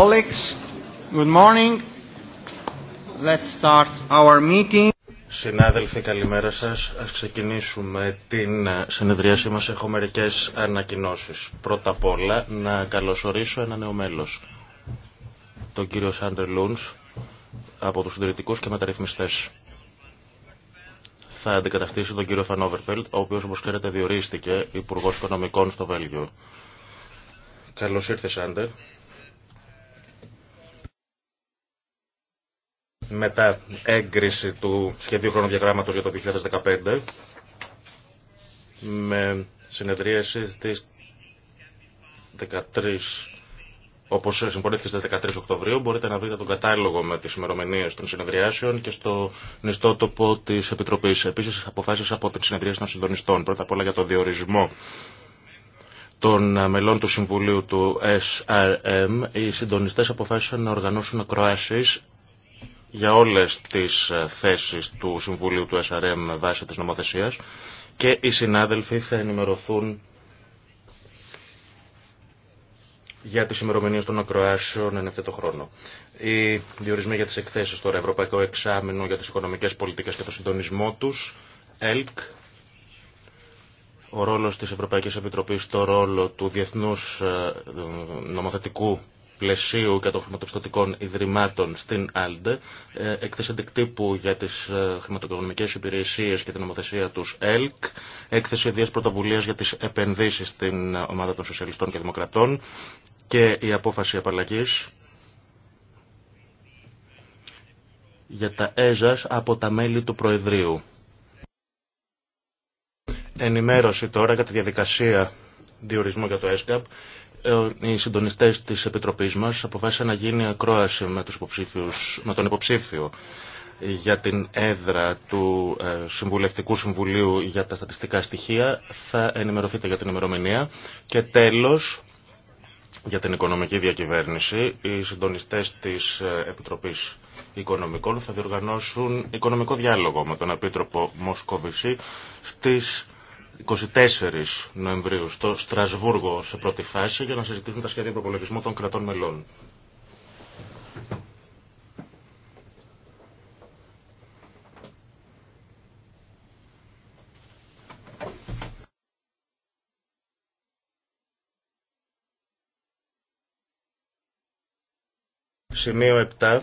Colleagues, good morning. Let's start our meeting. Συνάδελφοι, καλημέρα σας. Ας ξεκινήσουμε την ε, συνεδρίασή μας. Έχω μερικές ανακοινώσεις. Πρώτα απ' όλα, να καλωσορίσω ένα νέο μέλο, Τον κύριο Σάντερ Λούνς, από τους συντηρητικού και μεταρρυθμιστές. Θα αντικαταστήσει τον κύριο Φανόβερφελτ, ο οποίος, όπω ξέρετε, διορίστηκε Υπουργό Οικονομικών στο Βέλγιο. Καλώς ήρθε, Σάντερ. μετά έγκριση του σχεδίου χρονοδιαγράμματος για το 2015 με συνεδρίαση στις 13 όπως συμφωνήθηκε στις 13 Οκτωβρίου, μπορείτε να βρείτε τον κατάλογο με τις ημερομηνίε των συνεδριάσεων και στο νηστότοπο τη επιτροπής. Επίση, αποφάσεις από την συνεδρίαση των συντονιστών. Πρώτα απ' όλα για το διορισμό των μελών του Συμβουλίου του SRM. Οι συντονιστέ αποφάσισαν να οργανώσουν ακροάσεις για όλες τις ε, θέσεις του Συμβουλίου του SRM με βάση της νομοθεσίας και οι συνάδελφοι θα ενημερωθούν για τις ημερομηνίες των ακροάσεων εν ευθέτω χρόνο. Οι διορισμοί για τις εκθέσεις τώρα, Ευρωπαϊκό Εξάμεινο για τις Οικονομικές Πολιτικές και το Συντονισμό τους, ΕΛΚ, ο ρόλος της Ευρωπαϊκής Επιτροπής, το ρόλο του Διεθνούς ε, ε, Νομοθετικού πλαισίου και των χρηματοπιστωτικών ιδρυμάτων στην ΑΛΔΕ, ε, έκθεση αντικτύπου για τι ε, χρηματοοικονομικέ υπηρεσίε και την νομοθεσία του ΕΛΚ, έκθεση ιδέα πρωτοβουλία για τι επενδύσει στην ομάδα των Σοσιαλιστών και Δημοκρατών και η απόφαση απαλλαγή για τα ΕΖΑΣ από τα μέλη του Προεδρείου. Ενημέρωση τώρα για τη διαδικασία διορισμού για το ΕΣΚΑΠ. Ε, οι συντονιστές της Επιτροπής μας αποφάσισαν να γίνει ακρόαση με, τους τον υποψήφιο για την έδρα του ε, Συμβουλευτικού Συμβουλίου για τα στατιστικά στοιχεία. Θα ενημερωθείτε για την ημερομηνία. Και τέλος, για την οικονομική διακυβέρνηση, οι συντονιστές της ε, Επιτροπής Οικονομικών θα διοργανώσουν οικονομικό διάλογο με τον Επίτροπο Μοσκοβισή στις 24 Νοεμβρίου στο Στρασβούργο σε πρώτη φάση για να συζητήσουν τα σχέδια προπολογισμού των κρατών μελών. Σημείο 7.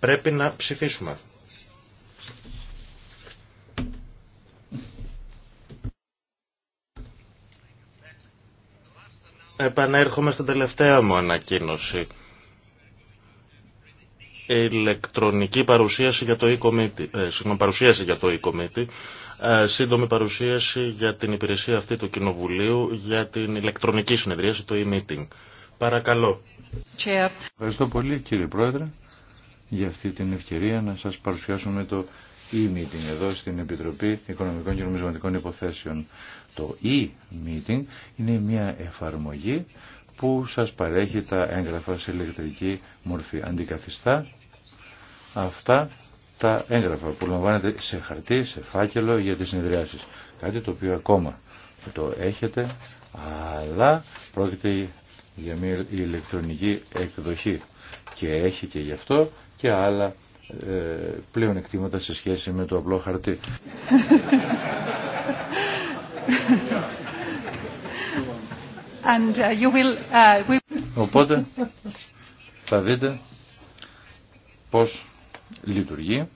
Πρέπει να ψηφίσουμε. Επανέρχομαι στην τελευταία μου ανακοίνωση. Ηλεκτρονική παρουσίαση για το e-committee, ε, παρουσίαση για το e-committee, ε, σύντομη παρουσίαση για την υπηρεσία αυτή του Κοινοβουλίου για την ηλεκτρονική συνεδρίαση, το e-meeting. Παρακαλώ. Ευχαριστώ πολύ κύριε Πρόεδρε για αυτή την ευκαιρία να σας παρουσιάσουμε το e-meeting εδώ στην Επιτροπή Οικονομικών και Νομισματικών Υποθέσεων. Το e-meeting είναι μια εφαρμογή που σας παρέχει τα έγγραφα σε ηλεκτρική μορφή. Αντικαθιστά αυτά τα έγγραφα που λαμβάνετε σε χαρτί, σε φάκελο για τις συνεδριάσεις. Κάτι το οποίο ακόμα το έχετε, αλλά πρόκειται για μια ηλεκτρονική εκδοχή και έχει και γι' αυτό και άλλα ε, πλέον εκτίματα σε σχέση με το απλό χαρτί. Uh, uh, οπότε θα δείτε πώς λειτουργεί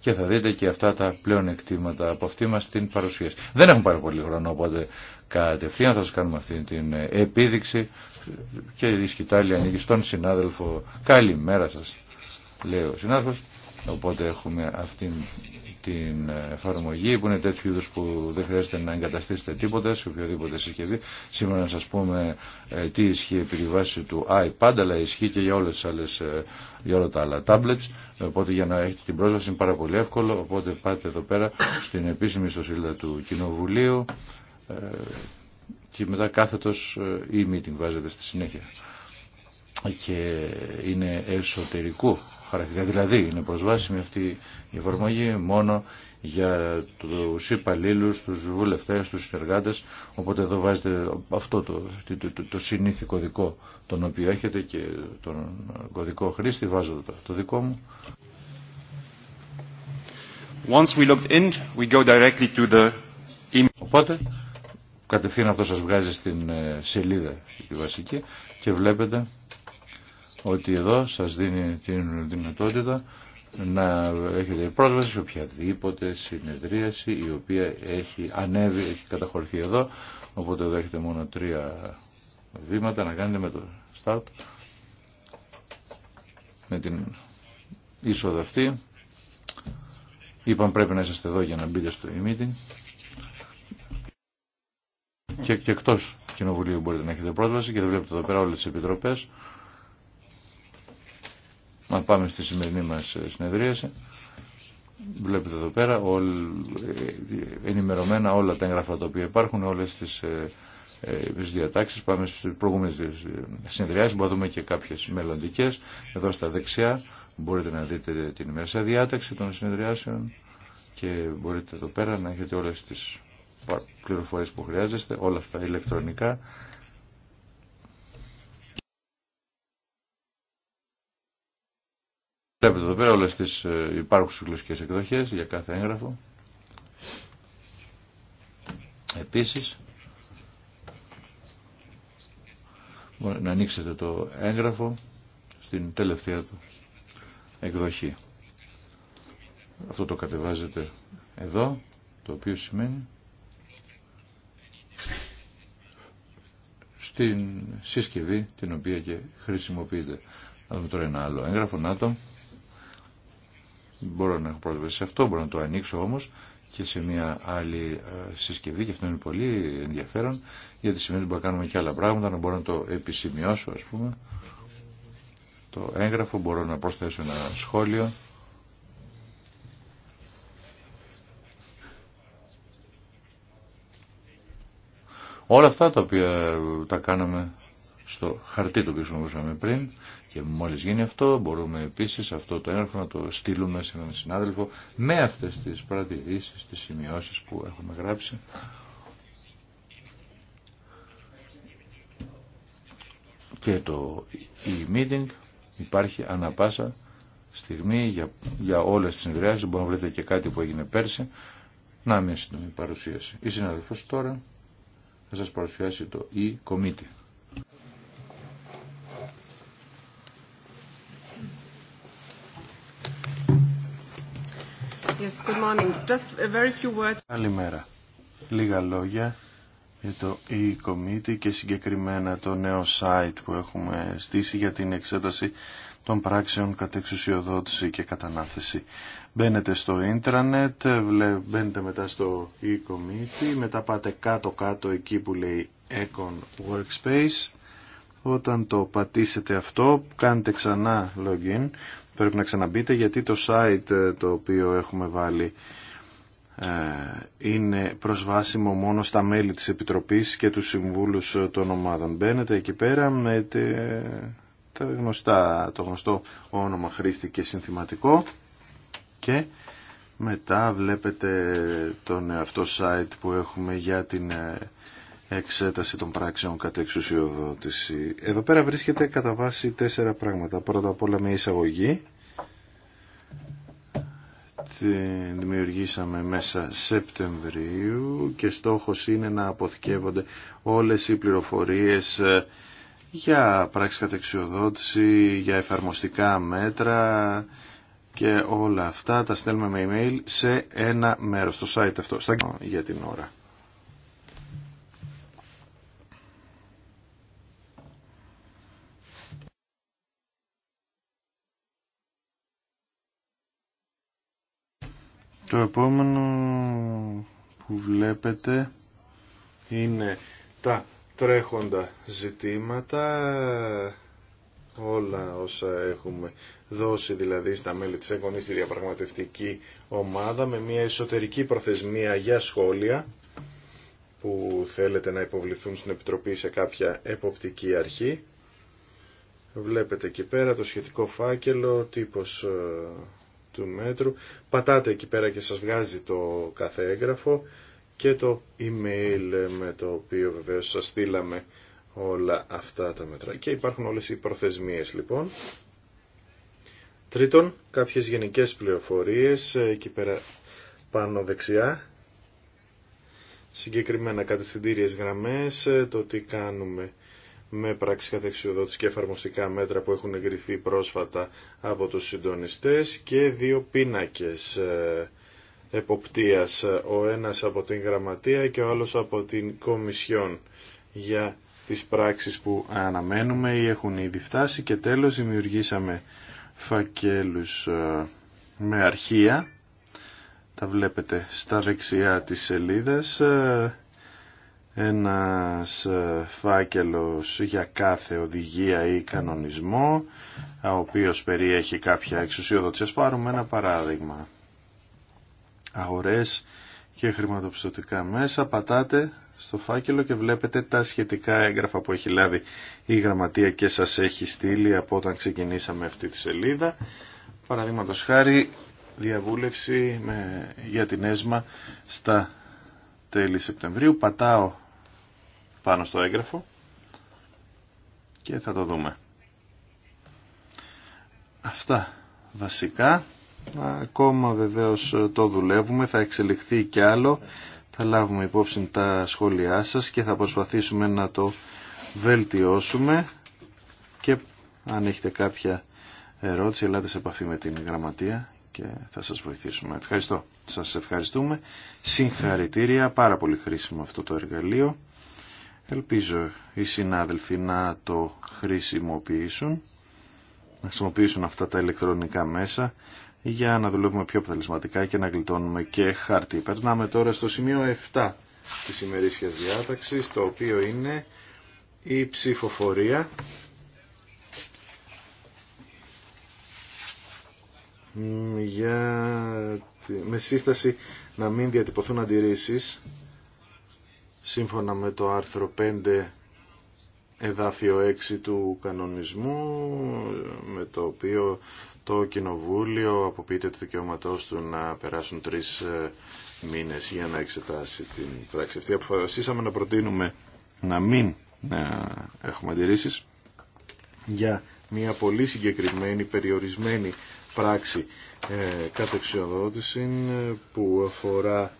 και θα δείτε και αυτά τα πλέον εκτίματα από αυτή μας την παρουσίαση. Δεν έχουμε πάρα πολύ χρόνο, οπότε κατευθείαν θα σας κάνουμε αυτή την επίδειξη και η σκητάλη ανοίγει στον συνάδελφο. Καλημέρα σας λέει ο συνάδελφος. Οπότε έχουμε αυτή την εφαρμογή που είναι τέτοιου είδου που δεν χρειάζεται να εγκαταστήσετε τίποτα σε οποιοδήποτε συσκευή. Σήμερα να σας πούμε ε, τι ισχύει επί τη βάση του iPad, αλλά ισχύει και για, όλες τις άλλες, ε, για όλα τα άλλα tablets. Οπότε για να έχετε την πρόσβαση είναι πάρα πολύ εύκολο. Οπότε πάτε εδώ πέρα στην επίσημη ιστοσελίδα του Κοινοβουλίου ε, και μετά κάθετος e-meeting βάζετε στη συνέχεια και είναι εσωτερικού Δηλαδή είναι προσβάσιμη αυτή η εφαρμογή μόνο για τους υπαλλήλου, τους βουλευτές, τους συνεργάτες. Οπότε εδώ βάζετε αυτό το, το, το, το συνήθι κωδικό τον οποίο έχετε και τον κωδικό χρήστη βάζω το, το δικό μου. Once we in, we go directly to the... Οπότε κατευθείαν αυτό σας βγάζει στην ε, σελίδα τη βασική και βλέπετε ότι εδώ σας δίνει την δυνατότητα να έχετε πρόσβαση σε οποιαδήποτε συνεδρίαση η οποία έχει ανέβει, έχει καταχωρηθεί εδώ. Οπότε εδώ έχετε μόνο τρία βήματα να κάνετε με το start, με την είσοδο αυτή. Είπαν πρέπει να είσαστε εδώ για να μπείτε στο e-meeting. Και, και εκτός κοινοβουλίου μπορείτε να έχετε πρόσβαση και δεν βλέπετε εδώ πέρα όλες τις επιτροπές να πάμε στη σημερινή μας συνεδρίαση. Βλέπετε εδώ πέρα όλ, ε, ενημερωμένα όλα τα έγγραφα τα οποία υπάρχουν, όλες τις, ε, ε τις διατάξεις. Πάμε στις προηγούμενες συνεδριάσεις, μπορούμε να δούμε και κάποιες μελλοντικές. Εδώ στα δεξιά μπορείτε να δείτε την ημερήσια διάταξη των συνεδριάσεων και μπορείτε εδώ πέρα να έχετε όλες τις πληροφορίες που χρειάζεστε, όλα αυτά ηλεκτρονικά Βλέπετε εδώ πέρα όλες τις ε, υπάρχουσες γλωσσικές εκδοχές για κάθε έγγραφο. Επίσης, να ανοίξετε το έγγραφο στην τελευταία του εκδοχή. Αυτό το κατεβάζετε εδώ, το οποίο σημαίνει στην συσκευή την οποία και χρησιμοποιείτε. Να δούμε τώρα ένα άλλο έγγραφο, να το μπορώ να έχω πρόσβαση σε αυτό, μπορώ να το ανοίξω όμως και σε μια άλλη ε, συσκευή και αυτό είναι πολύ ενδιαφέρον γιατί σημαίνει ότι μπορούμε να κάνουμε και άλλα πράγματα, να μπορώ να το επισημειώσω ας πούμε το έγγραφο, μπορώ να προσθέσω ένα σχόλιο Όλα αυτά τα οποία τα κάναμε στο χαρτί το οποίο χρησιμοποιούσαμε πριν και μόλις γίνει αυτό μπορούμε επίσης αυτό το έγγραφο να το στείλουμε σε έναν συνάδελφο με αυτές τις παρατηρήσεις, τις σημειώσεις που έχουμε γράψει. Και το e-meeting υπάρχει ανα πάσα στιγμή για, για όλες τις συνεδριάσεις. Μπορείτε να βρείτε και κάτι που έγινε πέρσι. Να μια σύντομη παρουσίαση. Η συναδελφός τώρα θα σας παρουσιάσει το e-committee. Καλημέρα. Λίγα λόγια για το e-committee και συγκεκριμένα το νέο site που έχουμε στήσει για την εξέταση των πράξεων εξουσιοδότηση και κατανάθεση. Μπαίνετε στο ίντρανετ, μπαίνετε μετά στο e-committee, μετά πάτε κάτω-κάτω εκεί που λέει Econ Workspace όταν το πατήσετε αυτό, κάντε ξανά login. Πρέπει να ξαναμπείτε γιατί το site ε, το οποίο έχουμε βάλει ε, είναι προσβάσιμο μόνο στα μέλη της Επιτροπής και του συμβούλους ε, των ομάδων. Μπαίνετε εκεί πέρα με τα γνωστά, το γνωστό όνομα χρήστη και συνθηματικό και μετά βλέπετε τον αυτό site που έχουμε για την εξέταση των πράξεων κατά εξουσιοδότηση. Εδώ πέρα βρίσκεται κατά βάση τέσσερα πράγματα. Πρώτα απ' όλα μια εισαγωγή. Την δημιουργήσαμε μέσα Σεπτεμβρίου και στόχος είναι να αποθηκεύονται όλες οι πληροφορίες ε, για πράξη κατεξιοδότηση, για εφαρμοστικά μέτρα και όλα αυτά τα στέλνουμε με email σε ένα μέρος, στο site αυτό, για την ώρα. Το επόμενο που βλέπετε είναι τα τρέχοντα ζητήματα όλα όσα έχουμε δώσει δηλαδή στα μέλη της ΕΚΟΝΗ στη διαπραγματευτική ομάδα με μια εσωτερική προθεσμία για σχόλια που θέλετε να υποβληθούν στην Επιτροπή σε κάποια εποπτική αρχή. Βλέπετε εκεί πέρα το σχετικό φάκελο, τύπος ε, του μέτρου. Πατάτε εκεί πέρα και σας βγάζει το κάθε έγγραφο και το email με το οποίο βεβαίω σας στείλαμε όλα αυτά τα μέτρα. Και υπάρχουν όλες οι προθεσμίες λοιπόν. Τρίτον, κάποιες γενικές πληροφορίες ε, εκεί πέρα πάνω δεξιά. Συγκεκριμένα κατευθυντήριες γραμμές, ε, το τι κάνουμε με πράξεις κατεξιοδότηση και εφαρμοστικά μέτρα που έχουν εγκριθεί πρόσφατα από τους συντονιστές και δύο πίνακες ε, εποπτείας, ο ένας από την Γραμματεία και ο άλλος από την Κομισιόν για τις πράξεις που αναμένουμε ή έχουν ήδη φτάσει και τέλος δημιουργήσαμε φακέλους ε, με αρχεία τα βλέπετε στα δεξιά της σελίδας ε, ένας ε, φάκελος για κάθε οδηγία ή κανονισμό ο οποίος περιέχει κάποια εξουσιοδότηση. Πάρουμε ένα παράδειγμα. Αγορές και χρηματοπιστωτικά μέσα πατάτε στο φάκελο και βλέπετε τα σχετικά έγγραφα που έχει λάβει η γραμματεία και σας έχει στείλει από όταν ξεκινήσαμε αυτή τη σελίδα. Παραδείγματος χάρη διαβούλευση με, για την ΕΣΜΑ στα τέλη Σεπτεμβρίου. Πατάω πάνω στο έγγραφο και θα το δούμε. Αυτά βασικά. Ακόμα βεβαίως το δουλεύουμε, θα εξελιχθεί και άλλο. Θα λάβουμε υπόψη τα σχόλιά σας και θα προσπαθήσουμε να το βελτιώσουμε και αν έχετε κάποια ερώτηση ελάτε σε επαφή με την γραμματεία και θα σας βοηθήσουμε. Ευχαριστώ. Σας ευχαριστούμε. Συγχαρητήρια. Πάρα πολύ χρήσιμο αυτό το εργαλείο. Ελπίζω οι συνάδελφοι να το χρησιμοποιήσουν, να χρησιμοποιήσουν αυτά τα ηλεκτρονικά μέσα για να δουλεύουμε πιο αποτελεσματικά και να γλιτώνουμε και χάρτη. Περνάμε τώρα στο σημείο 7 της ημερήσιας διάταξης, το οποίο είναι η ψηφοφορία για... με σύσταση να μην διατυπωθούν αντιρρήσεις σύμφωνα με το άρθρο 5 εδάφιο 6 του κανονισμού με το οποίο το Κοινοβούλιο αποποιείται του δικαιώματο του να περάσουν τρεις ε, μήνες για να εξετάσει την πράξη αυτή. Αποφασίσαμε να προτείνουμε να μην ε, έχουμε αντιρρήσεις για μια πολύ συγκεκριμένη περιορισμένη πράξη ε, ε που αφορά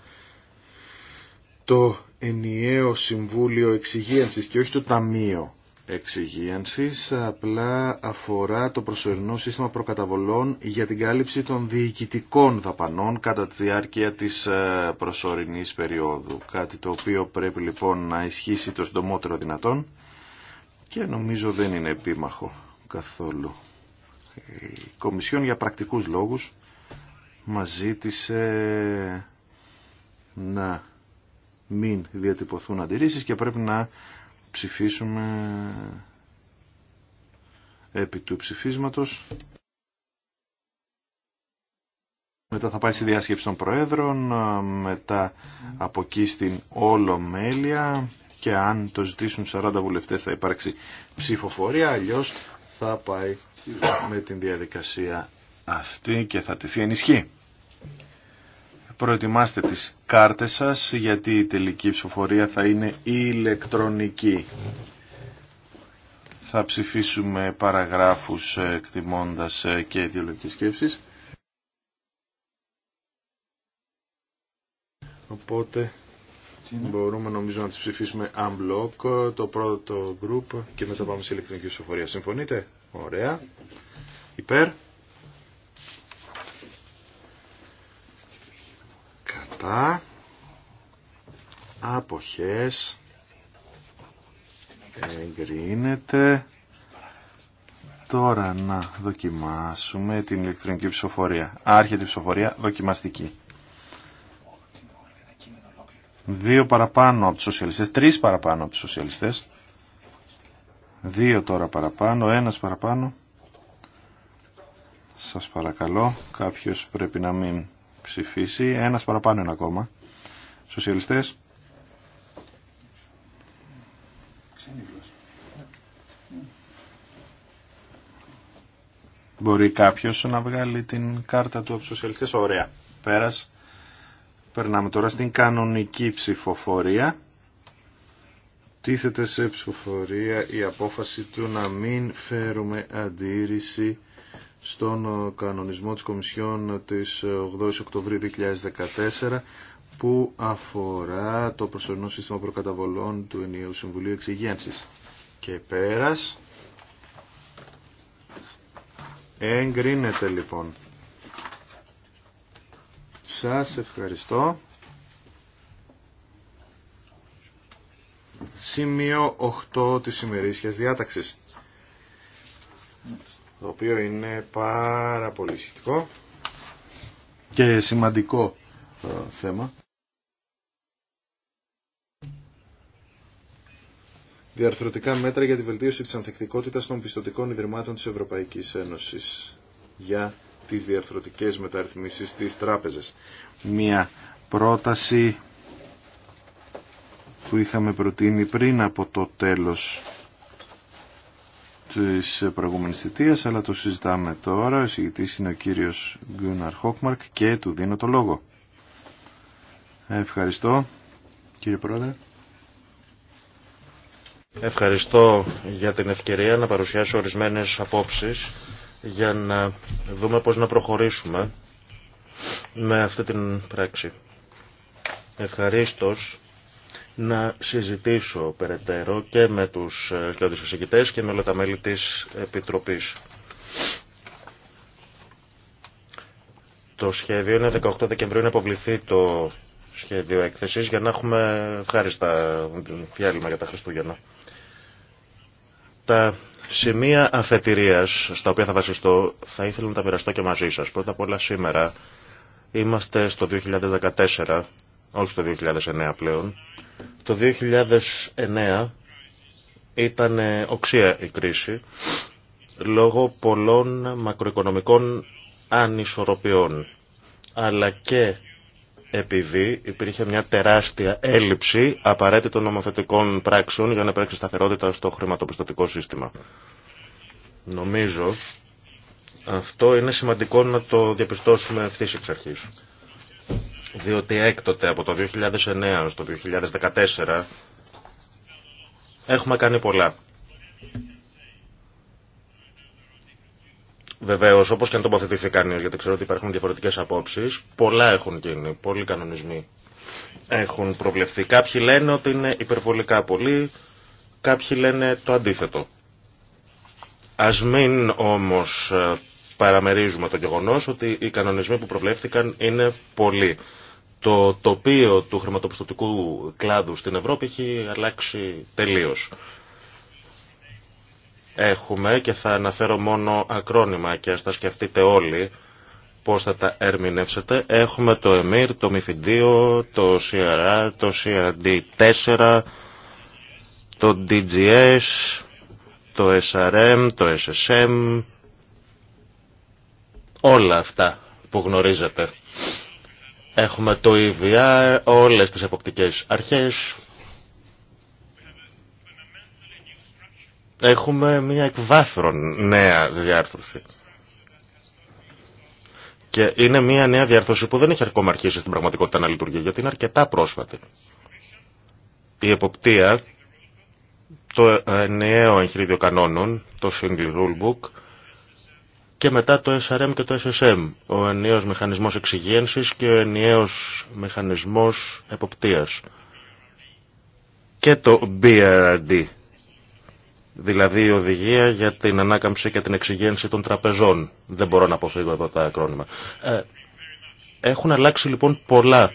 το ενιαίο Συμβούλιο Εξυγίανσης και όχι το Ταμείο Εξυγίανσης, απλά αφορά το προσωρινό σύστημα προκαταβολών για την κάλυψη των διοικητικών δαπανών κατά τη διάρκεια της ε, προσωρινής περίοδου. Κάτι το οποίο πρέπει λοιπόν να ισχύσει το συντομότερο δυνατόν και νομίζω δεν είναι επίμαχο καθόλου. Η Κομισιόν για πρακτικούς λόγους μας ζήτησε να μην διατυπωθούν αντιρρήσεις και πρέπει να ψηφίσουμε επί του ψηφίσματος. Μετά θα πάει στη διάσκεψη των Προέδρων, μετά από εκεί στην Ολομέλεια και αν το ζητήσουν 40 βουλευτές θα υπάρξει ψηφοφορία, αλλιώς θα πάει με την διαδικασία αυτή και θα τεθεί ενισχύ. Προετοιμάστε τις κάρτες σας γιατί η τελική ψηφοφορία θα είναι ηλεκτρονική. Θα ψηφίσουμε παραγράφους ε, εκτιμώντας ε, και αιτιολογικές σκέψεις. Οπότε μπορούμε νομίζω να τις ψηφίσουμε unblock, το πρώτο group και μετά πάμε σε ηλεκτρονική ψηφοφορία. Συμφωνείτε? Ωραία. Υπέρ. Αποχέ. αποχές εγκρίνεται τώρα να δοκιμάσουμε την ηλεκτρονική ψηφοφορία άρχεται η ψηφοφορία δοκιμαστική δύο παραπάνω από τους σοσιαλιστές τρεις παραπάνω από τους σοσιαλιστές δύο τώρα παραπάνω ένας παραπάνω σας παρακαλώ κάποιος πρέπει να μην ψηφίσει. Ένας παραπάνω είναι ακόμα. Σοσιαλιστές. Μπορεί κάποιος να βγάλει την κάρτα του από σοσιαλιστές. Ωραία. Πέρας. Περνάμε τώρα στην κανονική ψηφοφορία. Τίθεται σε ψηφοφορία η απόφαση του να μην φέρουμε αντίρρηση στον κανονισμό της Κομισιόν της 8 Οκτωβρίου 2014 που αφορά το προσωρινό σύστημα προκαταβολών του ενιαίου Συμβουλίου Εξυγένσης. Και πέρας εγκρίνεται λοιπόν. Σας ευχαριστώ. Σημείο 8 της ημερήσιας διάταξης το οποίο είναι πάρα πολύ σχετικό και σημαντικό ε, θέμα. Διαρθρωτικά μέτρα για τη βελτίωση της ανθεκτικότητας των πιστοτικών ιδρυμάτων της Ευρωπαϊκής Ένωσης για τις διαρθρωτικές μεταρρυθμίσεις της τράπεζας. Μία πρόταση που είχαμε προτείνει πριν από το τέλος της προηγούμενης θητείας, αλλά το συζητάμε τώρα. Ο συγητής είναι ο κύριος Γκούναρ Χόκμαρκ και του δίνω το λόγο. Ευχαριστώ, κύριε Πρόεδρε. Ευχαριστώ για την ευκαιρία να παρουσιάσω ορισμένες απόψεις για να δούμε πώς να προχωρήσουμε με αυτή την πράξη. Ευχαρίστως να συζητήσω περαιτέρω και με τους ε, κοινωνικούς εισηγητές και με όλα τα μέλη της Επιτροπής. Το σχέδιο είναι 18 Δεκεμβρίου να υποβληθεί το σχέδιο έκθεσης για να έχουμε ευχάριστα διάλειμμα για τα Χριστούγεννα. Τα σημεία αφετηρίας στα οποία θα βασιστώ θα ήθελα να τα μοιραστώ και μαζί σας. Πρώτα απ' όλα σήμερα είμαστε στο 2014 όχι το 2009 πλέον. Το 2009 ήταν ε, οξία η κρίση λόγω πολλών μακροοικονομικών ανισορροπιών αλλά και επειδή υπήρχε μια τεράστια έλλειψη απαραίτητων νομοθετικών πράξεων για να υπάρξει σταθερότητα στο χρηματοπιστωτικό σύστημα. Νομίζω αυτό είναι σημαντικό να το διαπιστώσουμε ευθύ εξ αρχής διότι έκτοτε από το 2009 στο 2014 έχουμε κάνει πολλά. Βεβαίω, όπω και αν τοποθετηθεί κανεί, γιατί ξέρω ότι υπάρχουν διαφορετικέ απόψει, πολλά έχουν γίνει. Πολλοί κανονισμοί έχουν προβλεφθεί. Κάποιοι λένε ότι είναι υπερβολικά πολλοί, κάποιοι λένε το αντίθετο. Α μην όμω ε, παραμερίζουμε το γεγονό ότι οι κανονισμοί που προβλέφθηκαν είναι πολλοί το τοπίο του χρηματοπιστωτικού κλάδου στην Ευρώπη έχει αλλάξει τελείως. Έχουμε και θα αναφέρω μόνο ακρόνημα και ας τα σκεφτείτε όλοι πώς θα τα ερμηνεύσετε. Έχουμε το ΕΜΙΡ, το ΜΙΦΙΝΤΙΟ, το CR, το CRD4, το DGS, το SRM, το SSM, όλα αυτά που γνωρίζετε. Έχουμε το EVR, όλες τις εποπτικές αρχές. Έχουμε μια εκβάθρον νέα διάρθρωση. Και είναι μια νέα διάρθρωση που δεν έχει ακόμα αρχίσει στην πραγματικότητα να λειτουργεί, γιατί είναι αρκετά πρόσφατη. Η εποπτεία, το νέο εγχειρίδιο κανόνων, το Single Rule Book, και μετά το SRM και το SSM, ο ενιαίος μηχανισμός εξυγένσης και ο ενιαίος μηχανισμός εποπτείας. Και το BRD, δηλαδή η οδηγία για την ανάκαμψη και την εξυγένση των τραπεζών. Δεν μπορώ να αποφύγω εδώ τα ακρόνημα. Ε, έχουν αλλάξει λοιπόν πολλά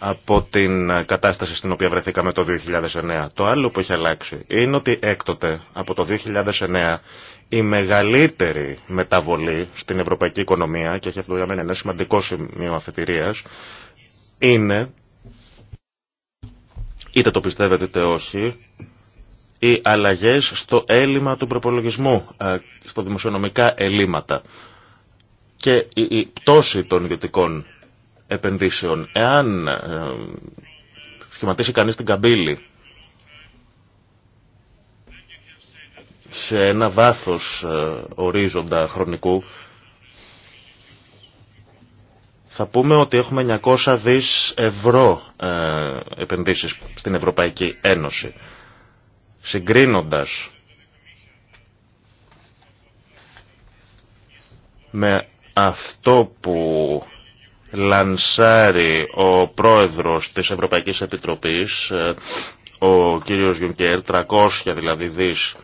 από την κατάσταση στην οποία βρεθήκαμε το 2009. Το άλλο που έχει αλλάξει είναι ότι έκτοτε από το 2009 η μεγαλύτερη μεταβολή στην ευρωπαϊκή οικονομία και έχει αυτό για μένα ένα σημαντικό σημείο αφετηρίας είναι είτε το πιστεύετε είτε όχι οι αλλαγές στο έλλειμμα του προπολογισμού, ε, στο δημοσιονομικά ελλείμματα και η πτώση των ιδιωτικών επενδύσεων. Εάν ε, σχηματίσει κανείς την καμπύλη σε ένα βάθος ε, ορίζοντα χρονικού, θα πούμε ότι έχουμε 900 δις ευρώ ε, επενδύσεις στην Ευρωπαϊκή Ένωση. Συγκρίνοντας με αυτό που λανσάρει ο πρόεδρος της Ευρωπαϊκής Επιτροπής, ε, ο κύριος Γιουνκέρ, 300 δηλαδή δις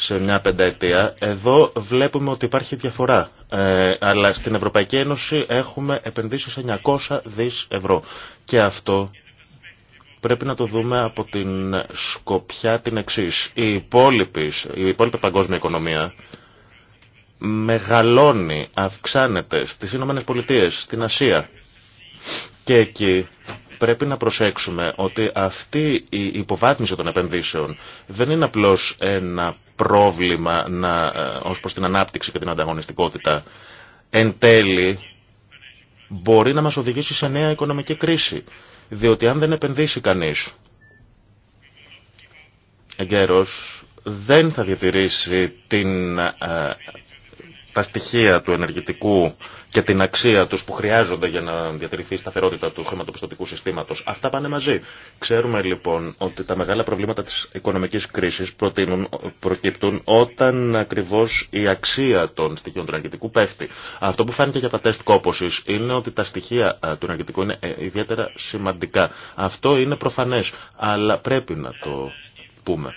σε μια πενταετία. Εδώ βλέπουμε ότι υπάρχει διαφορά. Ε, αλλά στην Ευρωπαϊκή Ένωση έχουμε επενδύσει 900 δις ευρώ. Και αυτό πρέπει να το δούμε από την σκοπιά την εξή. Η υπόλοιπη, η υπόλοιπη παγκόσμια οικονομία μεγαλώνει, αυξάνεται στις Ηνωμένες Πολιτείες, στην Ασία. Και εκεί πρέπει να προσέξουμε ότι αυτή η υποβάθμιση των επενδύσεων δεν είναι απλώς ένα πρόβλημα να, ε, ως προς την ανάπτυξη και την ανταγωνιστικότητα. Εν τέλει μπορεί να μας οδηγήσει σε νέα οικονομική κρίση, διότι αν δεν επενδύσει κανείς εγκαίρος δεν θα διατηρήσει την ε, τα στοιχεία του ενεργητικού και την αξία τους που χρειάζονται για να διατηρηθεί η σταθερότητα του χρηματοπιστωτικού συστήματος. Αυτά πάνε μαζί. Ξέρουμε λοιπόν ότι τα μεγάλα προβλήματα της οικονομικής κρίσης προκύπτουν όταν ακριβώς η αξία των στοιχείων του ενεργητικού πέφτει. Αυτό που φάνηκε για τα τεστ κόπωσης είναι ότι τα στοιχεία του ενεργητικού είναι ε, ιδιαίτερα σημαντικά. Αυτό είναι προφανές, αλλά πρέπει να το πούμε.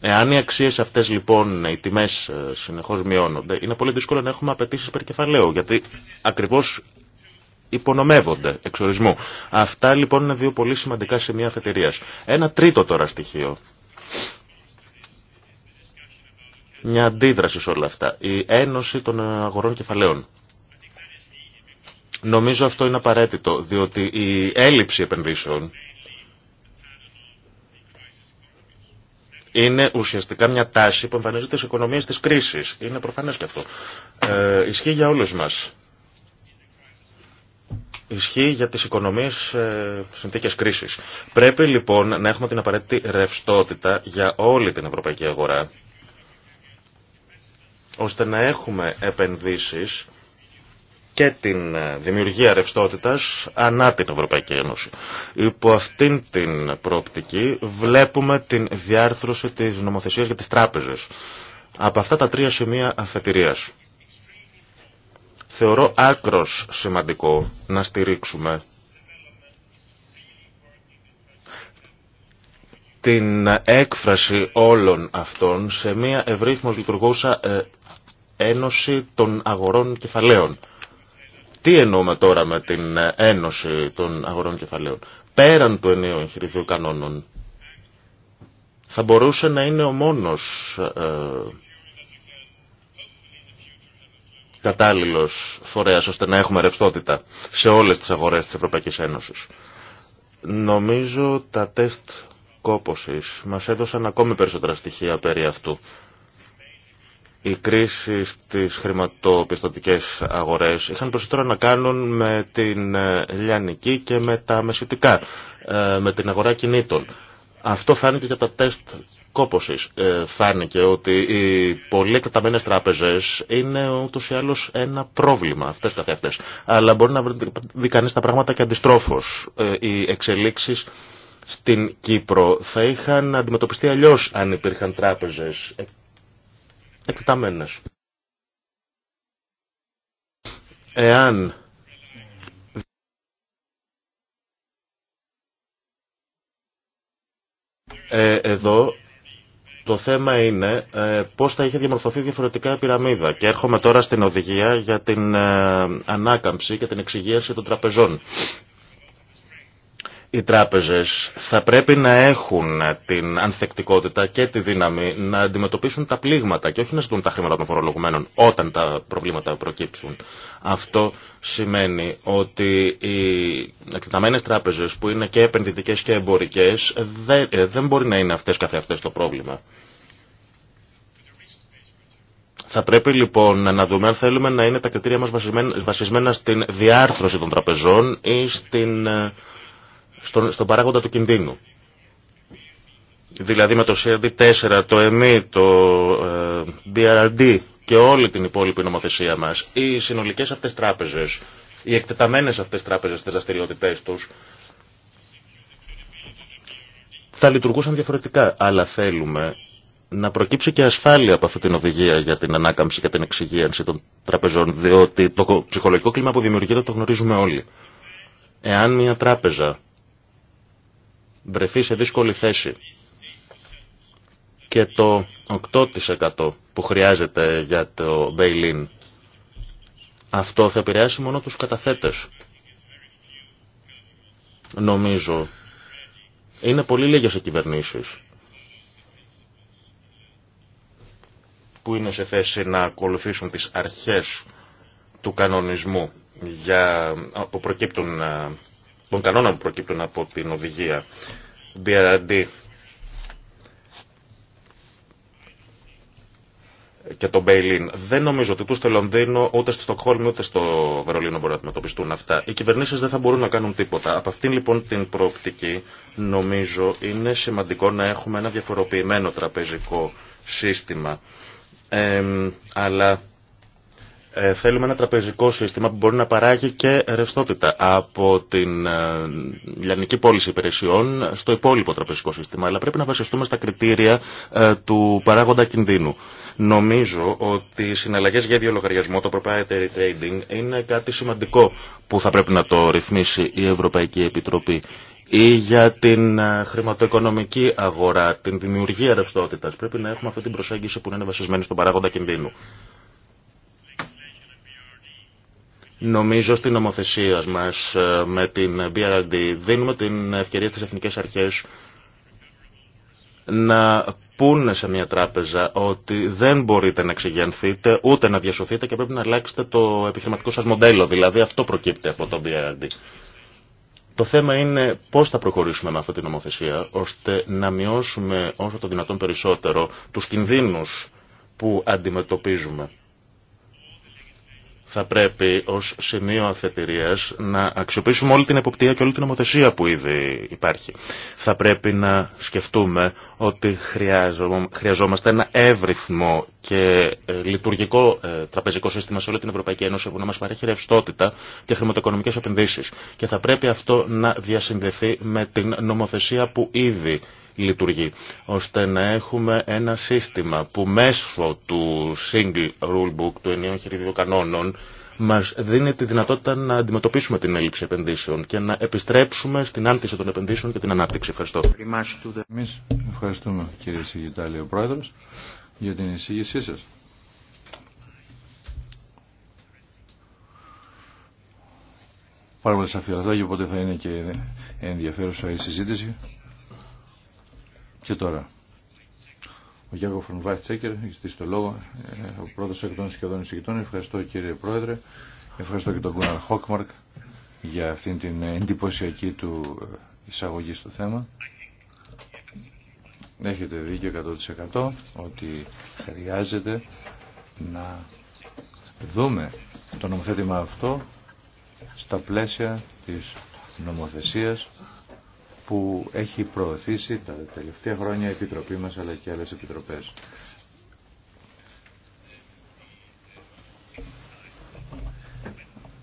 Εάν οι αξίε αυτέ λοιπόν, οι τιμέ ε, συνεχώ μειώνονται, είναι πολύ δύσκολο να έχουμε απαιτήσει περκεφαλαίου, γιατί ακριβώ υπονομεύονται εξορισμού. Αυτά λοιπόν είναι δύο πολύ σημαντικά σημεία αφετηρία. Ένα τρίτο τώρα στοιχείο. Μια αντίδραση σε όλα αυτά. Η Ένωση των Αγορών Κεφαλαίων. Νομίζω αυτό είναι απαραίτητο, διότι η έλλειψη επενδύσεων είναι ουσιαστικά μια τάση που εμφανίζεται στι οικονομίε τη κρίση. Είναι προφανέ και αυτό. Ε, ισχύει για όλου μα. Ισχύει για τι οικονομίες ε, συνθήκε κρίση. Πρέπει λοιπόν να έχουμε την απαραίτητη ρευστότητα για όλη την ευρωπαϊκή αγορά ώστε να έχουμε επενδύσεις και την ε, δημιουργία ρευστότητα ανά την Ευρωπαϊκή Ένωση. Υπό αυτήν την προοπτική βλέπουμε την διάρθρωση της νομοθεσίας για τις τράπεζες. Από αυτά τα τρία σημεία αφετηρίας. Θεωρώ άκρος σημαντικό να στηρίξουμε την έκφραση όλων αυτών σε μια ευρύθμως λειτουργούσα ε, ένωση των αγορών κεφαλαίων. Τι εννοούμε τώρα με την ένωση των αγορών κεφαλαίων. Πέραν του ενίου εγχειριδίου κανόνων θα μπορούσε να είναι ο μόνος ε, κατάλληλος φορέας ώστε να έχουμε ρευστότητα σε όλες τις αγορές της Ευρωπαϊκής Ένωσης. Νομίζω τα τεστ κόπωσης μας έδωσαν ακόμη περισσότερα στοιχεία περί αυτού. Οι κρίσει στις χρηματοπιστωτικές αγορές είχαν περισσότερο να κάνουν με την ε, λιανική και με τα μεσητικά, ε, με την αγορά κινήτων. Αυτό φάνηκε και από τα τεστ κόπωσης. Ε, φάνηκε ότι οι πολύ καταμένες τράπεζες είναι ούτως ή άλλως ένα πρόβλημα αυτές καθ' Αλλά μπορεί να δει κανείς τα πράγματα και αντιστρόφως. οι εξελίξεις στην Κύπρο θα είχαν αντιμετωπιστεί αλλιώς αν υπήρχαν τράπεζες εκτεταμένες. Εάν ε, εδώ το θέμα είναι ε, πώς θα είχε διαμορφωθεί διαφορετικά η πυραμίδα. Και έρχομαι τώρα στην οδηγία για την ε, ανάκαμψη και την εξυγίαση των τραπεζών οι τράπεζες θα πρέπει να έχουν την ανθεκτικότητα και τη δύναμη να αντιμετωπίσουν τα πλήγματα και όχι να ζητούν τα χρήματα των φορολογουμένων όταν τα προβλήματα προκύψουν. Αυτό σημαίνει ότι οι εκτεταμένες τράπεζες που είναι και επενδυτικές και εμπορικές δεν, ε, δεν μπορεί να είναι αυτές καθεαυτές το πρόβλημα. Θα πρέπει λοιπόν να δούμε αν θέλουμε να είναι τα κριτήρια μας βασισμένα, βασισμένα στην διάρθρωση των τραπεζών ή στην ε, στον, παράγοντα του κινδύνου. Δηλαδή με το CRD4, το ΕΜΗ, το BRD ε, και όλη την υπόλοιπη νομοθεσία μας, οι συνολικές αυτές τράπεζες, οι εκτεταμένες αυτές τράπεζες τι δραστηριότητε τους, θα λειτουργούσαν διαφορετικά, αλλά θέλουμε να προκύψει και ασφάλεια από αυτή την οδηγία για την ανάκαμψη και την εξυγίανση των τραπεζών, διότι το ψυχολογικό κλίμα που δημιουργείται το γνωρίζουμε όλοι. Εάν μια τράπεζα βρεθεί σε δύσκολη θέση και το 8% που χρειάζεται για το bail αυτό θα επηρεάσει μόνο τους καταθέτες. Νομίζω είναι πολύ λίγες οι κυβερνήσεις που είναι σε θέση να ακολουθήσουν τις αρχές του κανονισμού για, που προκύπτουν ε, των κανόνων που προκύπτουν από την οδηγία BRD και το Μπέιλιν. Δεν νομίζω ότι ούτε στο Λονδίνο, ούτε στο Στοκχόλμη, ούτε στο Βερολίνο μπορούν να αντιμετωπιστούν αυτά. Οι κυβερνήσει δεν θα μπορούν να κάνουν τίποτα. Από αυτήν λοιπόν την προοπτική, νομίζω είναι σημαντικό να έχουμε ένα διαφοροποιημένο τραπεζικό σύστημα. αλλά ε, θέλουμε ένα τραπεζικό σύστημα που μπορεί να παράγει και ρευστότητα από την ε, λιανική πώληση υπηρεσιών στο υπόλοιπο τραπεζικό σύστημα. Αλλά πρέπει να βασιστούμε στα κριτήρια ε, του παράγοντα κινδύνου. Νομίζω ότι οι συναλλαγές για ίδιο λογαριασμό, το proprietary trading, είναι κάτι σημαντικό που θα πρέπει να το ρυθμίσει η Ευρωπαϊκή Επιτροπή ή για την χρηματοοικονομική αγορά, την δημιουργία ρευστότητας. Πρέπει να έχουμε αυτή την προσέγγιση που είναι βασισμένη στον παράγοντα κινδύνου. Νομίζω στην νομοθεσία μας ε, με την BRD δίνουμε την ευκαιρία στις εθνικές αρχές να πούνε σε μια τράπεζα ότι δεν μπορείτε να εξηγενθείτε ούτε να διασωθείτε και πρέπει να αλλάξετε το επιχειρηματικό σας μοντέλο. Δηλαδή αυτό προκύπτει από το BRD. Το θέμα είναι πώς θα προχωρήσουμε με αυτή την νομοθεσία ώστε να μειώσουμε όσο το δυνατόν περισσότερο τους κινδύνους που αντιμετωπίζουμε θα πρέπει ως σημείο αφετηρίας να αξιοποιήσουμε όλη την εποπτεία και όλη την νομοθεσία που ήδη υπάρχει. Θα πρέπει να σκεφτούμε ότι χρειαζόμαστε ένα εύρυθμο και ε, λειτουργικό ε, τραπεζικό σύστημα σε όλη την Ευρωπαϊκή Ένωση που να μας παρέχει ρευστότητα και χρηματοοικονομικές επενδύσεις. Και θα πρέπει αυτό να διασυνδεθεί με την νομοθεσία που ήδη λειτουργεί, ώστε να έχουμε ένα σύστημα που μέσω του single rule book, του ενιαίου χειριδίου κανόνων, μας δίνει τη δυνατότητα να αντιμετωπίσουμε την έλλειψη επενδύσεων και να επιστρέψουμε στην άνθηση των επενδύσεων και την ανάπτυξη. Ευχαριστώ. Εμείς ευχαριστούμε κύριε Σιγητάλη, ο Πρόεδρος, για την εισήγησή σας. Πάρα πολύ σαφή οπότε θα είναι και ενδιαφέρουσα η συζήτηση. Και τώρα, ο Γιώργο Φρονβάης Τσέκερ, έχει το λόγο, ε, ο πρώτο εκ των σχεδόν εισηγητών. Ευχαριστώ κύριε Πρόεδρε, ευχαριστώ και τον Κούναρ Χόκμαρκ για αυτήν την εντυπωσιακή του ε, εισαγωγή στο θέμα. Έχετε δίκιο 100% ότι χρειάζεται να δούμε το νομοθέτημα αυτό στα πλαίσια της νομοθεσίας που έχει προωθήσει τα τελευταία χρόνια η Επιτροπή μας αλλά και άλλες επιτροπές.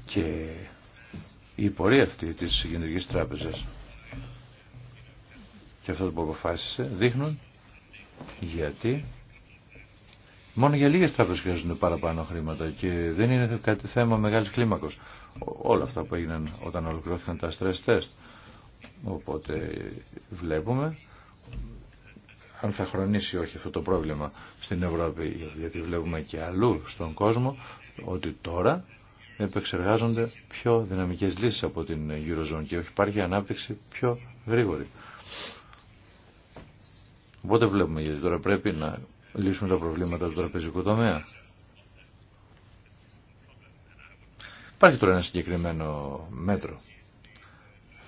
Και η πορεία αυτή της Γενικής Τράπεζας και αυτό που αποφάσισε δείχνουν γιατί μόνο για λίγες τράπεζες χρειάζονται παραπάνω χρήματα και δεν είναι κάτι θέμα μεγάλης κλίμακος. Όλα αυτά που έγιναν όταν ολοκληρώθηκαν τα stress test Οπότε βλέπουμε αν θα χρονίσει όχι αυτό το πρόβλημα στην Ευρώπη, γιατί βλέπουμε και αλλού στον κόσμο ότι τώρα επεξεργάζονται πιο δυναμικές λύσεις από την Eurozone και όχι υπάρχει ανάπτυξη πιο γρήγορη. Οπότε βλέπουμε γιατί τώρα πρέπει να λύσουμε τα προβλήματα του τραπεζικού τομέα. Υπάρχει τώρα ένα συγκεκριμένο μέτρο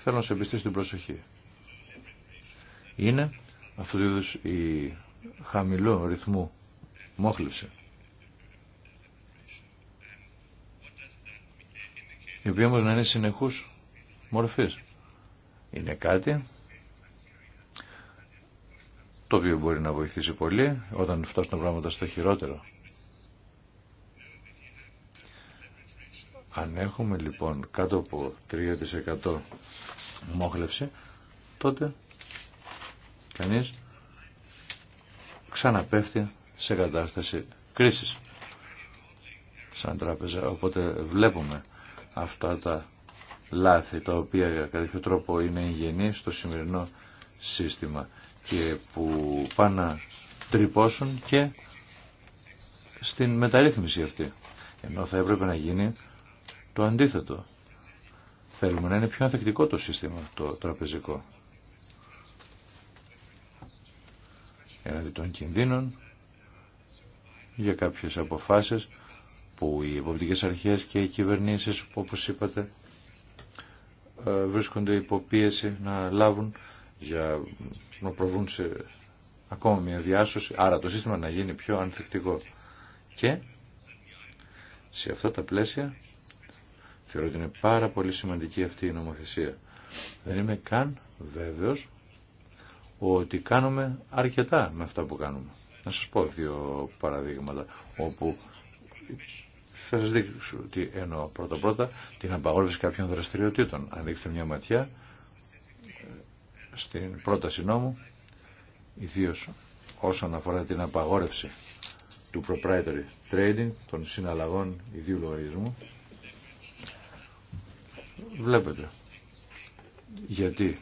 θέλω να σε την προσοχή. Είναι αυτού του είδους η χαμηλό ρυθμού μόχλευση. Η οποία όμως να είναι συνεχούς μορφής. Είναι κάτι το οποίο μπορεί να βοηθήσει πολύ όταν φτάσουν τα πράγματα στο χειρότερο. Αν έχουμε λοιπόν κάτω από 3% μόχλευση, τότε κανείς ξαναπέφτει σε κατάσταση κρίσης σαν τράπεζα. Οπότε βλέπουμε αυτά τα λάθη τα οποία για κάποιο τρόπο είναι υγιεινή στο σημερινό σύστημα και που πάνε να τρυπώσουν και στην μεταρρύθμιση αυτή. Ενώ θα έπρεπε να γίνει το αντίθετο. Θέλουμε να είναι πιο ανθεκτικό το σύστημα το τραπεζικό. Έναντι των κινδύνων για κάποιες αποφάσεις που οι εποπτικές αρχές και οι κυβερνήσεις όπως είπατε ε, βρίσκονται υποπίεση να λάβουν για να προβούν σε ακόμα μια διάσωση, άρα το σύστημα να γίνει πιο ανθεκτικό. Και σε αυτά τα πλαίσια Θεωρώ ότι είναι πάρα πολύ σημαντική αυτή η νομοθεσία. Δεν είμαι καν βέβαιος ότι κάνουμε αρκετά με αυτά που κάνουμε. Να σας πω δύο παραδείγματα όπου θα σας δείξω τι εννοώ πρώτα πρώτα την απαγόρευση κάποιων δραστηριοτήτων. Αν μια ματιά ε, στην πρόταση νόμου ιδίω όσον αφορά την απαγόρευση του proprietary trading των συναλλαγών ιδίου λογαριασμού Βλέπετε γιατί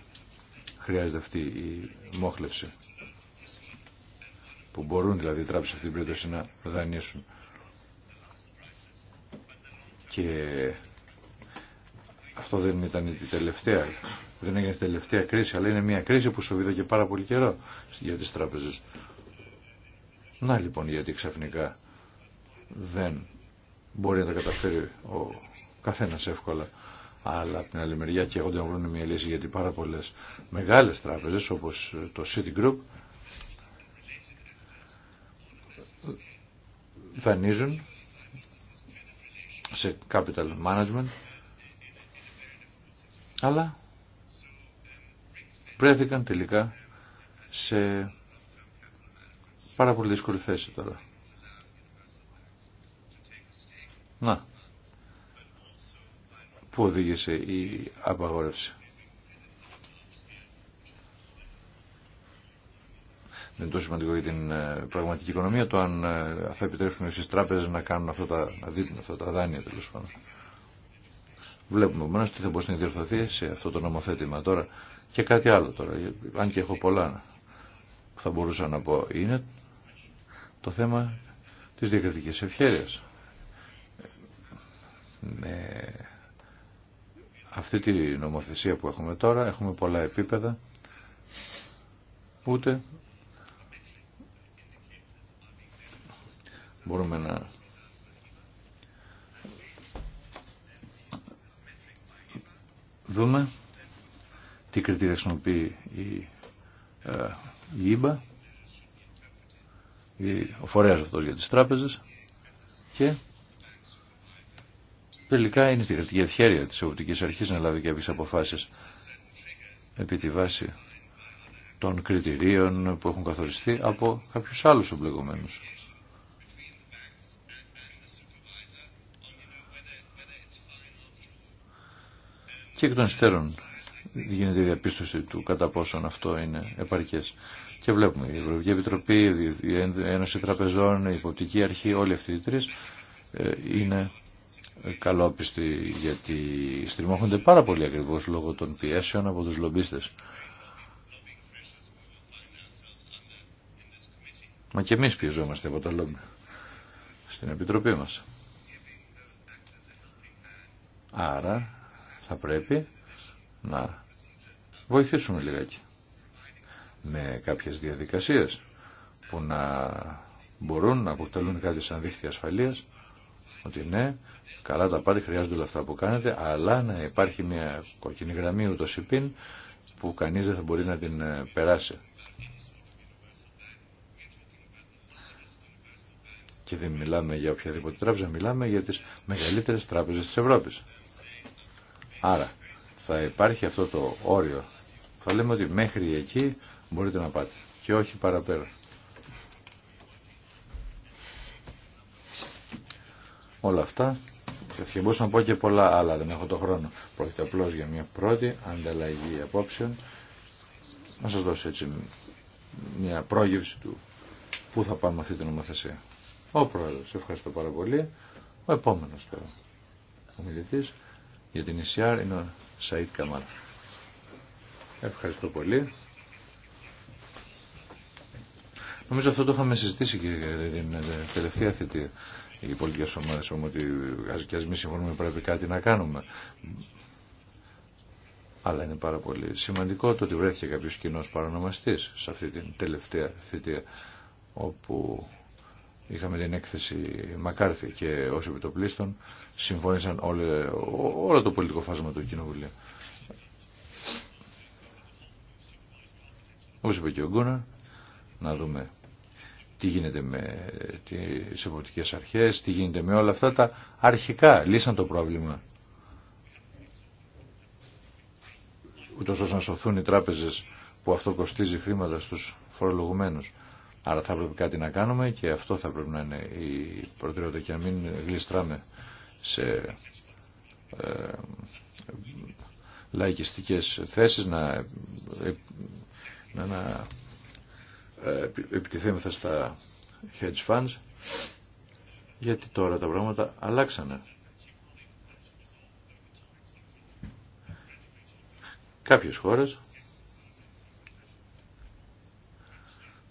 χρειάζεται αυτή η μόχλευση που μπορούν δηλαδή οι τράπεζες αυτή την περίπτωση να δανείσουν. Και αυτό δεν ήταν η τελευταία, δεν έγινε η τελευταία κρίση, αλλά είναι μια κρίση που σου και πάρα πολύ καιρό για τις τράπεζες. Να λοιπόν γιατί ξαφνικά δεν μπορεί να τα καταφέρει ο καθένας εύκολα αλλά από την άλλη μεριά και εγώ δεν βρουν μια λύση γιατί πάρα πολλέ μεγάλε τράπεζε όπω το Citigroup δανείζουν σε capital management αλλά βρέθηκαν τελικά σε πάρα πολύ δύσκολη θέση τώρα. Να, που οδήγησε η απαγόρευση. Δεν είναι τόσο σημαντικό για την ε, πραγματική οικονομία το αν ε, θα επιτρέψουν στι τράπεζε να κάνουν αυτά τα, να δίνουν αυτά τα δάνεια τέλο πάντων. Βλέπουμε μόνο τι θα μπορούσε να διορθωθεί σε αυτό το νομοθέτημα τώρα και κάτι άλλο τώρα. Αν και έχω πολλά που θα μπορούσα να πω είναι το θέμα της διακριτικής ευχέρειας. Ναι αυτή τη νομοθεσία που έχουμε τώρα, έχουμε πολλά επίπεδα, ούτε μπορούμε να δούμε τι κριτήρια χρησιμοποιεί η, ε, ο φορέας αυτός για τις τράπεζες και τελικά είναι στη κρατική ευχέρεια της Ευρωπαϊκής Αρχής να λάβει κάποιες αποφάσεις επί τη βάση των κριτηρίων που έχουν καθοριστεί από κάποιους άλλους εμπλεγωμένους. Και εκ των υστέρων γίνεται η διαπίστωση του κατά πόσον αυτό είναι επαρκές. Και βλέπουμε η Ευρωπαϊκή Επιτροπή, η Ένωση Τραπεζών, η Υποπτική Αρχή, όλοι αυτοί οι τρεις ε, είναι καλόπιστοι γιατί στριμώχονται πάρα πολύ ακριβώς λόγω των πιέσεων από τους λομπίστες. Μα και εμείς πιεζόμαστε από τα λόμπι στην Επιτροπή μας. Άρα θα πρέπει να βοηθήσουμε λιγάκι με κάποιες διαδικασίες που να μπορούν να αποτελούν κάτι σαν δίχτυα ασφαλείας ότι ναι, καλά τα πάρει, χρειάζονται όλα αυτά που κάνετε, αλλά να υπάρχει μια κόκκινη γραμμή ούτως πίν, που κανείς δεν θα μπορεί να την ε, περάσει. Και δεν μιλάμε για οποιαδήποτε τράπεζα, μιλάμε για τις μεγαλύτερες τράπεζες της Ευρώπης. Άρα θα υπάρχει αυτό το όριο. Θα λέμε ότι μέχρι εκεί μπορείτε να πάτε και όχι παραπέρα. όλα αυτά. Και μπορούσα να πω και πολλά άλλα, δεν έχω το χρόνο. Πρόκειται απλώ για μια πρώτη ανταλλαγή απόψεων. Να σας δώσω έτσι μια πρόγευση του πού θα πάμε αυτή την νομοθεσία. Ο Πρόεδρος, ευχαριστώ πάρα πολύ. Ο επόμενος τώρα, ο μιλητής για την ECR είναι ο Σαΐτ Καμάλ. Ευχαριστώ πολύ. Νομίζω αυτό το είχαμε συζητήσει κύριε. την τελευταία θητεία οι πολιτικέ ομάδε όμως ότι ας και ας μην συμφωνούμε πρέπει κάτι να κάνουμε. Αλλά είναι πάρα πολύ σημαντικό το ότι βρέθηκε κάποιος κοινό παρονομαστής σε αυτή την τελευταία θητεία όπου είχαμε την έκθεση Μακάρθη και ω επιτοπλίστων συμφώνησαν όλο, το πολιτικό φάσμα του Κοινοβουλίου. Όπως είπε και ο Γκούνα, να δούμε τι γίνεται με τι εποπτικές αρχές, τι γίνεται με όλα αυτά τα αρχικά λύσαν το πρόβλημα. Ούτως ώστε να σωθούν οι τράπεζες που αυτό κοστίζει χρήματα στους φορολογουμένους. Άρα θα πρέπει κάτι να κάνουμε και αυτό θα πρέπει να είναι η προτεραιότητα και να μην γλιστράμε σε ε, λαϊκιστικές θέσεις, να, ε, να ε, επιτιθέμεθα στα hedge funds γιατί τώρα τα πράγματα αλλάξανε. Κάποιες χώρες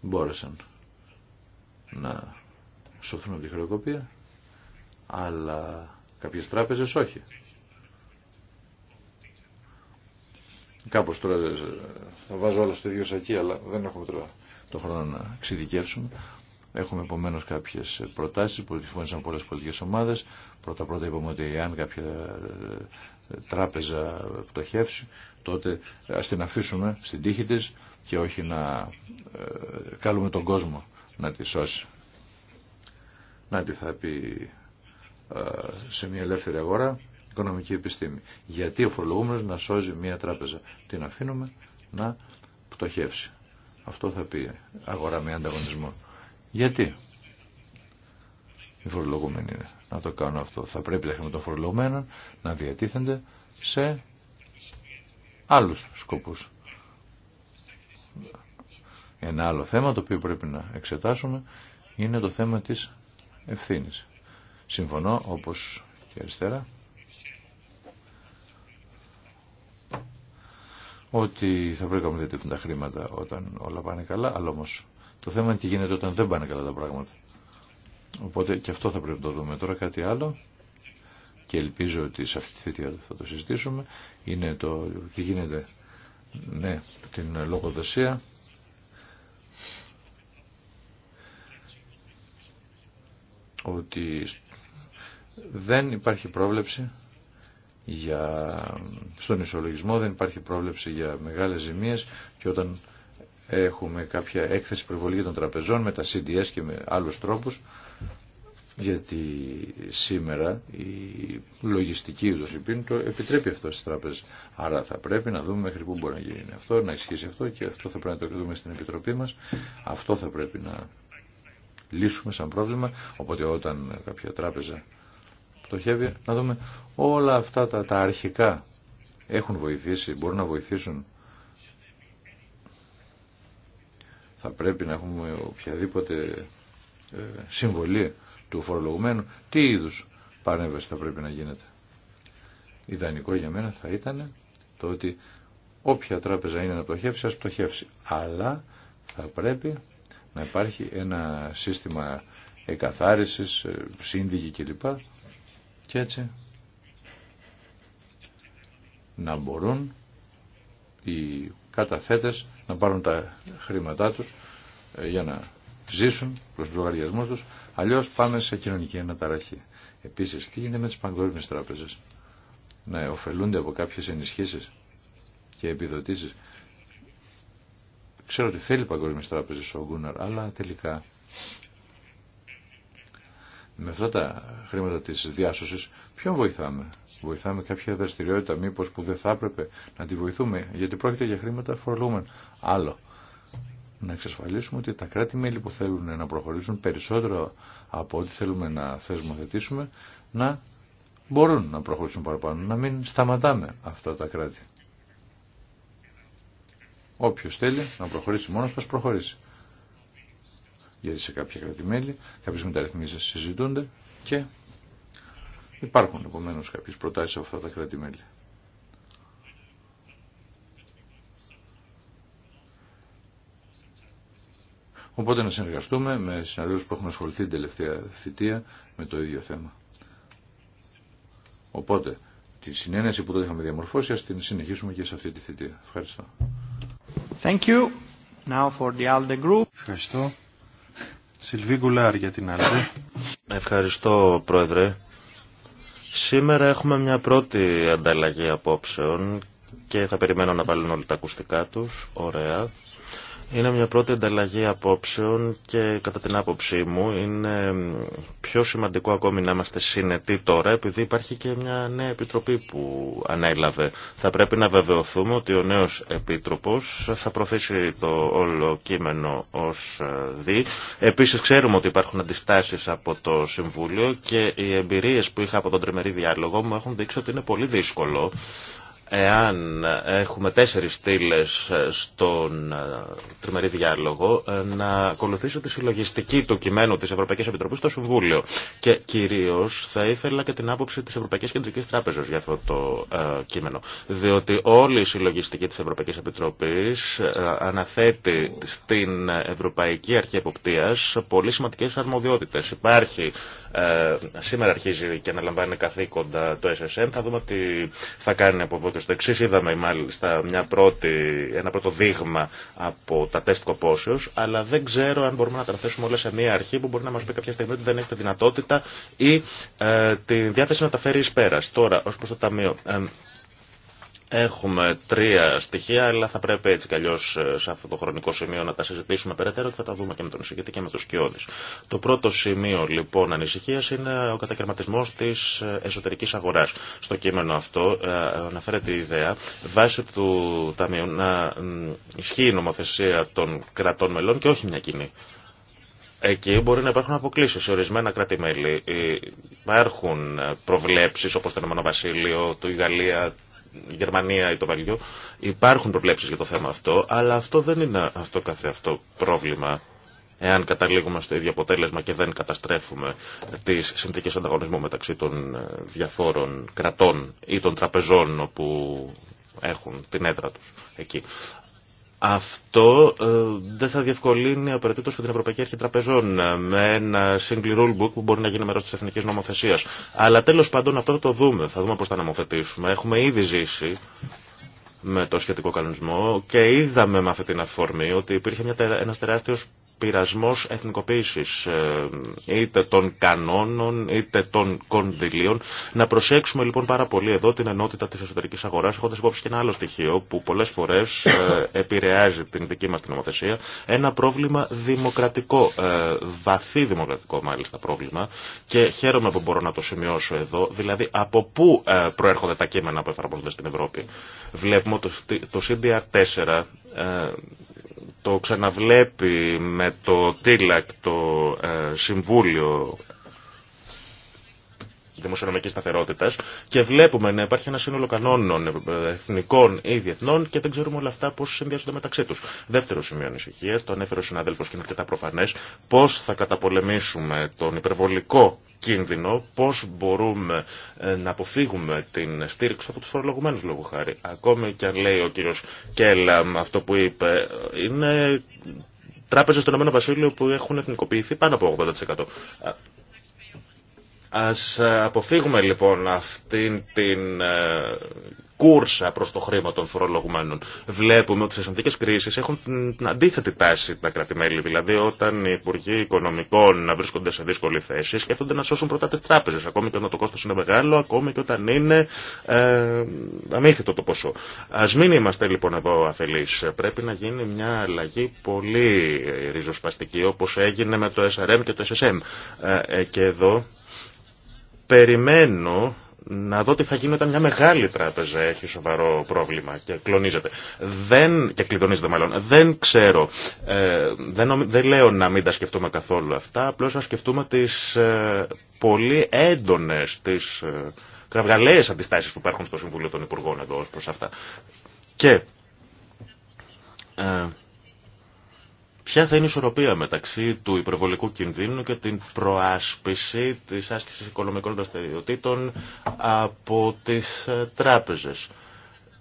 μπόρεσαν να σωθούν από τη χρεοκοπία, αλλά κάποιες τράπεζες όχι. Κάπως τώρα θα βάζω όλα στο ίδιο σακί, αλλά δεν έχουμε τώρα το χρόνο να εξειδικεύσουμε. Έχουμε επομένω κάποιε προτάσει που επιφωνησαν πολλε πολλέ πολιτικέ ομάδε. Πρώτα-πρώτα είπαμε ότι αν κάποια ε, τράπεζα πτωχεύσει, τότε α την αφήσουμε στην τύχη τη και όχι να ε, κάνουμε τον κόσμο να τη σώσει. Να τη θα πει ε, σε μια ελεύθερη αγορά, οικονομική επιστήμη. Γιατί ο φορολογούμενος να σώζει μια τράπεζα. Την αφήνουμε να πτωχεύσει. Αυτό θα πει αγορά με ανταγωνισμό. Γιατί οι φορολογούμενοι είναι να το κάνω αυτό. Θα πρέπει τα χρήματα των φορολογουμένων να διατίθενται σε άλλους σκοπούς. Ένα άλλο θέμα το οποίο πρέπει να εξετάσουμε είναι το θέμα της ευθύνης. Συμφωνώ όπως και αριστερά ότι θα βρήκαμε να τα χρήματα όταν όλα πάνε καλά, αλλά όμω το θέμα είναι τι γίνεται όταν δεν πάνε καλά τα πράγματα. Οπότε και αυτό θα πρέπει να το δούμε. Τώρα κάτι άλλο και ελπίζω ότι σε αυτή τη θητεία θα το συζητήσουμε είναι το τι γίνεται ναι, την λογοδοσία ότι δεν υπάρχει πρόβλεψη για... στον ισολογισμό, δεν υπάρχει πρόβλεψη για μεγάλες ζημίες και όταν έχουμε κάποια έκθεση προβολή των τραπεζών με τα CDS και με άλλους τρόπους γιατί σήμερα η λογιστική του το επιτρέπει αυτό στις τράπεζες. Άρα θα πρέπει να δούμε μέχρι πού μπορεί να γίνει αυτό, να ισχύσει αυτό και αυτό θα πρέπει να το κρίνουμε στην Επιτροπή μας. Αυτό θα πρέπει να λύσουμε σαν πρόβλημα. Οπότε όταν κάποια τράπεζα να δούμε όλα αυτά τα, τα αρχικά έχουν βοηθήσει, μπορούν να βοηθήσουν. Θα πρέπει να έχουμε οποιαδήποτε ε, συμβολή του φορολογουμένου. Τι είδους παρέμβαση θα πρέπει να γίνεται. Ιδανικό για μένα θα ήταν το ότι όποια τράπεζα είναι να πτωχεύσει, ας πτωχεύσει. Αλλά θα πρέπει να υπάρχει ένα σύστημα εκαθάρισης, ε, σύνδυγη κλπ και έτσι να μπορούν οι καταθέτες να πάρουν τα χρήματά τους ε, για να ζήσουν προς τους λογαριασμούς τους, αλλιώς πάμε σε κοινωνική αναταραχή. Επίσης, τι γίνεται με τις παγκόσμιες τράπεζες, να ωφελούνται από κάποιες ενισχύσεις και επιδοτήσεις. Ξέρω ότι θέλει παγκόσμιες τράπεζες ο Γκούναρ, αλλά τελικά με αυτά τα χρήματα της διάσωσης ποιον βοηθάμε. Βοηθάμε κάποια δραστηριότητα μήπως που δεν θα έπρεπε να τη βοηθούμε γιατί πρόκειται για χρήματα φορολογούμενα. Άλλο. Να εξασφαλίσουμε ότι τα κράτη-μέλη που θέλουν να προχωρήσουν περισσότερο από ό,τι θέλουμε να θεσμοθετήσουμε να μπορούν να προχωρήσουν παραπάνω, να μην σταματάμε αυτά τα κράτη. Όποιος θέλει να προχωρήσει μόνος, μα προχωρήσει γιατί σε κάποια κρατημέλη κάποιες μεταρρυθμίσεις συζητούνται και υπάρχουν επομένως κάποιες προτάσεις από αυτά τα κρατημέλη. Οπότε να συνεργαστούμε με συναδέλφους που έχουν ασχοληθεί την τελευταία θητεία με το ίδιο θέμα. Οπότε, τη συνένεση που τότε είχαμε διαμορφώσει, ας την συνεχίσουμε και σε αυτή τη θητεία. Ευχαριστώ. Thank you. Now for the ALDE group. Ευχαριστώ. Σιλβί Γκουλάρ για την άλλη. Ευχαριστώ πρόεδρε. Σήμερα έχουμε μια πρώτη ανταλλαγή απόψεων και θα περιμένω να βάλουν όλοι τα ακουστικά τους. Ωραία. Είναι μια πρώτη ανταλλαγή απόψεων και κατά την άποψή μου είναι πιο σημαντικό ακόμη να είμαστε συνετοί τώρα επειδή υπάρχει και μια νέα επιτροπή που ανέλαβε. Θα πρέπει να βεβαιωθούμε ότι ο νέος επίτροπος θα προθέσει το όλο κείμενο ως δι. Επίσης ξέρουμε ότι υπάρχουν αντιστάσεις από το Συμβούλιο και οι εμπειρίες που είχα από τον τριμερή διάλογο μου έχουν δείξει ότι είναι πολύ δύσκολο εάν έχουμε τέσσερις στήλε στον ε, τριμερή διάλογο, ε, να ακολουθήσω τη συλλογιστική του κειμένου της Ευρωπαϊκής Επιτροπής στο Συμβούλιο. Και κυρίως θα ήθελα και την άποψη της Ευρωπαϊκής Κεντρικής Τράπεζας για αυτό το ε, κείμενο. Διότι όλη η συλλογιστική της Ευρωπαϊκής Επιτροπής αναθέτει στην Ευρωπαϊκή Αρχή Εποπτείας πολύ σημαντικές αρμοδιότητες. Υπάρχει ε, σήμερα αρχίζει και αναλαμβάνει καθήκοντα το SSM. Θα δούμε τι θα κάνει από εδώ και στο εξή. Είδαμε μάλιστα μια πρώτη, ένα πρώτο δείγμα από τα τεστ κοπόσεω, αλλά δεν ξέρω αν μπορούμε να τα θέσουμε όλα σε μια αρχή που μπορεί να μα πει κάποια στιγμή ότι δεν έχετε τη δυνατότητα ή ε, τη διάθεση να τα φέρει ει πέρα. Τώρα, ω προ το Ταμείο. Ε, Έχουμε τρία στοιχεία, αλλά θα πρέπει έτσι κι ε, σε αυτό το χρονικό σημείο να τα συζητήσουμε περαιτέρω και θα τα δούμε και με τον εισηγητή και με του κοιόδη. Το πρώτο σημείο λοιπόν ανησυχία είναι ο κατακαιρματισμό τη ε, εσωτερική αγορά. Στο κείμενο αυτό ε, αναφέρεται η ιδέα βάσει του Ταμείου να ισχύει η νομοθεσία των κρατών μελών και όχι μια κοινή. Εκεί μπορεί να υπάρχουν αποκλήσει. Σε ορισμένα κράτη-μέλη υπάρχουν προβλέψει όπω το Ηνωμένο Βασίλειο, η Γαλλία, Γερμανία ή το υπάρχουν προβλέψεις για το θέμα αυτό, αλλά αυτό δεν είναι αυτό καθε αυτό πρόβλημα εάν καταλήγουμε στο ίδιο αποτέλεσμα και δεν καταστρέφουμε τις συνθήκες ανταγωνισμού μεταξύ των ε, διαφόρων κρατών ή των τραπεζών όπου έχουν την έδρα τους εκεί. Αυτό ε, δεν θα διευκολύνει απαραίτητο και την Ευρωπαϊκή Αρχή Τραπεζών ε, με ένα single rule book που μπορεί να γίνει μέρο τη εθνική νομοθεσία. Αλλά τέλο πάντων αυτό θα το δούμε. Θα δούμε πώ θα νομοθετήσουμε. Έχουμε ήδη ζήσει με το σχετικό κανονισμό και είδαμε με αυτή την αφορμή ότι υπήρχε ένα τεράστιο πειρασμός εθνικοποίησης ε, είτε των κανόνων είτε των κονδυλίων. Να προσέξουμε λοιπόν πάρα πολύ εδώ την ενότητα της εσωτερικής αγοράς έχοντας υπόψη και ένα άλλο στοιχείο που πολλές φορές ε, επηρεάζει την δική μας νομοθεσία. Ένα πρόβλημα δημοκρατικό, ε, βαθύ δημοκρατικό μάλιστα πρόβλημα και χαίρομαι που μπορώ να το σημειώσω εδώ, δηλαδή από πού προέρχονται τα κείμενα που εφαρμόζονται στην Ευρώπη. Βλέπουμε το CDR4 το ξαναβλέπει με το ΤΙΛΑΚ, το ε, Συμβούλιο Δημοσιονομική Σταθερότητα και βλέπουμε να υπάρχει ένα σύνολο κανόνων εθνικών ή διεθνών και δεν ξέρουμε όλα αυτά πώ συνδυάζονται μεταξύ του. Δεύτερο σημείο ανησυχία, το ανέφερε ο συνάδελφο και είναι αρκετά προφανέ, πώ θα καταπολεμήσουμε τον υπερβολικό κίνδυνο πώς μπορούμε ε, να αποφύγουμε την στήριξη από τους φορολογουμένους λόγου χάρη. Ακόμη και αν λέει ο κύριος Κέλλαμ αυτό που είπε, είναι τράπεζες στον ΕΒ που έχουν εθνικοποιηθεί πάνω από 80%. Ας ε, αποφύγουμε λοιπόν αυτήν την ε, κούρσα προς το χρήμα των φορολογουμένων. Βλέπουμε ότι στις αντικές κρίσεις έχουν την αντίθετη τάση τα κρατημέλη. Δηλαδή όταν οι υπουργοί οικονομικών να βρίσκονται σε δύσκολη θέση σκέφτονται να σώσουν πρώτα τις τράπεζες. Ακόμη και όταν το κόστος είναι μεγάλο, ακόμη και όταν είναι ε, αμύθιτο το ποσό. Ας μην είμαστε λοιπόν εδώ αφελείς. Πρέπει να γίνει μια αλλαγή πολύ ριζοσπαστική όπως έγινε με το SRM και το SSM. Ε, ε, και εδώ περιμένω να δω τι θα γίνει όταν μια μεγάλη τράπεζα έχει σοβαρό πρόβλημα και κλονίζεται. Δεν, και κλειδονίζεται μάλλον. Δεν ξέρω, ε, δεν, δεν λέω να μην τα σκεφτούμε καθόλου αυτά, απλώς να σκεφτούμε τι ε, πολύ έντονες, τις ε, κραυγαλαίες αντιστάσεις που υπάρχουν στο Συμβούλιο των Υπουργών εδώ ω προ αυτά. Και... Ε, Ποια θα είναι η ισορροπία μεταξύ του υπερβολικού κινδύνου και την προάσπιση της άσκησης οικονομικών δραστηριοτήτων από τις ε, τράπεζες.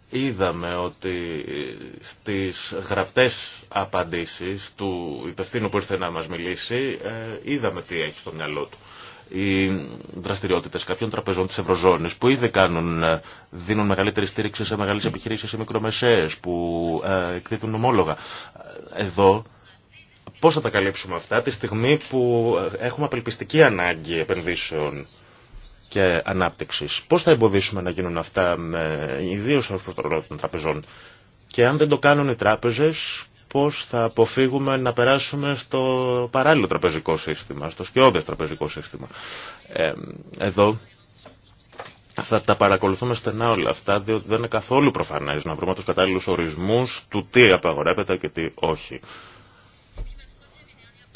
Είδαμε ότι ε, στις γραπτές απαντήσεις του υπευθύνου που ήρθε να μας μιλήσει, ε, είδαμε τι έχει στο μυαλό του οι δραστηριότητε κάποιων τραπεζών τη Ευρωζώνη που ήδη κάνουν, δίνουν μεγαλύτερη στήριξη σε μεγάλε επιχειρήσει ή μικρομεσαίε που εκδίδουν ομόλογα. Εδώ Πώς θα τα καλύψουμε αυτά τη στιγμή που έχουμε απελπιστική ανάγκη επενδύσεων και ανάπτυξης. Πώς θα εμποδίσουμε να γίνουν αυτά με ιδίως ως ρόλο των τραπεζών. Και αν δεν το κάνουν οι τράπεζες, πώς θα αποφύγουμε να περάσουμε στο παράλληλο τραπεζικό σύστημα, στο σκιώδες τραπεζικό σύστημα. Ε, εδώ θα τα παρακολουθούμε στενά όλα αυτά, διότι δεν είναι καθόλου προφανές να βρούμε τους κατάλληλους ορισμούς του τι απαγορεύεται και τι όχι.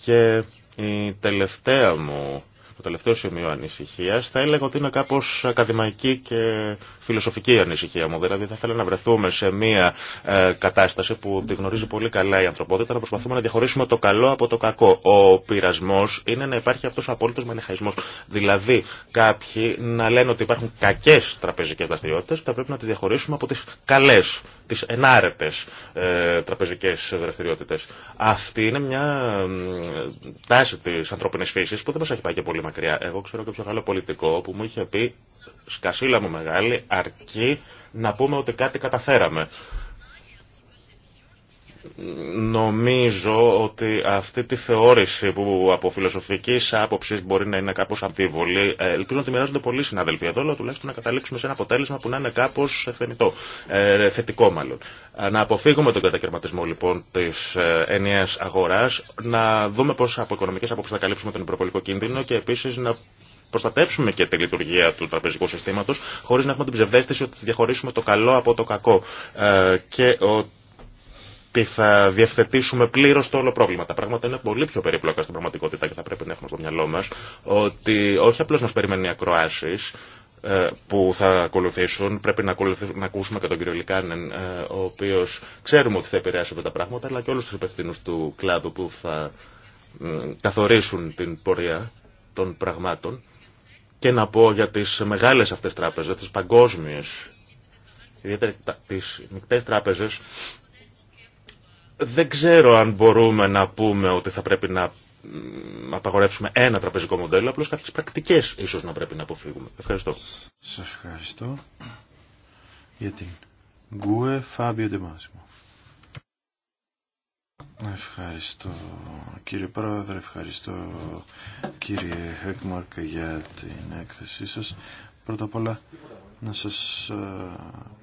Και η τελευταία μου, το τελευταίο σημείο ανησυχία, θα έλεγα ότι είναι κάπω ακαδημαϊκή και φιλοσοφική ανησυχία μου. Δηλαδή, θα ήθελα να βρεθούμε σε μια ε, κατάσταση που τη γνωρίζει πολύ καλά η ανθρωπότητα, να προσπαθούμε να διαχωρίσουμε το καλό από το κακό. Ο πειρασμό είναι να υπάρχει αυτό ο απόλυτο μανιχαϊσμό. Δηλαδή, κάποιοι να λένε ότι υπάρχουν κακέ τραπεζικέ δραστηριότητε θα πρέπει να τι διαχωρίσουμε από τι καλέ τις ενάρετες ε, τραπεζικές δραστηριότητες. Αυτή είναι μια τάση της ανθρώπινης φύσης που δεν μας έχει πάει και πολύ μακριά. Εγώ ξέρω και πιο καλό πολιτικό που μου είχε πει «Σκασίλα μου μεγάλη, αρκεί να πούμε ότι κάτι καταφέραμε». Νομίζω ότι αυτή τη θεώρηση που από φιλοσοφική άποψη μπορεί να είναι κάπω αμφίβολη, ε, ελπίζω ότι μοιράζονται πολλοί συναδελφοί εδώ, αλλά τουλάχιστον να καταλήξουμε σε ένα αποτέλεσμα που να είναι κάπω ε, ε, θετικό μάλλον. Ε, να αποφύγουμε τον κατακαιρματισμό λοιπόν τη ενιαία αγορά, να δούμε πώ από οικονομικέ απόψει θα καλύψουμε τον υπερπολικό κίνδυνο και επίση να προστατεύσουμε και τη λειτουργία του τραπεζικού συστήματο, χωρί να έχουμε την ψευδέστηση ότι διαχωρίσουμε το καλό από το κακό. και ότι θα διευθετήσουμε πλήρω το όλο πρόβλημα. Τα πράγματα είναι πολύ πιο περίπλοκα στην πραγματικότητα και θα πρέπει να έχουμε στο μυαλό μα ότι όχι απλώ μα περιμένουν οι ακροάσει ε, που θα ακολουθήσουν. Πρέπει να, να ακούσουμε και τον κύριο Λικάνεν, ε, ο οποίο ξέρουμε ότι θα επηρεάσει αυτά τα πράγματα, αλλά και όλου του υπευθύνου του κλάδου που θα καθορίσουν την πορεία των πραγμάτων. Και να πω για τι μεγάλε αυτέ τράπεζε, τι παγκόσμιες ιδιαίτερα τι μεικτέ τράπεζε, δεν ξέρω αν μπορούμε να πούμε ότι θα πρέπει να απαγορεύσουμε ένα τραπεζικό μοντέλο, απλώς κάποιες πρακτικές ίσως να πρέπει να αποφύγουμε. Ευχαριστώ. Σας ευχαριστώ για την Γκουε Φάμπιο Ντεμάσιμο. Ευχαριστώ κύριε Πρόεδρε, ευχαριστώ κύριε Χέκμαρκ για την έκθεσή σας. Πρώτα απ' όλα να σας ε,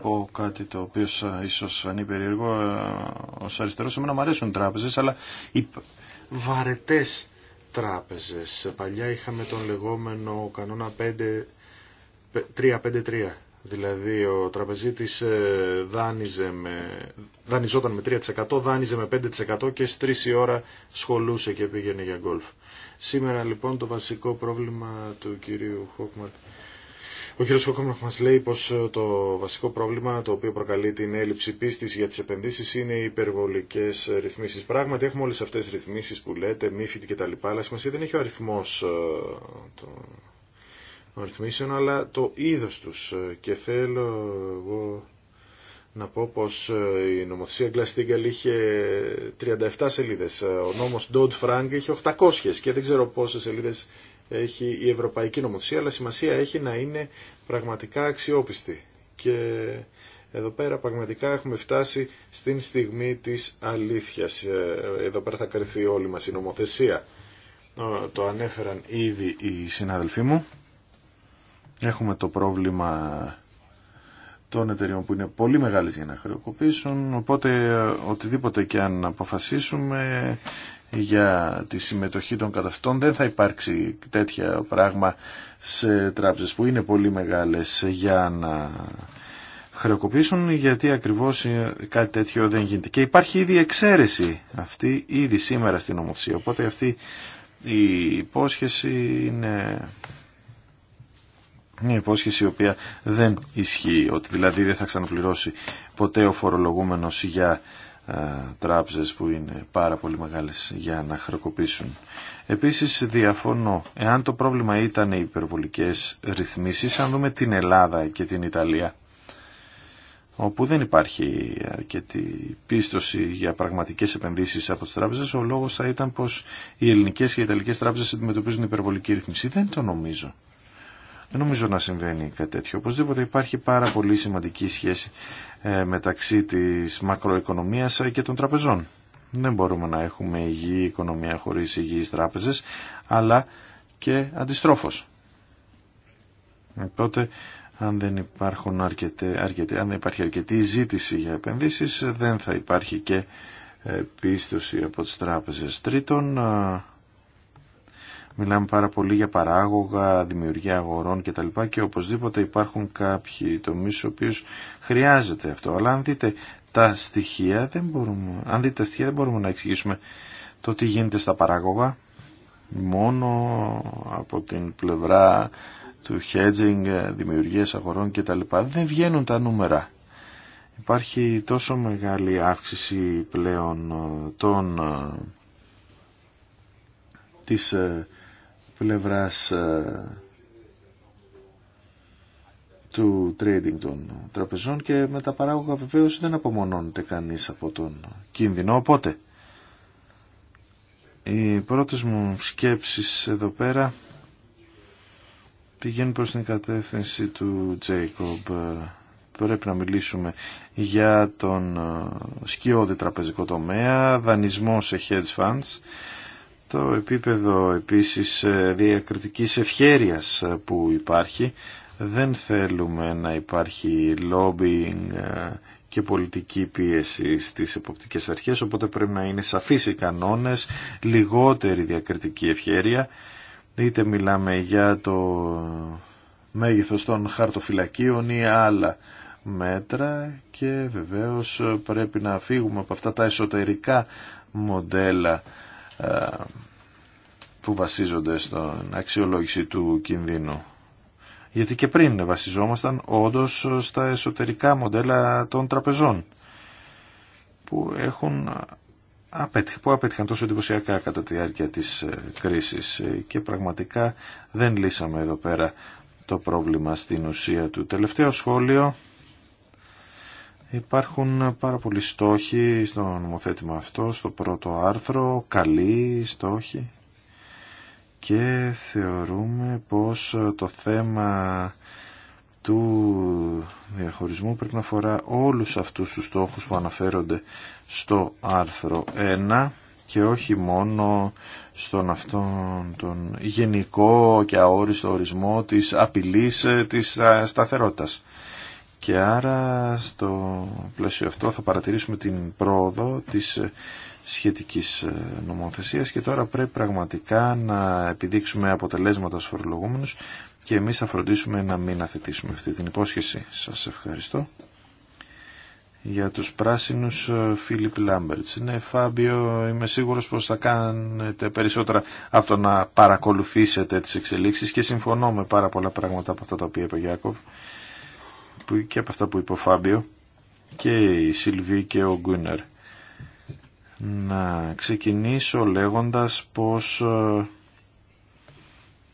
πω κάτι το οποίο ίσως φανεί περίεργο. Ε, ως αριστερός εμένα μου αρέσουν τράπεζες, αλλά οι βαρετές τράπεζες. Παλιά είχαμε τον λεγόμενο κανόνα 3-5-3. Δηλαδή ο τραπεζίτης ε, δάνιζε με, δανειζόταν με 3%, δάνιζε με 5% και στις 3 η ώρα σχολούσε και πήγαινε για γκολφ. Σήμερα λοιπόν το βασικό πρόβλημα του κυρίου Χόκμαρτ. Ο κ. Κόκκινοφ μα λέει πω ε, το βασικό πρόβλημα το οποίο προκαλεί την έλλειψη πίστης για τι επενδύσει είναι οι υπερβολικέ ε, ρυθμίσει. Πράγματι έχουμε όλε αυτέ τις ρυθμίσει που λέτε, μύφητη και τα λοιπά, αλλά σημασία δεν έχει ο αριθμό ε, των ρυθμίσεων, αλλά το είδο του. Και θέλω εγώ να πω πω η νομοθεσία είχε 37 σελίδε. ο νόμος Dodd-Frank είχε 800 και δεν ξέρω πόσε σελίδε έχει η ευρωπαϊκή νομοθεσία, αλλά σημασία έχει να είναι πραγματικά αξιόπιστη. Και εδώ πέρα πραγματικά έχουμε φτάσει στην στιγμή της αλήθειας. Ε, εδώ πέρα θα κρυθεί όλη μας η νομοθεσία. Το ανέφεραν ήδη οι συναδελφοί μου. Έχουμε το πρόβλημα των εταιριών που είναι πολύ μεγάλες για να χρεοκοπήσουν, οπότε ε, οτιδήποτε και αν αποφασίσουμε για τη συμμετοχή των καταστών δεν θα υπάρξει τέτοια πράγμα σε τράπεζες που είναι πολύ μεγάλες για να χρεοκοπήσουν γιατί ακριβώς κάτι τέτοιο δεν γίνεται. Και υπάρχει ήδη εξαίρεση αυτή ήδη σήμερα στην νομοθεσία. Οπότε αυτή η υπόσχεση είναι μια υπόσχεση η οποία δεν ισχύει, ότι δηλαδή δεν θα ξαναπληρώσει ποτέ ο φορολογούμενος για ε, τράπεζες που είναι πάρα πολύ μεγάλες για να χρεοκοπήσουν. Επίσης διαφωνώ, εάν το πρόβλημα ήταν οι υπερβολικές ρυθμίσεις, αν δούμε την Ελλάδα και την Ιταλία, όπου δεν υπάρχει αρκετή πίστοση για πραγματικές επενδύσεις από τις τράπεζες, ο λόγος θα ήταν πως οι ελληνικές και οι ιταλικές τράπεζες αντιμετωπίζουν υπερβολική ρυθμίση. Δεν το νομίζω. Δεν νομίζω να συμβαίνει κάτι τέτοιο. Οπωσδήποτε υπάρχει πάρα πολύ σημαντική σχέση ε, μεταξύ της μακροοικονομίας και των τραπεζών. Δεν μπορούμε να έχουμε υγιή οικονομία χωρίς υγιείς τράπεζες, αλλά και αντιστρόφως. Τότε, αν δεν, υπάρχουν αρκετέ, αν δεν υπάρχει αρκετή ζήτηση για επενδύσεις, δεν θα υπάρχει και ε, πίστοση από τις τράπεζες. Τρίτον, ε, Μιλάμε πάρα πολύ για παράγωγα, δημιουργία αγορών κτλ. Και οπωσδήποτε υπάρχουν κάποιοι τομείς στους οποίους χρειάζεται αυτό. Αλλά αν δείτε τα στοιχεία δεν μπορούμε, αν δείτε τα στοιχεία δεν μπορούμε να εξηγήσουμε το τι γίνεται στα παράγωγα μόνο από την πλευρά του hedging, δημιουργίας αγορών κτλ. Δεν βγαίνουν τα νούμερα. Υπάρχει τόσο μεγάλη αύξηση πλέον ε, των ε, της ε, πλευράς ε, του trading των τραπεζών και με τα παράγωγα βεβαίω δεν απομονώνεται κανείς από τον κίνδυνο. Οπότε, οι πρώτες μου σκέψεις εδώ πέρα πηγαίνουν προς την κατεύθυνση του Τζέικομπ. Πρέπει να μιλήσουμε για τον ε, σκιώδη τραπεζικό τομέα, δανεισμό σε hedge funds το επίπεδο επίσης ε, διακριτικής ευχέρειας ε, που υπάρχει. Δεν θέλουμε να υπάρχει lobbying ε, και πολιτική πίεση στις εποπτικές αρχές, οπότε πρέπει να είναι σαφείς οι κανόνες, λιγότερη διακριτική ευχέρεια, είτε μιλάμε για το μέγεθος των χαρτοφυλακίων ή άλλα μέτρα και βεβαίως πρέπει να φύγουμε από αυτά τα εσωτερικά μοντέλα ε, που βασίζονται στην αξιολόγηση του κινδύνου. Γιατί και πριν βασιζόμασταν όντως στα εσωτερικά μοντέλα των τραπεζών που έχουν που απέτυχαν τόσο εντυπωσιακά κατά τη διάρκεια της ε, κρίσης και πραγματικά δεν λύσαμε εδώ πέρα το πρόβλημα στην ουσία του. Τελευταίο σχόλιο Υπάρχουν πάρα πολλοί στόχοι στο νομοθέτημα αυτό, στο πρώτο άρθρο, καλοί στόχοι και θεωρούμε πως το θέμα του διαχωρισμού πρέπει να αφορά όλους αυτούς τους στόχους που αναφέρονται στο άρθρο 1 και όχι μόνο στον αυτόν τον γενικό και αόριστο ορισμό της απειλής ε, της ε, σταθερότητας. Και άρα στο πλαίσιο αυτό θα παρατηρήσουμε την πρόοδο της σχετικής νομοθεσίας και τώρα πρέπει πραγματικά να επιδείξουμε αποτελέσματα στους φορολογούμενους και εμείς θα φροντίσουμε να μην αθετήσουμε αυτή την υπόσχεση. Σας ευχαριστώ. Για τους πράσινους Φίλιπ Λάμπερτς. Ναι Φάμπιο είμαι σίγουρος πως θα κάνετε περισσότερα από το να παρακολουθήσετε τις εξελίξεις και συμφωνώ με πάρα πολλά πράγματα από αυτά τα οποία είπε ο Γιάκοβ και από αυτά που είπε ο Φάμπιο και η Σιλβή και ο Γκούνερ. Να ξεκινήσω λέγοντας πως ε,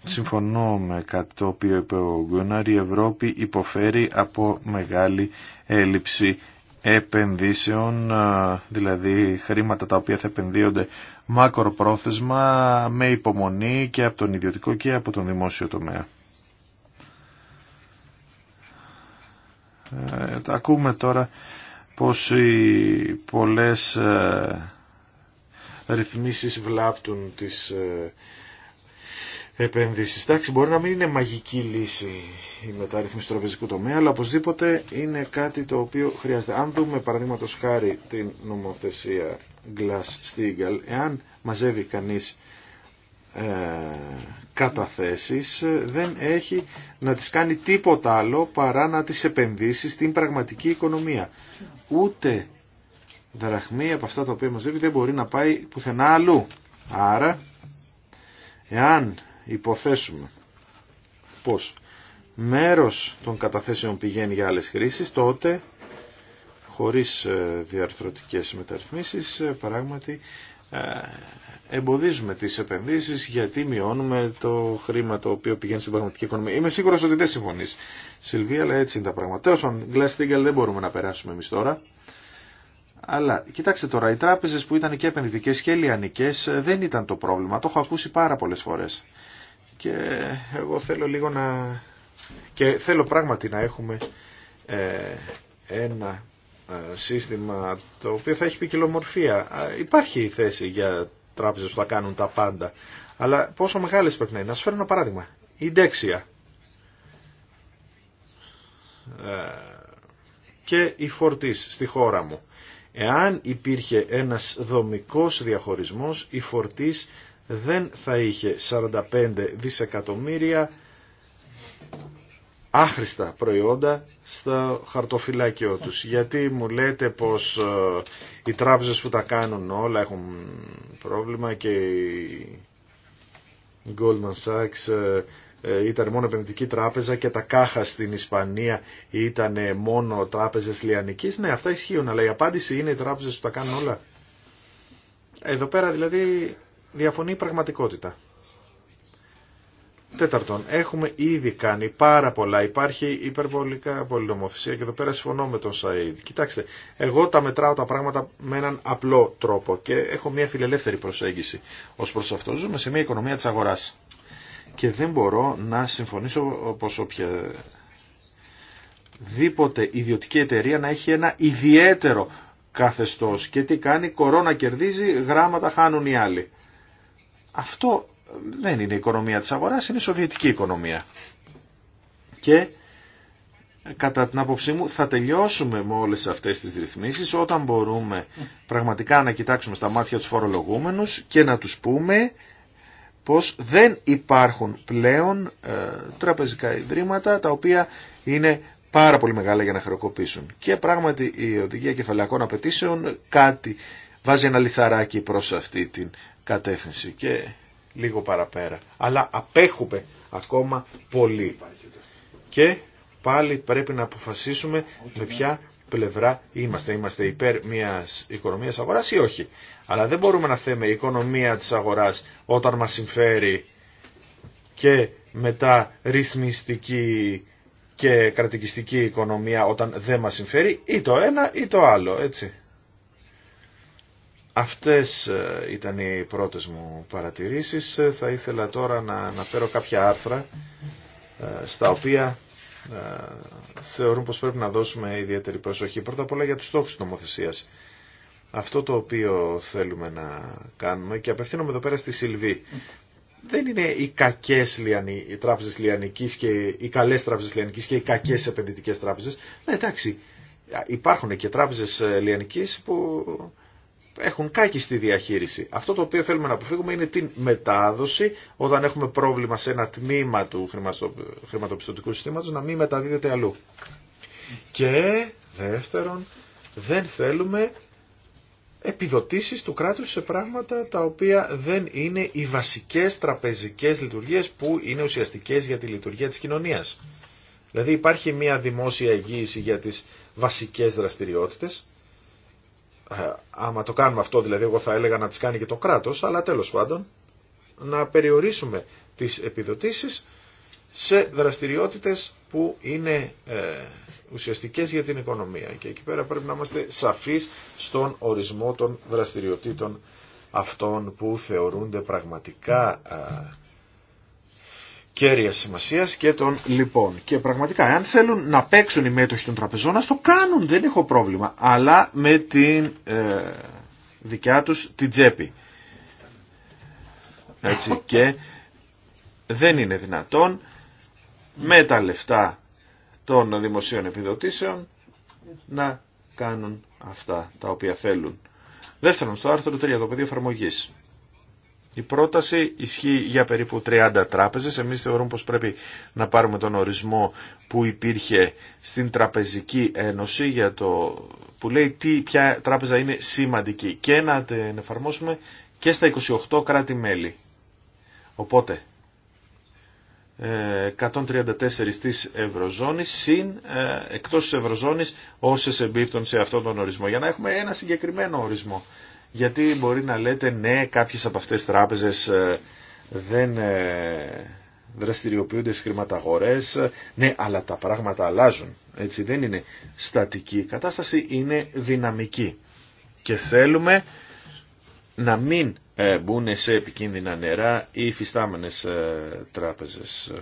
συμφωνώ με κάτι το οποίο είπε ο Γκούνερ, η Ευρώπη υποφέρει από μεγάλη έλλειψη επενδύσεων, ε, δηλαδή χρήματα τα οποία θα επενδύονται μακροπρόθεσμα με υπομονή και από τον ιδιωτικό και από τον δημόσιο τομέα. Ε, ακούμε τώρα πως οι πολλές ε, ρυθμίσεις βλάπτουν τις ε, επενδύσεις. Εντάξει, μπορεί να μην είναι μαγική λύση η μεταρρύθμιση του τομέα, αλλά οπωσδήποτε είναι κάτι το οποίο χρειάζεται. Αν δούμε παραδείγματο χάρη την νομοθεσία Glass-Steagall, εάν μαζεύει κανείς ε, καταθέσεις δεν έχει να τις κάνει τίποτα άλλο παρά να τις επενδύσει στην πραγματική οικονομία. Ούτε δραχμή από αυτά τα οποία μαζεύει δεν μπορεί να πάει πουθενά αλλού. Άρα, εάν υποθέσουμε πως μέρος των καταθέσεων πηγαίνει για άλλες χρήσεις, τότε χωρίς ε, διαρθρωτικές μεταρρυθμίσεις ε, πράγματι εμποδίζουμε τις επενδύσεις γιατί μειώνουμε το χρήμα το οποίο πηγαίνει στην πραγματική οικονομία. Είμαι σίγουρος ότι δεν συμφωνείς, Σιλβία, αλλά έτσι είναι τα πράγματα. Τέλος πάντων, Glass-Steagall δεν μπορούμε να περάσουμε εμείς τώρα. Αλλά κοιτάξτε τώρα, οι τράπεζες που ήταν και επενδυτικές και λιανικές ε, δεν ήταν το πρόβλημα. Το έχω ακούσει πάρα πολλές φορές. Και εγώ θέλω λίγο να... Και θέλω πράγματι να έχουμε ε, ένα ε, σύστημα το οποίο θα έχει ποικιλομορφία. Υπάρχει η θέση για τράπεζες που θα κάνουν τα πάντα. Αλλά πόσο μεγάλες πρέπει να είναι. Να σας φέρω ένα παράδειγμα. Η δέξια ε, και η φορτής στη χώρα μου. Εάν υπήρχε ένας δομικός διαχωρισμός, η φορτής δεν θα είχε 45 δισεκατομμύρια άχρηστα προϊόντα στο χαρτοφυλάκιό τους. Γιατί μου λέτε πως ε, οι τράπεζες που τα κάνουν όλα έχουν πρόβλημα και η Goldman Sachs ε, ε, ήταν μόνο επενδυτική τράπεζα και τα κάχα στην Ισπανία ήταν μόνο τράπεζες λιανικής. Ναι, αυτά ισχύουν, αλλά η απάντηση είναι οι τράπεζες που τα κάνουν όλα. Εδώ πέρα δηλαδή διαφωνεί η πραγματικότητα. Τέταρτον, έχουμε ήδη κάνει πάρα πολλά. Υπάρχει υπερβολικά πολυνομοθεσία και εδώ πέρα συμφωνώ με τον Σαΐδ. Κοιτάξτε, εγώ τα μετράω τα πράγματα με έναν απλό τρόπο και έχω μια φιλελεύθερη προσέγγιση ως προς αυτό. Ζούμε σε μια οικονομία τη αγορά. και δεν μπορώ να συμφωνήσω πως οποιαδήποτε ιδιωτική εταιρεία να έχει ένα ιδιαίτερο καθεστώς και τι κάνει, κορώνα κερδίζει, γράμματα χάνουν οι άλλοι. Αυτό δεν είναι η οικονομία της αγοράς, είναι η σοβιετική οικονομία. Και κατά την άποψή μου θα τελειώσουμε με όλες αυτές τις ρυθμίσεις όταν μπορούμε πραγματικά να κοιτάξουμε στα μάτια τους φορολογούμενους και να τους πούμε πως δεν υπάρχουν πλέον ε, τραπεζικά ιδρύματα τα οποία είναι πάρα πολύ μεγάλα για να χρεοκοπήσουν. Και πράγματι η οδηγία Κεφαλαιακών απαιτήσεων κάτι βάζει ένα λιθαράκι προς αυτή την κατεύθυνση και λίγο παραπέρα. Αλλά απέχουμε ακόμα πολύ. Και πάλι πρέπει να αποφασίσουμε με ποια πλευρά είμαστε. Είμαστε υπέρ μιας οικονομίας αγοράς ή όχι. Αλλά δεν μπορούμε να θέμε η οικονομία της αγοράς όταν μας συμφέρει και μετά ρυθμιστική και κρατικιστική οικονομία όταν δεν μας συμφέρει ή το ένα ή το άλλο, έτσι. Αυτές ε, ήταν οι πρώτες μου παρατηρήσεις. Ε, θα ήθελα τώρα να αναφέρω κάποια άρθρα ε, στα οποία θεωρούν πως πρέπει να δώσουμε ιδιαίτερη προσοχή. Πρώτα απ' όλα για τους στόχους της νομοθεσίας. Αυτό το οποίο θέλουμε να κάνουμε και απευθύνομαι εδώ πέρα στη Σιλβή. Δεν είναι οι κακές οι τράπεζες λιανικής και οι καλές τράπεζες λιανικής και οι κακές επενδυτικές τράπεζες. Ναι, εντάξει, υπάρχουν και τράπεζες λιανικής που έχουν κάκιστη διαχείριση. Αυτό το οποίο θέλουμε να αποφύγουμε είναι την μετάδοση όταν έχουμε πρόβλημα σε ένα τμήμα του χρηματοπιστωτικού συστήματος να μην μεταδίδεται αλλού. Και δεύτερον, δεν θέλουμε επιδοτήσεις του κράτους σε πράγματα τα οποία δεν είναι οι βασικές τραπεζικές λειτουργίες που είναι ουσιαστικές για τη λειτουργία της κοινωνίας. Δηλαδή υπάρχει μια δημόσια εγγύηση για τις βασικές δραστηριότητες ε, άμα το κάνουμε αυτό δηλαδή εγώ θα έλεγα να τις κάνει και το κράτος αλλά τέλος πάντων να περιορίσουμε τις επιδοτήσεις σε δραστηριότητες που είναι ε, ουσιαστικές για την οικονομία και εκεί πέρα πρέπει να είμαστε σαφείς στον ορισμό των δραστηριοτήτων αυτών που θεωρούνται πραγματικά ε, κέρια σημασία και των λοιπόν. Και πραγματικά, αν θέλουν να παίξουν οι μέτοχοι των τραπεζών, να το κάνουν, δεν έχω πρόβλημα. Αλλά με την ε, δικιά τους την τσέπη. Έτσι, και δεν είναι δυνατόν με τα λεφτά των δημοσίων επιδοτήσεων να κάνουν αυτά τα οποία θέλουν. Δεύτερον, στο άρθρο 3, το πεδίο εφαρμογή. Η πρόταση ισχύει για περίπου 30 τράπεζες. Εμείς θεωρούμε πως πρέπει να πάρουμε τον ορισμό που υπήρχε στην Τραπεζική Ένωση για το, που λέει τι, ποια τράπεζα είναι σημαντική και να την εφαρμόσουμε και στα 28 κράτη-μέλη. Οπότε, 134 ε, της Ευρωζώνης συν ε, εκτός της Ευρωζώνης όσες εμπίπτουν σε αυτόν τον ορισμό για να έχουμε ένα συγκεκριμένο ορισμό γιατί μπορεί να λέτε ναι κάποιες από αυτές τις τράπεζες ε, δεν ε, δραστηριοποιούνται στις χρηματαγορές, ναι αλλά τα πράγματα αλλάζουν, έτσι δεν είναι στατική η κατάσταση, είναι δυναμική και θέλουμε να μην ε, μπουν σε επικίνδυνα νερά οι φυστάμενες τράπεζες.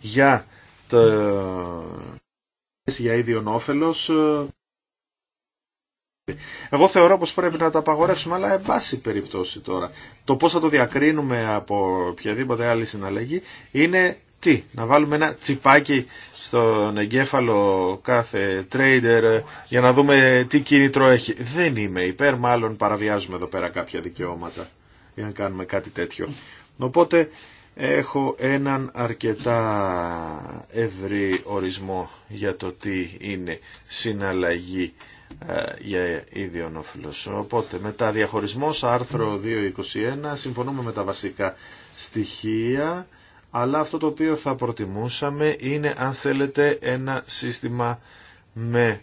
Για το για ίδιον εγώ θεωρώ πως πρέπει να τα απαγορεύσουμε, αλλά εν περιπτώσει τώρα. Το πώς θα το διακρίνουμε από οποιαδήποτε άλλη συναλλαγή είναι τι, να βάλουμε ένα τσιπάκι στον εγκέφαλο κάθε trader για να δούμε τι κίνητρο έχει. Δεν είμαι υπέρ, μάλλον παραβιάζουμε εδώ πέρα κάποια δικαιώματα για να κάνουμε κάτι τέτοιο. Οπότε έχω έναν αρκετά ευρύ ορισμό για το τι είναι συναλλαγή ε, για ίδιον Οπότε μετά διαχωρισμός άρθρο 2.21 συμφωνούμε με τα βασικά στοιχεία αλλά αυτό το οποίο θα προτιμούσαμε είναι αν θέλετε ένα σύστημα με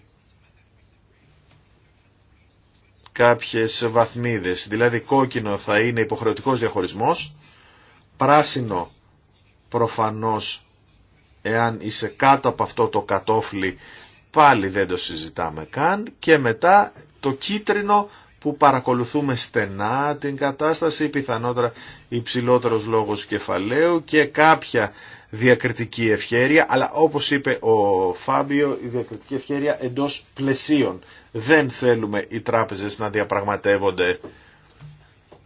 κάποιες βαθμίδες. Δηλαδή κόκκινο θα είναι υποχρεωτικός διαχωρισμός, πράσινο προφανώς εάν είσαι κάτω από αυτό το κατόφλι πάλι δεν το συζητάμε καν και μετά το κίτρινο που παρακολουθούμε στενά την κατάσταση, πιθανότερα υψηλότερος λόγος κεφαλαίου και κάποια διακριτική ευχέρεια, αλλά όπως είπε ο Φάμπιο, η διακριτική ευχέρεια εντός πλαισίων. Δεν θέλουμε οι τράπεζες να διαπραγματεύονται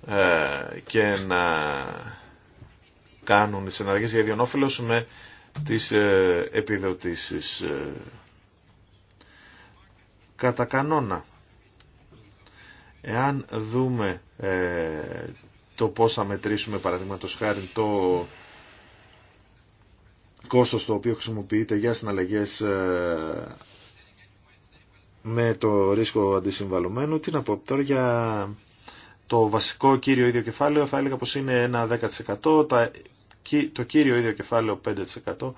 ε, και να κάνουν συναλλαγές για διονόφιλος με τις ε, επιδοτήσεις ε κατά κανόνα. Εάν δούμε ε, το πώς θα μετρήσουμε παραδείγματο χάρη το κόστος το οποίο χρησιμοποιείται για συναλλαγές ε, με το ρίσκο αντισυμβαλωμένου, τι να πω τώρα για το βασικό κύριο ίδιο κεφάλαιο θα έλεγα πως είναι ένα 10%, τα, το κύριο ίδιο κεφάλαιο 5%,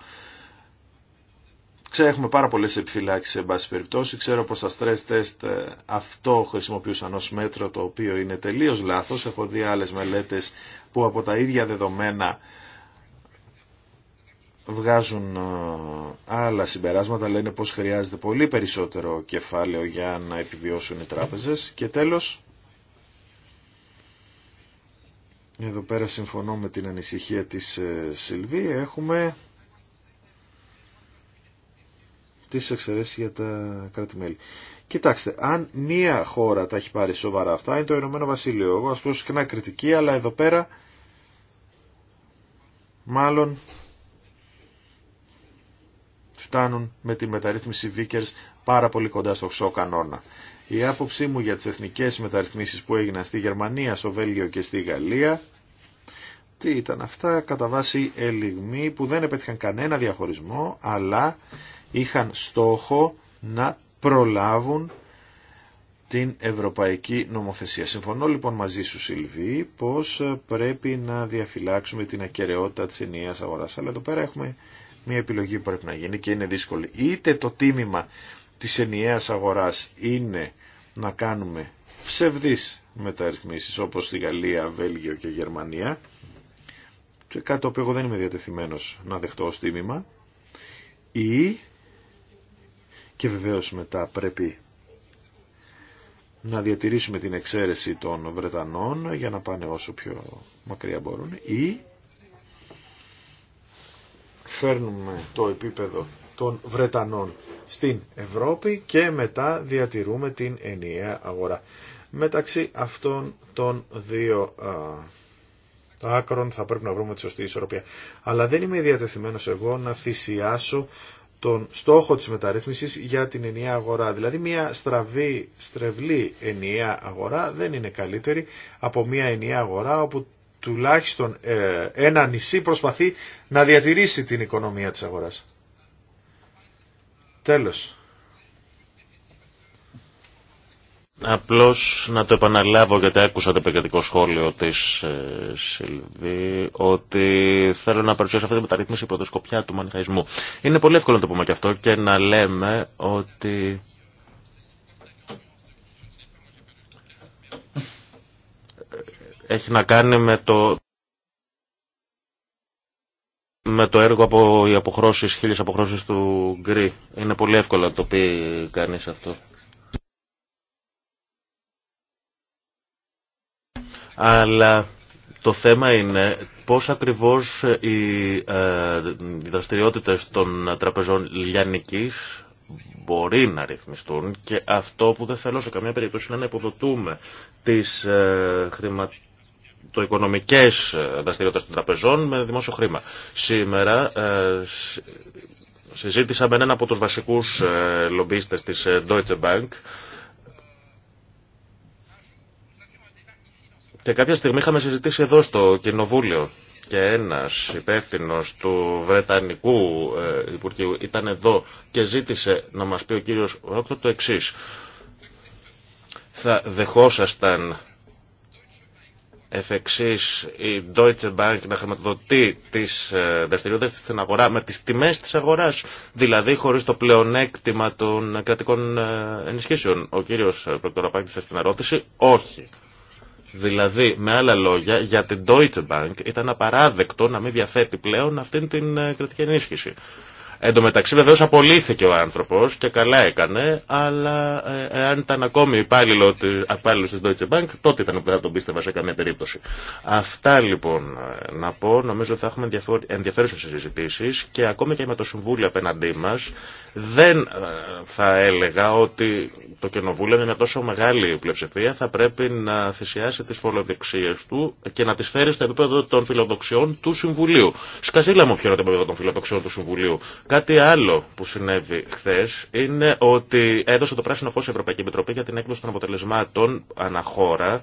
Έχουμε πάρα πολλέ επιφυλάξεις σε μπάση περιπτώσει. Ξέρω πως τα stress test ε, αυτό χρησιμοποιούσαν ω μέτρο το οποίο είναι τελείω λάθος. Έχω δει άλλε μελέτες που από τα ίδια δεδομένα βγάζουν ε, άλλα συμπεράσματα, λένε πως χρειάζεται πολύ περισσότερο κεφάλαιο για να επιβιώσουν οι τράπεζες. Και τέλος, εδώ πέρα συμφωνώ με την ανησυχία της ε, Σιλβή, έχουμε τις εξαιρέσεις για τα κράτη-μέλη. Κοιτάξτε, αν μία χώρα τα έχει πάρει σοβαρά αυτά, είναι το Ηνωμένο Βασίλειο. Εγώ ας πω συχνά κριτική, αλλά εδώ πέρα μάλλον φτάνουν με τη μεταρρύθμιση Vickers πάρα πολύ κοντά στο χρυσό κανόνα. Η άποψή μου για τις εθνικές μεταρρυθμίσεις που έγιναν στη Γερμανία, στο Βέλγιο και στη Γαλλία, τι ήταν αυτά κατά βάση ελιγμοί που δεν επέτυχαν κανένα διαχωρισμό, αλλά είχαν στόχο να προλάβουν την ευρωπαϊκή νομοθεσία. Συμφωνώ λοιπόν μαζί σου Σιλβί πως πρέπει να διαφυλάξουμε την ακαιρεότητα της ενιαίας αγοράς. Αλλά εδώ πέρα έχουμε μια επιλογή που πρέπει να γίνει και είναι δύσκολη. Είτε το τίμημα της ενιαίας αγοράς είναι να κάνουμε ψευδείς μεταρρυθμίσεις όπως στη Γαλλία, Βέλγιο και Γερμανία κάτι το οποίο εγώ δεν είμαι διατεθειμένος να δεχτώ ως τίμημα ή και βεβαίως μετά πρέπει να διατηρήσουμε την εξαίρεση των Βρετανών για να πάνε όσο πιο μακριά μπορούν ή φέρνουμε το επίπεδο των Βρετανών στην Ευρώπη και μετά διατηρούμε την ενιαία αγορά. Μεταξύ αυτών των δύο άκρων θα πρέπει να βρούμε τη σωστή ισορροπία. Αλλά δεν είμαι διατεθειμένος εγώ να θυσιάσω τον στόχο της μεταρρύθμισης για την ενιαία αγορά. Δηλαδή μια στραβή, στρεβλή ενιαία αγορά δεν είναι καλύτερη από μια ενιαία αγορά όπου τουλάχιστον ε, ένα νησί προσπαθεί να διατηρήσει την οικονομία της αγοράς. Τέλος. Απλώς να το επαναλάβω γιατί άκουσα το επικρατικό σχόλιο της ε, Σιλβή ότι θέλω να παρουσιάσω αυτή τη μεταρρύθμιση υπό το του μανιχαϊσμού. Είναι πολύ εύκολο να το πούμε και αυτό και να λέμε ότι... Έχει να κάνει με το με το έργο από οι αποχρώσεις, χίλιες αποχρώσεις του Γκρι. Είναι πολύ εύκολο να το πει κανείς αυτό. Αλλά το θέμα είναι πώς ακριβώς οι, ε, δραστηριότητες των τραπεζών λιανικής μπορεί να ρυθμιστούν και αυτό που δεν θέλω σε καμία περίπτωση είναι να υποδοτούμε τις ε, χρημα... το οικονομικές ε, δραστηριότητες των τραπεζών με δημόσιο χρήμα. Σήμερα ε, συζήτησα με έναν από τους βασικούς ε, λομπίστες της ε, Deutsche Bank Και κάποια στιγμή είχαμε συζητήσει εδώ στο Κοινοβούλιο και ένας υπεύθυνο του Βρετανικού ε, Υπουργείου ήταν εδώ και ζήτησε να μας πει ο κύριος Ρόκτο το εξής. Θα δεχόσασταν εφ' εξής η Deutsche Bank να χρηματοδοτεί τις ε, δραστηριότητε της στην αγορά με τις τιμές της αγοράς, δηλαδή χωρίς το πλεονέκτημα των κρατικών ε, ενισχύσεων. Ο κύριος απάντησε στην ερώτηση, όχι. Δηλαδή, με άλλα λόγια, για την Deutsche Bank ήταν απαράδεκτο να μην διαθέτει πλέον αυτήν την ε, κρατική ενίσχυση. Εν τω μεταξύ βεβαίως απολύθηκε ο άνθρωπος και καλά έκανε, αλλά ε, εάν ήταν ακόμη υπάλληλο, υπάλληλο της Deutsche Bank, τότε ήταν που θα τον πίστευα σε καμία περίπτωση. Αυτά λοιπόν να πω, νομίζω θα έχουμε ενδιαφέρουσες συζητήσεις και ακόμη και με το Συμβούλιο απέναντί μας, δεν ε, θα έλεγα ότι το Κοινοβούλιο με μια τόσο μεγάλη πλειοψηφία θα πρέπει να θυσιάσει τις φοροδεξίες του και να τις φέρει στο επίπεδο των φιλοδοξιών του Συμβουλίου. Σκαζίλα μου ποιο το επίπεδο των φιλοδοξιών του Συμβουλίου. Κάτι άλλο που συνέβη χθε είναι ότι έδωσε το πράσινο φω η Ευρωπαϊκή Επιτροπή για την έκδοση των αποτελεσμάτων αναχώρα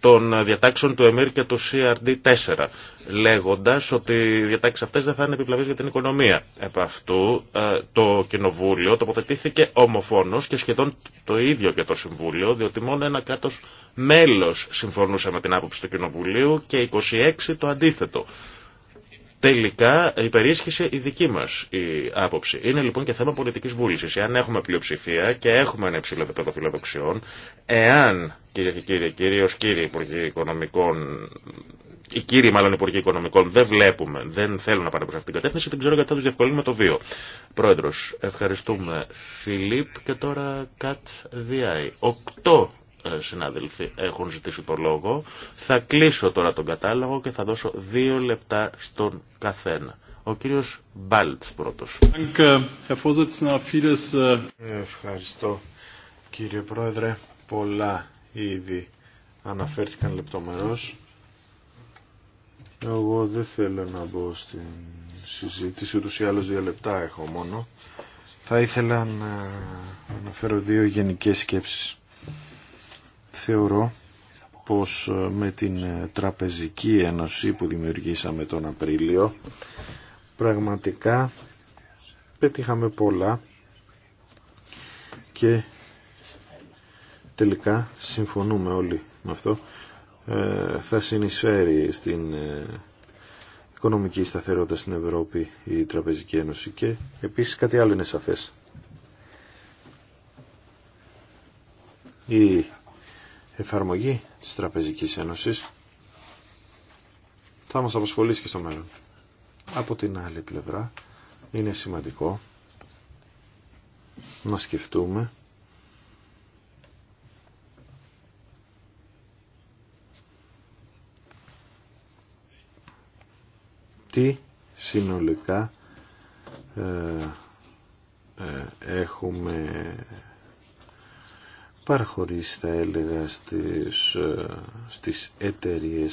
των διατάξεων του ΕΜΕΡ και του CRD4, λέγοντα ότι οι διατάξει αυτέ δεν θα είναι επιβλαβείς για την οικονομία. Επ' αυτού ε, το Κοινοβούλιο τοποθετήθηκε ομοφόνο και σχεδόν το ίδιο και το Συμβούλιο, διότι μόνο ένα κράτο μέλο συμφωνούσε με την άποψη του Κοινοβουλίου και 26 το αντίθετο. Τελικά υπερίσχυσε η δική μα η άποψη. Είναι λοιπόν και θέμα πολιτική βούληση. Εάν έχουμε πλειοψηφία και έχουμε ένα υψηλό επίπεδο φιλοδοξιών, εάν κυρίε και κύριοι, κυρίω κύριοι Υπουργοί Οικονομικών, οι κύριοι μάλλον Υπουργοί Οικονομικών δεν βλέπουμε, δεν θέλουν να πάνε προ αυτήν την κατεύθυνση, δεν ξέρω γιατί θα του διευκολύνουμε το βίο. Πρόεδρο, ευχαριστούμε Φιλίπ και τώρα Κατ Οκτώ ε, συνάδελφοι έχουν ζητήσει το λόγο. Θα κλείσω τώρα τον κατάλογο και θα δώσω δύο λεπτά στον καθένα. Ο κύριος Μπάλτς πρώτος. Äh, Ευχαριστώ κύριε Πρόεδρε. Πολλά ήδη αναφέρθηκαν λεπτομερώς. Εγώ δεν θέλω να μπω στην συζήτηση, ούτως ή άλλως δύο λεπτά έχω μόνο. Θα ήθελα να αναφέρω δύο γενικές σκέψεις θεωρώ πως ε, με την ε, Τραπεζική Ένωση που δημιουργήσαμε τον Απρίλιο πραγματικά πετύχαμε πολλά και τελικά συμφωνούμε όλοι με αυτό ε, θα συνεισφέρει στην οικονομική σταθερότητα στην Ευρώπη η Τραπεζική Ένωση και επίσης κάτι άλλο είναι σαφές. Η εφαρμογή της Τραπεζικής Ένωσης θα μας απασχολήσει και στο μέλλον. Από την άλλη πλευρά είναι σημαντικό να σκεφτούμε τι συνολικά ε, ε έχουμε παραχωρήσει θα έλεγα στις, ε, στις εταιρείε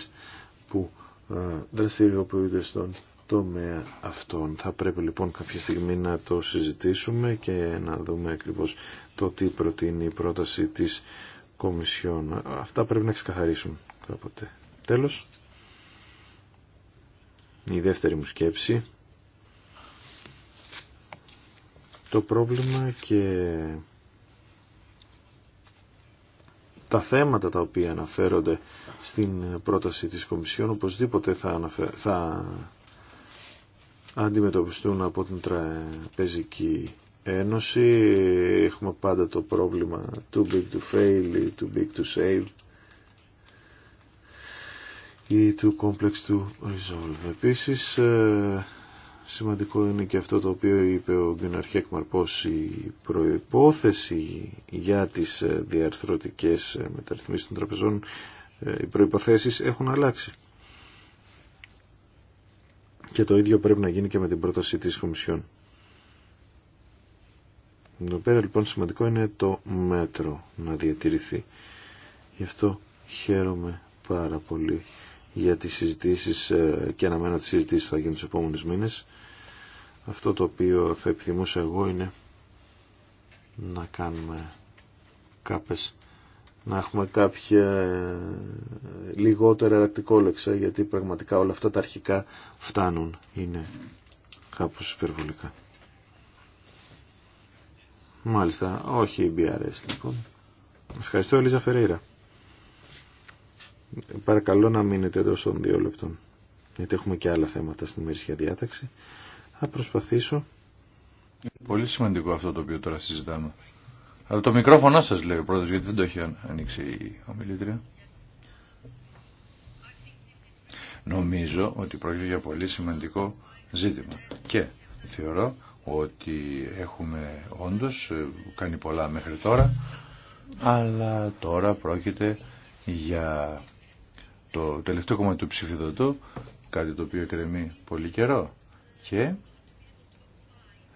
που ε, δραστηριοποιούνται στον τομέα αυτών. Θα πρέπει λοιπόν κάποια στιγμή να το συζητήσουμε και να δούμε ακριβώς το τι προτείνει η πρόταση της Κομισιόν. Αυτά πρέπει να ξεκαθαρίσουν κάποτε. Τέλος, η δεύτερη μου σκέψη. Το πρόβλημα και τα θέματα τα οποία αναφέρονται στην πρόταση της Κομισιόν οπωσδήποτε θα, αναφε... θα αντιμετωπιστούν από την Τραπεζική Ένωση. Έχουμε πάντα το πρόβλημα too big to fail ή too big to save ή too complex to resolve. Επίσης ε, Σημαντικό είναι και αυτό το οποίο είπε ο Γκουναρ η προϋπόθεση για τις ε, διαρθρωτικές ε, μεταρρυθμίσεις των τραπεζών ε, οι προϋποθέσεις έχουν αλλάξει. Και το ίδιο πρέπει να γίνει και με την πρόταση της Κομισιόν. Εδώ πέρα λοιπόν σημαντικό είναι το μέτρο να διατηρηθεί. Γι' αυτό χαίρομαι πάρα πολύ για τις συζητήσεις ε, και αναμένω τις συζητήσεις που θα γίνουν τους επόμενους μήνες. Αυτό το οποίο θα επιθυμούσα εγώ είναι να κάνουμε κάπες να έχουμε κάποια ε, λιγότερα ρακτικόλεξα γιατί πραγματικά όλα αυτά τα αρχικά φτάνουν είναι κάπως υπερβολικά μάλιστα όχι η BRS λοιπόν ευχαριστώ Ελίζα Φερέιρα Παρακαλώ να μείνετε εδώ στον δύο λεπτών, γιατί έχουμε και άλλα θέματα στην ημερήσια διάταξη. Θα προσπαθήσω. Είναι πολύ σημαντικό αυτό το οποίο τώρα συζητάμε. Αλλά το μικρόφωνο σας λέει ο γιατί δεν το έχει ανοίξει η ομιλήτρια. Νομίζω ότι πρόκειται για πολύ σημαντικό ζήτημα. Και θεωρώ ότι έχουμε όντως ε, κάνει πολλά μέχρι τώρα, αλλά τώρα πρόκειται για το τελευταίο κομμάτι του ψηφιδωτού, κάτι το οποίο εκρεμεί πολύ καιρό. Και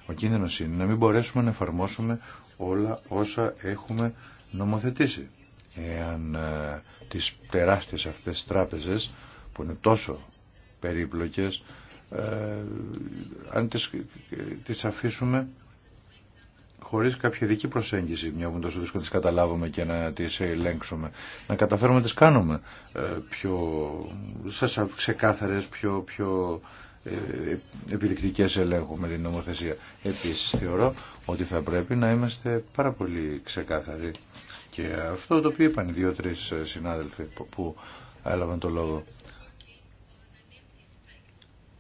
ο κίνδυνος είναι να μην μπορέσουμε να εφαρμόσουμε όλα όσα έχουμε νομοθετήσει. Εάν ε, τις τεράστιες αυτές τράπεζες που είναι τόσο περίπλοκες, ε, αν τις, ε, τις αφήσουμε Χωρί κάποια δική προσέγγιση, μια που τόσο δύσκολο τις καταλάβουμε και να τις ελέγξουμε, να καταφέρουμε να τις κάνουμε ε, πιο ξεκάθαρε, ξεκάθαρες, πιο, πιο ε, επιδεικτικές ελέγχου με την νομοθεσία. Επίσης θεωρώ ότι θα πρέπει να είμαστε πάρα πολύ ξεκάθαροι και αυτό το οποίο είπαν οι δύο-τρεις ε, συνάδελφοι που έλαβαν το λόγο.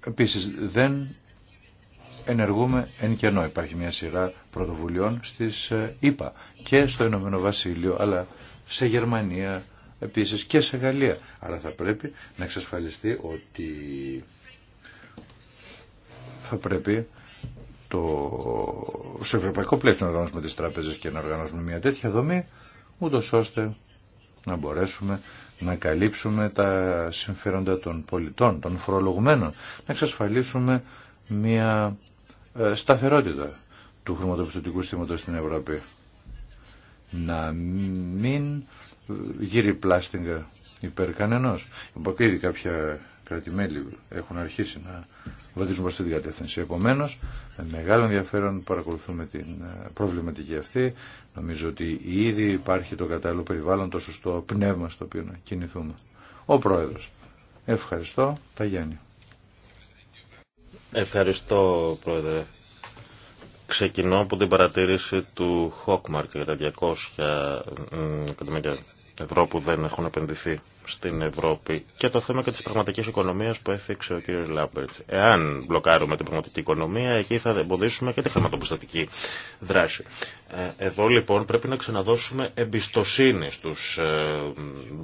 Επίσης δεν ενεργούμε εν κενό. Υπάρχει μια σειρά πρωτοβουλειών στις ε, ΗΠΑ και στο Ηνωμένο Βασίλειο, αλλά σε Γερμανία επίσης και σε Γαλλία. Άρα θα πρέπει να εξασφαλιστεί ότι θα πρέπει το... σε ευρωπαϊκό πλαίσιο να οργανώσουμε τις τράπεζες και να οργανώσουμε μια τέτοια δομή, ούτω ώστε να μπορέσουμε να καλύψουμε τα συμφέροντα των πολιτών, των φορολογουμένων, να εξασφαλίσουμε μια ε, σταθερότητα του χρηματοπιστωτικού σύστηματος στην Ευρώπη. Να μην γύρει πλάστιγκα υπέρ κανενός. ήδη κάποια κρατημέλη έχουν αρχίσει να βαδίζουν προς την κατεύθυνση. Επομένως, με μεγάλο ενδιαφέρον παρακολουθούμε την ε, προβληματική αυτή. Νομίζω ότι ήδη υπάρχει το κατάλληλο περιβάλλον, το σωστό πνεύμα στο οποίο να κινηθούμε. Ο Πρόεδρος. Ευχαριστώ. Τα Γιάννη. Ευχαριστώ, Πρόεδρε. Ξεκινώ από την παρατήρηση του Χόκμαρκ για τα 200 εκατομμύρια ευρώ που δεν έχουν επενδυθεί στην Ευρώπη και το θέμα και της πραγματικής οικονομίας που έθιξε ο κ. Λάμπερτς. Εάν μπλοκάρουμε την πραγματική οικονομία, εκεί θα εμποδίσουμε και τη χρηματοπιστωτική δράση. Ε, εδώ λοιπόν πρέπει να ξαναδώσουμε εμπιστοσύνη στους ε,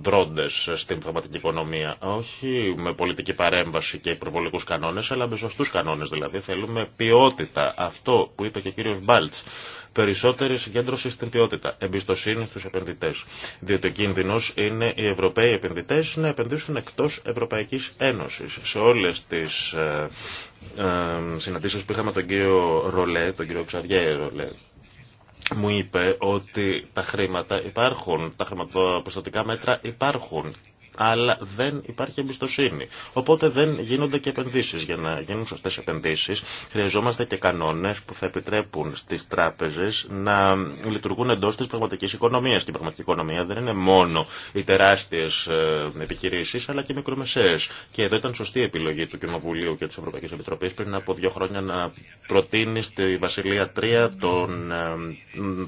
δρόντες στην πραγματική οικονομία. Όχι με πολιτική παρέμβαση και υπερβολικούς κανόνες, αλλά με σωστού κανόνες δηλαδή. Θέλουμε ποιότητα. Αυτό που είπε και ο κ. Μπάλτ. Περισσότερη συγκέντρωση στην ποιότητα. Εμπιστοσύνη στου επενδυτέ. Διότι ο κίνδυνο είναι οι Ευρωπαίοι επενδυτέ να επενδύσουν εκτό Ευρωπαϊκή Ένωση. Σε όλε τι ε, ε, συναντήσεις που είχαμε τον κύριο Ρολέ, τον κύριο Ξαριέ Ρολέ, μου είπε ότι τα χρήματα υπάρχουν, τα χρηματοπροστατικά μέτρα υπάρχουν αλλά δεν υπάρχει εμπιστοσύνη. Οπότε δεν γίνονται και επενδύσει. Για να γίνουν σωστέ επενδύσει, χρειαζόμαστε και κανόνε που θα επιτρέπουν στι τράπεζε να λειτουργούν εντό τη πραγματική οικονομία. Και η πραγματική οικονομία δεν είναι μόνο οι τεράστιε επιχειρήσει, αλλά και οι μικρομεσαίε. Και εδώ ήταν σωστή επιλογή του Κοινοβουλίου και τη Ευρωπαϊκή Επιτροπή πριν από δύο χρόνια να προτείνει στη Βασιλεία 3 τον ε,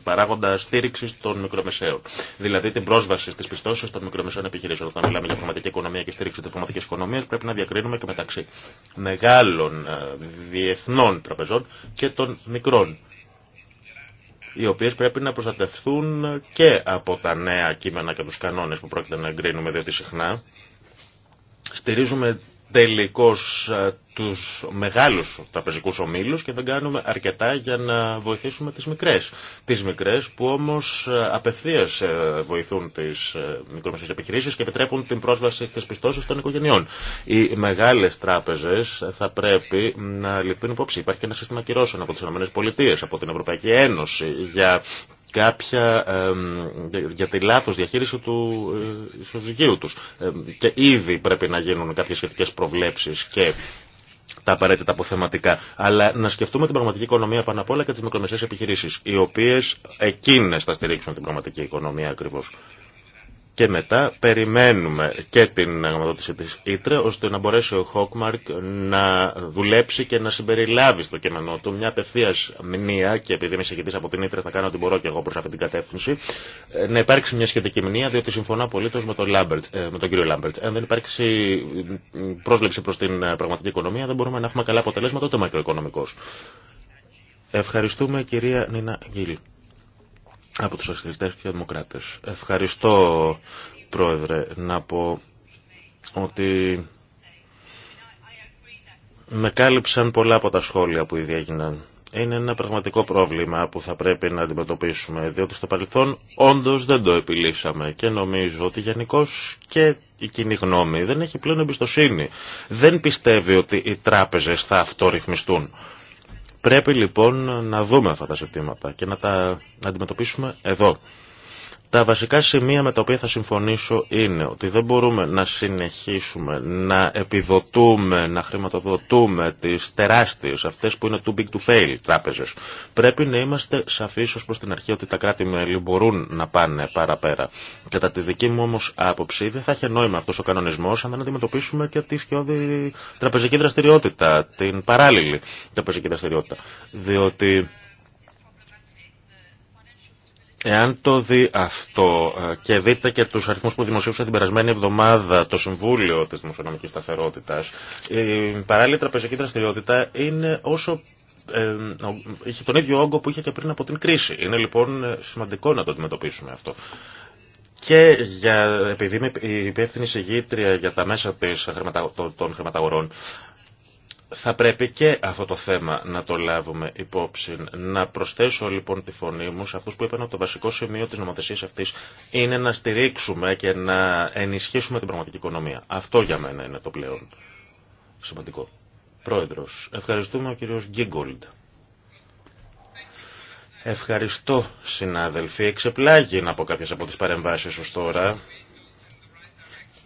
παράγοντα στήριξη των μικρομεσαίων. Δηλαδή την πρόσβαση στι πιστώσει των μικρομεσαίων επιχειρήσεων μιλάμε για πραγματική οικονομία και στήριξη τη πραγματική οικονομία, πρέπει να διακρίνουμε και μεταξύ μεγάλων ε, διεθνών τραπεζών και των μικρών οι οποίε πρέπει να προστατευτούν και από τα νέα κείμενα και του κανόνες που πρόκειται να εγκρίνουμε, διότι συχνά στηρίζουμε τελικώς ε, τους μεγάλους τραπεζικούς ομίλους και δεν κάνουμε αρκετά για να βοηθήσουμε τις μικρές. Τις μικρές που όμως ε, απευθείας ε, βοηθούν τις μικρομεσαίες επιχειρήσεις και επιτρέπουν την πρόσβαση στις πιστώσεις των οικογενειών. Οι μεγάλες τράπεζες θα πρέπει να ληφθούν υπόψη. Υπάρχει και ένα σύστημα κυρώσεων από τις ΗΠΑ, από την Ευρωπαϊκή Ένωση για κάποια για τη λάθος διαχείριση του ε, ισοζυγίου τους. Και ήδη πρέπει να γίνουν κάποιες σχετικές προβλέψεις και τα απαραίτητα αποθεματικά. Αλλά να σκεφτούμε την πραγματική οικονομία πάνω απ' όλα και τις μικρομεσαίες επιχειρήσεις, οι οποίες εκείνες θα στηρίξουν την πραγματική οικονομία ακριβώς. Και μετά περιμένουμε και την αγραμματότηση της Ήτρε ώστε να μπορέσει ο Χόκμαρκ να δουλέψει και να συμπεριλάβει στο κείμενό του μια απευθεία μνήα και επειδή είμαι συγκεκριτής από την Ήτρε θα κάνω ό,τι μπορώ και εγώ προς αυτή την κατεύθυνση ε, να υπάρξει μια σχετική μνήα διότι συμφωνώ απολύτως με τον, Λάμπερτ, ε, με τον κύριο Λάμπερτ. Αν δεν υπάρξει ε, πρόσληψη προς την πραγματική οικονομία δεν μπορούμε να έχουμε καλά αποτελέσματα ούτε μακροοικονομικός. Ευχαριστούμε κυρία Νίνα Γκίλ από τους και δημοκράτες. Ευχαριστώ, Πρόεδρε, να πω ότι με κάλυψαν πολλά από τα σχόλια που ήδη έγιναν. Είναι ένα πραγματικό πρόβλημα που θα πρέπει να αντιμετωπίσουμε, διότι στο παρελθόν όντως δεν το επιλύσαμε και νομίζω ότι γενικώ και η κοινή γνώμη δεν έχει πλέον εμπιστοσύνη. Δεν πιστεύει ότι οι τράπεζες θα αυτορυθμιστούν. Πρέπει λοιπόν να δούμε αυτά τα ζητήματα και να τα αντιμετωπίσουμε εδώ. Τα βασικά σημεία με τα οποία θα συμφωνήσω είναι ότι δεν μπορούμε να συνεχίσουμε να επιδοτούμε, να χρηματοδοτούμε τις τεράστιες αυτές που είναι too big to fail τράπεζες. Πρέπει να είμαστε σαφείς ως προς την αρχή ότι τα κράτη-μέλη μπορούν να πάνε παραπέρα. Κατά τη δική μου όμως άποψη δεν θα είχε νόημα αυτός ο κανονισμός αν δεν αντιμετωπίσουμε και τη σκιώδη τραπεζική δραστηριότητα, την παράλληλη τραπεζική δραστηριότητα. Διότι Εάν το δει αυτό ε, και δείτε και τους αριθμούς που δημοσίευσε την περασμένη εβδομάδα το Συμβούλιο της Δημοσιονομικής Σταθερότητας, η παράλληλη τραπεζική δραστηριότητα είναι όσο ε, είχε τον ίδιο όγκο που είχε και πριν από την κρίση. Είναι λοιπόν ε, σημαντικό να το αντιμετωπίσουμε αυτό. Και για, επειδή είμαι η υπεύθυνη συγγήτρια για τα μέσα της, των χρηματαγορών, θα πρέπει και αυτό το θέμα να το λάβουμε υπόψη. Να προσθέσω λοιπόν τη φωνή μου σε αυτούς που είπαν ότι το βασικό σημείο της νομοθεσίας αυτής είναι να στηρίξουμε και να ενισχύσουμε την πραγματική οικονομία. Αυτό για μένα είναι το πλέον σημαντικό. Πρόεδρος, ευχαριστούμε ο κύριος Γκίγκολντ. Ευχαριστώ συνάδελφοι. Εξεπλάγει από κάποιες από τις παρεμβάσεις ως τώρα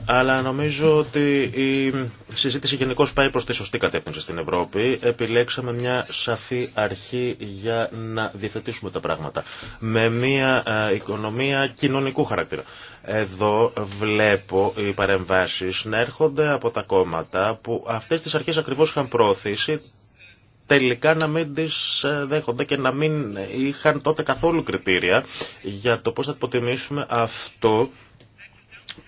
αλλά νομίζω ότι η συζήτηση γενικώ πάει προς τη σωστή κατεύθυνση στην Ευρώπη. Επιλέξαμε μια σαφή αρχή για να διαθετήσουμε τα πράγματα. Με μια οικονομία κοινωνικού χαρακτήρα. Εδώ βλέπω οι παρεμβάσει να έρχονται από τα κόμματα που αυτές τις αρχές ακριβώς είχαν προωθήσει τελικά να μην τις ε, δέχονται και να μην είχαν τότε καθόλου κριτήρια για το πώς θα υποτιμήσουμε αυτό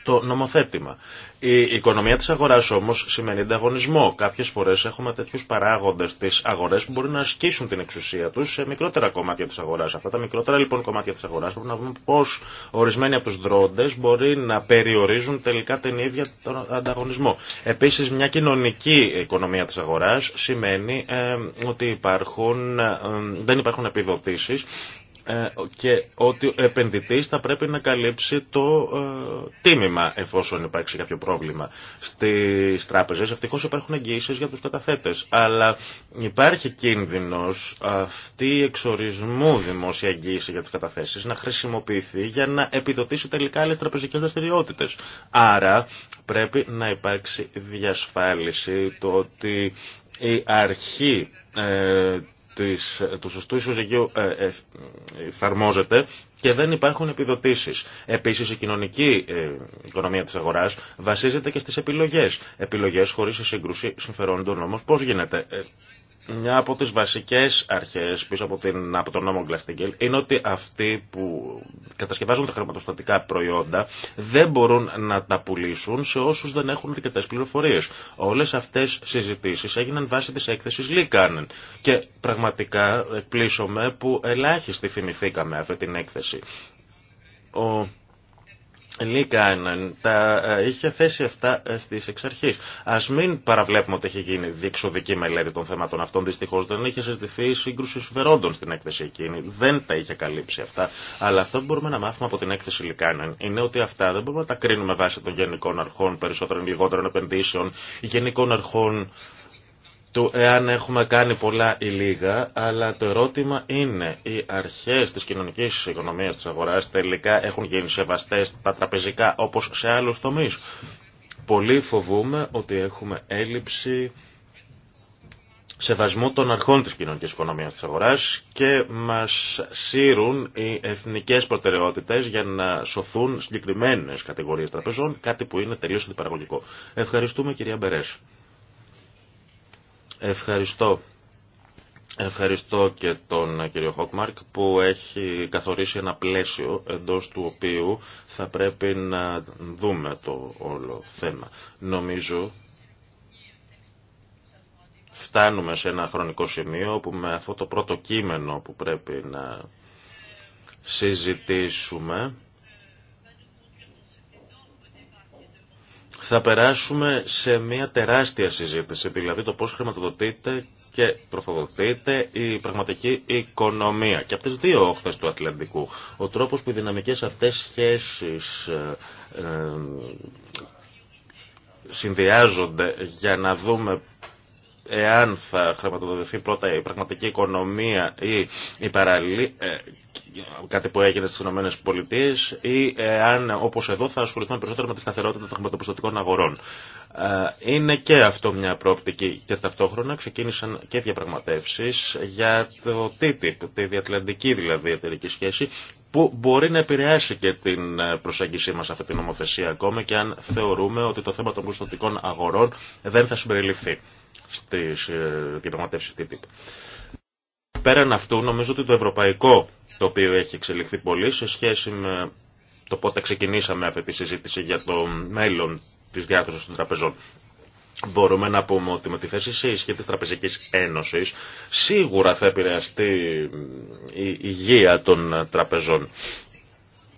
το νομοθέτημα. Η οικονομία της αγοράς όμως σημαίνει ανταγωνισμό. Κάποιες φορές έχουμε τέτοιους παράγοντες της αγορές που μπορεί να ασκήσουν την εξουσία τους σε μικρότερα κομμάτια της αγοράς. Αυτά τα μικρότερα λοιπόν κομμάτια της αγοράς πρέπει να δούμε πώς ορισμένοι από τους δρόντες μπορεί να περιορίζουν τελικά την ίδια τον ανταγωνισμό. Επίσης μια κοινωνική οικονομία της αγοράς σημαίνει ε, ότι υπάρχουν, ε, δεν υπάρχουν επιδοτήσει. Ε, και ότι ο επενδυτής θα πρέπει να καλύψει το ε, τίμημα εφόσον υπάρξει κάποιο πρόβλημα. Στις τράπεζες ευτυχώς υπάρχουν εγγύησεις για τους καταθέτες, αλλά υπάρχει κίνδυνος αυτή η εξορισμού δημόσια εγγύηση για τις καταθέσεις να χρησιμοποιηθεί για να επιδοτήσει τελικά άλλες τραπεζικές δραστηριότητες. Άρα πρέπει να υπάρξει διασφάλιση το ότι η αρχή ε, της, του σωστού ισοζυγίου ε, ε, και δεν υπάρχουν επιδοτήσεις. Επίσης η κοινωνική ε, οικονομία της αγοράς βασίζεται και στις επιλογές. Επιλογές χωρίς σύγκρουση συμφερόντων όμως πώς γίνεται. Ε, μια από τις βασικές αρχές πίσω από, την, από τον νόμο Γκλαστίγκελ είναι ότι αυτοί που κατασκευάζουν τα χρηματοστατικά προϊόντα δεν μπορούν να τα πουλήσουν σε όσους δεν έχουν αρκετέ πληροφορίες. Όλες αυτές οι συζητήσεις έγιναν βάσει της έκθεσης Λίκανεν και πραγματικά πλήσωμε που ελάχιστοι θυμηθήκαμε αυτή την έκθεση. Ο Λίκανεν τα ε, είχε θέσει αυτά ε, στις εξ αρχής. Ας μην παραβλέπουμε ότι έχει γίνει διεξοδική μελέτη των θέματων αυτών. Δυστυχώς δεν είχε συζητηθεί σύγκρουση συμφερόντων στην έκθεση εκείνη. Δεν τα είχε καλύψει αυτά. Αλλά αυτό που μπορούμε να μάθουμε από την έκθεση Λικάνεν είναι ότι αυτά δεν μπορούμε να τα κρίνουμε βάσει των γενικών αρχών, περισσότερων λιγότερων επενδύσεων, γενικών αρχών του εάν έχουμε κάνει πολλά ή λίγα, αλλά το ερώτημα είναι οι αρχές της κοινωνικής οικονομίας της αγοράς τελικά έχουν γίνει σεβαστές τα τραπεζικά όπως σε άλλους τομείς. Πολύ φοβούμε ότι έχουμε έλλειψη σεβασμού των αρχών της κοινωνικής οικονομίας της αγοράς και μας σύρουν οι εθνικές προτεραιότητες για να σωθούν συγκεκριμένες κατηγορίες τραπεζών, κάτι που είναι τελείως αντιπαραγωγικό. Ευχαριστούμε κυρία Μπερές. Ευχαριστώ. Ευχαριστώ και τον κύριο Χόκμαρκ που έχει καθορίσει ένα πλαίσιο εντός του οποίου θα πρέπει να δούμε το όλο θέμα. Νομίζω φτάνουμε σε ένα χρονικό σημείο που με αυτό το πρώτο κείμενο που πρέπει να συζητήσουμε θα περάσουμε σε μια τεράστια συζήτηση, δηλαδή το πώς χρηματοδοτείται και προφοδοτείται η πραγματική οικονομία. Και από τις δύο όχθες του Ατλαντικού, ο τρόπος που οι δυναμικές αυτές σχέσεις ε, ε, συνδυάζονται για να δούμε εάν θα χρηματοδοτηθεί πρώτα η πραγματική οικονομία ή η παράλληλη, ε, κάτι που έγινε στι ΗΠΑ, ή εάν όπω εδώ θα ασχοληθούμε περισσότερο με τη σταθερότητα των χρηματοπιστωτικών αγορών. Ε, είναι και αυτό μια πρόπτικη και ταυτόχρονα ξεκίνησαν και διαπραγματεύσει για το TTIP, τη διατλαντική δηλαδή εταιρική σχέση, που μπορεί να επηρεάσει και την προσέγγιση μας αυτή την νομοθεσία ακόμα και αν θεωρούμε ότι το θέμα των προστατικών αγορών δεν θα συμπεριληφθεί. Στι ε, διαπραγματεύσει TTIP. Πέραν αυτού, νομίζω ότι το ευρωπαϊκό το οποίο έχει εξελιχθεί πολύ σε σχέση με το πότε ξεκινήσαμε αυτή τη συζήτηση για το μέλλον τη διάθεση των τραπεζών. Μπορούμε να πούμε ότι με τη θέση σε ισχύ της Τραπεζικής Ένωσης σίγουρα θα επηρεαστεί η υγεία των τραπεζών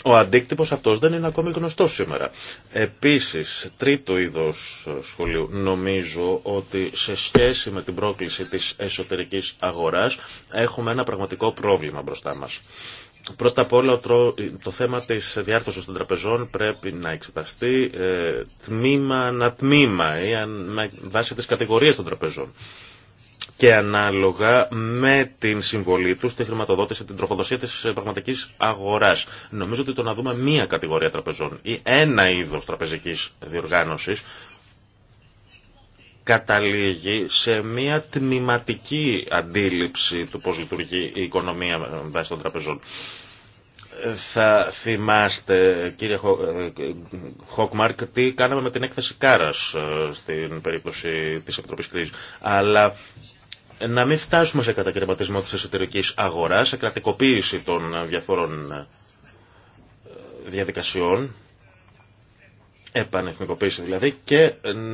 ο αντίκτυπος αυτός δεν είναι ακόμη γνωστός σήμερα. Επίσης, τρίτο είδος σχολείου, νομίζω ότι σε σχέση με την πρόκληση της εσωτερικής αγοράς έχουμε ένα πραγματικό πρόβλημα μπροστά μας. Πρώτα απ' όλα το θέμα της διάρθρωσης των τραπεζών πρέπει να εξεταστεί ε, τμήμα ανά τμήμα ή με βάση τις κατηγορίες των τραπεζών και ανάλογα με την συμβολή του στη χρηματοδότηση, την τροφοδοσία τη πραγματική αγορά. Νομίζω ότι το να δούμε μία κατηγορία τραπεζών ή ένα είδο τραπεζική διοργάνωση καταλήγει σε μία τμηματική αντίληψη του πώς λειτουργεί η οικονομία αντιληψη του πω λειτουργει η οικονομια βασει των τραπεζών. Θα θυμάστε, κύριε Χόκμαρκ, τι κάναμε με την έκθεση Κάρας ε, στην περίπτωση της Επιτροπής Κρίσης. Αλλά να μην φτάσουμε σε κατακαιρματισμό της εσωτερικής αγοράς, σε κρατικοποίηση των διαφόρων ε, διαδικασιών, επανεθνικοποίηση δηλαδή, και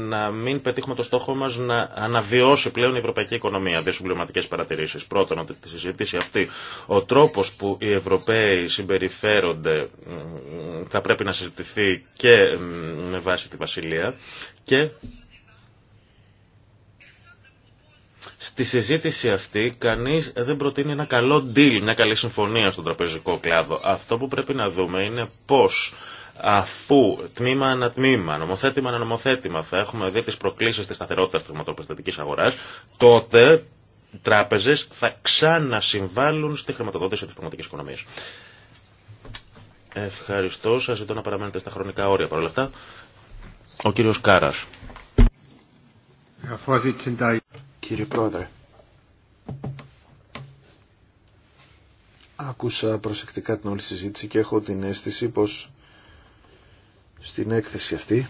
να μην πετύχουμε το στόχο μας να αναβιώσει πλέον η ευρωπαϊκή οικονομία. Δύο συμπληρωματικέ παρατηρήσεις. Πρώτον, ότι τη συζήτηση αυτή, ο τρόπος που οι Ευρωπαίοι συμπεριφέρονται θα πρέπει να συζητηθεί και με βάση τη Βασιλεία και Στη συζήτηση αυτή κανείς δεν προτείνει ένα καλό deal, μια καλή συμφωνία στον τραπεζικό κλάδο. Αυτό που πρέπει να δούμε είναι πώς αφού τμήμα ανά τμήμα, νομοθέτημα ανά νομοθέτημα θα έχουμε δει τις προκλήσεις της σταθερότητας της χρηματοπιστωτικής αγοράς, τότε οι τράπεζες θα ξανασυμβάλλουν στη χρηματοδότηση της πραγματική οικονομίας. Ευχαριστώ. Σας ζητώ να παραμένετε στα χρονικά όρια παρόλα αυτά. Ο κύριος Κάρας. Κύριε Πρόεδρε, άκουσα προσεκτικά την όλη συζήτηση και έχω την αίσθηση πως στην έκθεση αυτή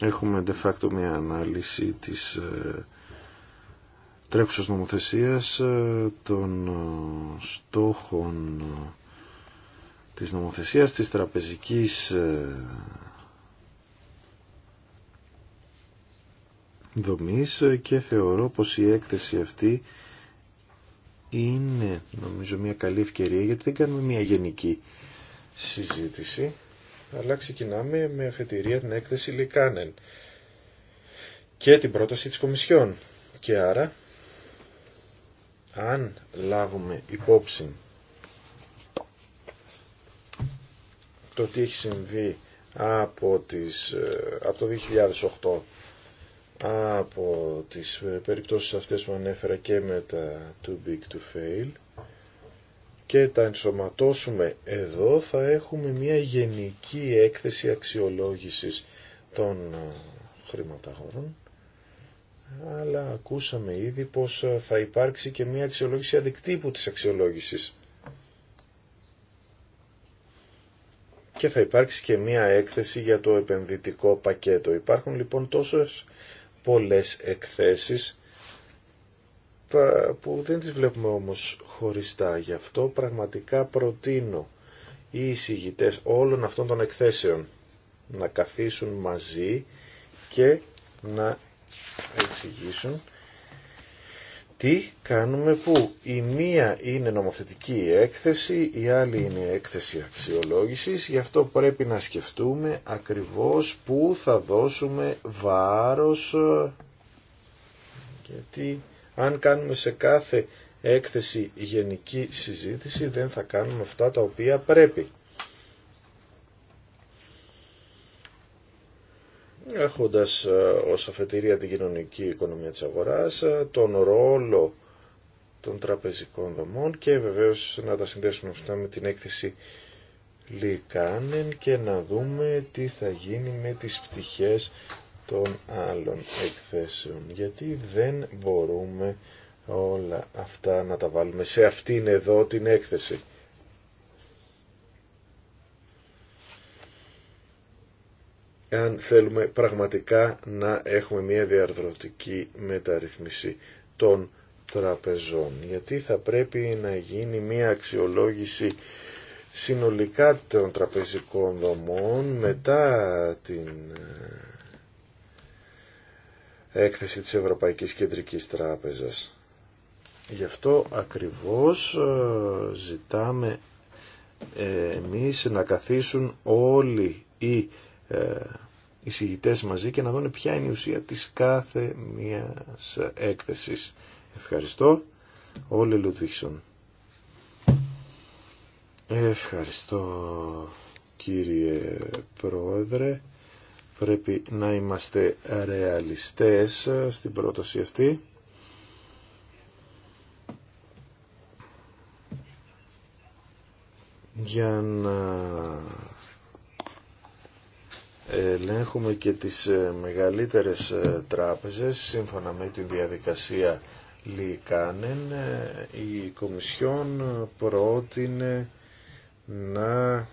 έχουμε de facto μια ανάλυση της ε, τρέχουσας νομοθεσίας ε, των ε, στόχων της νομοθεσίας της τραπεζικής δομής και θεωρώ πως η έκθεση αυτή είναι νομίζω μια καλή ευκαιρία γιατί δεν κάνουμε μια γενική συζήτηση αλλά ξεκινάμε με αφετηρία την έκθεση Λικάνεν και την πρόταση της Κομισιόν και άρα αν λάβουμε υπόψη το τι έχει συμβεί από, ε, από το 2008 από τις ε, περιπτώσεις αυτές που ανέφερα και με τα too big to fail και τα ενσωματώσουμε εδώ θα έχουμε μια γενική έκθεση αξιολόγησης των ε, χρηματαγορών αλλά ακούσαμε ήδη πως ε, θα υπάρξει και μια αξιολόγηση αντικτύπου της αξιολόγησης και θα υπάρξει και μια έκθεση για το επενδυτικό πακέτο. Υπάρχουν λοιπόν τόσες πολλές εκθέσεις που δεν τις βλέπουμε όμως χωριστά. Γι' αυτό πραγματικά προτείνω οι εισηγητές όλων αυτών των εκθέσεων να καθίσουν μαζί και να εξηγήσουν τι κάνουμε που η μία είναι νομοθετική έκθεση, η άλλη είναι έκθεση αξιολόγησης, γι' αυτό πρέπει να σκεφτούμε ακριβώς πού θα δώσουμε βάρος, γιατί αν κάνουμε σε κάθε έκθεση γενική συζήτηση δεν θα κάνουμε αυτά τα οποία πρέπει. έχοντας ε, ως αφετηρία την κοινωνική οικονομία της αγοράς, ε, τον ρόλο των τραπεζικών δομών και βεβαίως να τα συνδέσουμε αυτά με την έκθεση Λικάνεν και να δούμε τι θα γίνει με τις πτυχές των άλλων εκθέσεων γιατί δεν μπορούμε όλα αυτά να τα βάλουμε σε αυτήν εδώ την έκθεση. αν θέλουμε πραγματικά να έχουμε μια διαρδρωτική μεταρρυθμίση των τραπεζών. Γιατί θα πρέπει να γίνει μια αξιολόγηση συνολικά των τραπεζικών δομών μετά την ε, έκθεση της Ευρωπαϊκής Κεντρικής Τράπεζας. Γι' αυτό ακριβώς ε, ζητάμε ε, εμείς να καθίσουν όλοι οι ε, εισηγητές μαζί και να δουν ποια είναι η ουσία της κάθε μίας έκθεσης. Ευχαριστώ. Όλε Λουτβίξον. Ευχαριστώ κύριε Πρόεδρε. Πρέπει να είμαστε ρεαλιστές στην πρόταση αυτή. Για να ελέγχουμε και τις ε, μεγαλύτερες ε, τράπεζες σύμφωνα με την διαδικασία Λικάνεν η Κομισιόν πρότεινε να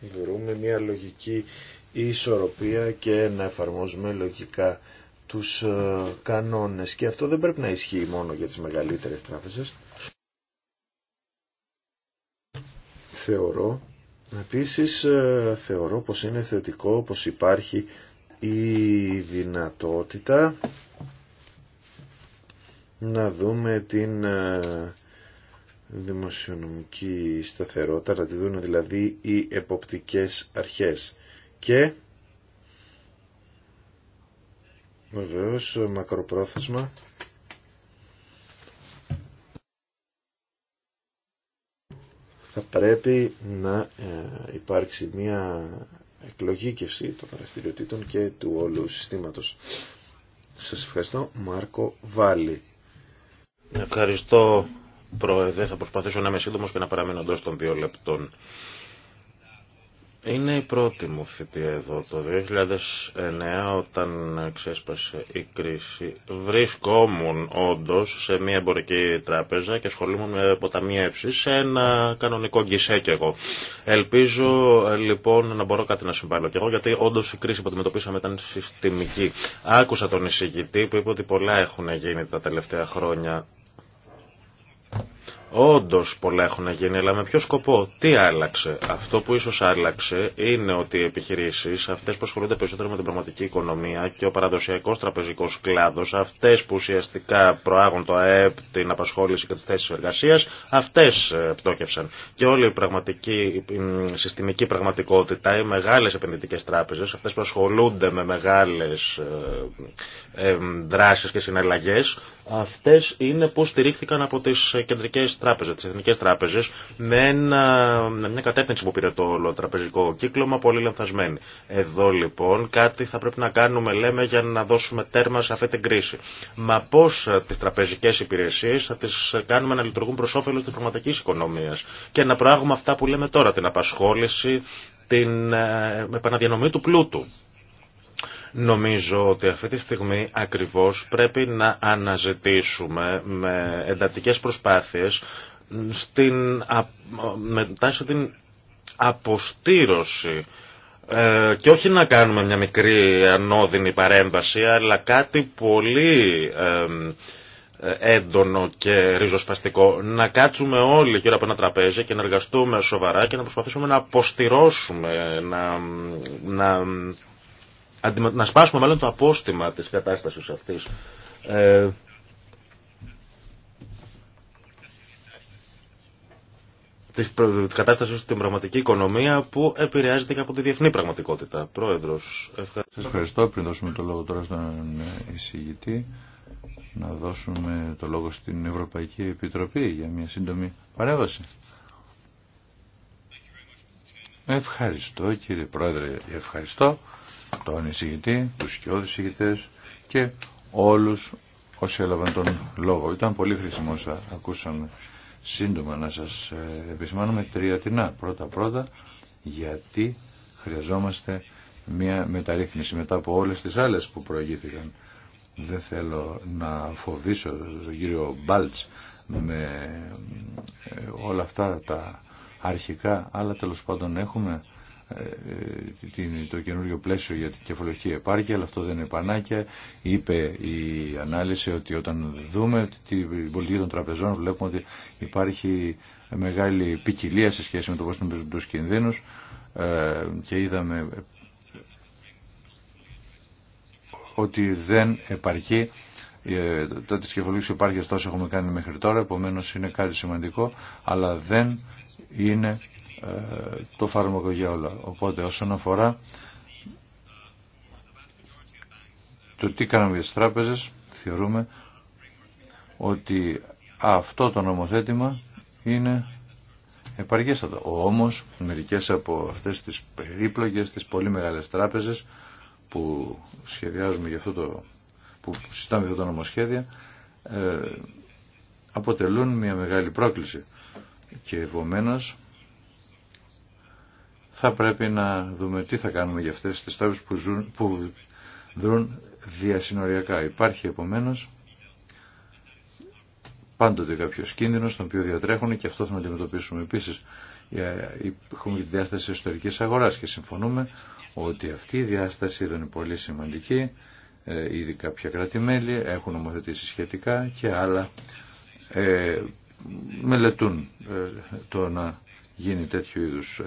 βρούμε μια λογική ισορροπία και να εφαρμόζουμε λογικά τους ε, κανόνες και αυτό δεν πρέπει να ισχύει μόνο για τις μεγαλύτερες τράπεζες θεωρώ Επίσης ε, θεωρώ πως είναι θεωτικό πως υπάρχει η δυνατότητα να δούμε την ε, δημοσιονομική σταθερότητα, να τη δουν δηλαδή οι εποπτικές αρχές. Και βεβαίως μακροπρόθεσμα θα πρέπει να ε, υπάρξει μια εκλογήκευση των δραστηριοτήτων και του όλου συστήματος. Σας ευχαριστώ Μάρκο Βάλι. Ευχαριστώ Πρόεδρε, θα προσπαθήσω να είμαι σύντομο και να παραμείνω εντό των δύο λεπτών. Είναι η πρώτη μου θητεία εδώ. Το 2009 όταν ξέσπασε η κρίση βρισκόμουν όντως σε μια εμπορική τράπεζα και ασχολούμουν με ποταμιεύσεις σε ένα κανονικό γκισέ και εγώ. Ελπίζω λοιπόν να μπορώ κάτι να συμβάλλω και εγώ γιατί όντως η κρίση που αντιμετωπίσαμε ήταν συστημική. Άκουσα τον εισηγητή που είπε ότι πολλά έχουν γίνει τα τελευταία χρόνια Όντω πολλά έχουν γίνει, αλλά με ποιο σκοπό, τι άλλαξε. Αυτό που ίσω άλλαξε είναι ότι οι επιχειρήσει, αυτέ που ασχολούνται περισσότερο με την πραγματική οικονομία και ο παραδοσιακό τραπεζικό κλάδο, αυτέ που ουσιαστικά προάγουν το ΑΕΠ, την απασχόληση και τι θέσει εργασία, αυτέ ε, πτώχευσαν. Και όλη η, πραγματική, η συστημική πραγματικότητα, οι μεγάλε επενδυτικέ τράπεζε, αυτέ που ασχολούνται με μεγάλε ε, δράσεις και συναλλαγές, αυτές είναι που στηρίχθηκαν από τις κεντρικές τράπεζες, τις εθνικές τράπεζες, με, ένα, με μια κατεύθυνση που πήρε το όλο τραπεζικό κύκλωμα πολύ λανθασμένη. Εδώ λοιπόν κάτι θα πρέπει να κάνουμε, λέμε, για να δώσουμε τέρμα σε αυτή την κρίση. Μα πώς τις τραπεζικές υπηρεσίες θα τις κάνουμε να λειτουργούν προς όφελος της πραγματικής οικονομίας και να προάγουμε αυτά που λέμε τώρα, την απασχόληση, την ε, επαναδιανομή του πλούτου Νομίζω ότι αυτή τη στιγμή ακριβώς πρέπει να αναζητήσουμε με εντατικές προσπάθειες στην, μετά την αποστήρωση ε, και όχι να κάνουμε μια μικρή ανώδυνη παρέμβαση, αλλά κάτι πολύ ε, έντονο και ριζοσπαστικό. Να κάτσουμε όλοι γύρω από ένα τραπέζι και να εργαστούμε σοβαρά και να προσπαθήσουμε να αποστηρώσουμε, να, να να σπάσουμε μάλλον το απόστημα της κατάστασης αυτής. Ε, της κατάστασης στην πραγματική οικονομία που επηρεάζεται και από τη διεθνή πραγματικότητα. Πρόεδρος, ευχαριστώ. Σας ευχαριστώ. Πριν δώσουμε το λόγο τώρα στον εισηγητή, να δώσουμε το λόγο στην Ευρωπαϊκή Επιτροπή για μια σύντομη παρέμβαση. Ευχαριστώ κύριε Πρόεδρε, ευχαριστώ τον εισηγητή, τους σκιώδους εισηγητές και όλους όσοι έλαβαν τον λόγο. Ήταν πολύ χρήσιμο όσα ακούσαμε σύντομα να σας ε, επισημάνουμε τρία τεινά. Πρώτα-πρώτα γιατί χρειαζόμαστε μια μεταρρύθμιση μετά από όλες τις άλλες που προηγήθηκαν. Δεν θέλω να φοβήσω τον κύριο Μπάλτς με ε, όλα αυτά τα αρχικά, αλλά τέλος πάντων έχουμε ε, ε, το καινούριο πλαίσιο για την κεφαλοχή επάρκεια, αλλά αυτό δεν είναι πανάκια. Είπε η ανάλυση ότι όταν δούμε την πολιτική των τραπεζών βλέπουμε ότι υπάρχει μεγάλη ποικιλία σε σχέση με το πώς παίζουν τους κινδύνους ε, και είδαμε ότι δεν επαρκεί τα τη κεφαλής επάρκειας τόσο έχουμε κάνει μέχρι τώρα, επομένως είναι κάτι σημαντικό, αλλά δεν είναι το φάρμακο για όλα. Οπότε όσον αφορά το τι κάναμε για τις τράπεζες, θεωρούμε ότι αυτό το νομοθέτημα είναι επαργέστατο. Όμως, μερικές από αυτές τις περίπλοκες, τις πολύ μεγάλες τράπεζες που σχεδιάζουμε για αυτό το, που συζητάμε αυτό το νομοσχέδιο, ε, αποτελούν μια μεγάλη πρόκληση. Και επομένως, θα πρέπει να δούμε τι θα κάνουμε για αυτές τις τράπεζες που, ζουν, που δρούν διασυνοριακά. Υπάρχει επομένως πάντοτε κάποιο κίνδυνο τον οποίο διατρέχουν και αυτό θα αντιμετωπίσουμε. Επίση, ε, έχουμε τη διάσταση ιστορική αγορά και συμφωνούμε ότι αυτή η διάσταση ήταν πολύ σημαντική. Ε, ήδη κάποια κράτη-μέλη έχουν νομοθετήσει σχετικά και άλλα ε, μελετούν ε, το να γίνει τέτοιου είδους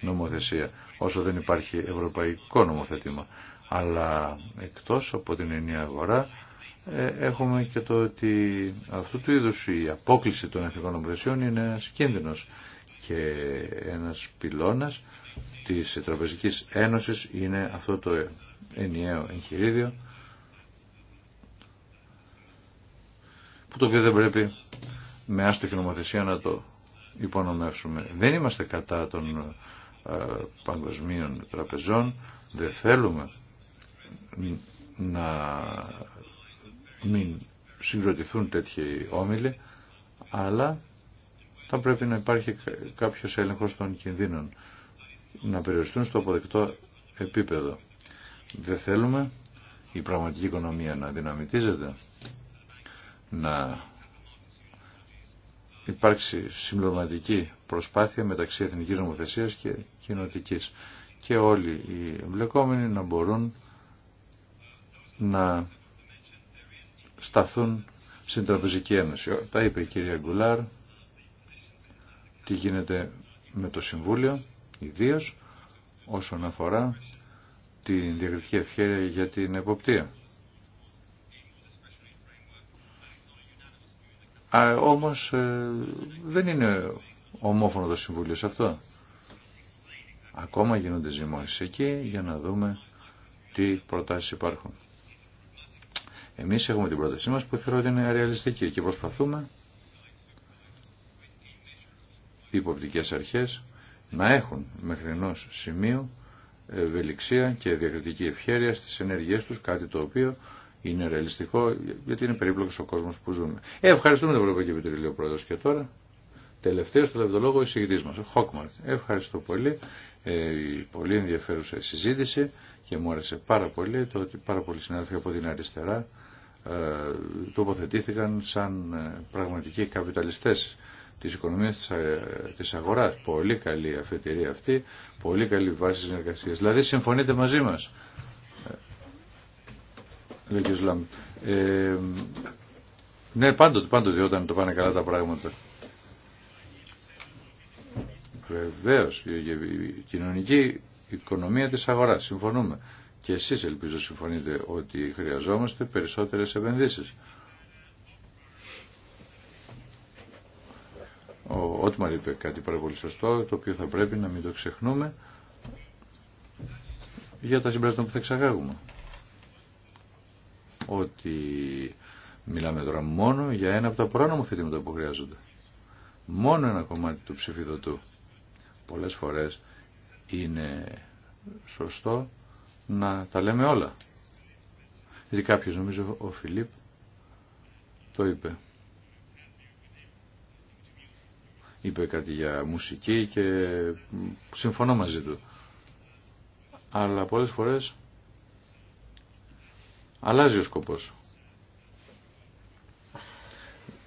νομοθεσία όσο δεν υπάρχει ευρωπαϊκό νομοθετήμα. Αλλά εκτός από την ενιαία αγορά ε, έχουμε και το ότι αυτού του είδους η απόκληση των εθνικών νομοθεσιών είναι ένας κίνδυνος και ένας πυλώνας της Τραπεζικής Ένωσης είναι αυτό το ενιαίο εγχειρίδιο που το οποίο δεν πρέπει με άστοχη νομοθεσία να το υπονομεύσουμε. Δεν είμαστε κατά των ε, παγκοσμίων τραπεζών. Δεν θέλουμε να μην συγκροτηθούν τέτοιοι όμιλοι, αλλά θα πρέπει να υπάρχει κάποιος έλεγχος των κινδύνων, να περιοριστούν στο αποδεκτό επίπεδο. Δεν θέλουμε η πραγματική οικονομία να δυναμητίζεται, να υπάρξει συμπληρωματική προσπάθεια μεταξύ εθνικής νομοθεσίας και κοινοτικής και όλοι οι εμπλεκόμενοι να μπορούν να σταθούν στην Τραπεζική Ένωση. Τα είπε η κυρία Γκουλάρ, τι γίνεται με το Συμβούλιο, ιδίω όσον αφορά την διακριτική ευχαίρεια για την εποπτεία. Α, όμως ε, δεν είναι ομόφωνο το Συμβούλιο σε αυτό. Ακόμα γίνονται ζημώσεις εκεί για να δούμε τι προτάσεις υπάρχουν. Εμείς έχουμε την πρότασή μας που θεωρώ ότι είναι ρεαλιστική και προσπαθούμε οι υποπτικές αρχές να έχουν μέχρι ενός σημείου ευελιξία και διακριτική ευχέρεια στις ενέργειές τους, κάτι το οποίο είναι ρεαλιστικό, γιατί είναι περίπλοκος ο κόσμο που ζούμε. Ε, ευχαριστούμε την Ευρωπαϊκή Επιτροπή, ο Και τώρα, τελευταίο λόγο, ο εισηγητή μα, ο Χόκμαρτ. ευχαριστώ πολύ. Ε, πολύ ενδιαφέρουσα συζήτηση και μου άρεσε πάρα πολύ το ότι πάρα πολλοί συνάδελφοι από την αριστερά ε, τοποθετήθηκαν σαν ε, πραγματικοί καπιταλιστέ τη οικονομία τη αγορά. Ε, αγοράς. Πολύ καλή αφετηρία αυτή, πολύ καλή βάση συνεργασία. Δηλαδή συμφωνείτε μαζί μα. Δεν και Ισλάμ. Ε, ναι, πάντοτε, πάντοτε όταν το πάνε καλά τα πράγματα. Βεβαίω, η κοινωνική οικονομία της αγοράς, συμφωνούμε. Και εσείς ελπίζω συμφωνείτε ότι χρειαζόμαστε περισσότερες επενδύσεις. Ο Ότμαρ είπε κάτι πάρα πολύ σωστό, το οποίο θα πρέπει να μην το ξεχνούμε για τα συμπράσματα που θα εξαγάγουμε ότι μιλάμε τώρα μόνο για ένα από τα πρόνομο θετήματα που χρειάζονται. Μόνο ένα κομμάτι του ψηφιδωτού. Πολλές φορές είναι σωστό να τα λέμε όλα. Γιατί κάποιος νομίζω ο Φιλίπ το είπε. Είπε κάτι για μουσική και συμφωνώ μαζί του. Αλλά πολλές φορές αλλάζει ο σκοπός.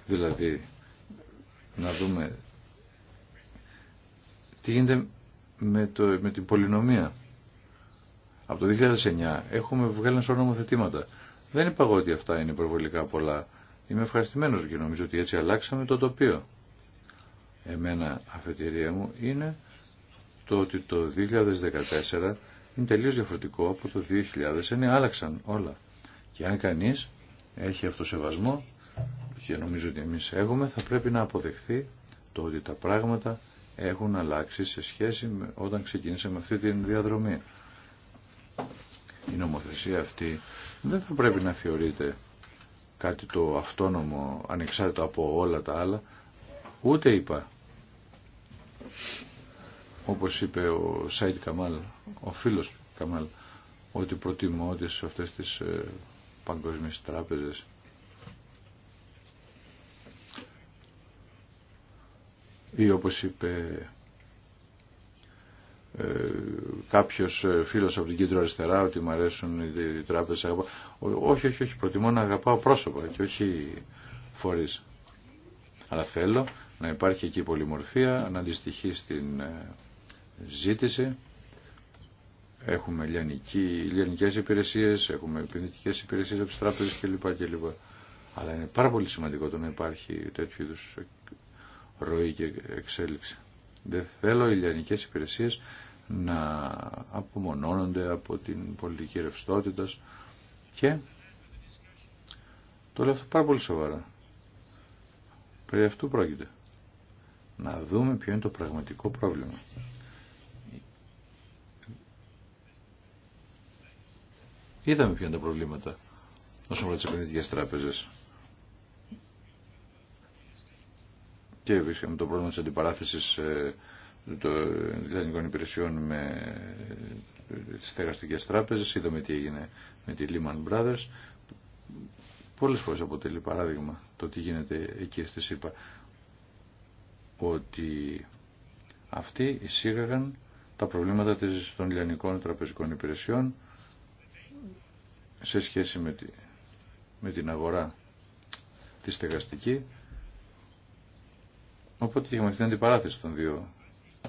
Δηλαδή, να δούμε τι γίνεται με, το, με την πολυνομία. Από το 2009 έχουμε βγάλει ένα νομοθετήματα. Δεν είπα εγώ ότι αυτά είναι προβολικά πολλά. Είμαι ευχαριστημένος και νομίζω ότι έτσι αλλάξαμε το τοπίο. Εμένα αφετηρία μου είναι το ότι το 2014 είναι τελείως διαφορετικό από το 2009. Άλλαξαν όλα. Και αν κανείς έχει σεβασμό και νομίζω ότι εμείς έχουμε, θα πρέπει να αποδεχθεί το ότι τα πράγματα έχουν αλλάξει σε σχέση με όταν ξεκινήσαμε αυτή την διαδρομή. Η νομοθεσία αυτή δεν θα πρέπει να θεωρείται κάτι το αυτόνομο, ανεξάρτητο από όλα τα άλλα, ούτε είπα. Όπως είπε ο Σάιτ Καμάλ, ο φίλος Καμάλ, ότι προτιμώ ότι σε αυτές τις ε, παγκόσμιες τράπεζες. Ή όπως είπε ε, κάποιος ε, φίλος από την κέντρο αριστερά ότι μου αρέσουν οι τράπεζες. Όχι, όχι, όχι, προτιμώ να αγαπάω πρόσωπα και όχι φορείς. Αλλά θέλω να υπάρχει εκεί πολυμορφία, να αντιστοιχεί στην ε, ζήτηση. Έχουμε λιανική, λιανικές υπηρεσίες, έχουμε επενδυτικές υπηρεσίες από τις τράπεζες κλπ. Αλλά είναι πάρα πολύ σημαντικό το να υπάρχει τέτοιου είδου ροή και εξέλιξη. Δεν θέλω οι λιανικές υπηρεσίες να απομονώνονται από την πολιτική ρευστότητα και το λέω αυτό πάρα πολύ σοβαρά. Περί αυτού πρόκειται. Να δούμε ποιο είναι το πραγματικό πρόβλημα. Είδαμε ποια είναι τα προβλήματα όσον αφορά τι επενδυτικέ τράπεζε. Και βρίσκαμε το πρόβλημα τη αντιπαράθεση ε, των ελληνικών υπηρεσιών με ε, τι θεραστικέ τράπεζε. Είδαμε τι έγινε με τη Lehman Brothers. Πολλέ φορέ αποτελεί παράδειγμα το τι γίνεται εκεί στη ΣΥΠΑ. Ότι αυτοί εισήγαγαν τα προβλήματα των λιανικών τραπεζικών υπηρεσιών σε σχέση με, τη, με την αγορά τη στεγαστική. Οπότε αυτή την αντιπαράθεση των δύο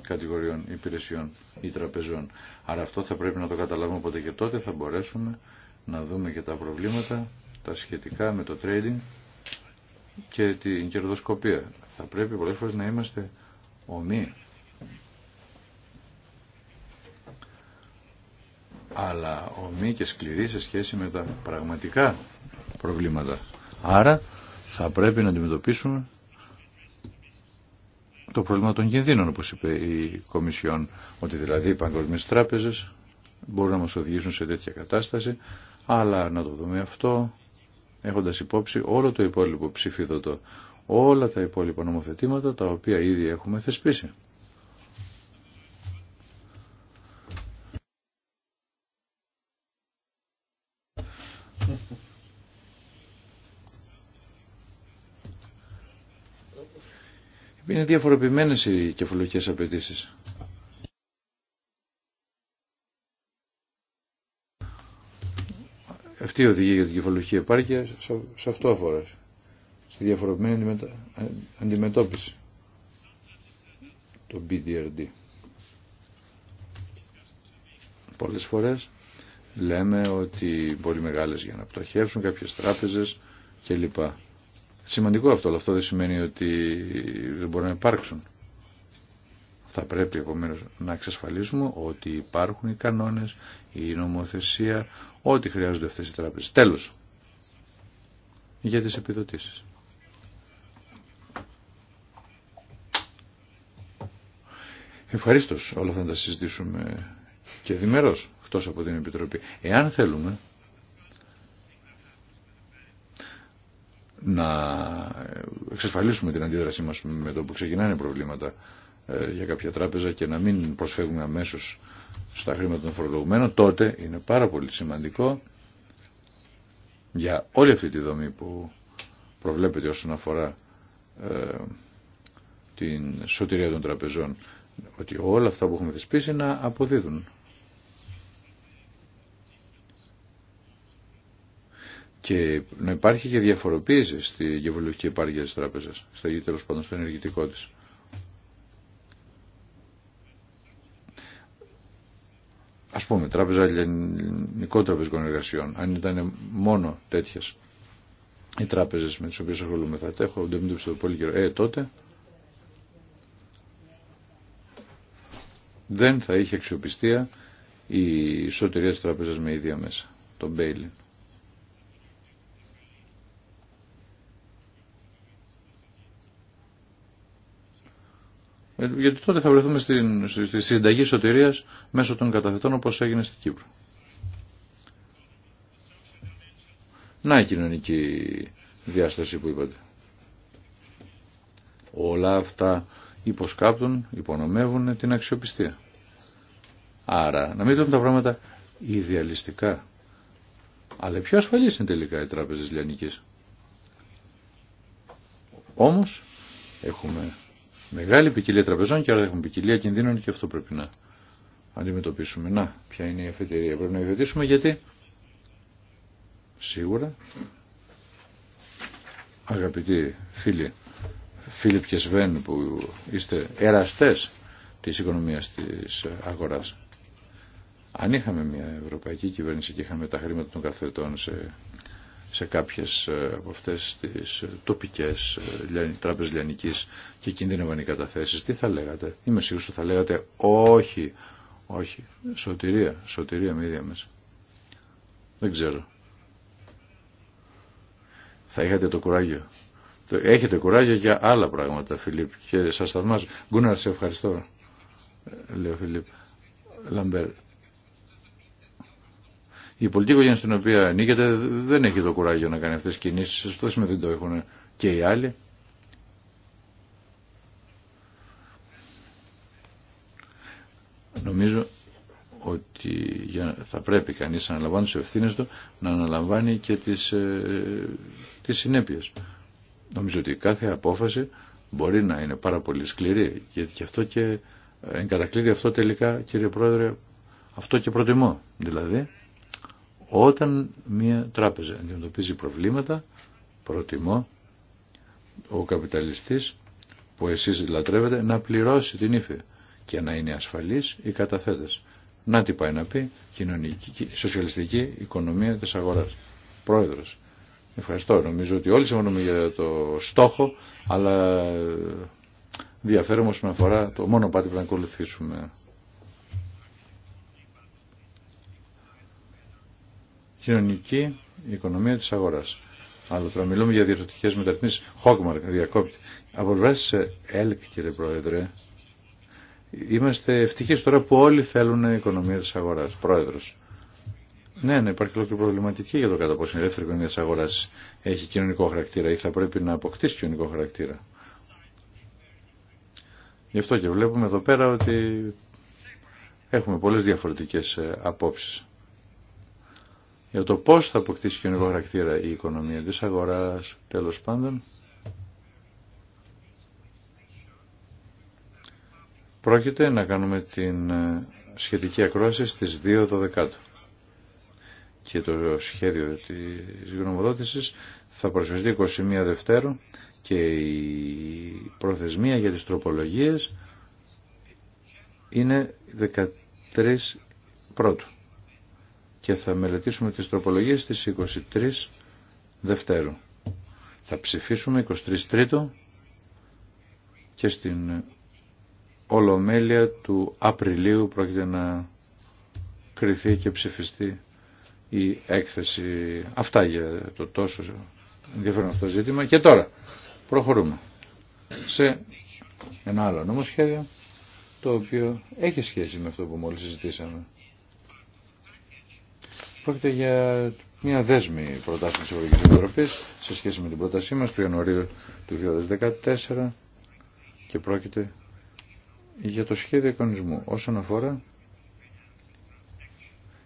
κατηγοριών υπηρεσιών ή τραπεζών. Άρα αυτό θα πρέπει να το καταλάβουμε οπότε και τότε θα μπορέσουμε να δούμε και τα προβλήματα τα σχετικά με το trading και την κερδοσκοπία. Θα πρέπει πολλές φορές να είμαστε ομοί αλλά ομοί και σκληροί σε σχέση με τα πραγματικά προβλήματα. Άρα θα πρέπει να αντιμετωπίσουμε το πρόβλημα των κινδύνων, όπως είπε η Κομισιόν, ότι δηλαδή οι παγκοσμίες τράπεζες μπορούν να μας οδηγήσουν σε τέτοια κατάσταση, αλλά να το δούμε αυτό έχοντας υπόψη όλο το υπόλοιπο ψηφίδωτο, όλα τα υπόλοιπα νομοθετήματα τα οποία ήδη έχουμε θεσπίσει. Είναι διαφοροποιημένες οι κεφαλογικές απαιτήσει. Αυτή η οδηγία για την κεφαλογική επάρκεια σε αυτό αφορά. Στη διαφοροποιημένη αντιμετώπιση. Το BDRD. Πολλές φορές λέμε ότι μπορεί μεγάλες για να πτωχεύσουν κάποιες τράπεζες κλπ. Σημαντικό αυτό, αλλά αυτό δεν σημαίνει ότι δεν μπορούν να υπάρξουν. Θα πρέπει επομένως να εξασφαλίσουμε ότι υπάρχουν οι κανόνες, η νομοθεσία, ό,τι χρειάζονται αυτές οι τράπεζες. Τέλος, για τις επιδοτήσεις. Ευχαρίστως όλα αυτά να τα συζητήσουμε και διμερώς, εκτός από την Επιτροπή. Εάν θέλουμε, να εξασφαλίσουμε την αντίδρασή μας με το που ξεκινάνε προβλήματα ε, για κάποια τράπεζα και να μην προσφεύγουμε αμέσως στα χρήματα των φορολογουμένων, τότε είναι πάρα πολύ σημαντικό για όλη αυτή τη δομή που προβλέπεται όσον αφορά ε, την σωτηρία των τραπεζών ότι όλα αυτά που έχουμε θεσπίσει να αποδίδουν. και να υπάρχει και διαφοροποίηση στη γεωβολική επάρκεια της τράπεζας, στα τέλο πάντων στο ενεργητικό της. Ας πούμε, τράπεζα ελληνικών τραπεζικών εργασιών, αν ήταν μόνο τέτοιες οι τράπεζες με τις οποίες ασχολούμαι θα έχω το πολύ καιρό. Ε, τότε δεν θα είχε αξιοπιστία η ισοτερία της τράπεζας με ίδια μέσα, τον Μπέιλιν. Ε, γιατί τότε θα βρεθούμε στην, στη συνταγή σωτηρίας μέσω των καταθετών όπως έγινε στην Κύπρο. Να η κοινωνική διάσταση που είπατε. Όλα αυτά υποσκάπτουν, υπονομεύουν την αξιοπιστία. Άρα, να μην δούμε τα πράγματα ιδεαλιστικά. Αλλά πιο ασφαλή είναι τελικά οι τράπεζες λιανικής. Όμως, έχουμε μεγάλη ποικιλία τραπεζών και άρα έχουμε ποικιλία κινδύνων και αυτό πρέπει να αντιμετωπίσουμε. Να, ποια είναι η αφετηρία. Πρέπει να υιοθετήσουμε γιατί σίγουρα αγαπητοί φίλοι φίλοι και Σβέν που είστε εραστές της οικονομίας της αγοράς. Αν είχαμε μια ευρωπαϊκή κυβέρνηση και είχαμε τα χρήματα των καθετών σε σε κάποιες ε, από αυτές τις ε, τοπικές ε, τράπεζες λιανικής και κινδυνευαν οι καταθέσεις. Τι θα λέγατε, είμαι σίγουρος ότι θα λέγατε όχι, όχι, σωτηρία, σωτηρία με ίδια μέσα. Δεν ξέρω. Θα είχατε το κουράγιο. Έχετε κουράγιο για άλλα πράγματα, Φιλίπ, και σας θαυμάζω. Γκούναρ, σε ευχαριστώ, λέει ο Φιλίπ. Λαμπέρ, η πολιτική οικογένεια στην οποία ανήκεται δεν έχει το κουράγιο να κάνει αυτέ τι κινήσεις. Αυτό σημαίνει δεν το έχουν και οι άλλοι. Νομίζω ότι θα πρέπει κανείς να αναλαμβάνει τις ευθύνες του, να αναλαμβάνει και τις, ε, τις συνέπειες. Νομίζω ότι κάθε απόφαση μπορεί να είναι πάρα πολύ σκληρή, γιατί και αυτό και εγκατακλείδει αυτό τελικά, κύριε Πρόεδρε, αυτό και προτιμώ. Δηλαδή, όταν μια τράπεζα αντιμετωπίζει προβλήματα, προτιμώ ο καπιταλιστής που εσείς λατρεύετε να πληρώσει την ύφη και να είναι ασφαλής η καταθέτες. Να τι πάει να πει κοινωνική, σοσιαλιστική οικονομία της αγοράς. Πρόεδρος. Ευχαριστώ. Νομίζω ότι όλοι συμφωνούμε για το στόχο, αλλά διαφέρουμε όσον αφορά το μόνο πάτη που να ακολουθήσουμε. κοινωνική οικονομία της αγοράς. Αλλά τώρα μιλούμε για διαρθρωτικές μεταρρυθμίσεις. Χόγμαρκ, διακόπτη. Από σε ΕΛΚ, κύριε Πρόεδρε, είμαστε ευτυχείς τώρα που όλοι θέλουν οικονομία της αγοράς. Πρόεδρος. Ναι, ναι, υπάρχει ολόκληρη προβληματική για το κατά πόσο η ελεύθερη οικονομία της αγορά έχει κοινωνικό χαρακτήρα ή θα πρέπει να αποκτήσει κοινωνικό χαρακτήρα. Γι' αυτό και βλέπουμε εδώ πέρα ότι έχουμε πολλές διαφορετικές ε, απόψεις για το πώς θα αποκτήσει κοινωνικό χαρακτήρα η οικονομία της αγοράς, τέλος πάντων. Πρόκειται να κάνουμε την ε, σχετική ακρόαση στις 2 Και το σχέδιο της γνωμοδότησης θα προσφερθεί 21 Δευτέρου και η προθεσμία για τις τροπολογίες είναι 13 Πρώτου και θα μελετήσουμε τις τροπολογίες στις 23 Δευτέρου. Θα ψηφίσουμε 23 Τρίτο και στην Ολομέλεια του Απριλίου πρόκειται να κριθεί και ψηφιστεί η έκθεση. Αυτά για το τόσο ενδιαφέρον αυτό ζήτημα. Και τώρα προχωρούμε σε ένα άλλο νομοσχέδιο το οποίο έχει σχέση με αυτό που μόλις συζητήσαμε. Πρόκειται για μια δέσμη προτάσεων της Ευρωπαϊκής σε σχέση με την πρότασή μας του Ιανουαρίου του 2014 και πρόκειται για το σχέδιο εικονισμού όσον αφορά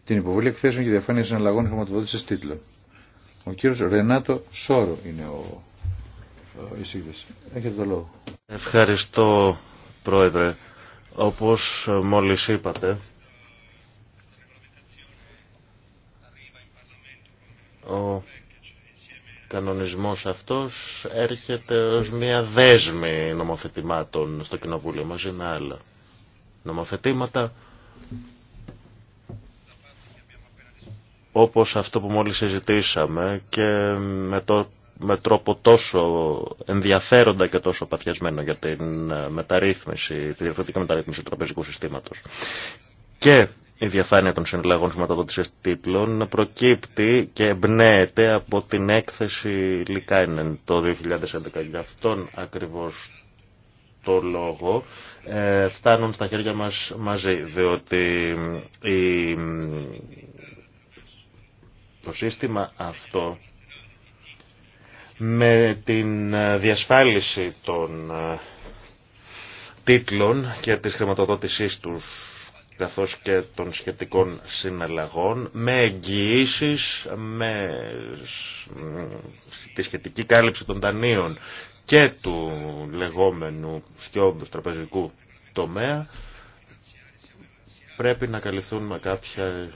την υποβολή εκθέσεων και διαφάνεια συναλλαγών χρηματοδότηση τίτλων. Ο κύριος Ρενάτο Σόρο είναι ο εισήγητης. Έχετε το λόγο. Ευχαριστώ Πρόεδρε. Όπως μόλις είπατε, Ο κανονισμός αυτός έρχεται ως μια δέσμη νομοθετημάτων στο Κοινοβούλιο μαζί με άλλα νομοθετήματα όπως αυτό που μόλις συζητήσαμε και με, το, με τρόπο τόσο ενδιαφέροντα και τόσο παθιασμένο για την μεταρρύθμιση, τη διαφορετική μεταρρύθμιση του τραπεζικού συστήματος. Και η διαφάνεια των συλλαγών χρηματοδότηση τίτλων προκύπτει και εμπνέεται από την έκθεση Λικάινεν το 2011. Γι' αυτόν ακριβώς το λόγο ε, φτάνουν στα χέρια μας μαζί, διότι η... το σύστημα αυτό με την διασφάλιση των ε, τίτλων και της χρηματοδότησής τους καθώς και των σχετικών συναλλαγών με εγγυήσει, με τη σχετική κάλυψη των δανείων και του λεγόμενου θιόντος τραπεζικού τομέα πρέπει να καλυφθούν με κάποιες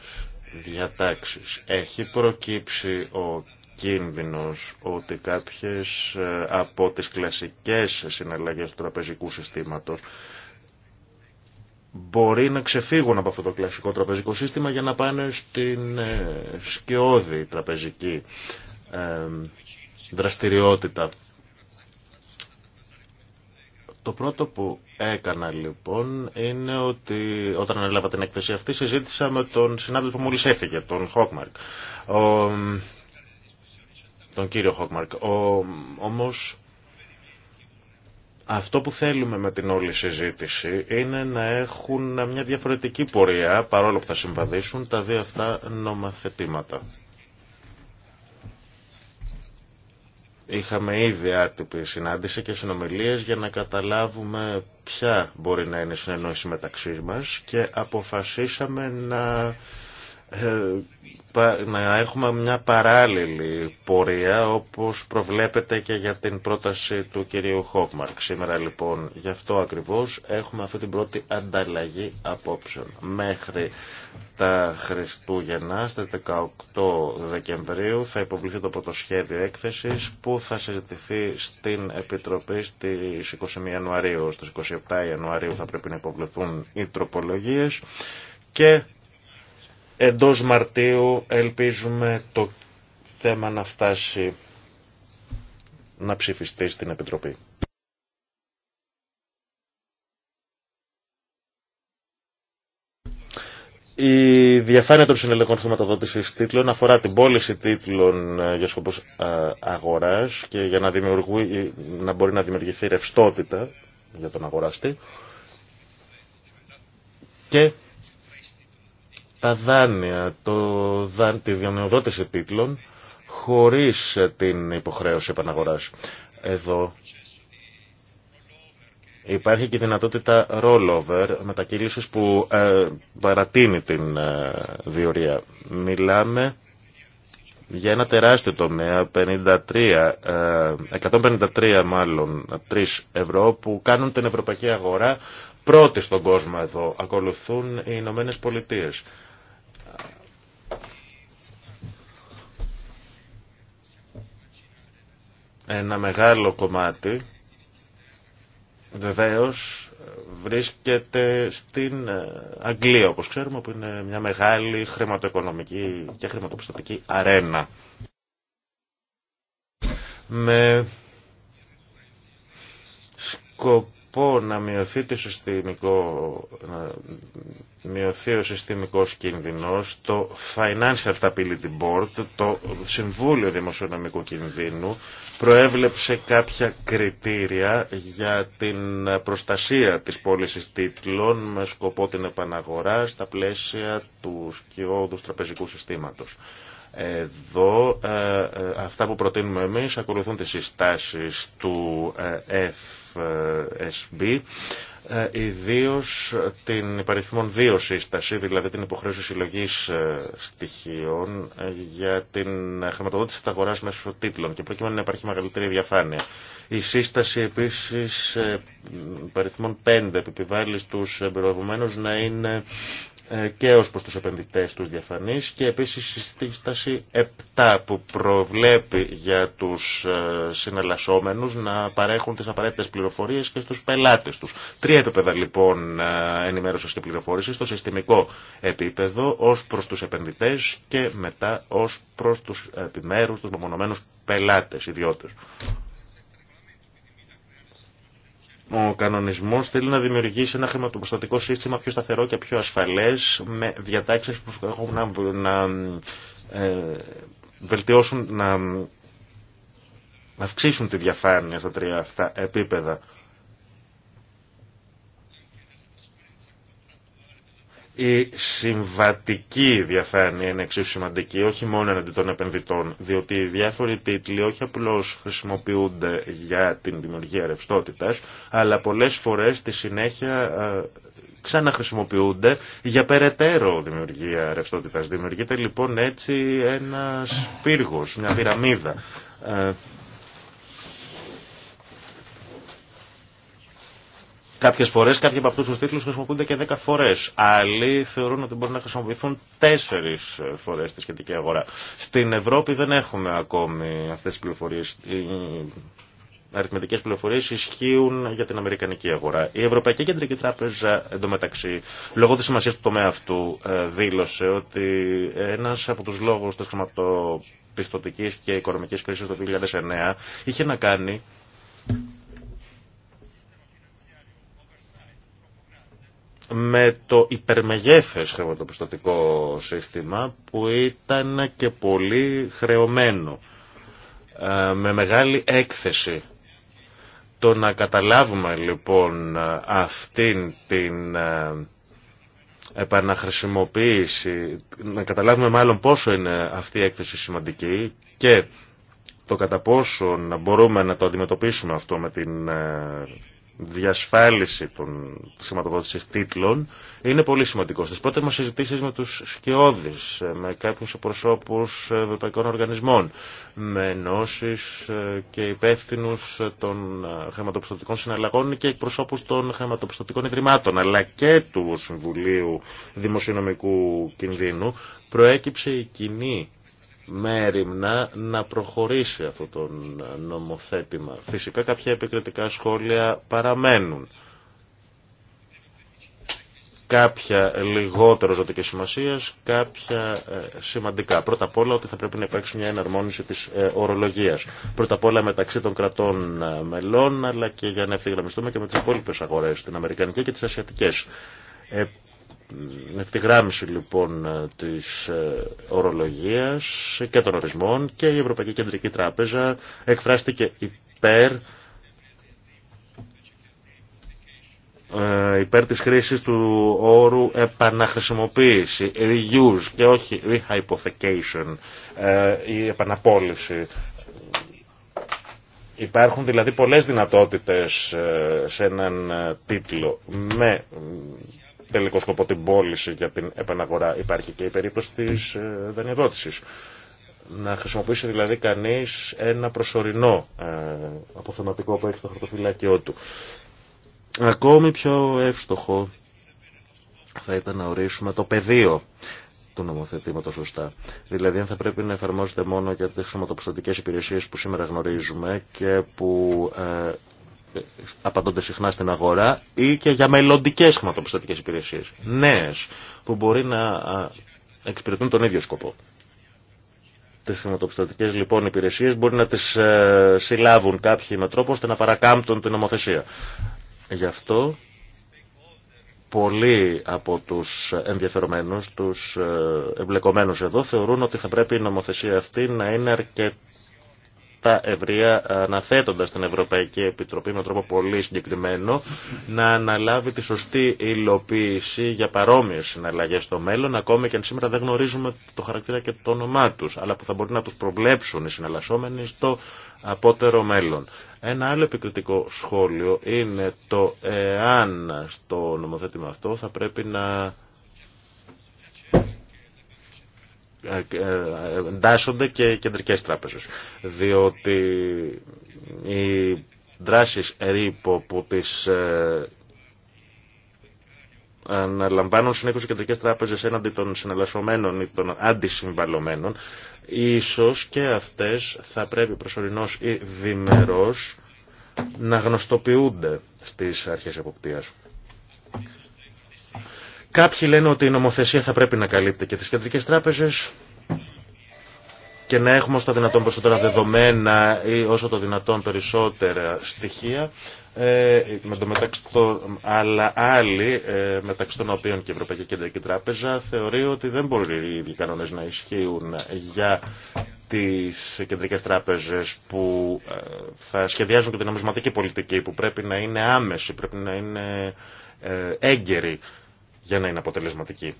διατάξεις. Έχει προκύψει ο κίνδυνος ότι κάποιες ε, από τις κλασικές συναλλαγές του τραπεζικού συστήματος μπορεί να ξεφύγουν από αυτό το κλασικό τραπεζικό σύστημα για να πάνε στην ε, σκιώδη τραπεζική ε, δραστηριότητα. Το πρώτο που έκανα λοιπόν είναι ότι όταν ανέλαβα την έκθεση αυτή συζήτησα με τον συνάδελφο που μόλις έφυγε, τον Χόκμαρκ. Τον κύριο Χόκμαρκ. Όμως αυτό που θέλουμε με την όλη συζήτηση είναι να έχουν μια διαφορετική πορεία, παρόλο που θα συμβαδίσουν, τα δύο αυτά νομαθετήματα. Είχαμε ήδη άτυπη συνάντηση και συνομιλίες για να καταλάβουμε ποια μπορεί να είναι η συνεννόηση μεταξύ μας και αποφασίσαμε να ε, να έχουμε μια παράλληλη πορεία όπως προβλέπεται και για την πρόταση του κυρίου Χόκμαρκ. Σήμερα λοιπόν γι' αυτό ακριβώς έχουμε αυτή την πρώτη ανταλλαγή απόψεων. Μέχρι τα Χριστούγεννα στις 18 Δεκεμβρίου θα υποβληθεί το πρωτοσχέδιο έκθεσης που θα συζητηθεί στην Επιτροπή στις 21 Ιανουαρίου. Στις 27 Ιανουαρίου θα πρέπει να υποβληθούν οι τροπολογίες και Εντός Μαρτίου ελπίζουμε το θέμα να φτάσει να ψηφιστεί στην Επιτροπή. Η διαφάνεια των συνελεγών χρηματοδότησης τίτλων αφορά την πώληση τίτλων ε, για σκοπούς ε, αγοράς και για να, ε, να μπορεί να δημιουργηθεί ρευστότητα για τον αγοράστη και τα δάνεια, το, τη διανεοδότηση τίτλων χωρίς την υποχρέωση επαναγοράς. Εδώ υπάρχει και η δυνατότητα rollover μετακύλησης που ε, παρατείνει την ε, διορία. Μιλάμε για ένα τεράστιο τομέα, 53, ε, 153 μάλλον 3 ευρώ που κάνουν την ευρωπαϊκή αγορά πρώτη στον κόσμο εδώ. Ακολουθούν οι Ηνωμένε Πολιτείες. Ένα μεγάλο κομμάτι βεβαίως βρίσκεται στην ε, Αγγλία, όπως ξέρουμε, που είναι μια μεγάλη χρηματοοικονομική και χρηματοπιστωτική αρένα. Με σκοπό σκοπό να μειωθεί, το συστημικό, να μειωθεί ο συστημικός κίνδυνος, το Financial Stability Board, το Συμβούλιο Δημοσιονομικού Κινδύνου, προέβλεψε κάποια κριτήρια για την προστασία της πώληση τίτλων με σκοπό την επαναγορά στα πλαίσια του σκιώδους τραπεζικού συστήματος. Εδώ ε, ε, αυτά που προτείνουμε εμείς ακολουθούν τις συστάσεις του ε, FSB ιδίως την υπαριθμόν δύο σύσταση, δηλαδή την υποχρέωση συλλογής στοιχείων για την χρηματοδότηση της αγοράς μέσω τίτλων και προκειμένου να υπάρχει μεγαλύτερη διαφάνεια. Η σύσταση επίσης υπαριθμόν 5 επιβάλλει στους εμπειρογευμένους να είναι ε, και ως προς τους επενδυτές τους διαφανείς και επίσης η σύσταση 7 που προβλέπει για τους ε, συνελασσόμενους να παρέχουν τις απαραίτητες πληροφορίες και στους πελάτες τους. Τρία επίπεδα λοιπόν ε, ενημέρωσης και πληροφόρησης στο συστημικό επίπεδο ως προς τους επενδυτές και μετά ως προς τους επιμέρους, τους μεμονωμένους πελάτες, ιδιώτες. Ο κανονισμό θέλει να δημιουργήσει ένα χρηματοπιστωτικό σύστημα πιο σταθερό και πιο ασφαλέ, με διατάξει που έχουν να, να ε, βελτιώσουν, να αυξήσουν τη διαφάνεια στα τρία αυτά επίπεδα. Η συμβατική διαφάνεια είναι εξίσου σημαντική, όχι μόνο εναντί των επενδυτών, διότι οι διάφοροι τίτλοι όχι απλώ χρησιμοποιούνται για την δημιουργία ρευστότητα, αλλά πολλέ φορέ στη συνέχεια ε, ξαναχρησιμοποιούνται για περαιτέρω δημιουργία ρευστότητα. Δημιουργείται λοιπόν έτσι ένα πύργο, μια πυραμίδα ε, Κάποιε φορέ κάποιοι από αυτού του τίτλου χρησιμοποιούνται και 10 φορέ. Άλλοι θεωρούν ότι μπορούν να χρησιμοποιηθούν 4 φορέ στη σχετική αγορά. Στην Ευρώπη δεν έχουμε ακόμη αυτέ τι πληροφορίε. Οι αριθμητικέ πληροφορίε ισχύουν για την Αμερικανική αγορά. Η Ευρωπαϊκή Κεντρική Τράπεζα εντωμεταξύ, λόγω τη σημασία του τομέα αυτού, ε, δήλωσε ότι ένα από του λόγου τη χρηματοπιστωτική και οικονομική κρίση του 2009 είχε να κάνει με το υπερμεγέθες χρηματοπιστωτικό σύστημα που ήταν και πολύ χρεωμένο, ε, με μεγάλη έκθεση. Το να καταλάβουμε λοιπόν αυτήν την ε, επαναχρησιμοποίηση, να καταλάβουμε μάλλον πόσο είναι αυτή η έκθεση σημαντική και το κατά πόσο μπορούμε να το αντιμετωπίσουμε αυτό με την ε, διασφάλιση των χρηματοδότηση τίτλων είναι πολύ σημαντικό. Στι πρώτε μας συζητήσει με τους σκιώδη, με κάποιου προσώπου ευρωπαϊκών οργανισμών, με ενώσει και υπεύθυνου των χρηματοπιστωτικών συναλλαγών και εκπροσώπου των χρηματοπιστωτικών ιδρυμάτων, αλλά και του Συμβουλίου Δημοσιονομικού Κινδύνου, προέκυψε η κοινή με έρημνα να προχωρήσει αυτό το νομοθέτημα. Φυσικά κάποια επικριτικά σχόλια παραμένουν. Κάποια λιγότερο ζωτική σημασία, κάποια ε, σημαντικά. Πρώτα απ' όλα ότι θα πρέπει να υπάρξει μια εναρμόνιση τη ε, ορολογίας. Πρώτα απ' όλα μεταξύ των κρατών ε, μελών, αλλά και για να ευθυγραμμιστούμε και με τις υπόλοιπε αγορές, την Αμερικανική και τι Ασιατικέ ευθυγράμμιση λοιπόν ε, της ε, ορολογίας και των ορισμών και η Ευρωπαϊκή Κεντρική Τράπεζα εκφράστηκε υπέρ ε, υπέρ της χρήσης του όρου επαναχρησιμοποίηση, reuse και όχι rehypothecation, η επαναπόληση. Υπάρχουν δηλαδή πολλές δυνατότητες σε έναν τίτλο με τελικό σκοπό την πώληση για την επαναγορά. Υπάρχει και η περίπτωση της ε, δανειοδότησης. Να χρησιμοποιήσει δηλαδή κανείς ένα προσωρινό ε, αποθεματικό που έχει στο χαρτοφυλάκιό του. Ακόμη πιο εύστοχο θα ήταν να ορίσουμε το πεδίο του νομοθετήματο σωστά. Δηλαδή, αν θα πρέπει να εφαρμόζεται μόνο για τι χρηματοπιστωτικέ υπηρεσίε που σήμερα γνωρίζουμε και που ε, απαντώνται συχνά στην αγορά ή και για μελλοντικέ χρηματοπιστωτικέ υπηρεσίε. Νέε που μπορεί να εξυπηρετούν τον ίδιο σκοπό. Τι χρηματοπιστωτικέ λοιπόν υπηρεσίες μπορεί να τις ε, συλλάβουν κάποιοι με τρόπο ώστε να παρακάμπτουν την νομοθεσία. Γι' αυτό πολλοί από τους ενδιαφερομένους, τους ε, εμπλεκομένου εδώ, θεωρούν ότι θα πρέπει η νομοθεσία αυτή να είναι αρκετά τα ευρεία αναθέτοντα την Ευρωπαϊκή Επιτροπή με τρόπο πολύ συγκεκριμένο να αναλάβει τη σωστή υλοποίηση για παρόμοιε συναλλαγέ στο μέλλον ακόμη και αν σήμερα δεν γνωρίζουμε το χαρακτήρα και το όνομά τους αλλά που θα μπορεί να του προβλέψουν οι συναλλασσόμενοι στο απότερο μέλλον. Ένα άλλο επικριτικό σχόλιο είναι το εάν στο νομοθέτημα αυτό θα πρέπει να εντάσσονται και κεντρικές τράπεζες. Διότι οι δράσεις ρήπο που τις ε, αναλαμβάνουν συνήθω οι κεντρικές τράπεζες έναντι των συναλλασσομένων ή των αντισυμβαλωμένων, ίσως και αυτές θα πρέπει προσωρινώς ή διμερώς να γνωστοποιούνται στις αρχές εποπτείας. Κάποιοι λένε ότι η νομοθεσία θα πρέπει να καλύπτει και τις κεντρικές τράπεζες και να έχουμε όσο το δυνατόν περισσότερα δεδομένα ή όσο το δυνατόν περισσότερα στοιχεία. Ε, μεταξύ το, αλλά άλλοι, ε, μεταξύ των οποίων και η Ευρωπαϊκή Κεντρική Τράπεζα, θεωρεί ότι δεν μπορεί οι ίδιοι κανόνες να ισχύουν για τις κεντρικές τράπεζες που ε, θα σχεδιάζουν και την νομισματική πολιτική που πρέπει να είναι άμεση, πρέπει να είναι ε, έγκαιρη για να είναι αποτελεσματική.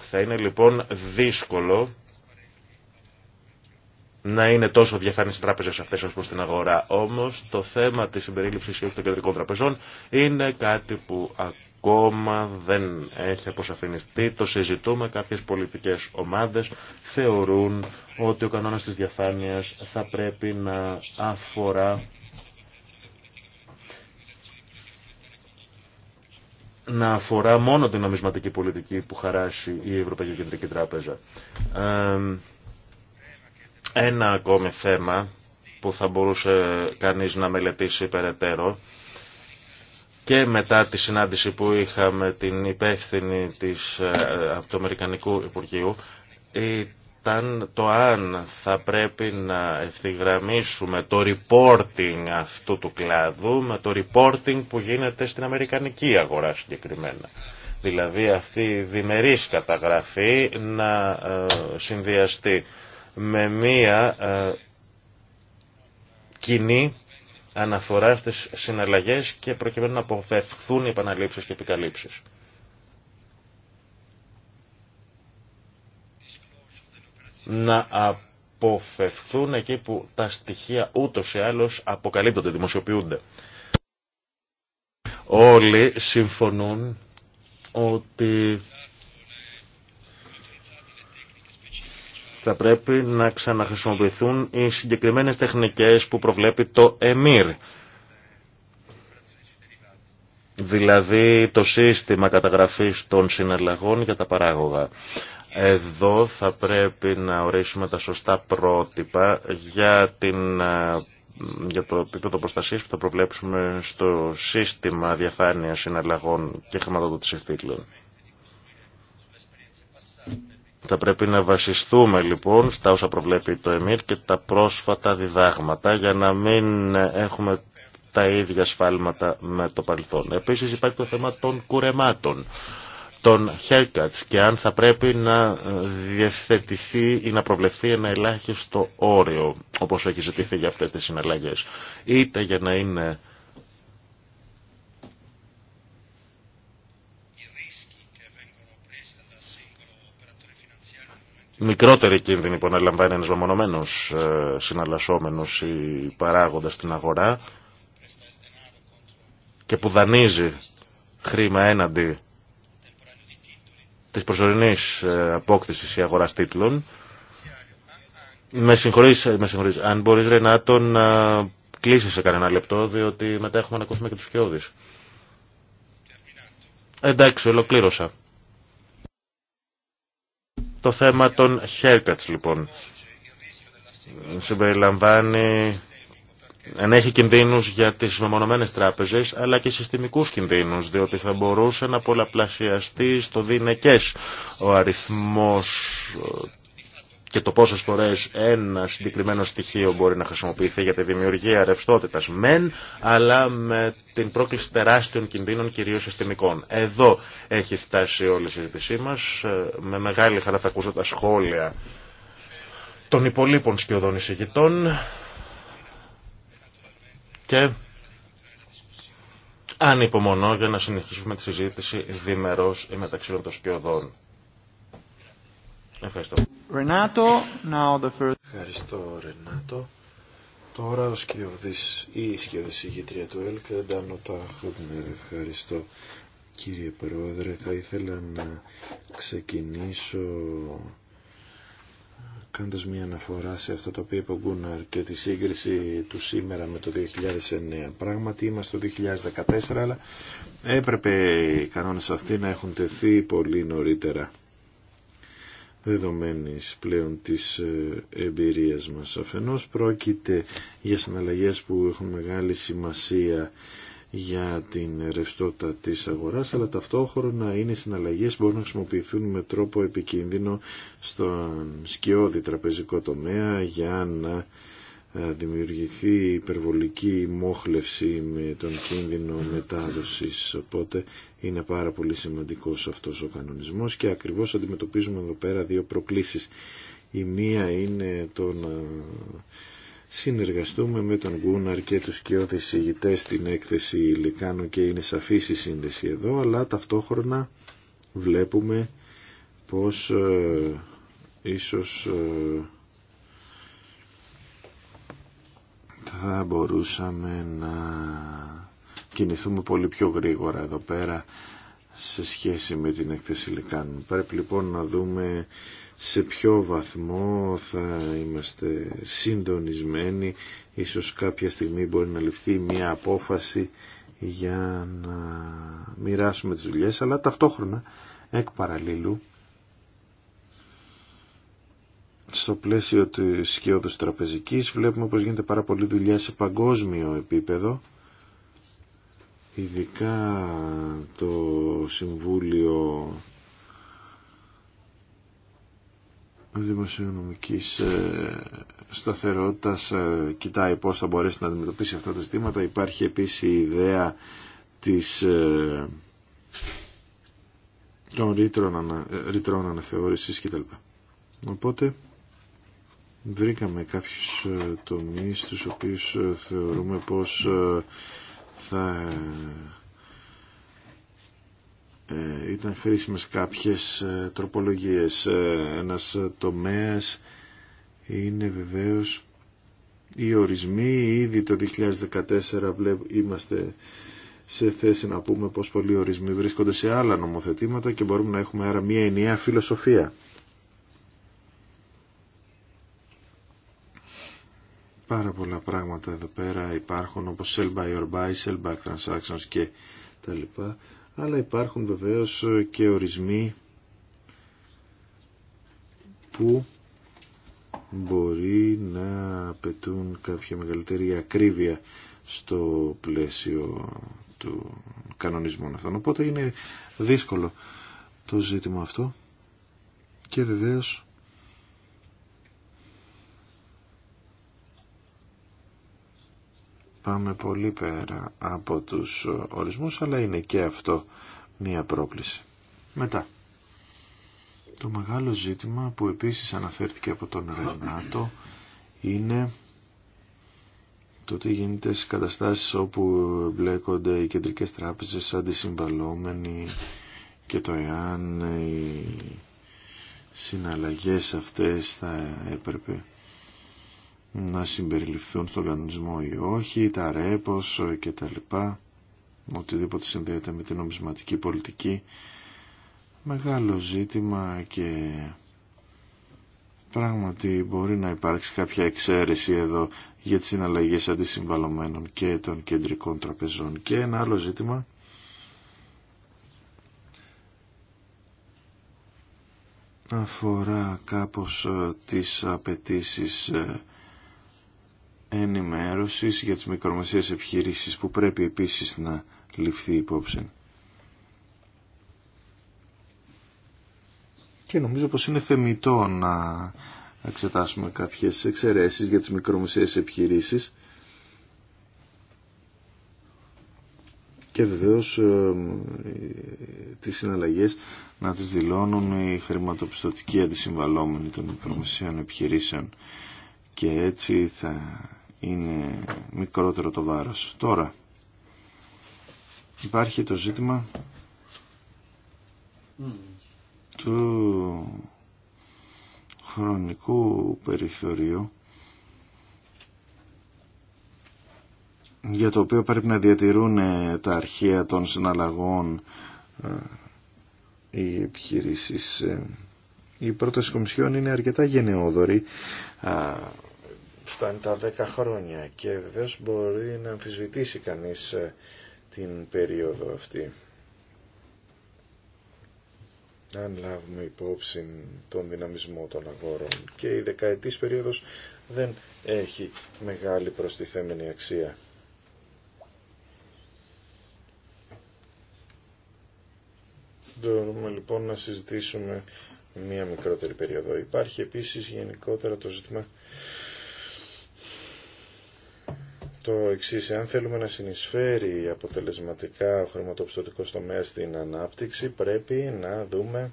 Θα είναι λοιπόν δύσκολο να είναι τόσο διαφανεί οι τράπεζε αυτέ ω προ την αγορά. Όμω το θέμα τη συμπερίληψη των κεντρικών τραπεζών είναι κάτι που ακόμα δεν έχει αποσαφινιστεί. Το συζητούμε. Κάποιε πολιτικέ ομάδε θεωρούν ότι ο κανόνα τη διαφάνεια θα πρέπει να αφορά να αφορά μόνο την νομισματική πολιτική που χαράσει η Ευρωπαϊκή Κεντρική Τράπεζα. ένα ακόμη θέμα που θα μπορούσε κανείς να μελετήσει περαιτέρω και μετά τη συνάντηση που είχαμε την υπεύθυνη της, ε, ε, από το Αμερικανικού Υπουργείου ήταν το αν θα πρέπει να ευθυγραμμίσουμε το reporting αυτού του κλάδου με το reporting που γίνεται στην Αμερικανική αγορά συγκεκριμένα. Δηλαδή αυτή η διμερής καταγραφή να ε, συνδυαστεί με μία ε, κοινή αναφορά στις συναλλαγές και προκειμένου να αποφευχθούν οι επαναλήψεις και επικαλύψεις. να αποφευθούν εκεί που τα στοιχεία ούτως ή άλλως αποκαλύπτονται, δημοσιοποιούνται. Όλοι συμφωνούν ότι θα πρέπει να ξαναχρησιμοποιηθούν οι συγκεκριμένες τεχνικές που προβλέπει το ΕΜΙΡ. Δηλαδή το σύστημα καταγραφής των συναλλαγών για τα παράγωγα. Εδώ θα πρέπει να ορίσουμε τα σωστά πρότυπα για, την, ε, για το επίπεδο προστασία που θα προβλέψουμε στο σύστημα διαφάνειας συναλλαγών και χρηματοδότησης τίτλων. Θα πρέπει να βασιστούμε λοιπόν στα όσα προβλέπει το ΕΜΙΡ και τα πρόσφατα διδάγματα για να μην έχουμε τα ίδια σφάλματα με το παρελθόν. Επίσης υπάρχει το θέμα των κουρεμάτων των haircuts και αν θα πρέπει να ε, διευθετηθεί ή να προβλεφθεί ένα ελάχιστο όριο όπως έχει ζητηθεί για αυτές τις συναλλαγές είτε για να είναι μικρότερη κίνδυνη που αναλαμβάνει ένας μεμονωμένος ε, συναλλασσόμενος ή παράγοντας στην αγορά και που δανείζει χρήμα έναντι της προσωρινής ε, απόκτησης ή αγοράς τίτλων. Με συγχωρείς, ε, με συγχωρείς. αν μπορείς Ρενάτο να κλείσεις σε κανένα λεπτό, διότι μετά έχουμε να ακούσουμε και τους σκιώδεις. Εντάξει, ολοκλήρωσα. Το θέμα των haircuts λοιπόν συμπεριλαμβάνει έχει κινδύνους για τις μεμονωμένε τράπεζες αλλά και συστημικούς κινδύνους διότι θα μπορούσε να πολλαπλασιαστεί στο δινεκές ο αριθμός ε, και το πόσες φορές ένα συγκεκριμένο στοιχείο μπορεί να χρησιμοποιηθεί για τη δημιουργία ρευστότητα μεν, αλλά με την πρόκληση τεράστιων κινδύνων κυρίως συστημικών. Εδώ έχει φτάσει όλη η συζήτησή μα. Ε, με μεγάλη χαρά θα ακούσω τα σχόλια των υπολείπων σκιωδών εισηγητών. Και αν υπομονώ για να συνεχίσουμε τη συζήτηση ή μεταξύ των σκιωδών. Ευχαριστώ. Renato, now the first... Ευχαριστώ Ρενάτο. Τώρα ο σκιωδής ή η σκιωδής του ΕΛΚ δεν τα χρόνια. Ευχαριστώ κύριε Πρόεδρε. Θα ήθελα να ξεκινήσω κάνοντας μια αναφορά σε αυτό το οποίο είπε ο Γκούναρ και τη σύγκριση του σήμερα με το 2009. Πράγματι είμαστε το 2014, αλλά έπρεπε οι κανόνες αυτοί να έχουν τεθεί πολύ νωρίτερα δεδομένης πλέον της ε, εμπειρίας μας. Αφενός πρόκειται για συναλλαγές που έχουν μεγάλη σημασία για την ρευστότητα της αγοράς, αλλά ταυτόχρονα είναι συναλλαγές που μπορούν να χρησιμοποιηθούν με τρόπο επικίνδυνο στον σκιώδη τραπεζικό τομέα για να ε, δημιουργηθεί υπερβολική μόχλευση με τον κίνδυνο μετάδοσης. Οπότε είναι πάρα πολύ σημαντικός αυτός ο κανονισμός και ακριβώς αντιμετωπίζουμε εδώ πέρα δύο προκλήσεις. Η μία είναι το να συνεργαστούμε με τον Γκούναρ και τους κοιόδης ηγητές στην έκθεση Λικάνου και είναι σαφής η σύνδεση εδώ, αλλά ταυτόχρονα βλέπουμε πως ε, ίσως ε, θα μπορούσαμε να κινηθούμε πολύ πιο γρήγορα εδώ πέρα σε σχέση με την έκθεση Λικάνου. Πρέπει λοιπόν να δούμε σε ποιο βαθμό θα είμαστε συντονισμένοι ίσως κάποια στιγμή μπορεί να ληφθεί μια απόφαση για να μοιράσουμε τις δουλειές αλλά ταυτόχρονα εκ παραλλήλου στο πλαίσιο της σκιώδους τραπεζικής βλέπουμε πως γίνεται πάρα πολλή δουλειά σε παγκόσμιο επίπεδο ειδικά το Συμβούλιο δημοσιονομικής ε, σταθερότητας ε, κοιτάει πώς θα μπορέσει να αντιμετωπίσει αυτά τα ζητήματα. Υπάρχει επίσης η ιδέα της, ε, των ρήτρων, ανα, ρήτρων αναθεώρησης κτλ. Οπότε βρήκαμε κάποιους τομείς τους οποίους θεωρούμε πως θα ε, ήταν χρήσιμες κάποιες ε, τροπολογίες. Ε, ένας τομέας είναι βεβαίως οι ορισμοί. Ήδη το 2014 είμαστε σε θέση να πούμε πως πολλοί ορισμοί βρίσκονται σε άλλα νομοθετήματα και μπορούμε να έχουμε άρα μια ενιαία φιλοσοφία. Πάρα πολλά πράγματα εδώ πέρα υπάρχουν όπως sell by or buy, sell back transactions και τα λοιπά αλλά υπάρχουν βεβαίως και ορισμοί που μπορεί να απαιτούν κάποια μεγαλύτερη ακρίβεια στο πλαίσιο του κανονισμού αυτών. Οπότε είναι δύσκολο το ζήτημα αυτό και βεβαίως πάμε πολύ πέρα από τους ορισμούς, αλλά είναι και αυτό μία πρόκληση. Μετά. Το μεγάλο ζήτημα που επίσης αναφέρθηκε από τον Ρενάτο είναι το τι γίνεται στις καταστάσεις όπου μπλέκονται οι κεντρικές τράπεζες αντισυμβαλόμενοι και το εάν οι συναλλαγές αυτές θα έπρεπε να συμπεριληφθούν στον κανονισμό ή όχι, τα ρέπος και τα λοιπά, οτιδήποτε συνδέεται με την νομισματική πολιτική. Μεγάλο ζήτημα και πράγματι μπορεί να υπάρξει κάποια εξαίρεση εδώ για τις συναλλαγές αντισυμβαλωμένων και των κεντρικών τραπεζών. Και ένα άλλο ζήτημα αφορά κάπως ε, τις απαιτήσει ε, ενημέρωσης για τις μικρομεσαίες επιχειρήσεις που πρέπει επίσης να ληφθεί υπόψη. Και νομίζω πως είναι θεμητό να εξετάσουμε κάποιες εξαιρέσεις για τις μικρομεσαίες επιχειρήσεις και βεβαίως ε, τις συναλλαγές να τις δηλώνουν οι χρηματοπιστωτικοί αντισυμβαλόμενοι των μικρομεσαίων επιχειρήσεων και έτσι θα είναι μικρότερο το βάρος. Τώρα υπάρχει το ζήτημα του χρονικού περιθωρίου για το οποίο πρέπει να διατηρούν τα αρχεία των συναλλαγών ε, οι επιχειρήσεις. Ε, η πρόταση Κομισιόν είναι αρκετά γενναιόδορη φτάνει τα 10 χρόνια και βεβαίω μπορεί να αμφισβητήσει κανείς ε, την περίοδο αυτή. Αν λάβουμε υπόψη τον δυναμισμό των αγορών και η δεκαετής περίοδος δεν έχει μεγάλη προστιθέμενη αξία. Μπορούμε λοιπόν να συζητήσουμε μία μικρότερη περίοδο. Υπάρχει επίσης γενικότερα το ζήτημα το εξή. αν θέλουμε να συνεισφέρει αποτελεσματικά ο χρηματοπιστωτικό τομέα στην ανάπτυξη, πρέπει να δούμε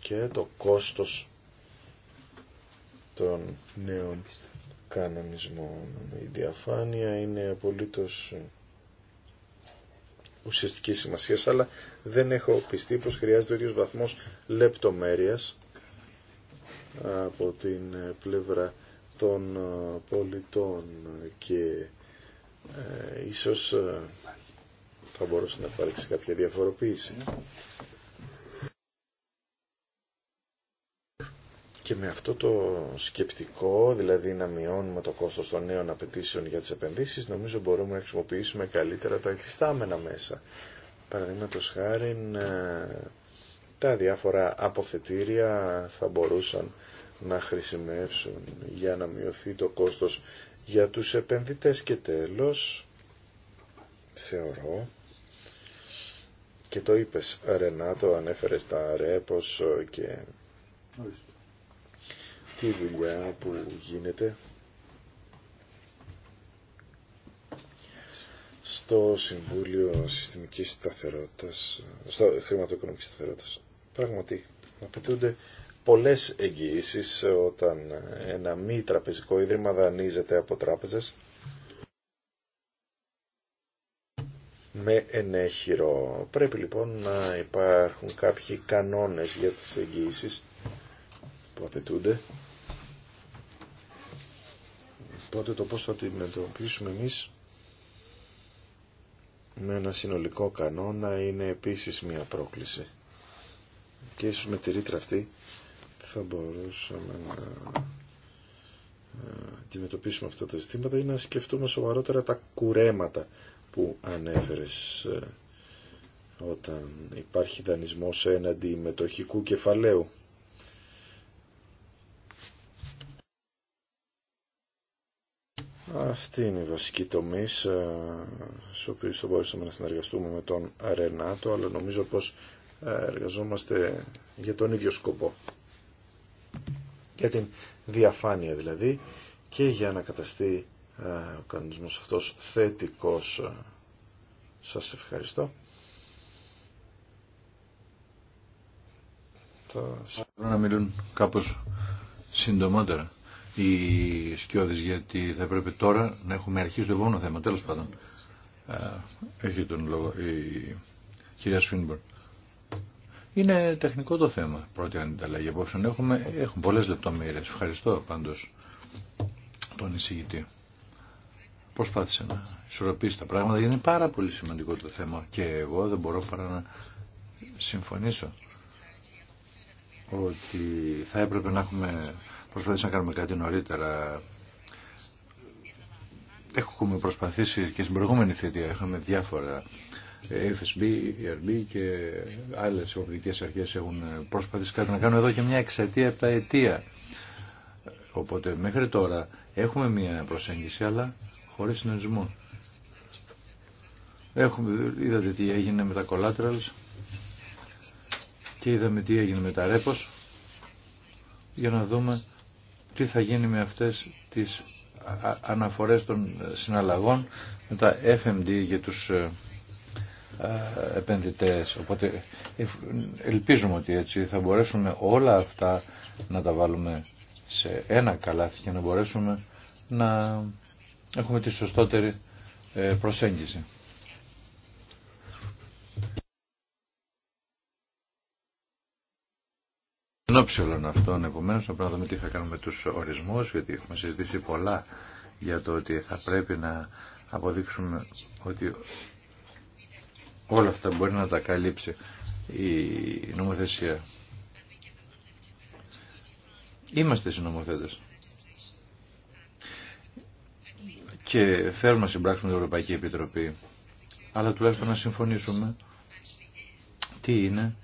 και το κόστος των νέων κανονισμών. Η διαφάνεια είναι απολύτως ουσιαστική σημασία, αλλά δεν έχω πιστεί πως χρειάζεται ο ίδιο βαθμό λεπτομέρειας από την πλευρά των ε, πολιτών και ε, ίσως ε, θα μπορούσε να υπάρξει κάποια διαφοροποίηση. Και με αυτό το σκεπτικό, δηλαδή να μειώνουμε το κόστος των νέων απαιτήσεων για τις επενδύσεις, νομίζω μπορούμε να χρησιμοποιήσουμε καλύτερα τα εγκριστάμενα μέσα. Παραδείγματος χάρη, ε, τα διάφορα αποθετήρια θα μπορούσαν να χρησιμεύσουν για να μειωθεί το κόστος για τους επενδυτές και τέλος θεωρώ και το είπες Ρενάτο ανέφερες τα ρέπος και τη δουλειά που γίνεται στο Συμβούλιο Συστημικής Σταθερότητας, στο Χρηματοοικονομικής Σταθερότητας. Πραγματικά, απαιτούνται πολλές εγγυήσεις όταν ένα μη τραπεζικό ίδρυμα δανείζεται από τράπεζες με ενέχειρο. Πρέπει λοιπόν να υπάρχουν κάποιοι κανόνες για τις εγγυήσεις που απαιτούνται. Οπότε το πώς θα αντιμετωπίσουμε εμείς με ένα συνολικό κανόνα είναι επίσης μια πρόκληση. Και ίσως με τη ρήτρα αυτή θα μπορούσαμε να ε, αντιμετωπίσουμε αυτά τα ζητήματα ή να σκεφτούμε σοβαρότερα τα κουρέματα που ανέφερες ε, όταν υπάρχει δανεισμός έναντι μετοχικού κεφαλαίου. Αυτή είναι η βασική τομή ε, στους οποίους θα μπορούσαμε να σκεφτουμε σοβαροτερα τα κουρεματα που ανεφερες οταν υπαρχει δανεισμος εναντι μετοχικου κεφαλαιου αυτη ειναι η βασικη τομη σε οποιους θα μπορουσαμε να συνεργαστουμε με τον Ρενάτο, αλλά νομίζω πως εργαζόμαστε για τον ίδιο σκοπό για την διαφάνεια δηλαδή και για να καταστεί ε, ο κανονισμός αυτός θετικός. Σας ευχαριστώ. Μπορώ να μιλούν κάπως συντομότερα οι σκιώδεις γιατί θα πρέπει τώρα να έχουμε αρχίσει το επόμενο θέμα. Τέλος πάντων, ε, έχει τον λόγο η κυρία Σφίνμπορν. Είναι τεχνικό το θέμα. Πρώτη ανταλλαγή απόψεων έχουμε. Έχουν πολλές λεπτομέρειες. Ευχαριστώ πάντως τον εισηγητή. Προσπάθησε να ισορροπήσει τα πράγματα. γιατί Είναι πάρα πολύ σημαντικό το θέμα και εγώ δεν μπορώ παρά να συμφωνήσω ότι θα έπρεπε να έχουμε προσπαθήσει να κάνουμε κάτι νωρίτερα. Έχουμε προσπαθήσει και στην προηγούμενη θητεία είχαμε διάφορα FSB, ERB και άλλες ευρωπαϊκές αρχές έχουν προσπαθήσει κάτι να κάνουν εδώ και μια εξαιτία από τα αιτία. Οπότε μέχρι τώρα έχουμε μια προσέγγιση αλλά χωρίς συνεργισμό. Έχουμε, είδατε τι έγινε με τα collaterals και είδαμε τι έγινε με τα ΡΕΠΟΣ για να δούμε τι θα γίνει με αυτές τις αναφορές των συναλλαγών με τα FMD για τους ε, ε, επενδυτές. Οπότε ελπίζουμε ότι έτσι θα μπορέσουμε όλα αυτά να τα βάλουμε σε ένα καλάθι και να μπορέσουμε να έχουμε τη σωστότερη ε, προσέγγιση. Συνόψιλον όλων αυτών, επομένως, να πρέπει να δούμε τι θα κάνουμε τους ορισμούς, γιατί έχουμε συζητήσει πολλά για το ότι θα πρέπει να αποδείξουμε ότι Όλα αυτά μπορεί να τα καλύψει η νομοθεσία. Είμαστε συνομοθέτες. Και θέλουμε να συμπράξουμε την Ευρωπαϊκή Επιτροπή. Αλλά τουλάχιστον να συμφωνήσουμε τι είναι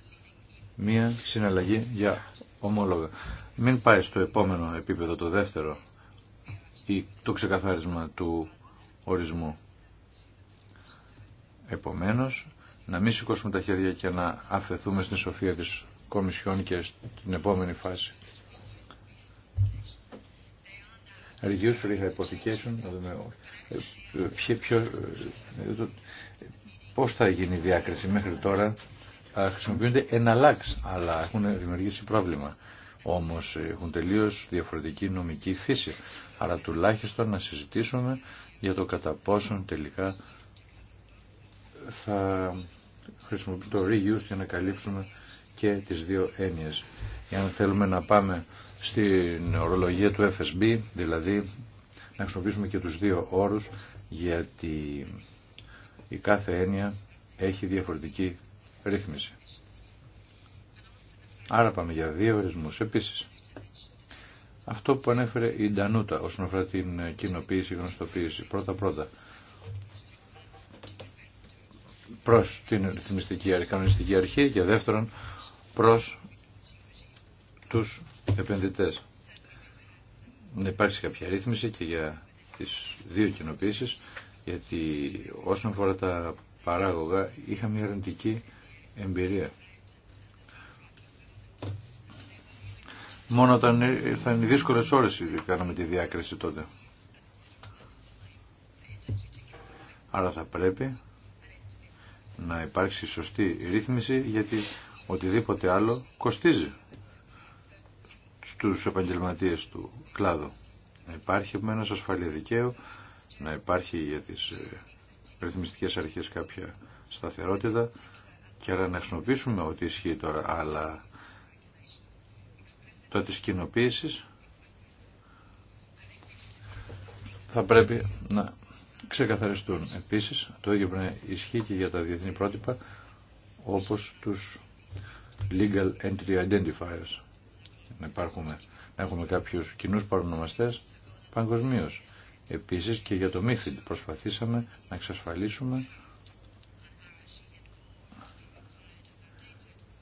μία συναλλαγή για ομόλογα. Μην πάει στο επόμενο επίπεδο, το δεύτερο, ή το ξεκαθάρισμα του ορισμού. Επομένως, να μην σηκώσουμε τα χέρια και να αφαιθούμε στην σοφία της Κομισιόν και στην επόμενη φάση. Reduce ε, ε, ε, πώς θα γίνει η διάκριση μέχρι τώρα. Χρησιμοποιούνται εναλλάξ, αλλά έχουν δημιουργήσει πρόβλημα. Όμως έχουν τελείως διαφορετική νομική φύση. Άρα τουλάχιστον να συζητήσουμε για το κατά πόσον τελικά θα χρησιμοποιεί το reuse για να καλύψουμε και τις δύο έννοιες. Εάν θέλουμε να πάμε στην ορολογία του FSB, δηλαδή να χρησιμοποιήσουμε και τους δύο όρους, γιατί η κάθε έννοια έχει διαφορετική ρύθμιση. Άρα πάμε για δύο ορισμούς. Επίσης, αυτό που ανέφερε η Ντανούτα όσον αφορά την κοινοποίηση, γνωστοποίηση, πρώτα-πρώτα, προς την ρυθμιστική κανονιστική αρχή και δεύτερον προς τους επενδυτές. Να υπάρξει κάποια ρύθμιση και για τις δύο κοινοποίησεις γιατί όσον αφορά τα παράγωγα είχα μια αρνητική εμπειρία. Μόνο όταν ήρθαν οι δύσκολες ώρες κάναμε τη διάκριση τότε. Άρα θα πρέπει να υπάρξει σωστή ρύθμιση γιατί οτιδήποτε άλλο κοστίζει στους επαγγελματίες του κλάδου. Να υπάρχει με ένας ασφαλή δικαίου, να υπάρχει για τις ε, ρυθμιστικές αρχές κάποια σταθερότητα και άρα να χρησιμοποιήσουμε ό,τι ισχύει τώρα, αλλά το της κοινοποίησης θα πρέπει να ξεκαθαριστούν. Επίσης, το ίδιο πρέπει να ισχύει και για τα διεθνή πρότυπα, όπως τους legal entry identifiers. Να, υπάρχουμε, έχουμε κάποιους κοινούς παρονομαστές παγκοσμίω. Επίσης και για το MIFID προσπαθήσαμε να εξασφαλίσουμε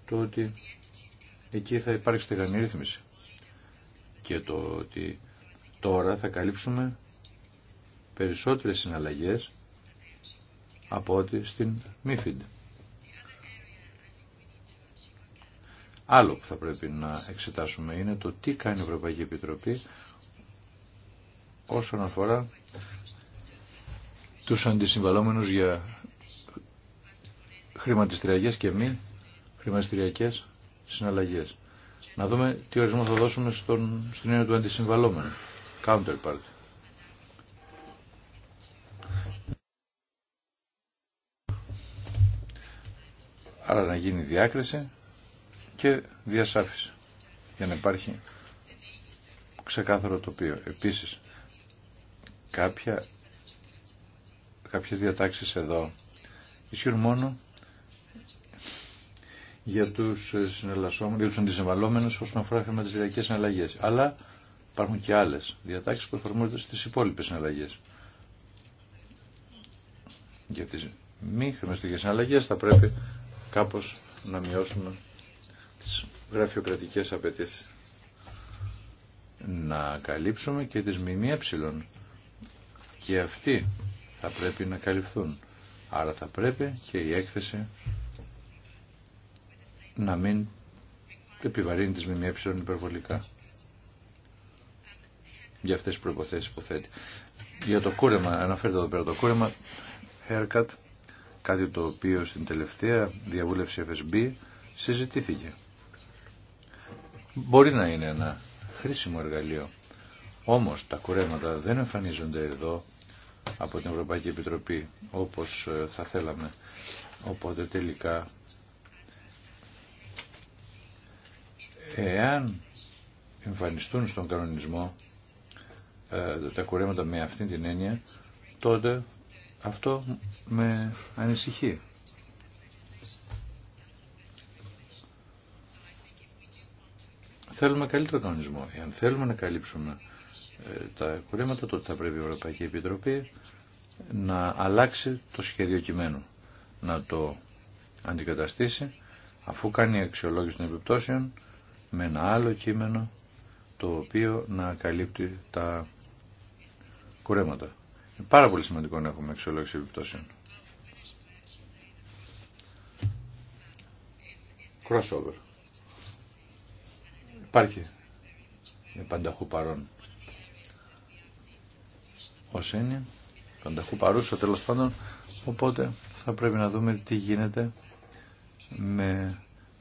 το ότι εκεί θα υπάρξει στεγανή ρύθμιση και το ότι τώρα θα καλύψουμε περισσότερες συναλλαγές από ό,τι στην MIFID. Άλλο που θα πρέπει να εξετάσουμε είναι το τι κάνει η Ευρωπαϊκή Επιτροπή όσον αφορά τους αντισυμβαλόμενους για χρηματιστηριακές και μη χρηματιστηριακές συναλλαγές. Να δούμε τι ορισμό θα δώσουμε στον, στην έννοια του αντισυμβαλόμενου. Counterpart. αλλά να γίνει διάκριση και διασάφηση για να υπάρχει ξεκάθαρο τοπίο. Επίσης, κάποια, κάποιες διατάξεις εδώ ισχύουν μόνο για τους συνελασσόμενους, για τους αντισυμβαλόμενους όσον αφορά χρηματιστηριακές συναλλαγές. Αλλά υπάρχουν και άλλες διατάξεις που εφαρμόζονται στις υπόλοιπες συναλλαγές. Για τις μη χρηματιστηριακές συναλλαγές θα πρέπει κάπως να μειώσουμε τις γραφειοκρατικές απαιτήσεις. Να καλύψουμε και τις ΜΜΕ και αυτοί θα πρέπει να καλυφθούν. Άρα θα πρέπει και η έκθεση να μην επιβαρύνει τις ΜΜΕ υπερβολικά για αυτές τις προϋποθέσεις που θέτει. Για το κούρεμα, αναφέρεται εδώ πέρα το κούρεμα, haircut, κάτι το οποίο στην τελευταία διαβούλευση FSB συζητήθηκε. Μπορεί να είναι ένα χρήσιμο εργαλείο, όμως τα κουρέματα δεν εμφανίζονται εδώ από την Ευρωπαϊκή Επιτροπή όπως ε, θα θέλαμε. Οπότε τελικά, εάν εμφανιστούν στον κανονισμό ε, τα κουρέματα με αυτή την έννοια, τότε αυτό με ανησυχεί. Θέλουμε καλύτερο κανονισμό. Εάν θέλουμε να καλύψουμε ε, τα κουρέματα, τότε θα πρέπει η Ευρωπαϊκή Επιτροπή να αλλάξει το σχέδιο κειμένου, να το αντικαταστήσει, αφού κάνει αξιολόγηση των επιπτώσεων, με ένα άλλο κείμενο, το οποίο να καλύπτει τα κουρέματα. Είναι πάρα πολύ σημαντικό να έχουμε αξιολόγηση επιπτώσεων. Crossover. Υπάρχει. Είναι πανταχού παρόν. Ως έννοια. Πανταχού παρούσα τέλος πάντων. Οπότε θα πρέπει να δούμε τι γίνεται με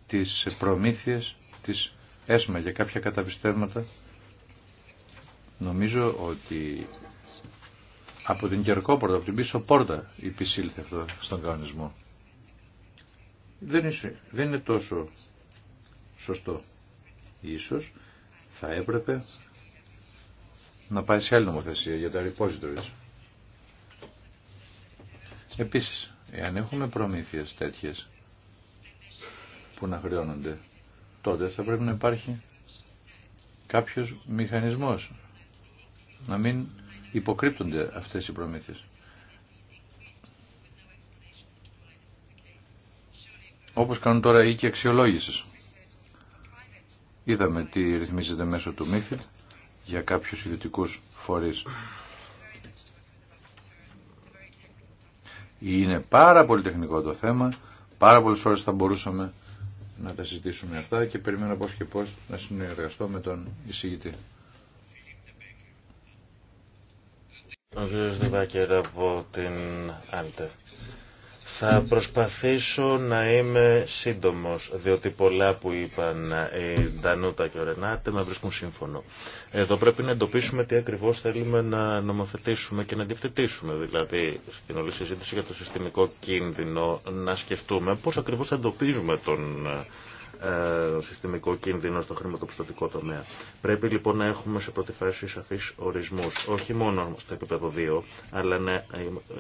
τις προμήθειες της ΕΣΜΑ για κάποια καταπιστεύματα. Νομίζω ότι από την κερκόπορτα, από την πίσω πόρτα υπησύλθε αυτό στον κανονισμό. Δεν, είναι τόσο σωστό. Ίσως θα έπρεπε να πάει σε άλλη νομοθεσία για τα repositories. Επίσης, εάν έχουμε προμήθειες τέτοιες που να χρεώνονται, τότε θα πρέπει να υπάρχει κάποιος μηχανισμός. Να μην υποκρύπτονται αυτές οι προμήθειες. Όπως κάνουν τώρα οι και αξιολόγησης. Είδαμε τι ρυθμίζεται μέσω του Μίφιλ για κάποιους ιδιωτικούς φορείς. Είναι πάρα πολύ τεχνικό το θέμα, πάρα πολλές ώρες θα μπορούσαμε να τα συζητήσουμε αυτά και περιμένω πώς και πώς να συνεργαστώ με τον εισηγητή. Ο την Θα προσπαθήσω να είμαι σύντομος, διότι πολλά που είπαν η Ντανούτα και ο Ρενάτε με βρίσκουν σύμφωνο. Εδώ πρέπει να εντοπίσουμε τι ακριβώς θέλουμε να νομοθετήσουμε και να διευθετήσουμε. Δηλαδή, στην όλη συζήτηση για το συστημικό κίνδυνο, να σκεφτούμε πώς ακριβώς εντοπίζουμε τον ε, συστημικό κίνδυνο στο χρηματοπιστωτικό τομέα. Πρέπει λοιπόν να έχουμε σε πρώτη φάση σαφεί ορισμού, όχι μόνο στο επίπεδο 2, αλλά να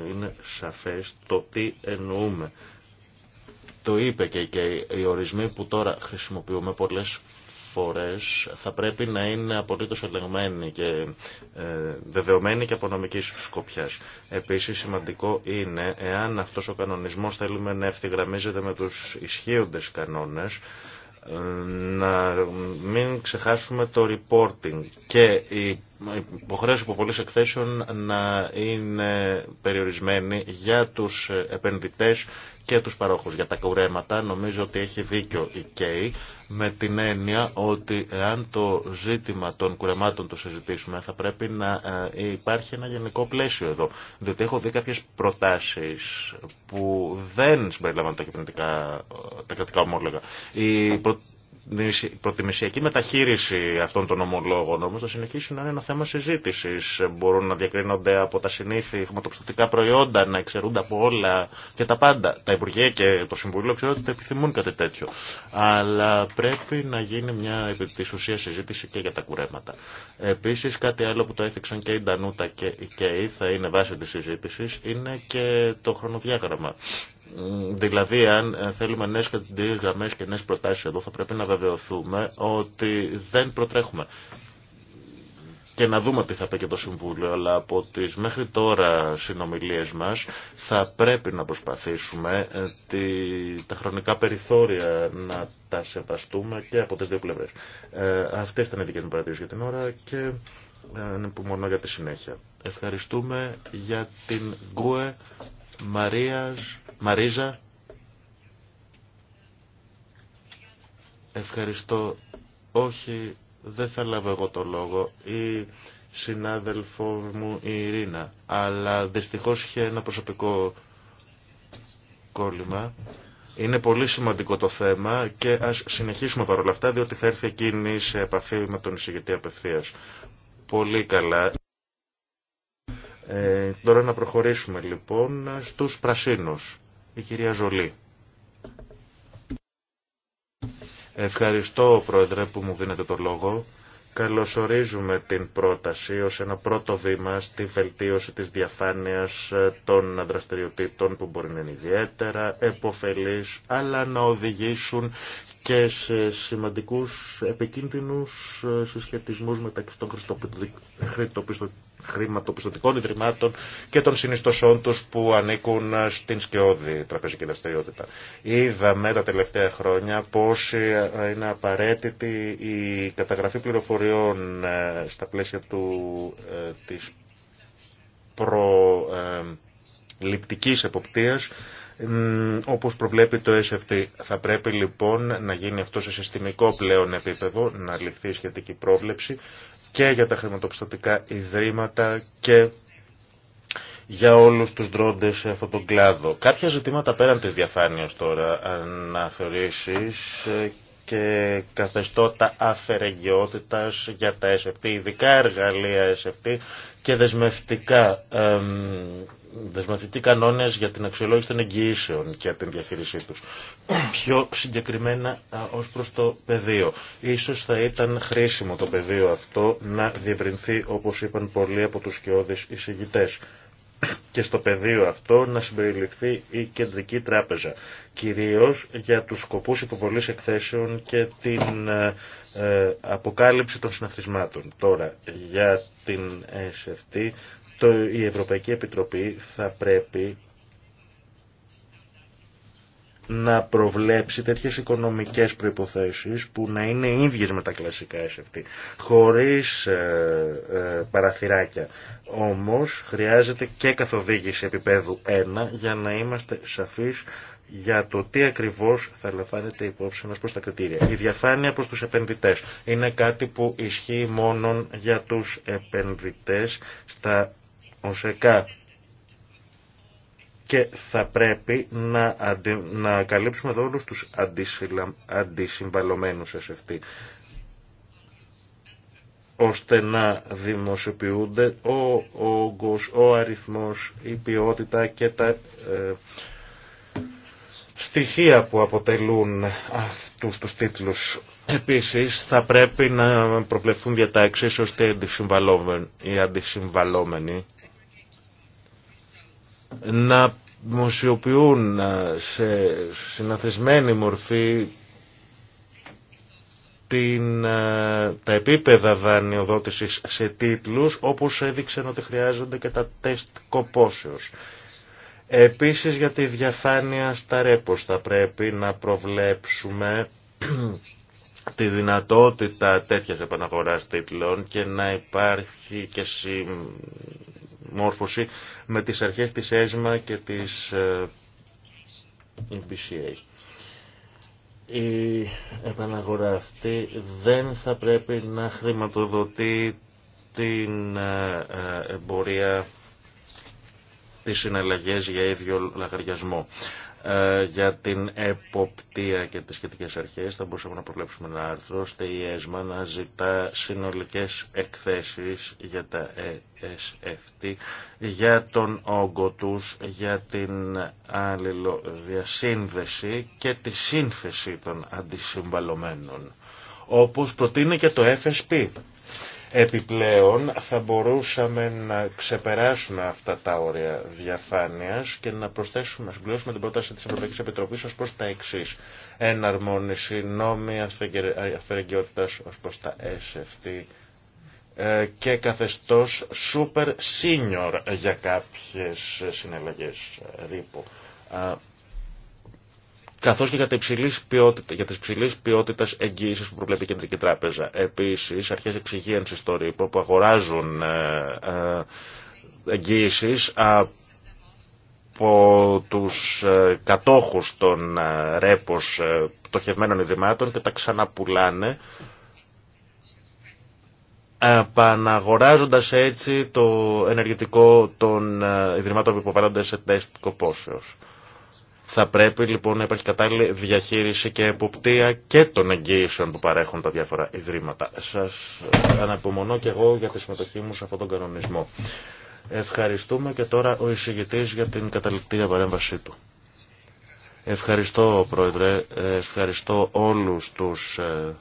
είναι σαφέ το τι εννοούμε. Το είπε και, και οι ορισμοί που τώρα χρησιμοποιούμε πολλές φορές θα πρέπει να είναι απολύτως ελεγμένη και ε, βεβαιωμένοι και από νομική σκοπιά. Επίσης σημαντικό είναι εάν αυτός ο κανονισμός θέλουμε να ευθυγραμμίζεται με τους ισχύοντες κανόνες ε, να μην ξεχάσουμε το reporting και η υποχρέωση από πολλές εκθέσεων να είναι περιορισμένη για τους επενδυτές και τους παρόχους. Για τα κουρέματα νομίζω ότι έχει δίκιο η ΚΕΙ με την έννοια ότι αν το ζήτημα των κουρεμάτων το συζητήσουμε θα πρέπει να ε, υπάρχει ένα γενικό πλαίσιο εδώ. Διότι έχω δει κάποιες προτάσεις που δεν συμπεριλαμβάνουν τα, ε, τα κρατικά ομόλογα προτιμησιακή μεταχείριση αυτών των ομολόγων όμως θα συνεχίσει να είναι ένα θέμα συζήτησης. Μπορούν να διακρίνονται από τα συνήθη χρηματοπιστωτικά προϊόντα, να εξαιρούνται από όλα και τα πάντα. Τα Υπουργεία και το Συμβούλιο ξέρω ότι επιθυμούν κάτι τέτοιο. Αλλά πρέπει να γίνει μια επί συζήτηση και για τα κουρέματα. Επίσης κάτι άλλο που το έθιξαν και η Ντανούτα και η ΚΕΙ θα είναι βάση της συζήτησης είναι και το χρονοδιάγραμμα. Δηλαδή, αν ε, θέλουμε νέε κατηγορίε, γραμμέ και νέε προτάσει εδώ, θα πρέπει να βεβαιωθούμε ότι δεν προτρέχουμε. Και να δούμε τι θα πει και το Συμβούλιο, αλλά από τι μέχρι τώρα συνομιλίε μα θα πρέπει να προσπαθήσουμε ε, τη, τα χρονικά περιθώρια να τα σεβαστούμε και από τι δύο πλευρέ. Ε, Αυτέ ήταν οι δικέ μου παρατηρήσει για την ώρα και ε, μόνο για τη συνέχεια. Ευχαριστούμε για την Γκουε Μαρίας Μαρίζα. Ευχαριστώ. Όχι, δεν θα λάβω εγώ το λόγο. Η συνάδελφό μου η Ειρήνα. Αλλά δυστυχώς είχε ένα προσωπικό κόλλημα. Είναι πολύ σημαντικό το θέμα και ας συνεχίσουμε παρόλα αυτά διότι θα έρθει εκείνη σε επαφή με τον εισηγητή απευθείας. Πολύ καλά. Ε, τώρα να προχωρήσουμε λοιπόν στους πρασίνους η κυρία Ζολή. Ευχαριστώ, Πρόεδρε, που μου δίνετε το λόγο. Καλωσορίζουμε την πρόταση ως ένα πρώτο βήμα στη βελτίωση της διαφάνειας ε, των δραστηριοτήτων που μπορεί να είναι ιδιαίτερα αλλά να οδηγήσουν και σε σημαντικούς επικίνδυνους ε, συσχετισμούς μεταξύ των χρηματοπιστωτικών ιδρυμάτων και των συνιστοσών τους που ανήκουν ε, στην σκιώδη τραπεζική δραστηριότητα. Είδαμε τα τελευταία χρόνια πώς ε, είναι απαραίτητη η καταγραφή πληροφοριών στα πλαίσια του, της προληπτικής εποπτείας όπως προβλέπει το SFT. Θα πρέπει λοιπόν να γίνει αυτό σε συστημικό πλέον επίπεδο, να ληφθεί η σχετική πρόβλεψη και για τα χρηματοπιστωτικά ιδρύματα και για όλους τους δρόντες σε αυτόν τον κλάδο. Κάποια ζητήματα πέραν της διαφάνειας τώρα, αναθεωρήσεις και καθεστώτα αφαιρεγιότητας για τα SFT, ειδικά εργαλεία SFT και δεσμευτικά εμ, δεσμευτεί κανόνες για την αξιολόγηση των εγγυήσεων και την διαχείρισή τους. Πιο συγκεκριμένα ως προς το πεδίο. Ίσως θα ήταν χρήσιμο το πεδίο αυτό να διευρυνθεί όπως είπαν πολλοί από τους σκιώδεις εισηγητές και στο πεδίο αυτό να συμπεριληφθεί η Κεντρική Τράπεζα, κυρίως για τους σκοπούς υποβολής εκθέσεων και την ε, ε, αποκάλυψη των συναθρισμάτων. Τώρα, για την SFT η Ευρωπαϊκή Επιτροπή θα πρέπει να προβλέψει τέτοιες οικονομικές προϋποθέσεις που να είναι ίδιες με τα κλασικά SFT, χωρίς ε, ε, παραθυράκια. Όμως χρειάζεται και καθοδήγηση επίπεδου 1 για να είμαστε σαφείς για το τι ακριβώς θα λαμβάνεται υπόψη μας προς τα κριτήρια. Η διαφάνεια προς τους επενδυτές είναι κάτι που ισχύει μόνο για τους επενδυτές στα κά και θα πρέπει να, να καλύψουμε εδώ όλους τους αντισυλα... αντισυμβαλωμένους σε αυτή ώστε να δημοσιοποιούνται ο όγκος, ο αριθμός, η ποιότητα και τα ε, στοιχεία που αποτελούν αυτούς τους τίτλους. Επίσης θα πρέπει να προβλεφθούν διατάξεις ώστε οι αντισυμβαλόμενοι να δημοσιοποιούν σε συναθεσμένη μορφή την, ε, τα επίπεδα δανειοδότησης σε τίτλους όπως έδειξαν ότι χρειάζονται και τα τεστ κοπόσεως. Επίσης για τη διαφάνεια στα ρέπος θα πρέπει να προβλέψουμε τη δυνατότητα τέτοιας επαναγοράς τίτλων και να υπάρχει και συμμόρφωση με τις αρχές της ΕΣΜΑ και της EBCA. Ε, Η επαναγορά αυτή δεν θα πρέπει να χρηματοδοτεί την ε, ε, εμπορία της συναλλαγές για ίδιο λαγαριασμό. Ε, για την εποπτεία και τις σχετικές αρχές θα μπορούσαμε να προβλέψουμε ένα άρθρο ώστε η να ζητά συνολικές εκθέσεις για τα ESFT ε για τον όγκο τους, για την αλληλοδιασύνδεση και τη σύνθεση των αντισυμβαλωμένων όπως προτείνει και το FSP Επιπλέον θα μπορούσαμε να ξεπεράσουμε αυτά τα όρια διαφάνειας και να προσθέσουμε, να την πρόταση της Ευρωπαϊκής Επιτροπής ως προς τα εξής. Εναρμόνιση, νόμοι αφαιρεγκαιότητα ως προς τα SFT ε, και καθεστώς super senior για κάποιες συνελλαγές ε, ρήπου καθώς και για, ποιότητα, για τις ποιότητας εγγύησης που προβλέπει η Κεντρική Τράπεζα. Επίσης, αρχές εξυγίανσης στο ρήπο που αγοράζουν ε, ε, εγγύησης από τους ε, κατόχους των ρέπος πτωχευμένων ιδρυμάτων και τα ξαναπουλάνε επαναγοράζοντας έτσι το ενεργητικό των ιδρυμάτων που υποβάλλονται σε τεστ κοπόσεως. Θα πρέπει λοιπόν να υπάρχει κατάλληλη διαχείριση και εποπτεία και των εγγύσεων που παρέχουν τα διάφορα ιδρύματα. Σας αναπομονώ και εγώ για τη συμμετοχή μου σε αυτόν τον κανονισμό. Ευχαριστούμε και τώρα ο εισηγητής για την καταληκτή παρέμβασή του. Ευχαριστώ Πρόεδρε, ευχαριστώ όλους τους ε,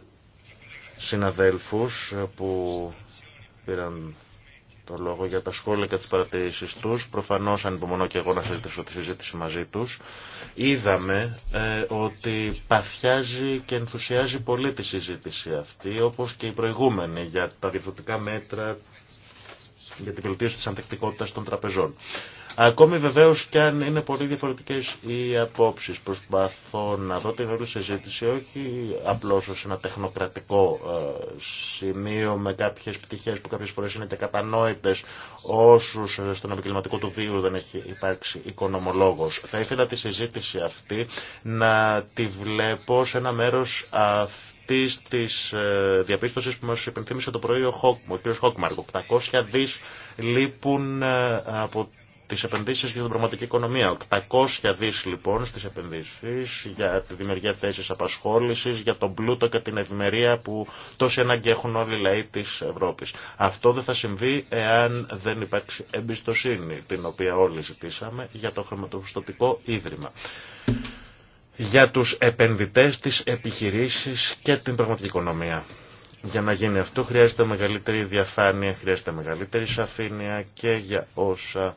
συναδέλφους που πήραν το για τα σχόλια και τις παρατηρήσεις τους. προφανώ ανυπομονώ και εγώ να συζητήσω τη συζήτηση μαζί του. Είδαμε ε, ότι παθιάζει και ενθουσιάζει πολύ τη συζήτηση αυτή, όπως και η προηγούμενη για τα διευθυντικά μέτρα για την βελτίωση τη ανθεκτικότητα των τραπεζών. Ακόμη βεβαίω και αν είναι πολύ διαφορετικέ οι απόψει. Προσπαθώ να δω την όλη συζήτηση όχι απλώ ω ένα τεχνοκρατικό ε, σημείο με κάποιε πτυχέ που κάποιε φορέ είναι και κατανόητε όσου ε, στον επαγγελματικό του βίου δεν έχει υπάρξει οικονομολόγο. Θα ήθελα τη συζήτηση αυτή να τη βλέπω σε ένα μέρο αυτή τη ε, διαπίστωση που μα υπενθύμησε το πρωί ο, Χόκ, ο κ. Χόκμαρκ. 800 δι λείπουν από τι επενδύσει για την πραγματική οικονομία. 800 δι λοιπόν στι επενδύσει για τη δημιουργία θέσει απασχόληση, για τον πλούτο και την ευημερία που τόση ανάγκη έχουν όλοι οι λαοί τη Ευρώπη. Αυτό δεν θα συμβεί εάν δεν υπάρξει εμπιστοσύνη την οποία όλοι ζητήσαμε για το χρηματοπιστωτικό ίδρυμα για του επενδυτέ τις επιχειρήσεις και την πραγματική οικονομία. Για να γίνει αυτό χρειάζεται μεγαλύτερη διαφάνεια, χρειάζεται μεγαλύτερη σαφήνεια και για όσα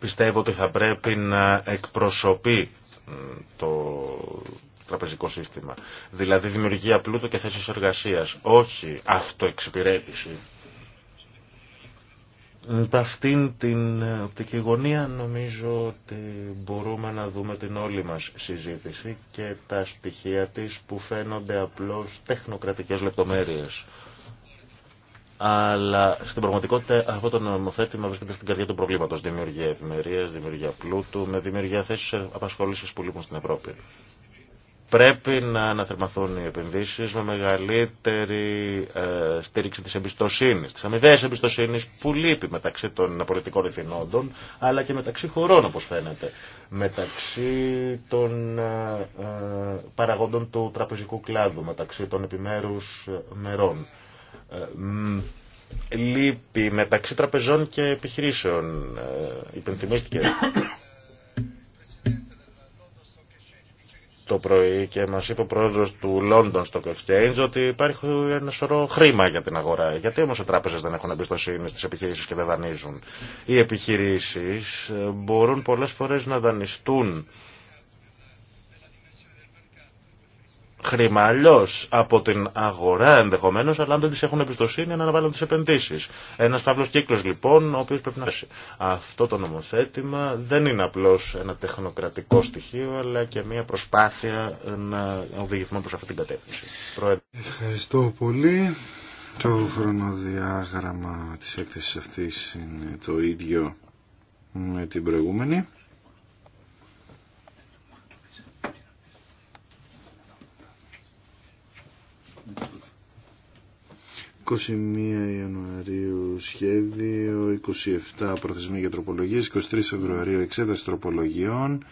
Πιστεύω ότι θα πρέπει να εκπροσωπεί το τραπεζικό σύστημα. Δηλαδή δημιουργία πλούτου και θέσεις εργασίας, όχι αυτοεξυπηρέτηση. Τα αυτήν την ε, οπτική γωνία νομίζω ότι μπορούμε να δούμε την όλη μας συζήτηση και τα στοιχεία της που φαίνονται απλώς τεχνοκρατικές λεπτομέρειες αλλά στην πραγματικότητα αυτό το νομοθέτημα βρίσκεται στην καρδιά του προβλήματο. Δημιουργία ευημερία, δημιουργία πλούτου, με δημιουργία θέσει απασχολήσει που λείπουν στην Ευρώπη. Πρέπει να αναθερμαθούν οι επενδύσει με μεγαλύτερη ε, στήριξη τη εμπιστοσύνη, τη αμοιβαία εμπιστοσύνη που λείπει μεταξύ των πολιτικών ηθινόντων, αλλά και μεταξύ χωρών όπω φαίνεται. Μεταξύ των ε, ε, παραγόντων του τραπεζικού κλάδου, μεταξύ των επιμέρου ε, μερών. Ε, λύπη μεταξύ τραπεζών και επιχειρήσεων. Ε, υπενθυμίστηκε το πρωί και μας είπε ο πρόεδρος του London Stock Exchange ότι υπάρχει ένα σωρό χρήμα για την αγορά. Γιατί όμως οι τράπεζες δεν έχουν εμπιστοσύνη στις επιχειρήσεις και δεν δανείζουν. Οι επιχειρήσεις ε, μπορούν πολλές φορές να δανειστούν χρήμα αλλιώ από την αγορά ενδεχομένω, αλλά αν δεν τι έχουν εμπιστοσύνη να αναβάλουν τι επενδύσει. Ένα φαύλο κύκλο λοιπόν, ο οποίο πρέπει να έρθει. Αυτό το νομοθέτημα δεν είναι απλώ ένα τεχνοκρατικό στοιχείο, αλλά και μια προσπάθεια να οδηγηθούμε προ αυτή την κατεύθυνση. Ευχαριστώ πολύ. Το χρονοδιάγραμμα της έκθεσης αυτής είναι το ίδιο με την προηγούμενη. 21 Ιανουαρίου σχέδιο, 27 προθεσμοί για τροπολογίες, 23 Φεβρουαρίου εξέταση τροπολογιών,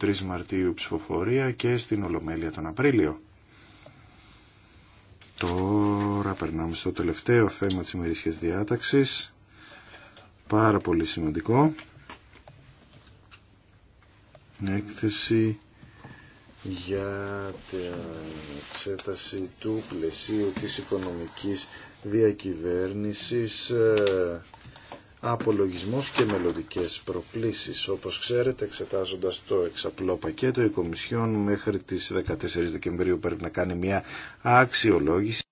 23 Μαρτίου ψηφοφορία και στην Ολομέλεια τον Απρίλιο. Τώρα περνάμε στο τελευταίο θέμα της ημερήσιας διάταξης. Πάρα πολύ σημαντικό. Έκθεση για την εξέταση του πλαισίου της οικονομικής διακυβέρνησης ε, απολογισμός και μελλοντικέ προκλήσεις. Όπως ξέρετε, εξετάζοντας το εξαπλό πακέτο, η Κομισιόν μέχρι τις 14 Δεκεμβρίου πρέπει να κάνει μια αξιολόγηση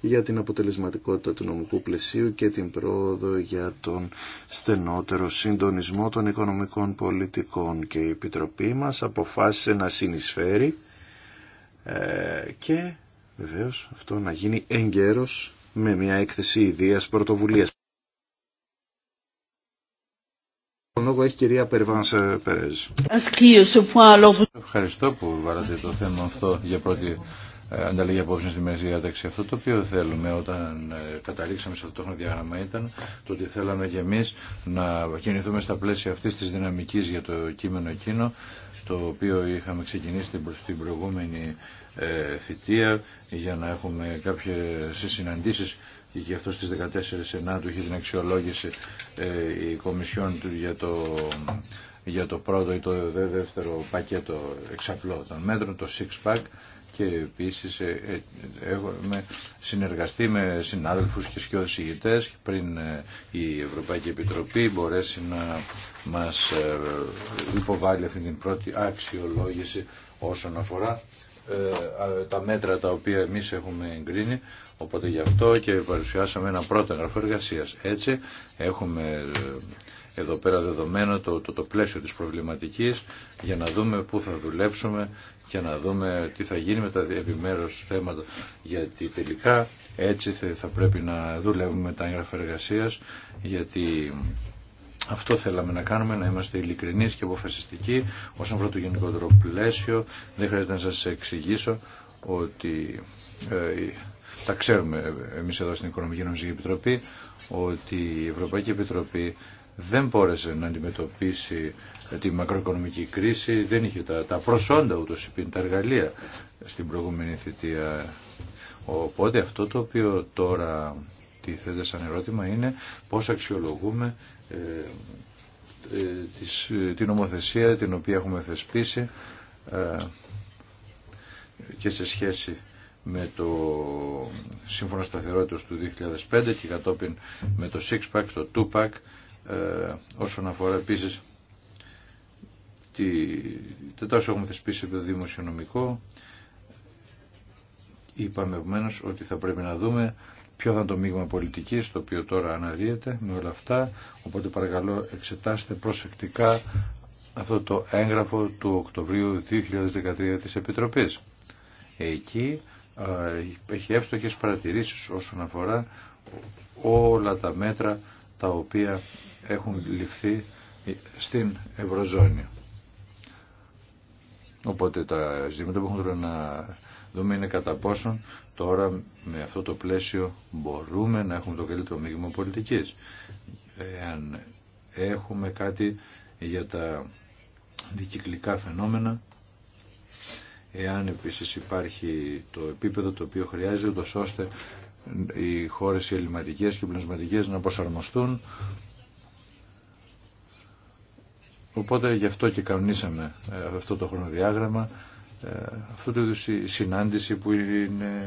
για την αποτελεσματικότητα του νομικού πλαισίου και την πρόοδο για τον στενότερο συντονισμό των οικονομικών πολιτικών και η Επιτροπή μας αποφάσισε να συνεισφέρει ε, και βεβαίως αυτό να γίνει εγκαίρος με μια έκθεση ιδίας πρωτοβουλίας. Ε, Ευχαριστώ που βάλατε το θέμα αυτό για πρώτη ε, ανταλλαγή απόψεων στη μέση διάταξη. Αυτό το οποίο θέλουμε όταν ε, καταλήξαμε σε αυτό το χρονοδιάγραμμα ήταν το ότι θέλαμε και εμεί να κινηθούμε στα πλαίσια αυτή τη δυναμική για το κείμενο εκείνο το οποίο είχαμε ξεκινήσει στην προηγούμενη ε, θητεία για να έχουμε κάποιε συναντήσει και γι' αυτό στις 14 του είχε την αξιολόγηση η Κομισιόν του για το, για το πρώτο ή το δεύτερο πακέτο εξαπλώ των μέτρων, το six pack και επίσης ε, ε, έχουμε συνεργαστεί με συνάδελφους και σκιώδης πριν ε, η Ευρωπαϊκή Επιτροπή μπορέσει να μας υποβάλει αυτή την πρώτη αξιολόγηση όσον αφορά τα μέτρα τα οποία εμείς έχουμε εγκρίνει οπότε γι' αυτό και παρουσιάσαμε ένα πρώτο εγγραφό εργασία. έτσι έχουμε εδώ πέρα δεδομένο το, το, το πλαίσιο της προβληματικής για να δούμε πού θα δουλέψουμε για να δούμε τι θα γίνει με τα επιμέρους θέματα. Γιατί τελικά έτσι θα πρέπει να δουλεύουμε με τα έγγραφα εργασία, γιατί αυτό θέλαμε να κάνουμε, να είμαστε ειλικρινεί και αποφασιστικοί όσον αφορά το γενικότερο πλαίσιο. Δεν χρειάζεται να σας εξηγήσω ότι ε, τα ξέρουμε εμείς εδώ στην Οικονομική Νομιστική Επιτροπή ότι η Ευρωπαϊκή Επιτροπή δεν μπόρεσε να αντιμετωπίσει τη μακροοικονομική κρίση, δεν είχε τα, προσόντα ούτως είπε, τα εργαλεία στην προηγούμενη θητεία. Οπότε αυτό το οποίο τώρα τίθεται σαν ερώτημα είναι πώς αξιολογούμε ε, ε, της, ε, την ομοθεσία την οποία έχουμε θεσπίσει και σε σχέση με το Σύμφωνο Σταθερότητας του 2005 και κατόπιν με το 6 Pack, το 2 Pack ε, όσον αφορά επίσης τη, τόσο έχουμε θεσπίσει το δημοσιονομικό είπαμε επομένως ότι θα πρέπει να δούμε ποιο θα είναι το μείγμα πολιτικής το οποίο τώρα αναδύεται με όλα αυτά οπότε παρακαλώ εξετάστε προσεκτικά αυτό το έγγραφο του Οκτωβρίου 2013 της Επιτροπής εκεί ε, έχει εύστοχες παρατηρήσεις όσον αφορά όλα τα μέτρα τα οποία έχουν ληφθεί στην Ευρωζώνη. Οπότε τα ζήματα που έχουν να δούμε είναι κατά πόσον τώρα με αυτό το πλαίσιο μπορούμε να έχουμε το καλύτερο μείγμα πολιτικής. Εάν έχουμε κάτι για τα δικυκλικά φαινόμενα, εάν επίσης υπάρχει το επίπεδο το οποίο χρειάζεται, ώστε οι χώρες οι και οι να προσαρμοστούν. Οπότε γι' αυτό και κανονίσαμε ε, αυτό το χρονοδιάγραμμα, ε, αυτού του συνάντηση που είναι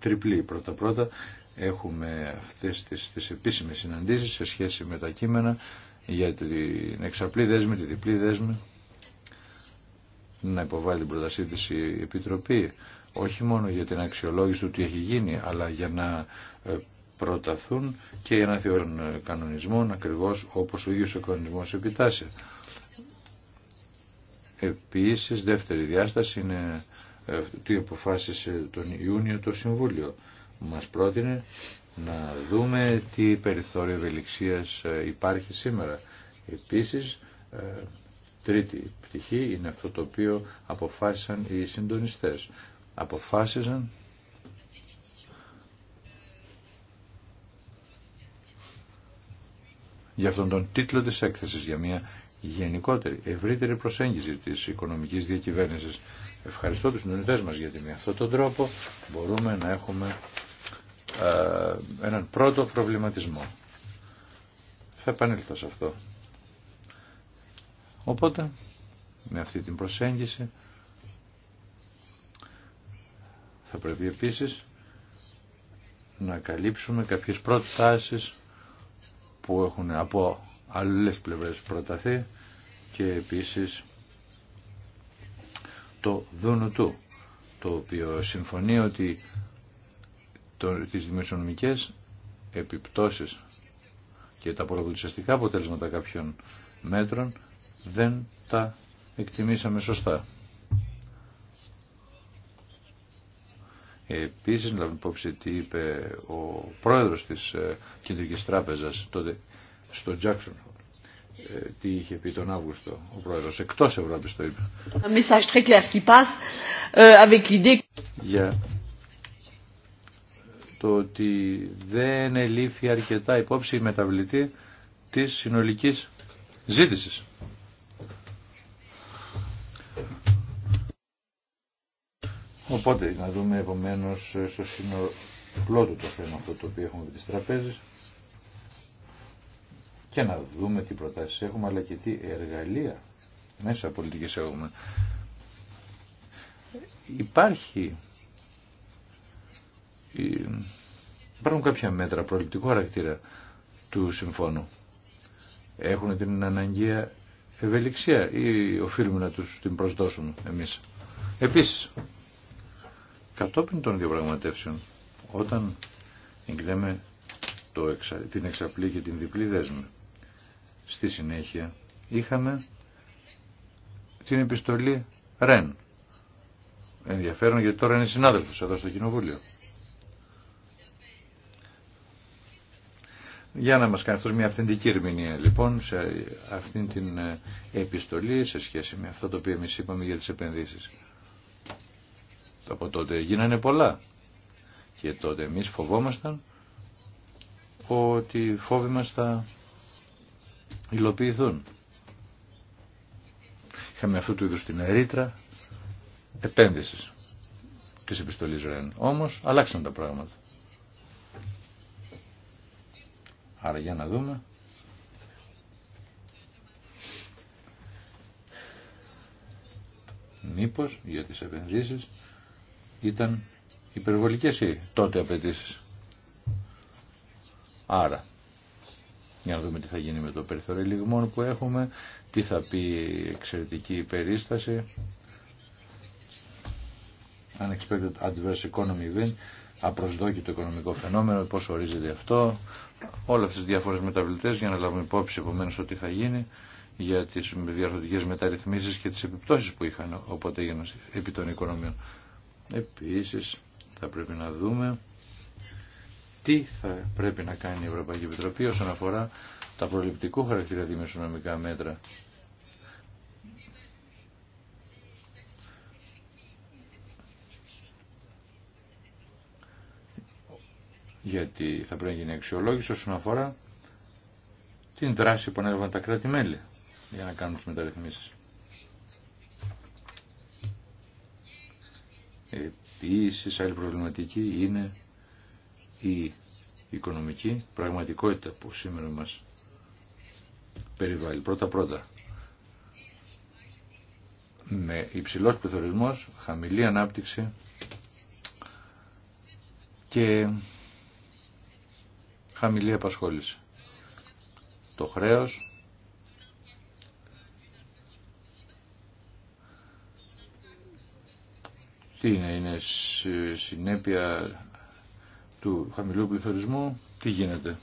τριπλή. Πρώτα-πρώτα έχουμε αυτές τις, τις επίσημες συναντήσεις σε σχέση με τα κείμενα για την εξαπλή δέσμη, τη διπλή δέσμη, να υποβάλει την προτασίδηση η Επιτροπή όχι μόνο για την αξιολόγηση του τι έχει γίνει, αλλά για να ε, προταθούν και για να θεωρούν ε, κανονισμών, ακριβώς όπως ο ίδιος ο κανονισμός επιτάσσει. Επίσης, δεύτερη διάσταση είναι ε, τι αποφάσισε τον Ιούνιο το Συμβούλιο. Μας πρότεινε να δούμε τι περιθώριο ευελιξίας υπάρχει σήμερα. Επίσης, τρίτη πτυχή είναι αυτό το οποίο αποφάσισαν οι συντονιστές αποφάσιζαν για αυτόν τον τίτλο της έκθεσης, για μια γενικότερη, ευρύτερη προσέγγιση της οικονομικής διακυβέρνησης. Ευχαριστώ τους συντονιτές μας γιατί με αυτόν τον τρόπο μπορούμε να έχουμε ε, έναν πρώτο προβληματισμό. Θα επανέλθω σε αυτό. Οπότε, με αυτή την προσέγγιση θα πρέπει επίσης να καλύψουμε κάποιες προτάσεις που έχουν από άλλες πλευρές προταθεί και επίσης το δούνου του, το οποίο συμφωνεί ότι το, τις δημοσιονομικές επιπτώσεις και τα απολογιστικά αποτέλεσματα κάποιων μέτρων δεν τα εκτιμήσαμε σωστά. Επίσης, λάβουμε υπόψη τι είπε ο πρόεδρος της ε, Κεντρικής Τράπεζας τότε στο Τζάκσον. Ε, τι είχε πει τον Αύγουστο ο πρόεδρος εκτός Ευρώπης το είπε. Euh, για το ότι δεν ελήφθη αρκετά υπόψη η μεταβλητή της συνολικής ζήτησης. Οπότε να δούμε επομένω στο σύνολό του το θέμα αυτό το οποίο έχουμε με τις τραπέζες και να δούμε τι προτάσεις έχουμε αλλά και τι εργαλεία μέσα πολιτικής έχουμε. Υπάρχει ε, υπάρχουν κάποια μέτρα προληπτικού χαρακτήρα του συμφώνου. Έχουν την αναγκαία ευελιξία ή οφείλουμε να τους την προσδώσουμε εμείς. Επίσης, Κατόπιν των διαπραγματεύσεων, όταν εγκλέμε το την εξαπλή και την διπλή δέσμη, στη συνέχεια είχαμε την επιστολή Ρεν. Ενδιαφέρον γιατί τώρα είναι συνάδελφος εδώ στο Κοινοβούλιο. Για να μας κάνει αυτός μια αυθεντική ερμηνεία λοιπόν σε αυτήν την ε, επιστολή σε σχέση με αυτό το οποίο εμείς είπαμε για τις επενδύσεις. Από τότε γίνανε πολλά. Και τότε εμείς φοβόμασταν ότι οι φόβοι μας θα υλοποιηθούν. Είχαμε αυτού του είδους την ρήτρα επένδυσης της επιστολής Ρεν. Όμως αλλάξαν τα πράγματα. Άρα για να δούμε. Μήπως για τις επενδύσεις ήταν υπερβολικές οι τότε απαιτήσει. Άρα, για να δούμε τι θα γίνει με το περιθώριο λιγμών που έχουμε, τι θα πει η εξαιρετική υπερίσταση, unexpected adverse economy event, απροσδόκητο οικονομικό φαινόμενο, πώς ορίζεται αυτό, όλες αυτές τις διάφορες μεταβλητές για να λάβουμε υπόψη επομένως ότι θα γίνει για τις διαρθωτικές μεταρρυθμίσεις και τις επιπτώσεις που είχαν οπότε έγιναν επί των οικονομιών. Επίσης θα πρέπει να δούμε τι θα πρέπει να κάνει η Ευρωπαϊκή Επιτροπή όσον αφορά τα προληπτικού χαρακτήρα δημοσιονομικά μέτρα. Γιατί θα πρέπει να γίνει αξιολόγηση όσον αφορά την δράση που ανέλαβαν τα κράτη-μέλη για να κάνουν τις μεταρρυθμίσεις. Επίσης, άλλη προβληματική είναι η οικονομική πραγματικότητα που σήμερα μας περιβάλλει. Πρώτα-πρώτα, με υψηλός πληθωρισμός, χαμηλή ανάπτυξη και χαμηλή απασχόληση. Το χρέος Τι είναι, είναι συνέπεια του χαμηλού πληθωρισμού, τι γίνεται.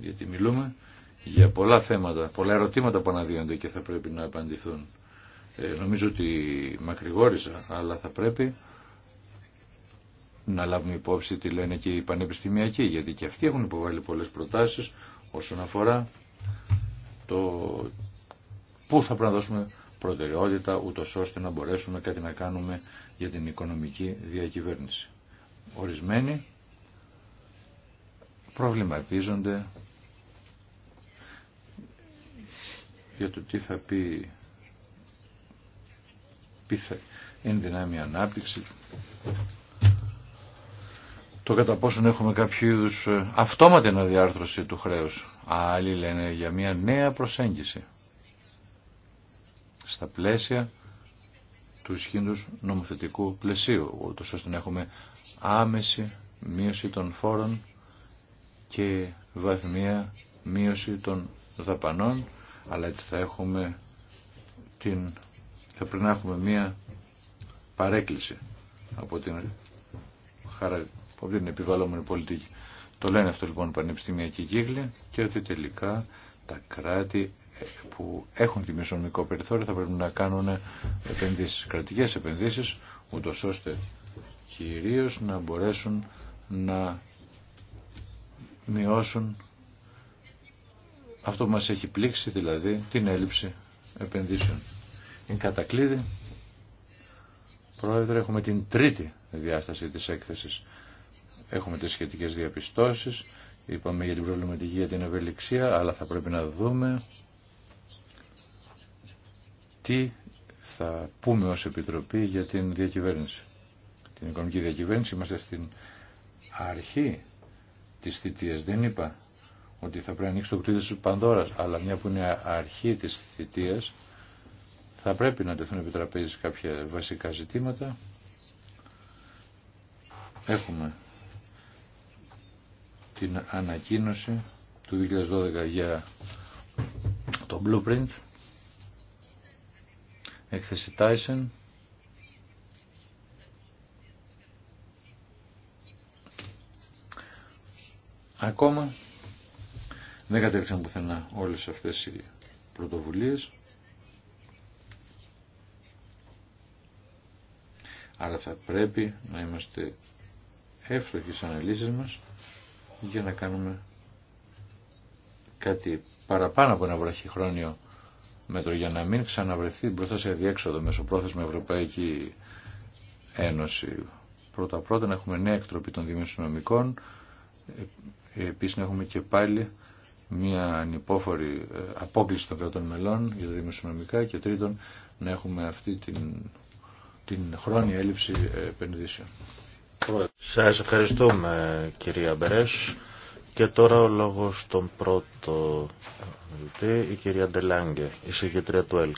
Γιατί μιλούμε για πολλά θέματα, πολλά ερωτήματα που αναδύονται και θα πρέπει να απαντηθούν. Ε, νομίζω ότι μακρηγόρησα, αλλά θα πρέπει να λάβουμε υπόψη τι λένε και οι πανεπιστημιακοί, γιατί και αυτοί έχουν υποβάλει πολλές προτάσεις όσον αφορά το πού θα πρέπει να προτεραιότητα ούτως ώστε να μπορέσουμε κάτι να κάνουμε για την οικονομική διακυβέρνηση. Ορισμένοι προβληματίζονται για το τι θα πει πίθε εν δυνάμει ανάπτυξη το κατά πόσον έχουμε κάποιο είδου ε, αυτόματη αναδιάρθρωση του χρέους. Άλλοι λένε για μια νέα προσέγγιση στα πλαίσια του ισχύντος νομοθετικού πλαισίου, ούτως ώστε να έχουμε άμεση μείωση των φόρων και βαθμία μείωση των δαπανών, αλλά έτσι θα έχουμε την... θα πρέπει να έχουμε μία παρέκκληση από την, χαρα... από την επιβαλλόμενη πολιτική. Το λένε αυτό λοιπόν πανεπιστημιακοί κύκλοι και ότι τελικά τα κράτη που έχουν μισονομικό περιθώριο θα πρέπει να κάνουν επενδύσεις, κρατικές επενδύσεις, ούτω ώστε κυρίως να μπορέσουν να μειώσουν αυτό που μας έχει πλήξει, δηλαδή την έλλειψη επενδύσεων. Είναι κατακλείδη. Πρόεδρε, έχουμε την τρίτη διάσταση της έκθεσης. Έχουμε τις σχετικές διαπιστώσεις, είπαμε για την προβληματική για την ευελιξία, αλλά θα πρέπει να δούμε τι θα πούμε ως Επιτροπή για την διακυβέρνηση. Την οικονομική διακυβέρνηση είμαστε στην αρχή της θητείας. Δεν είπα ότι θα πρέπει να ανοίξει το κτίριο της Πανδώρας, αλλά μια που είναι αρχή της θητείας θα πρέπει να τεθούν επιτραπέζεις κάποια βασικά ζητήματα. Έχουμε την ανακοίνωση του 2012 για το blueprint έκθεση Tyson. Ακόμα δεν κατέληξαν πουθενά όλες αυτές οι πρωτοβουλίες. Άρα θα πρέπει να είμαστε εύστοχοι στις αναλύσεις μας για να κάνουμε κάτι παραπάνω από ένα βραχυχρόνιο μέτρο για να μην ξαναβρεθεί μπροστά σε διέξοδο μεσοπρόθεσμα Ευρωπαϊκή Ένωση. Πρώτα-πρώτα να έχουμε νέα εκτροπή των δημοσιονομικών, ε, επίσης να έχουμε και πάλι μια ανυπόφορη ε, απόκληση των κρατών μελών για τα δημοσιονομικά και τρίτον να έχουμε αυτή την, την χρόνια έλλειψη ε, επενδύσεων. Σας ευχαριστούμε κυρία Μπερές. Και τώρα ο λόγος στον πρώτο μιλητή, η κυρία Ντελάγκε, η συγκεκριά του ΕΛΚ.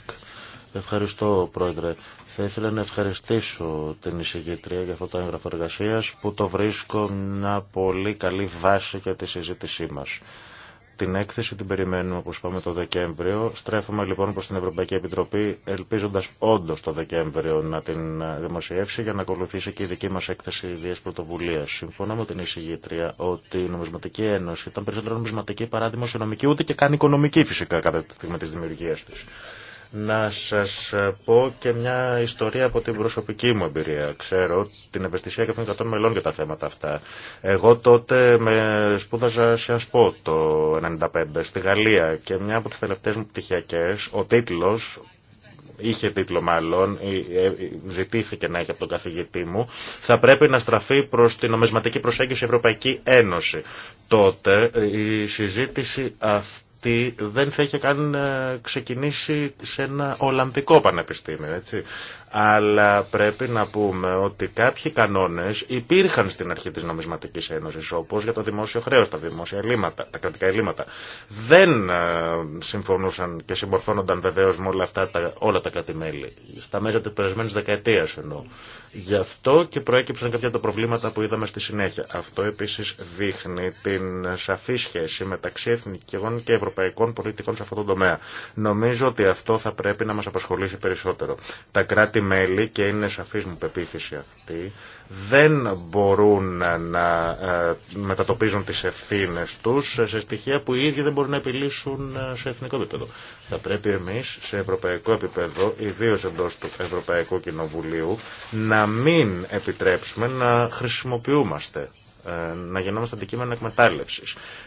Ευχαριστώ, Πρόεδρε. Θα ήθελα να ευχαριστήσω την εισηγητρία για αυτό το έγγραφο εργασίας που το βρίσκω μια πολύ καλή βάση για τη συζήτησή μας. Την έκθεση την περιμένουμε, όπως είπαμε, το Δεκέμβριο. Στρέφουμε λοιπόν προς την Ευρωπαϊκή Επιτροπή, ελπίζοντας όντως το Δεκέμβριο να την ε, δημοσιεύσει για να ακολουθήσει και η δική μας έκθεση ιδίας πρωτοβουλία. Συμφωνώ με την εισηγήτρια ότι η Νομισματική Ένωση ήταν περισσότερο νομισματική παρά δημοσιονομική, ούτε και καν οικονομική φυσικά κατά τη στιγμή της δημιουργίας της να σας πω και μια ιστορία από την προσωπική μου εμπειρία. Ξέρω την ευαισθησία και των 100 μελών για τα θέματα αυτά. Εγώ τότε με σπούδαζα σε ασπό το 1995 στη Γαλλία και μια από τις τελευταίες μου πτυχιακές, ο τίτλος είχε τίτλο μάλλον, ε, ε, ζητήθηκε να έχει από τον καθηγητή μου, θα πρέπει να στραφεί προς την νομισματική προσέγγιση Ευρωπαϊκή Ένωση. Τότε ε, η συζήτηση αυτή ότι δεν θα είχε καν ε, ξεκινήσει σε ένα Ολλανδικό πανεπιστήμιο, έτσι. Αλλά πρέπει να πούμε ότι κάποιοι κανόνες υπήρχαν στην αρχή της νομισματικής ένωσης, όπως για το δημόσιο χρέος, τα δημόσια ελλείμματα, τα κρατικά ελλείμματα. Δεν ε, συμφωνούσαν και συμπορθώνονταν βεβαίω με όλα αυτά τα, όλα τα κράτη-μέλη, στα μέσα της περασμένης δεκαετίας εννοώ. Γι' αυτό και προέκυψαν κάποια τα προβλήματα που είδαμε στη συνέχεια. Αυτό επίσης δείχνει την σαφή σχέση μεταξύ εθνικών και ευρωπαϊκών πολιτικών σε αυτό τον τομέα. Νομίζω ότι αυτό θα πρέπει να μας απασχολήσει περισσότερο. Τα κράτη-μέλη, και είναι σαφής μου πεποίθηση αυτή, δεν μπορούν να ε, μετατοπίζουν τις ευθύνες τους σε στοιχεία που οι ίδιοι δεν μπορούν να επιλύσουν ε, σε εθνικό επίπεδο. Θα πρέπει εμείς σε ευρωπαϊκό επίπεδο, ιδίως εντός του Ευρωπαϊκού Κοινοβουλίου, να μην επιτρέψουμε να χρησιμοποιούμαστε ε, να γινόμαστε αντικείμενα εκμετάλλευση.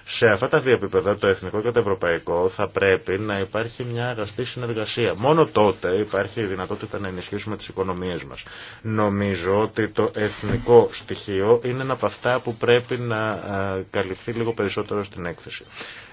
Σε αυτά τα δύο επίπεδα, το εθνικό και το ευρωπαϊκό, θα πρέπει να υπάρχει μια αγαστή συνεργασία. Μόνο τότε υπάρχει η δυνατότητα να ενισχύσουμε τι οικονομίε μα. Νομίζω ότι το εθνικό στοιχείο είναι ένα από αυτά που πρέπει να ε, καλυφθεί λίγο περισσότερο στην έκθεση.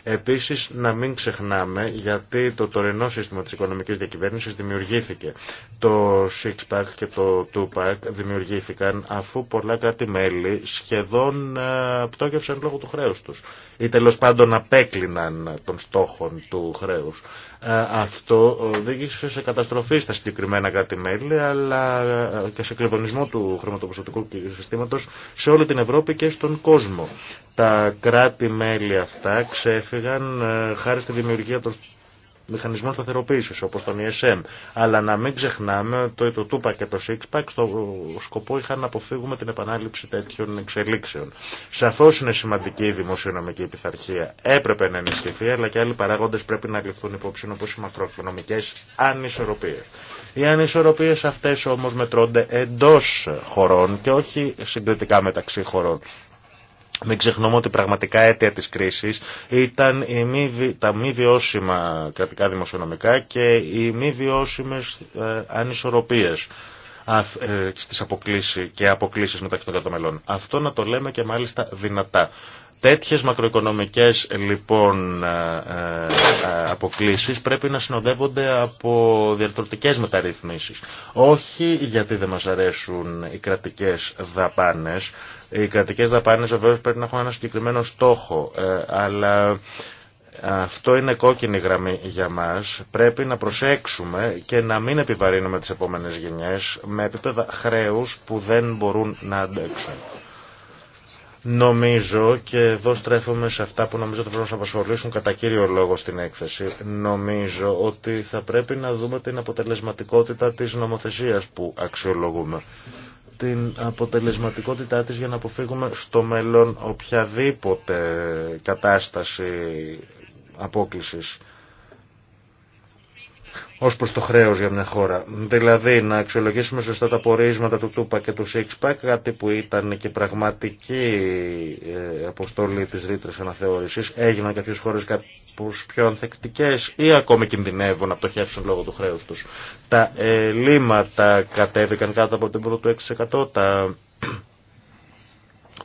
Επίσης να μην ξεχνάμε γιατί το τωρινό σύστημα της οικονομικής διακυβέρνησης δημιουργήθηκε. Το Six και το Two δημιουργήθηκαν αφού πολλά κράτη-μέλη σχεδόν ε, πτώκευσαν λόγω του χρέους τους ή τέλος πάντων απέκλειναν των στόχων του χρέους. Ε, αυτό οδήγησε σε καταστροφή στα συγκεκριμένα κράτη-μέλη αλλά ε, και σε κλειδονισμό του χρηματοπιστωτικού συστήματος σε όλη την Ευρώπη και στον κόσμο. Τα κράτη-μέλη αυτά ξέφυγαν ε, χάρη στη δημιουργία των μηχανισμών σταθεροποίηση όπω τον ESM. Αλλά να μην ξεχνάμε ότι το Τούπα και το SIXPAC στο σκοπό είχαν να αποφύγουμε την επανάληψη τέτοιων εξελίξεων. Σαφώ είναι σημαντική η δημοσιονομική πειθαρχία. Έπρεπε να ενισχυθεί, αλλά και άλλοι παράγοντε πρέπει να ληφθούν υπόψη όπω οι μακροοικονομικέ ανισορροπίε. Οι ανισορροπίε αυτέ όμω μετρώνται εντό χωρών και όχι συγκριτικά μεταξύ χωρών. Μην ξεχνούμε ότι πραγματικά αίτια της κρίσης ήταν η μη, τα μη βιώσιμα κρατικά δημοσιονομικά και οι μη βιώσιμες ε, ανισορροπίες ε, στις και αποκλήσεις μεταξύ των κατομελών. Αυτό να το λέμε και μάλιστα δυνατά. Τέτοιες μακροοικονομικές λοιπόν ε, ε, αποκλήσεις πρέπει να συνοδεύονται από διαρθρωτικές μεταρρυθμίσεις. Όχι γιατί δεν μας αρέσουν οι κρατικές δαπάνες, οι κρατικές δαπάνες βεβαίω πρέπει να έχουν ένα συγκεκριμένο στόχο, ε, αλλά αυτό είναι κόκκινη γραμμή για μας. Πρέπει να προσέξουμε και να μην επιβαρύνουμε τις επόμενες γενιές με επίπεδα χρέους που δεν μπορούν να αντέξουν. Νομίζω, και εδώ στρέφομαι σε αυτά που νομίζω θα πρέπει να μας απασχολήσουν κατά κύριο λόγο στην έκθεση, νομίζω ότι θα πρέπει να δούμε την αποτελεσματικότητα της νομοθεσίας που αξιολογούμε την αποτελεσματικότητά της για να αποφύγουμε στο μέλλον οποιαδήποτε κατάσταση απόκλησης ως προς το χρέος για μια χώρα. Δηλαδή να αξιολογήσουμε σωστά τα πορίσματα του Τούπα και του ΣΥΚΣΠΑΚ, κάτι που ήταν και πραγματική ε, αποστολή της ρήτρας αναθεώρησης. Έγιναν κάποιες χώρες κάπως πιο ανθεκτικές ή ακόμη κινδυνεύουν να πτωχεύσουν λόγω του χρέους τους. Τα ελλείμματα κατέβηκαν κάτω από την πρώτο του 6%, τα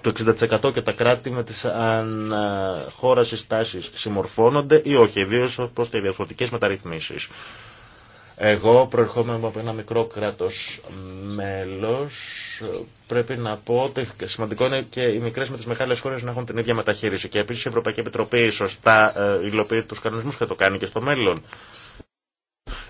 το 60% και τα κράτη με τις χώρας συστάσεις συμμορφώνονται ή όχι, ιδίω προς τις διαφορετικές μεταρρυθμίσεις. Εγώ προερχόμαι από ένα μικρό κράτος μέλος. Πρέπει να πω ότι σημαντικό είναι και οι μικρές με τις μεγάλες χώρες να έχουν την ίδια μεταχείριση. Και επίσης η Ευρωπαϊκή Επιτροπή σωστά ε, υλοποιεί τους κανονισμούς και το κάνει και στο μέλλον.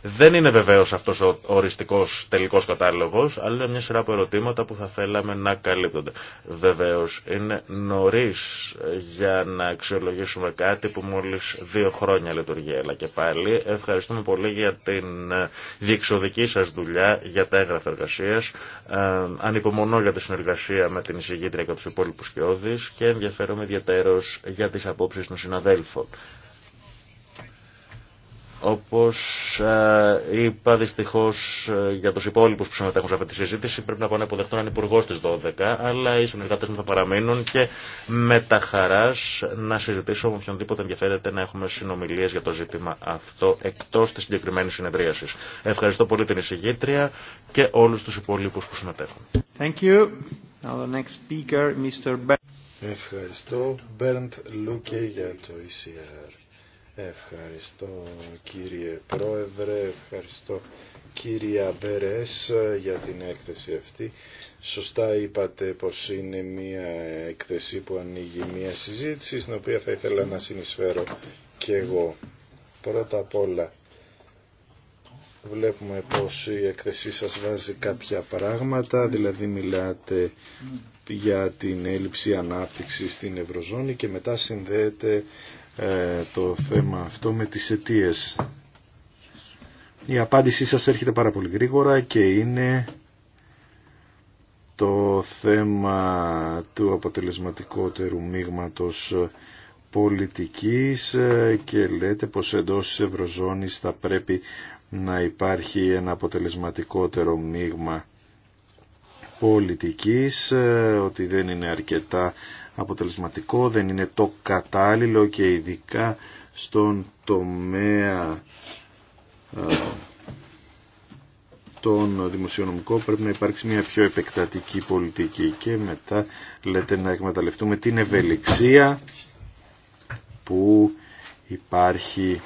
Δεν είναι βεβαίως αυτός ο οριστικός τελικός κατάλογος, αλλά είναι μια σειρά από ερωτήματα που θα θέλαμε να καλύπτονται. Βεβαίως είναι νωρίς για να αξιολογήσουμε κάτι που μόλις δύο χρόνια λειτουργεί, αλλά και πάλι ευχαριστούμε πολύ για την διεξοδική σας δουλειά, για τα έγγραφα εργασίας. Ε, ανυπομονώ για τη συνεργασία με την εισηγήτρια και τους υπόλοιπους και ενδιαφέρομαι ιδιαίτερως για τις απόψεις των συναδέλφων. Όπως ε, είπα δυστυχώς ε, για τους υπόλοιπους που συμμετέχουν σε αυτή τη συζήτηση πρέπει να πω να υποδεχτώ έναν υπουργό στις 12 αλλά οι συνεργατές μου θα παραμείνουν και με τα χαράς να συζητήσω με οποιονδήποτε ενδιαφέρεται να έχουμε συνομιλίες για το ζήτημα αυτό εκτός της συγκεκριμένη συνεδρίασης. Ευχαριστώ πολύ την εισηγήτρια και όλους τους υπολείπους που συμμετέχουν. Thank you. Now the next speaker, Mr. Ευχαριστώ, Bernd για το ECR. Ευχαριστώ κύριε Πρόεδρε, ευχαριστώ κύρια Μπερές για την έκθεση αυτή. Σωστά είπατε πως είναι μια έκθεση που ανοίγει μια συζήτηση στην οποία θα ήθελα να συνεισφέρω και εγώ. Πρώτα απ' όλα βλέπουμε πως η έκθεσή σας βάζει κάποια πράγματα, δηλαδή μιλάτε για την έλλειψη ανάπτυξης στην Ευρωζώνη και μετά συνδέεται ε, το θέμα αυτό με τις αιτίε. Η απάντησή σας έρχεται πάρα πολύ γρήγορα και είναι το θέμα του αποτελεσματικότερου μείγματος πολιτικής ε, και λέτε πως εντός της Ευρωζώνης θα πρέπει να υπάρχει ένα αποτελεσματικότερο μείγμα πολιτικής, ε, ότι δεν είναι αρκετά αποτελεσματικό, δεν είναι το κατάλληλο και ειδικά στον τομέα τον δημοσιονομικό πρέπει να υπάρξει μια πιο επεκτατική πολιτική και μετά λέτε να εκμεταλλευτούμε την ευελιξία που υπάρχει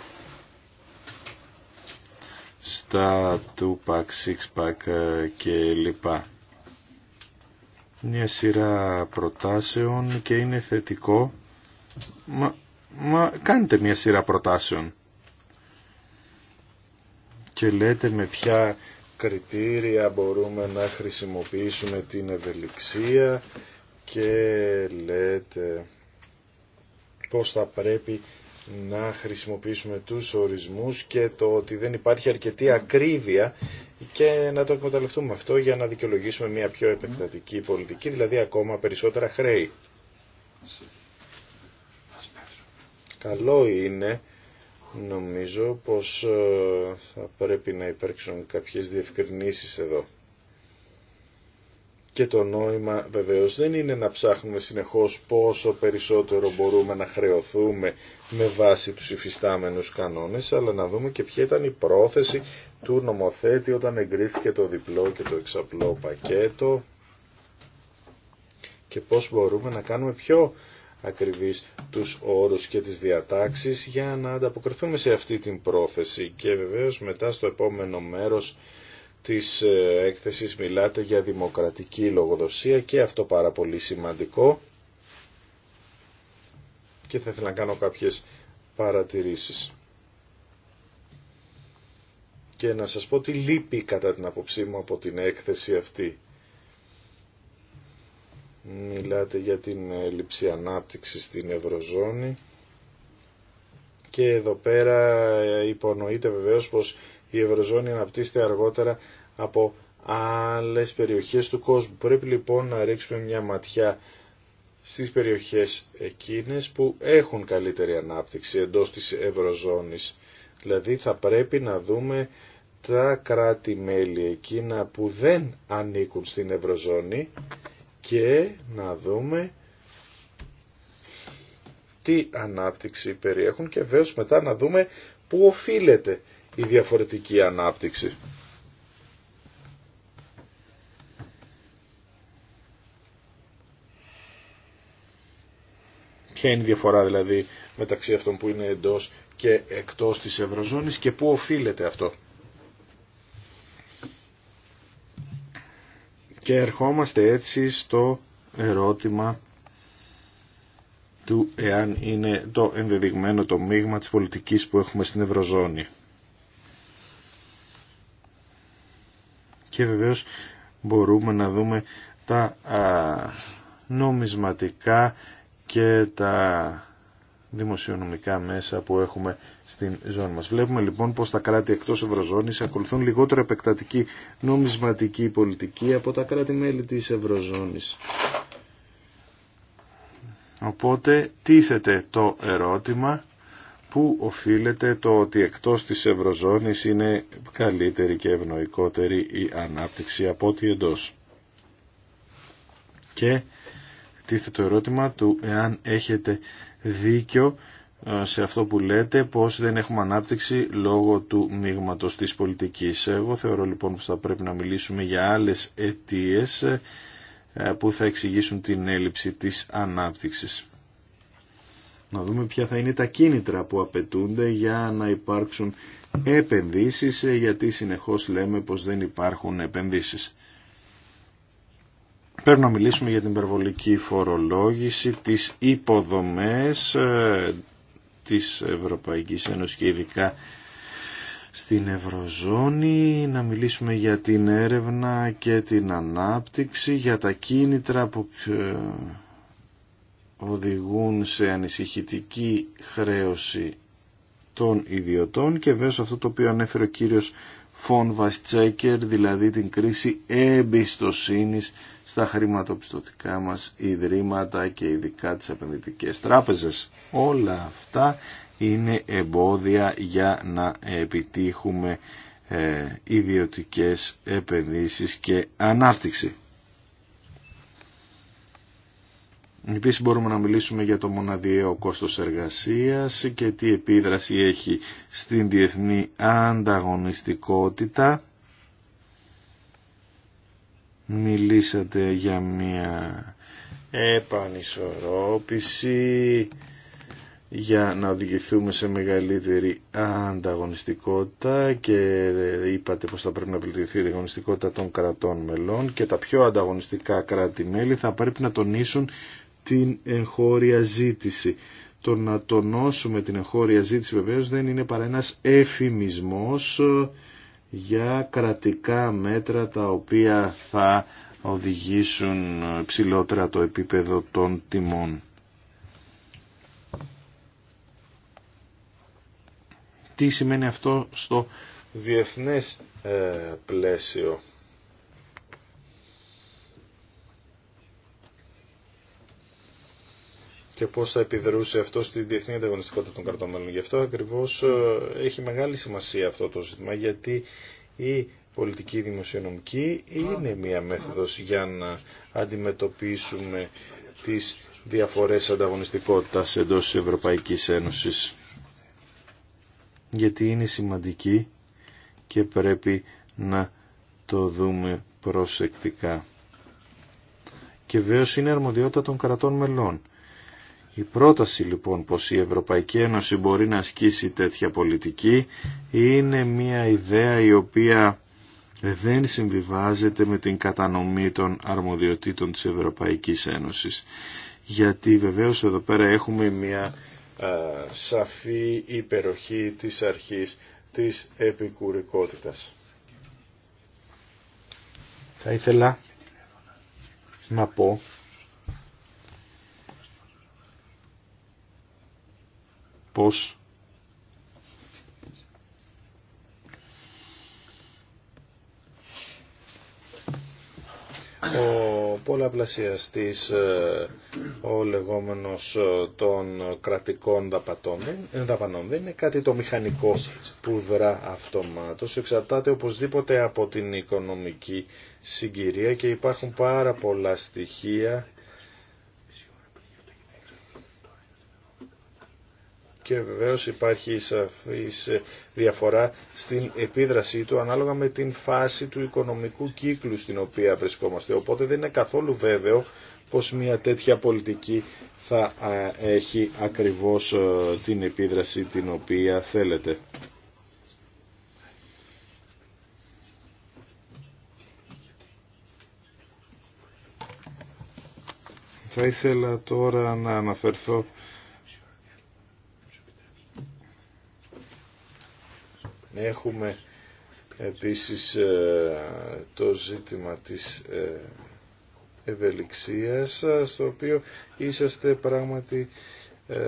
στα 2 pac και λοιπά μια σειρά προτάσεων και είναι θετικό. Μα, μα κάνετε μια σειρά προτάσεων και λέτε με ποια κριτήρια μπορούμε να χρησιμοποιήσουμε την ευελιξία και λέτε πώς θα πρέπει να χρησιμοποιήσουμε τους ορισμούς και το ότι δεν υπάρχει αρκετή ακρίβεια και να το εκμεταλλευτούμε αυτό για να δικαιολογήσουμε μια πιο επεκτατική πολιτική, δηλαδή ακόμα περισσότερα χρέη. Καλό είναι, νομίζω, πως ε, θα πρέπει να υπάρξουν κάποιες διευκρινήσεις εδώ. Και το νόημα βεβαίως δεν είναι να ψάχνουμε συνεχώς πόσο περισσότερο μπορούμε να χρεωθούμε με βάση τους υφιστάμενους κανόνες, αλλά να δούμε και ποια ήταν η πρόθεση του νομοθέτη όταν εγκρίθηκε το διπλό και το εξαπλό πακέτο και πώς μπορούμε να κάνουμε πιο ακριβείς τους όρους και τις διατάξεις για να ανταποκριθούμε σε αυτή την πρόθεση. Και βεβαίως μετά στο επόμενο μέρος της ε, έκθεσης μιλάτε για δημοκρατική λογοδοσία και αυτό πάρα πολύ σημαντικό και θα ήθελα να κάνω κάποιες παρατηρήσεις. Και να σας πω τι λείπει κατά την απόψή μου από την έκθεση αυτή. Μιλάτε για την έλλειψη ανάπτυξη στην Ευρωζώνη και εδώ πέρα υπονοείται βεβαίως πως η Ευρωζώνη αναπτύσσεται αργότερα από άλλες περιοχές του κόσμου. Πρέπει λοιπόν να ρίξουμε μια ματιά στις περιοχές εκείνες που έχουν καλύτερη ανάπτυξη εντός της Ευρωζώνης. Δηλαδή θα πρέπει να δούμε τα κράτη-μέλη εκείνα που δεν ανήκουν στην Ευρωζώνη και να δούμε τι ανάπτυξη περιέχουν και βέβαια μετά να δούμε πού οφείλεται η διαφορετική ανάπτυξη. Ποια είναι η διαφορά δηλαδή μεταξύ αυτών που είναι εντός και εκτός της Ευρωζώνης και πού οφείλεται αυτό. Και ερχόμαστε έτσι στο ερώτημα του εάν είναι το ενδεδειγμένο το μείγμα της πολιτικής που έχουμε στην Ευρωζώνη. και βεβαίως μπορούμε να δούμε τα νομισματικά και τα δημοσιονομικά μέσα που έχουμε στην ζώνη μας. Βλέπουμε λοιπόν πως τα κράτη εκτός Ευρωζώνης ακολουθούν λιγότερο επεκτατική νομισματική πολιτική από τα κράτη-μέλη της Ευρωζώνης. Οπότε τίθεται το ερώτημα Πού οφείλεται το ότι εκτός της Ευρωζώνης είναι καλύτερη και ευνοϊκότερη η ανάπτυξη από ό,τι εντός. Και τίθε το ερώτημα του εάν έχετε δίκιο ε, σε αυτό που λέτε πως δεν έχουμε ανάπτυξη λόγω του μείγματος της πολιτικής. Εγώ θεωρώ λοιπόν πως θα πρέπει να μιλήσουμε για άλλες αιτίες ε, που θα εξηγήσουν την έλλειψη της ανάπτυξης να δούμε ποια θα είναι τα κίνητρα που απαιτούνται για να υπάρξουν επενδύσεις, ε, γιατί συνεχώς λέμε πως δεν υπάρχουν επενδύσεις. Πρέπει να μιλήσουμε για την υπερβολική φορολόγηση, τις υποδομές ε, της Ευρωπαϊκής Ένωσης και ειδικά στην Ευρωζώνη, να μιλήσουμε για την έρευνα και την ανάπτυξη, για τα κίνητρα που ε, οδηγούν σε ανησυχητική χρέωση των ιδιωτών και βέβαια αυτό το οποίο ανέφερε ο κύριος Φον Βαστσέκερ, δηλαδή την κρίση εμπιστοσύνης στα χρηματοπιστωτικά μας ιδρύματα και ειδικά τις επενδυτικές τράπεζες. Όλα αυτά είναι εμπόδια για να επιτύχουμε ε, ιδιωτικές επενδύσεις και ανάπτυξη. Επίσης μπορούμε να μιλήσουμε για το μοναδιαίο κόστος εργασίας και τι επίδραση έχει στην διεθνή ανταγωνιστικότητα. Μιλήσατε για μια επανισορρόπηση για να οδηγηθούμε σε μεγαλύτερη ανταγωνιστικότητα και είπατε πως θα πρέπει να βελτιωθεί η ανταγωνιστικότητα των κρατών μελών και τα πιο ανταγωνιστικά κράτη-μέλη θα πρέπει να τονίσουν την εγχώρια ζήτηση. Το να τονώσουμε την εγχώρια ζήτηση βεβαίως δεν είναι παρά ένας εφημισμός ε, για κρατικά μέτρα τα οποία θα οδηγήσουν ψηλότερα το επίπεδο των τιμών. Τι σημαίνει αυτό στο διεθνές ε, πλαίσιο. και πώς θα επιδρούσε αυτό στη διεθνή ανταγωνιστικότητα των κρατών μέλων. Γι' αυτό ακριβώς ε, έχει μεγάλη σημασία αυτό το ζήτημα, γιατί η πολιτική δημοσιονομική είναι μία μέθοδος για να αντιμετωπίσουμε τις διαφορές ανταγωνιστικότητας εντός της Ευρωπαϊκής Ένωσης. Γιατί είναι σημαντική και πρέπει να το δούμε προσεκτικά. Και βέβαια είναι αρμοδιότητα των κρατών μελών. Η πρόταση λοιπόν πως η Ευρωπαϊκή Ένωση μπορεί να ασκήσει τέτοια πολιτική είναι μια ιδέα η οποία δεν συμβιβάζεται με την κατανομή των αρμοδιοτήτων της Ευρωπαϊκής Ένωσης. Γιατί βεβαίως εδώ πέρα έχουμε μια α, σαφή υπεροχή της αρχής της επικουρικότητας. Θα ήθελα να πω πως ο πολλαπλασιαστής ε, ο λεγόμενος ε, των κρατικών δαπατών, δαπανών δεν είναι κάτι το μηχανικό που δρά αυτομάτως εξαρτάται οπωσδήποτε από την οικονομική συγκυρία και υπάρχουν πάρα πολλά στοιχεία και βεβαίως υπάρχει σαφής διαφορά στην επίδρασή του ανάλογα με την φάση του οικονομικού κύκλου στην οποία βρισκόμαστε. Οπότε δεν είναι καθόλου βέβαιο πως μια τέτοια πολιτική θα έχει ακριβώς ε, την επίδραση την οποία θέλετε. Θα ήθελα τώρα να αναφερθώ Έχουμε επίσης ε, το ζήτημα της ε, ευελιξίας στο οποίο είσαστε πράγματι ε,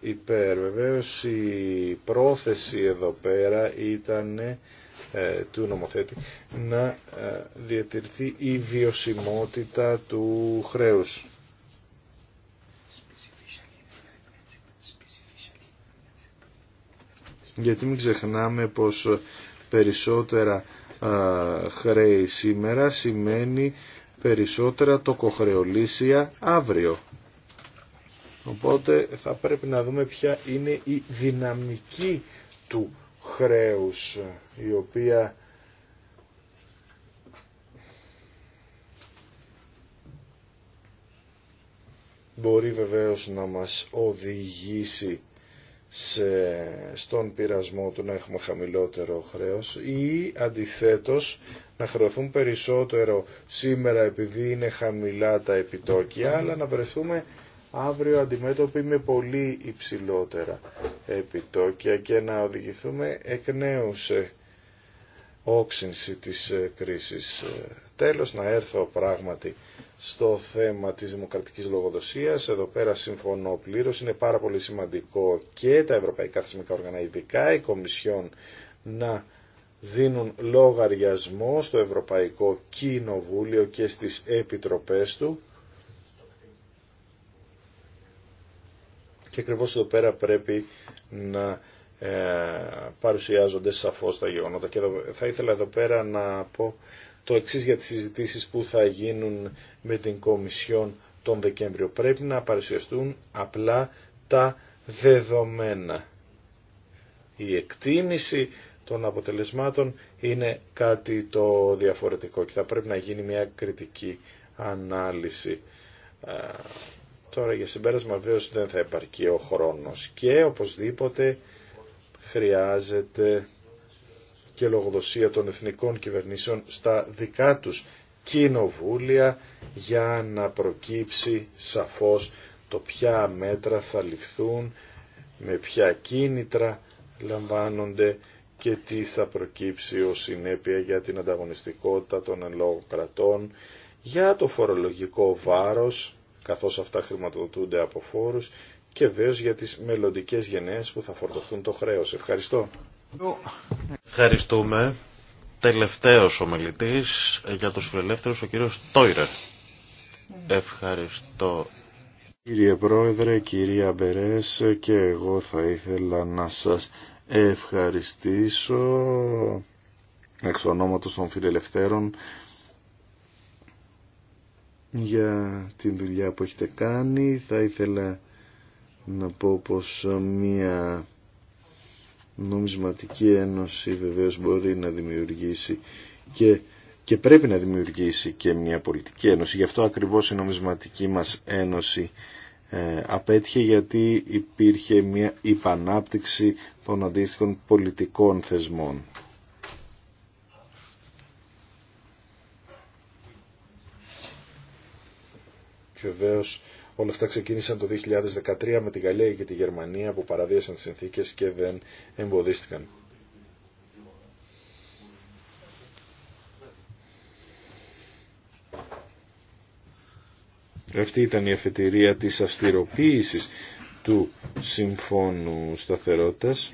υπέρ. Βεβαίως η πρόθεση εδώ πέρα ήταν του νομοθέτη να διατηρηθεί η βιωσιμότητα του χρέους. γιατί μην ξεχνάμε πως περισσότερα χρέη σήμερα σημαίνει περισσότερα τοκοχρεολύσια αύριο. Οπότε θα πρέπει να δούμε ποια είναι η δυναμική του χρέους η οποία μπορεί βεβαίως να μας οδηγήσει σε, στον πειρασμό του να έχουμε χαμηλότερο χρέος ή αντιθέτως να χρεωθούν περισσότερο σήμερα επειδή είναι χαμηλά τα επιτόκια αλλά να βρεθούμε αύριο αντιμέτωποι με πολύ υψηλότερα επιτόκια και να οδηγηθούμε εκ νέου σε όξυνση της ε, κρίσης. Ε, τέλος, να έρθω πράγματι στο θέμα της δημοκρατικής λογοδοσίας. Εδώ πέρα συμφωνώ πλήρως. Είναι πάρα πολύ σημαντικό και τα ευρωπαϊκά θεσμικά όργανα, ειδικά η Κομισιόν, να δίνουν λογαριασμό στο Ευρωπαϊκό Κοινοβούλιο και στις επιτροπές του. Και ακριβώ εδώ πέρα πρέπει να ε, παρουσιάζονται σαφώς τα γεγονότα. Και θα ήθελα εδώ πέρα να πω το εξής για τις συζητήσεις που θα γίνουν με την Κομισιόν τον Δεκέμβριο. Πρέπει να παρουσιαστούν απλά τα δεδομένα. Η εκτίμηση των αποτελεσμάτων είναι κάτι το διαφορετικό και θα πρέπει να γίνει μια κριτική ανάλυση. Ε, τώρα για συμπέρασμα βέβαια δεν θα επαρκεί ο χρόνος και οπωσδήποτε χρειάζεται και λογοδοσία των εθνικών κυβερνήσεων στα δικά τους κοινοβούλια για να προκύψει σαφώς το ποια μέτρα θα ληφθούν, με ποια κίνητρα λαμβάνονται και τι θα προκύψει ως συνέπεια για την ανταγωνιστικότητα των εν κρατών, για το φορολογικό βάρος, καθώς αυτά χρηματοδοτούνται από φόρους και βέβαιω για τις μελλοντικέ γενναίες που θα φορτωθούν το χρέος. Ευχαριστώ. Ευχαριστούμε. Τελευταίος ομιλητής για τους φιλελεύθερους, ο κύριος Τόιρε. Ευχαριστώ. Κύριε Πρόεδρε, κυρία Μπερές και εγώ θα ήθελα να σας ευχαριστήσω εξ ονόματος των φιλελευθέρων για την δουλειά που έχετε κάνει. Θα ήθελα να πω πως μία νομισματική ένωση βεβαίως μπορεί να δημιουργήσει και, και πρέπει να δημιουργήσει και μια πολιτική ένωση. Γι' αυτό ακριβώς η νομισματική μας ένωση ε, απέτυχε γιατί υπήρχε μια υπανάπτυξη των αντίστοιχων πολιτικών θεσμών. Και βεβαίως Όλα αυτά ξεκίνησαν το 2013 με τη Γαλλία και τη Γερμανία που παραβίασαν τις συνθήκες και δεν εμποδίστηκαν. Αυτή ήταν η αφετηρία της αυστηροποίησης του Συμφώνου Σταθερότητας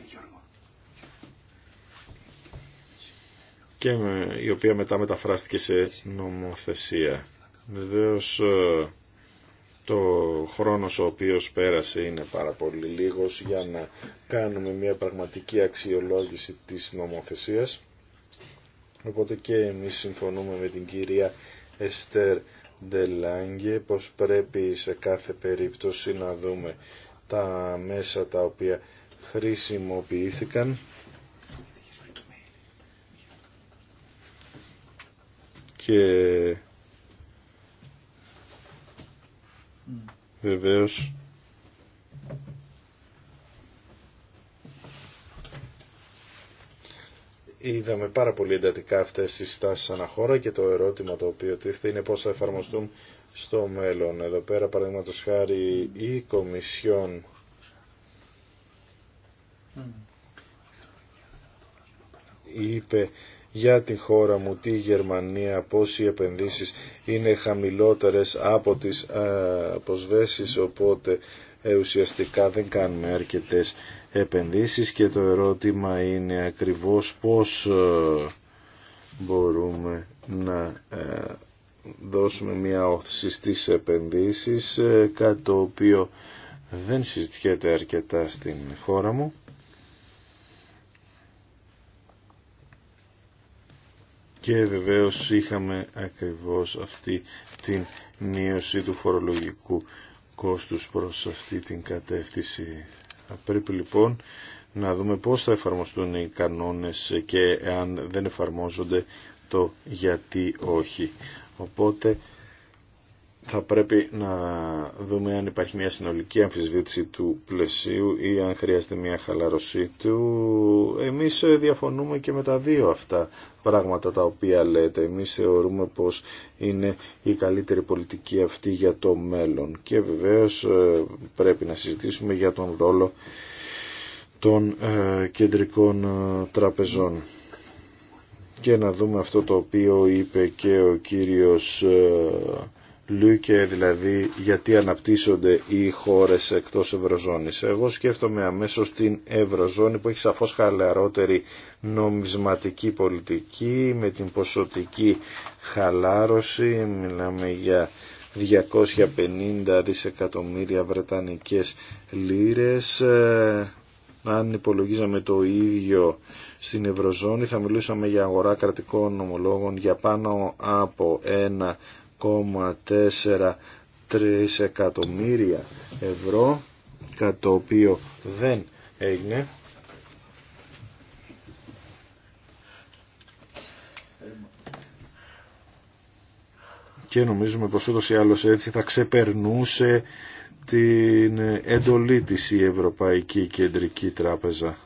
και η οποία μετά μεταφράστηκε σε νομοθεσία. Βεβαίως ε, το χρόνος ο οποίος πέρασε είναι πάρα πολύ λίγος για να κάνουμε μια πραγματική αξιολόγηση της νομοθεσίας. Οπότε και εμείς συμφωνούμε με την κυρία Εστέρ Ντελάνγκε πως πρέπει σε κάθε περίπτωση να δούμε τα μέσα τα οποία χρησιμοποιήθηκαν και βεβαίως είδαμε πάρα πολύ εντατικά αυτές τις στάσεις αναχώρα και το ερώτημα το οποίο τίθεται είναι πώς θα εφαρμοστούν στο μέλλον. Εδώ πέρα παραδείγματος χάρη η Κομισιόν mm. είπε για τη χώρα μου, τη Γερμανία, πώς οι επενδύσεις είναι χαμηλότερες από τις ε, αποσβέσεις, οπότε ε, ουσιαστικά δεν κάνουμε αρκετές επενδύσεις και το ερώτημα είναι ακριβώς πώς ε, μπορούμε να δώσουμε μια όθηση στις επενδύσεις, κάτι το οποίο δεν συζητιέται αρκετά στην χώρα μου. και βεβαίως είχαμε ακριβώς αυτή την μείωση του φορολογικού κόστους προς αυτή την κατεύθυνση. Θα πρέπει λοιπόν να δούμε πώς θα εφαρμοστούν οι κανόνες και αν δεν εφαρμόζονται το γιατί όχι. Οπότε θα πρέπει να δούμε αν υπάρχει μια συνολική αμφισβήτηση του πλαισίου ή αν χρειάζεται μια χαλαρωσή του. Εμείς διαφωνούμε και με τα δύο αυτά πράγματα τα οποία λέτε. Εμείς θεωρούμε πως είναι η καλύτερη πολιτική αυτή για το μέλλον. Και βεβαίως ε, πρέπει να συζητήσουμε για τον ρόλο των ε, κεντρικών ε, τραπεζών και να δούμε αυτό το οποίο είπε και ο κύριος Λούκε, δηλαδή γιατί αναπτύσσονται οι χώρες εκτός Ευρωζώνης. Εγώ σκέφτομαι αμέσως την Ευρωζώνη που έχει σαφώς χαλαρότερη νομισματική πολιτική με την ποσοτική χαλάρωση. Μιλάμε για 250 δισεκατομμύρια βρετανικές λίρες. Αν υπολογίζαμε το ίδιο στην Ευρωζώνη θα μιλούσαμε για αγορά κρατικών ομολόγων για πάνω από ένα 1,43 εκατομμύρια ευρώ, κατά το οποίο δεν έγινε. Και νομίζουμε πως ούτως ή άλλως έτσι θα ξεπερνούσε την εντολή της η Ευρωπαϊκή Κεντρική Τράπεζα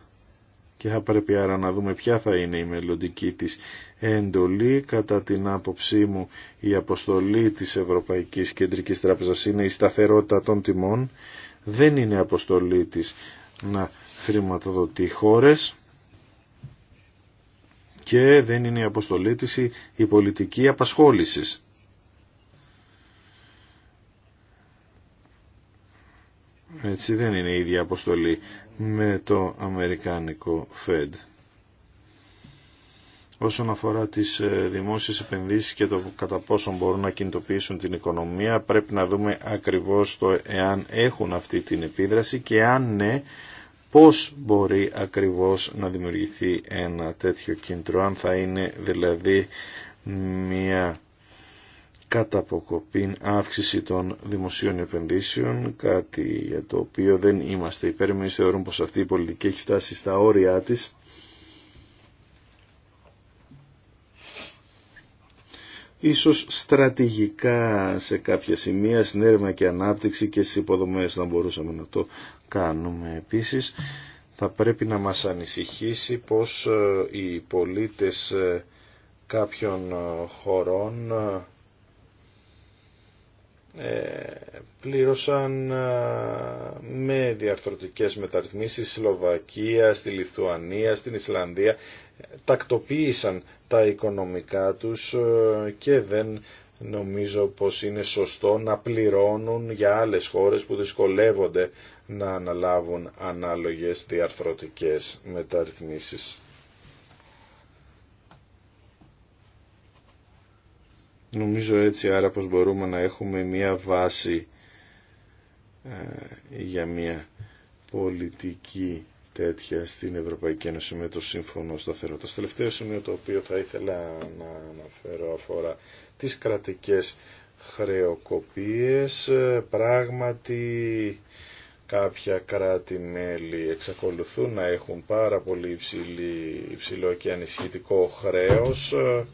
και θα πρέπει άρα να δούμε ποια θα είναι η μελλοντική της εντολή. Κατά την άποψή μου η αποστολή της Ευρωπαϊκής Κεντρικής Τράπεζας είναι η σταθερότητα των τιμών. Δεν είναι αποστολή της να χρηματοδοτεί χώρες και δεν είναι η αποστολή της η πολιτική απασχόλησης. Έτσι δεν είναι η ίδια αποστολή με το Αμερικάνικο Fed. Όσον αφορά τις ε, δημόσιες επενδύσεις και το κατά πόσο μπορούν να κινητοποιήσουν την οικονομία, πρέπει να δούμε ακριβώς το εάν έχουν αυτή την επίδραση και αν ναι, πώς μπορεί ακριβώς να δημιουργηθεί ένα τέτοιο κίνητρο, αν θα είναι δηλαδή μια αποκοπήν αύξηση των δημοσίων επενδύσεων, κάτι για το οποίο δεν είμαστε υπέρ. Εμείς θεωρούμε πως αυτή η πολιτική έχει φτάσει στα όρια της. Ίσως στρατηγικά σε κάποια σημεία, συνέρευμα και ανάπτυξη και στις υποδομές να μπορούσαμε να το κάνουμε επίσης. Θα πρέπει να μας ανησυχήσει πως ε, οι πολίτες ε, κάποιων ε, χωρών ε, πλήρωσαν ε, με διαρθρωτικές μεταρρυθμίσεις στη Σλοβακία, στη Λιθουανία, στην Ισλανδία τακτοποίησαν τα οικονομικά τους ε, και δεν νομίζω πως είναι σωστό να πληρώνουν για άλλες χώρες που δυσκολεύονται να αναλάβουν ανάλογες διαρθρωτικές μεταρρυθμίσεις. Νομίζω έτσι άρα πως μπορούμε να έχουμε μία βάση ε, για μία πολιτική τέτοια στην Ευρωπαϊκή Ένωση με το Σύμφωνο Το Τελευταίο σημείο το οποίο θα ήθελα να αναφέρω αφορά τις κρατικές χρεοκοπίες. Ε, πράγματι κάποια κράτη-μέλη εξακολουθούν να έχουν πάρα πολύ υψηλό και ανισχυτικό χρέος ε,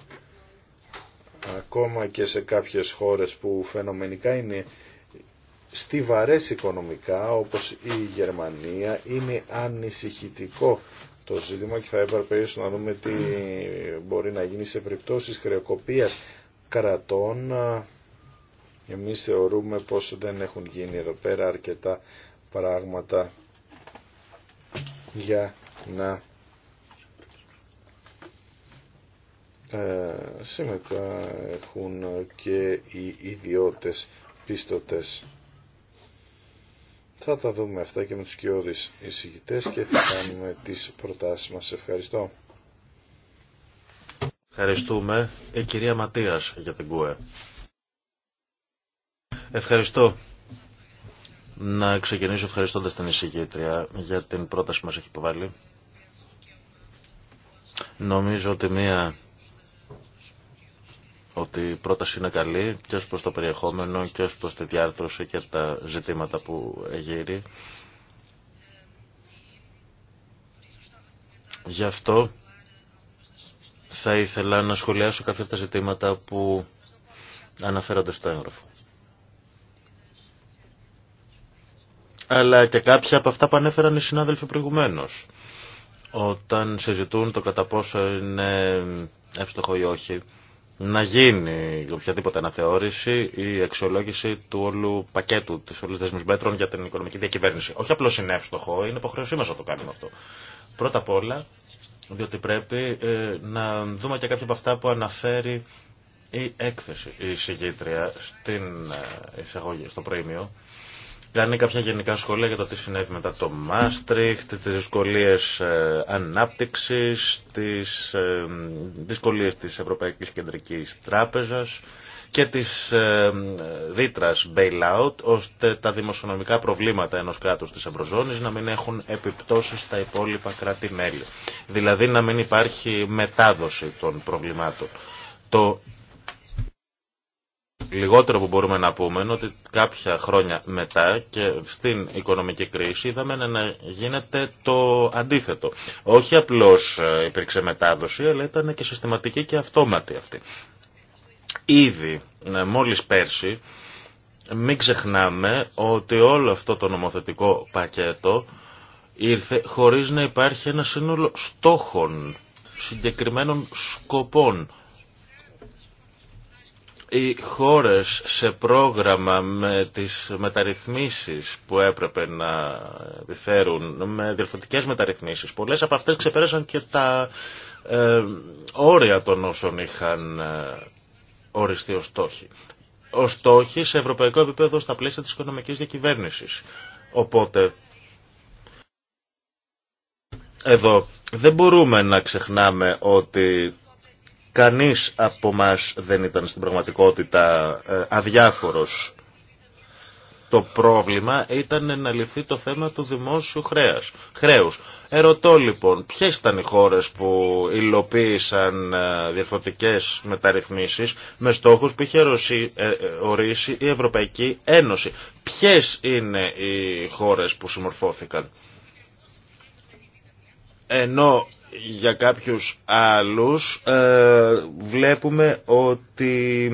ακόμα και σε κάποιες χώρες που φαινομενικά είναι στιβαρές οικονομικά όπως η Γερμανία είναι ανησυχητικό το ζήτημα και θα έπρεπε ίσως να δούμε τι μπορεί να γίνει σε περιπτώσεις χρεοκοπίας κρατών εμείς θεωρούμε πως δεν έχουν γίνει εδώ πέρα αρκετά πράγματα για να Ε, έχουν και οι ιδιώτες πίστοτες. Θα τα δούμε αυτά και με τους κοιόδης εισηγητές και θα κάνουμε τις προτάσεις μας. Ευχαριστώ. Ευχαριστούμε η ε, κυρία Ματίας για την ΚΟΕ. Ευχαριστώ. Να ξεκινήσω ευχαριστώντας την εισηγήτρια για την πρόταση που μας έχει υποβάλει. Νομίζω ότι μία ότι η πρόταση είναι καλή και ως προς το περιεχόμενο και ως προς τη διάρθρωση και τα ζητήματα που γύρει. Γι' αυτό θα ήθελα να σχολιάσω κάποια από τα ζητήματα που αναφέρονται στο έγγραφο. Αλλά και κάποια από αυτά που ανέφεραν οι συνάδελφοι προηγουμένως. Όταν συζητούν το κατά πόσο είναι εύστοχο ή όχι, να γίνει οποιαδήποτε αναθεώρηση ή αξιολόγηση του όλου πακέτου τη όλη δεσμή μέτρων για την οικονομική διακυβέρνηση. Όχι απλώ είναι εύστοχο, είναι υποχρεωσή μα να το κάνουμε αυτό. Πρώτα απ' όλα, διότι πρέπει ε, να δούμε και κάποια από αυτά που αναφέρει η έκθεση, η συγκήτρια στην ε, εισαγωγή, στο προήμιο κάνει κάποια γενικά σχόλια για το τι συνέβη μετά το Μάστριχτ, τις δυσκολίες ε, ανάπτυξης, τις ε, δυσκολίε τη Ευρωπαϊκή Κεντρική Τράπεζα και της ε, ρήτρα bailout, ώστε τα δημοσιονομικά προβλήματα ενό κράτου της Ευρωζώνη να μην έχουν επιπτώσεις στα υπόλοιπα κράτη-μέλη. Δηλαδή να μην υπάρχει μετάδοση των προβλημάτων. Το λιγότερο που μπορούμε να πούμε είναι ότι κάποια χρόνια μετά και στην οικονομική κρίση είδαμε να γίνεται το αντίθετο. Όχι απλώς ε, υπήρξε μετάδοση, αλλά ήταν και συστηματική και αυτόματη αυτή. Ήδη, ε, μόλις πέρσι, μην ξεχνάμε ότι όλο αυτό το νομοθετικό πακέτο ήρθε χωρίς να υπάρχει ένα σύνολο στόχων, συγκεκριμένων σκοπών οι χώρες σε πρόγραμμα με τις μεταρρυθμίσεις που έπρεπε να επιφέρουν, με διευθυντικές μεταρρυθμίσεις, πολλές από αυτές ξεπέρασαν και τα ε, όρια των όσων είχαν ε, οριστεί ως στόχοι. Ως στόχοι σε ευρωπαϊκό επίπεδο στα πλαίσια της οικονομικής διακυβέρνησης. Οπότε εδώ δεν μπορούμε να ξεχνάμε ότι Κανείς από μας δεν ήταν στην πραγματικότητα ε, αδιάφορος. Το πρόβλημα ήταν να λυθεί το θέμα του δημόσιου χρέας, χρέους. Ερωτώ λοιπόν, ποιες ήταν οι χώρες που υλοποίησαν ε, διαφορετικές μεταρρυθμίσεις με στόχους που είχε ε, ορίσει η Ευρωπαϊκή Ένωση. Ποιες είναι οι χώρες που συμμορφώθηκαν ενώ για κάποιους άλλους ε, βλέπουμε ότι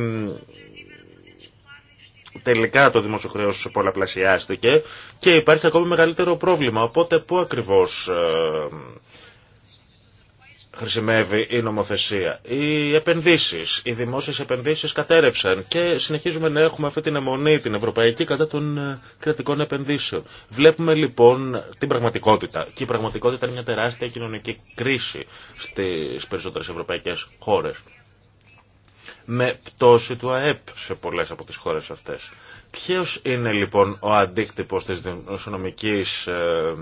τελικά το δημόσιο πολλαπλασιάστηκε και υπάρχει ακόμη μεγαλύτερο πρόβλημα. Οπότε πού ακριβώς ε, χρησιμεύει η νομοθεσία. Οι επενδύσεις, οι δημόσιες επενδύσεις κατέρευσαν και συνεχίζουμε να έχουμε αυτή την αιμονή την ευρωπαϊκή κατά των ε, κρατικών επενδύσεων. Βλέπουμε λοιπόν την πραγματικότητα και η πραγματικότητα είναι μια τεράστια κοινωνική κρίση στις περισσότερες ευρωπαϊκές χώρες με πτώση του ΑΕΠ σε πολλές από τις χώρες αυτές. Ποιο είναι λοιπόν ο αντίκτυπος της νομικής ε,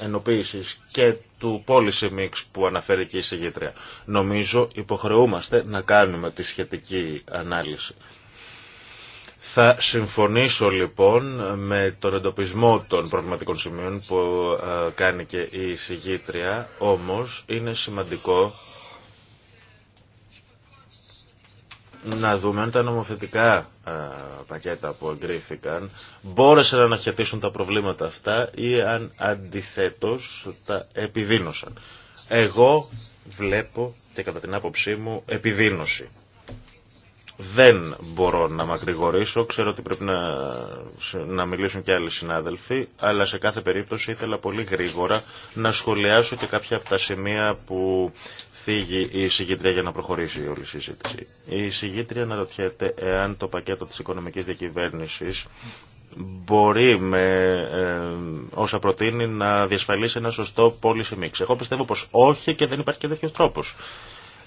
ενοποίησης και του policy mix που αναφέρει και η συγγήτρια. Νομίζω υποχρεούμαστε να κάνουμε τη σχετική ανάλυση. Θα συμφωνήσω λοιπόν με τον εντοπισμό των προβληματικών σημείων που ε, κάνει και η συγγήτρια, όμως είναι σημαντικό να δούμε αν τα νομοθετικά ε, πακέτα που εγκρίθηκαν μπόρεσαν να αναχαιτήσουν τα προβλήματα αυτά ή αν αντιθέτως τα επιδίνωσαν. Εγώ βλέπω και κατά την άποψή μου επιδίνωση. Δεν μπορώ να μακρηγορήσω, ξέρω ότι πρέπει να, να μιλήσουν και άλλοι συνάδελφοι, αλλά σε κάθε περίπτωση ήθελα πολύ γρήγορα να σχολιάσω και κάποια από τα σημεία που φύγει η εισηγήτρια για να προχωρήσει όλη η συζήτηση. Η εισηγήτρια αναρωτιέται εάν το πακέτο της οικονομικής διακυβέρνησης μπορεί με ε, όσα προτείνει να διασφαλίσει ένα σωστό πώληση μίξ. Εγώ πιστεύω πως όχι και δεν υπάρχει και τέτοιο τρόπος.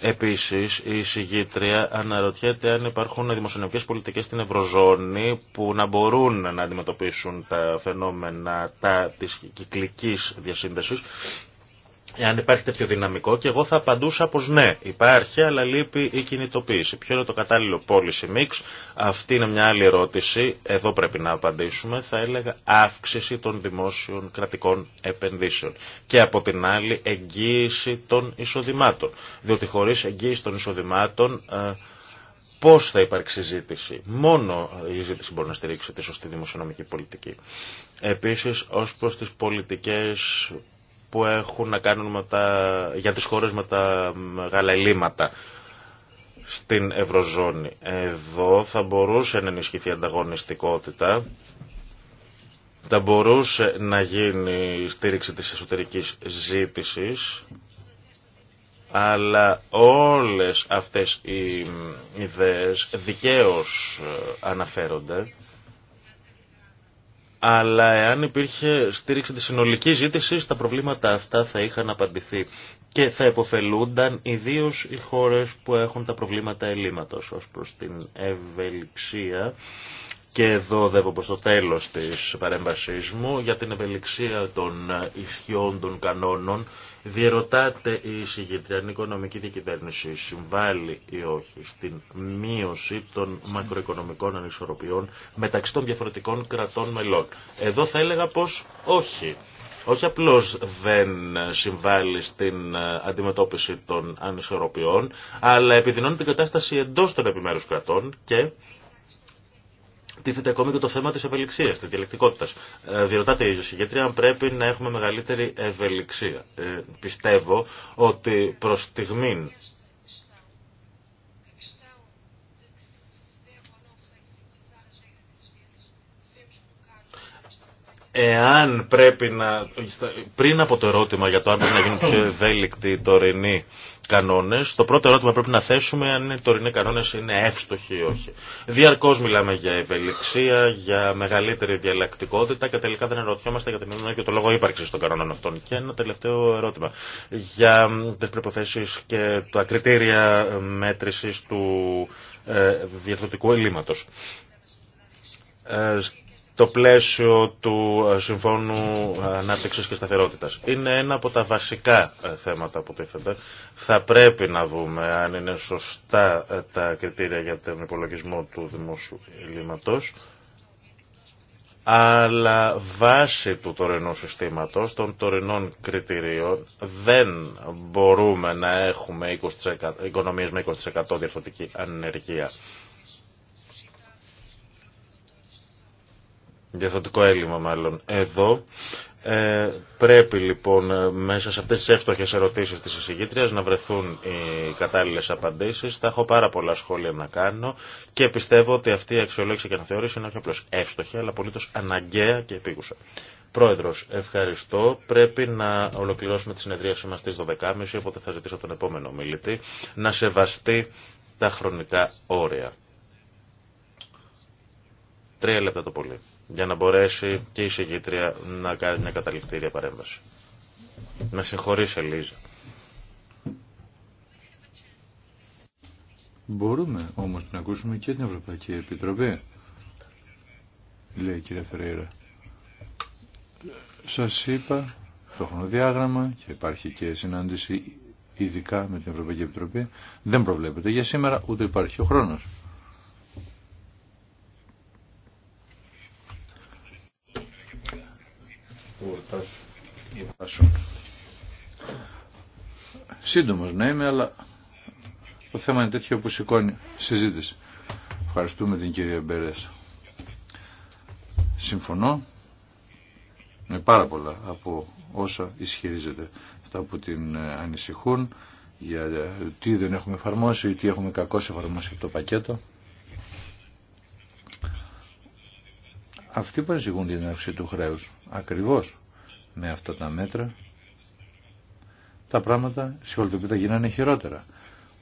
Επίσης, η συγγήτρια αναρωτιέται αν υπάρχουν δημοσιονομικές πολιτικές στην Ευρωζώνη που να μπορούν να αντιμετωπίσουν τα φαινόμενα τα, της κυκλικής διασύνδεσης εάν υπάρχει τέτοιο δυναμικό και εγώ θα απαντούσα πως ναι, υπάρχει αλλά λείπει η κινητοποίηση. Ποιο είναι το κατάλληλο policy mix, αυτή είναι μια άλλη ερώτηση, εδώ πρέπει να απαντήσουμε, θα έλεγα αύξηση των δημόσιων κρατικών επενδύσεων και από την άλλη εγγύηση των εισοδημάτων, διότι χωρίς εγγύηση των εισοδημάτων ε, πώς θα υπάρξει ζήτηση. Μόνο η ζήτηση μπορεί να στηρίξει τη σωστή δημοσιονομική πολιτική. Επίσης, ως προς τις πολιτικές που έχουν να κάνουν για τις χώρες με τα μεγάλα ελλείμματα στην Ευρωζώνη. Εδώ θα μπορούσε να ενισχυθεί η ανταγωνιστικότητα, θα μπορούσε να γίνει η στήριξη της εσωτερικής ζήτησης, αλλά όλες αυτές οι ιδέες δικαίως αναφέρονται αλλά εάν υπήρχε στήριξη της συνολική ζήτησης, τα προβλήματα αυτά θα είχαν απαντηθεί και θα υποφελούνταν ιδίως οι χώρες που έχουν τα προβλήματα ελλείμματος ως προς την ευελιξία και εδώ δεύω προς το τέλος της παρέμβασής μου για την ευελιξία των ισχυών των κανόνων. Διερωτάται η συγκεκριμένη οικονομική διακυβέρνηση συμβάλλει ή όχι στην μείωση των μακροοικονομικών ανισορροπιών μεταξύ των διαφορετικών κρατών μελών. Εδώ θα έλεγα πως όχι. Όχι απλώς δεν συμβάλλει στην αντιμετώπιση των ανισορροπιών, αλλά επιδεινώνει την κατάσταση εντός των επιμέρους κρατών και τίθεται ακόμη και το θέμα της ευελιξίας, της διαλεκτικότητας. Ε, διερωτάτε η αν πρέπει να έχουμε μεγαλύτερη ευελιξία. Ε, πιστεύω ότι προς στιγμήν εάν πρέπει να... Πριν από το ερώτημα για το αν πρέπει να γίνουν πιο ευέλικτοι οι τωρινοί κανόνες, το πρώτο ερώτημα πρέπει να θέσουμε αν οι τωρινοί κανόνες είναι εύστοχοι ή όχι. Διαρκώς μιλάμε για ευελιξία, για μεγαλύτερη διαλλακτικότητα και τελικά δεν ερωτιόμαστε για και το λόγο ύπαρξης των κανόνων αυτών. Και ένα τελευταίο ερώτημα για τις προϋποθέσεις και τα κριτήρια μέτρησης του ε, ελλείμματο. Ε, το πλαίσιο του ε, Συμφώνου Ανάπτυξη και Σταθερότητα. Είναι ένα από τα βασικά ε, θέματα που τίθενται. Θα πρέπει να δούμε αν είναι σωστά ε, τα κριτήρια για τον υπολογισμό του δημόσιου ελλείμματο. Αλλά βάσει του τωρινού συστήματος, των τωρινών κριτηρίων, δεν μπορούμε να έχουμε οικονομίε με 20% διαφορετική ανεργία. Διαθωτικό έλλειμμα μάλλον. Εδώ ε, πρέπει λοιπόν ε, μέσα σε αυτές τις εύστοχες ερωτήσεις της εισηγήτριας να βρεθούν οι κατάλληλες απαντήσεις. Θα έχω πάρα πολλά σχόλια να κάνω και πιστεύω ότι αυτή η αξιολόγηση και αναθεώρηση είναι όχι απλώς εύστοχη αλλά απολύτως αναγκαία και επίγουσα. Πρόεδρος, ευχαριστώ. Πρέπει να ολοκληρώσουμε τη συνεδρίαση μας στις 12.30 οπότε θα ζητήσω τον επόμενο μιλητή να σεβαστεί τα χρονικά όρια. Τρία λεπτά το πολύ για να μπορέσει και η συγκήτρια να κάνει μια καταληκτήρια παρέμβαση. Με συγχωρείς Ελίζα. Μπορούμε όμως να ακούσουμε και την Ευρωπαϊκή Επιτροπή, λέει η κυρία Φεραίρα. Σας είπα το χρονοδιάγραμμα και υπάρχει και συνάντηση ειδικά με την Ευρωπαϊκή Επιτροπή. Δεν προβλέπεται για σήμερα, ούτε υπάρχει ο χρόνος. που Σύντομος να είμαι, αλλά το θέμα είναι τέτοιο που σηκώνει συζήτηση. Ευχαριστούμε την κυρία Μπερές. Συμφωνώ με πάρα πολλά από όσα ισχυρίζεται. Αυτά που την ε, ανησυχούν για ε, τι δεν έχουμε εφαρμόσει, τι έχουμε κακώς εφαρμόσει από το πακέτο. αυτοί που ανησυχούν την αύξηση του χρέους. Ακριβώς με αυτά τα μέτρα τα πράγματα τα γίνανε χειρότερα.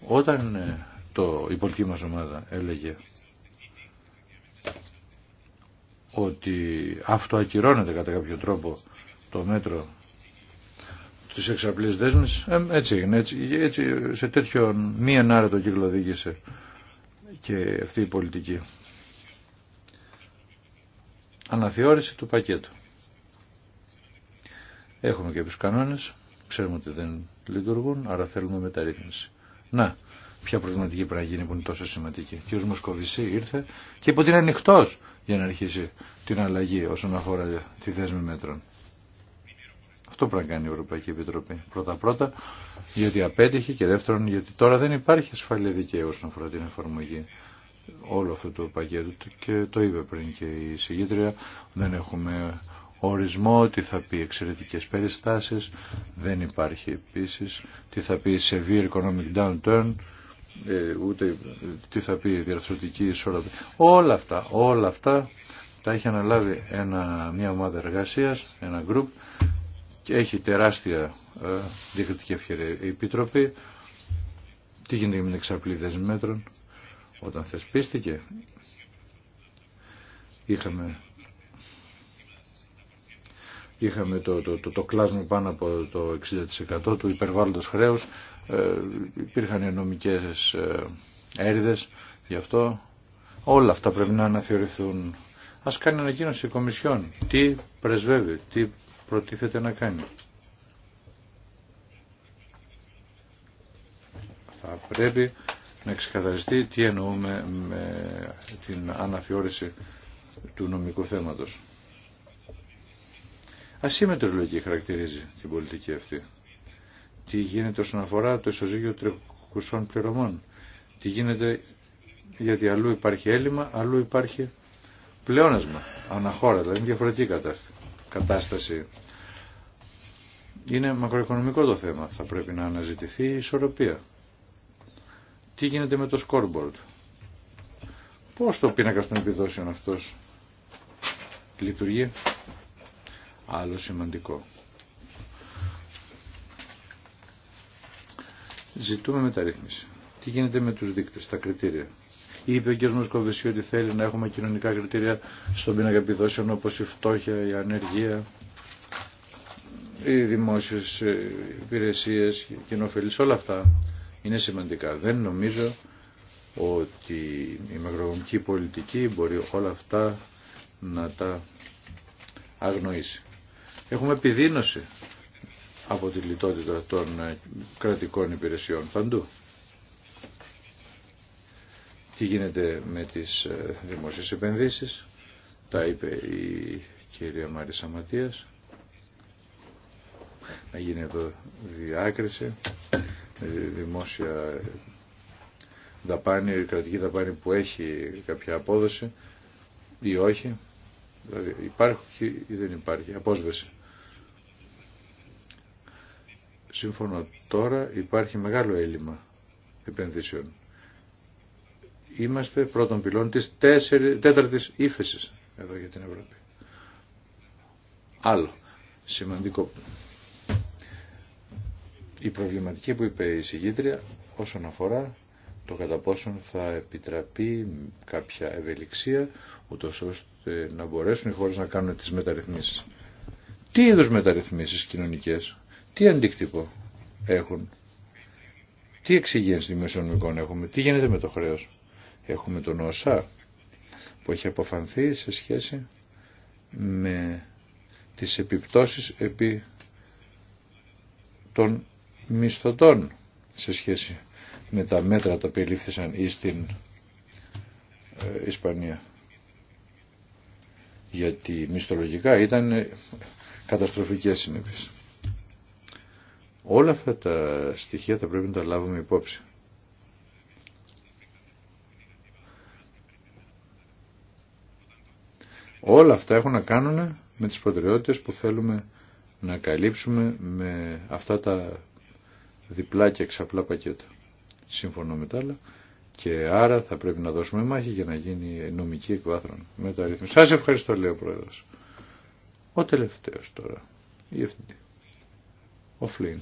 Όταν ε, το, η πολιτική μας ομάδα έλεγε ότι αυτοακυρώνεται κατά κάποιο τρόπο το μέτρο της εξαπλής δέσμης, ε, έτσι έγινε, έτσι, έτσι, σε τέτοιο μη ενάρετο κύκλο οδήγησε και αυτή η πολιτική αναθεώρηση του πακέτου. Έχουμε και του κανόνες, ξέρουμε ότι δεν λειτουργούν, άρα θέλουμε μεταρρύθμιση. Να, ποια προβληματική πρέπει να γίνει που είναι τόσο σημαντική. Ο κ. Μοσκοβισή ήρθε και είπε ότι είναι ανοιχτό για να αρχίσει την αλλαγή όσον αφορά τη δέσμη μέτρων. Αυτό πρέπει να κάνει η Ευρωπαϊκή Επιτροπή. Πρώτα-πρώτα γιατί απέτυχε και δεύτερον γιατί τώρα δεν υπάρχει ασφαλή δικαίωση όσον αφορά την εφαρμογή όλο αυτό το πακέτο και το είπε πριν και η συγγήτρια δεν έχουμε ορισμό, τι θα πει εξαιρετικές περιστάσεις δεν υπάρχει επίσης τι θα πει severe economic downturn ε, ούτε τι θα πει διαρθρωτική ισορροπή όλα αυτά, όλα αυτά τα έχει αναλάβει ένα, μια ομάδα εργασίας, ένα group και έχει τεράστια ε, διεκριτική ευκαιρία η Επιτροπή. Τι γίνεται με την εξαπλή μέτρων. Όταν θεσπίστηκε είχαμε είχαμε το, το, το, κλάσμα πάνω από το 60% του υπερβάλλοντος χρέους, ε, υπήρχαν νομικές ε, γι' αυτό όλα αυτά πρέπει να αναθεωρηθούν. Ας κάνει ανακοίνωση η Κομισιόν, τι πρεσβεύει, τι προτίθεται να κάνει. Θα πρέπει να ξεκαθαριστεί τι εννοούμε με την αναφιόρηση του νομικού θέματος. Ασύμετρη λογική χαρακτηρίζει την πολιτική αυτή. Τι γίνεται όσον αφορά το ισοζύγιο τρεκουσών πληρωμών. Τι γίνεται γιατί αλλού υπάρχει έλλειμμα, αλλού υπάρχει πλεόνασμα. Αναχώρα, δηλαδή είναι διαφορετική κατάσταση. Είναι μακροοικονομικό το θέμα. Θα πρέπει να αναζητηθεί η ισορροπία τι γίνεται με το scoreboard. Πώς το πίνακα των επιδόσεων αυτός λειτουργεί. Άλλο σημαντικό. Ζητούμε μεταρρύθμιση. Τι γίνεται με τους δείκτες, τα κριτήρια. Είπε ο κ. Μοσκοβησί ότι θέλει να έχουμε κοινωνικά κριτήρια στον πίνακα επιδόσεων όπως η φτώχεια, η ανεργία, οι δημόσιες ε, υπηρεσίες, οι κοινοφελείς, όλα αυτά είναι σημαντικά. Δεν νομίζω ότι η μακροοικονομική πολιτική μπορεί όλα αυτά να τα αγνοήσει. Έχουμε επιδείνωση από τη λιτότητα των κρατικών υπηρεσιών παντού. Τι γίνεται με τις ε, δημόσιες επενδύσεις, τα είπε η κυρία Μάρισα Ματίας. Να γίνει εδώ διάκριση δημόσια δαπάνη, κρατική δαπάνη που έχει κάποια απόδοση ή όχι. Δηλαδή υπάρχει ή δεν υπάρχει. Απόσβεση. Σύμφωνα τώρα υπάρχει μεγάλο έλλειμμα επενδύσεων. Είμαστε πρώτον πυλών της τέσσερι, τέταρτης ύφεσης εδώ για την Ευρώπη. Άλλο σημαντικό η προβληματική που είπε η συγγήτρια όσον αφορά το κατά πόσον θα επιτραπεί κάποια ευελιξία ούτως ώστε να μπορέσουν οι χώρες να κάνουν τις μεταρρυθμίσεις. Τι είδους μεταρρυθμίσεις κοινωνικές, τι αντίκτυπο έχουν, τι εξυγένση δημιουργικών έχουμε, τι γίνεται με το χρέος. Έχουμε τον ΟΣΑ που έχει αποφανθεί σε σχέση με τις επιπτώσεις επί των μισθωτών σε σχέση με τα μέτρα τα οποία λήφθησαν ή στην ε, Ισπανία. Γιατί μισθολογικά ήταν ε, καταστροφικές συνέπειες. Όλα αυτά τα στοιχεία θα πρέπει να τα λάβουμε υπόψη. Όλα αυτά έχουν να κάνουν με τις προτεραιότητες που θέλουμε να καλύψουμε με αυτά τα διπλά και εξαπλά πακέτα. Σύμφωνα με τα άλλα. Και άρα θα πρέπει να δώσουμε μάχη για να γίνει νομική εκβάθρον μεταρρύθμιση. Σας ευχαριστώ λέει ο Πρόεδρος. Ο τελευταίος τώρα. Η Ο Φλίν.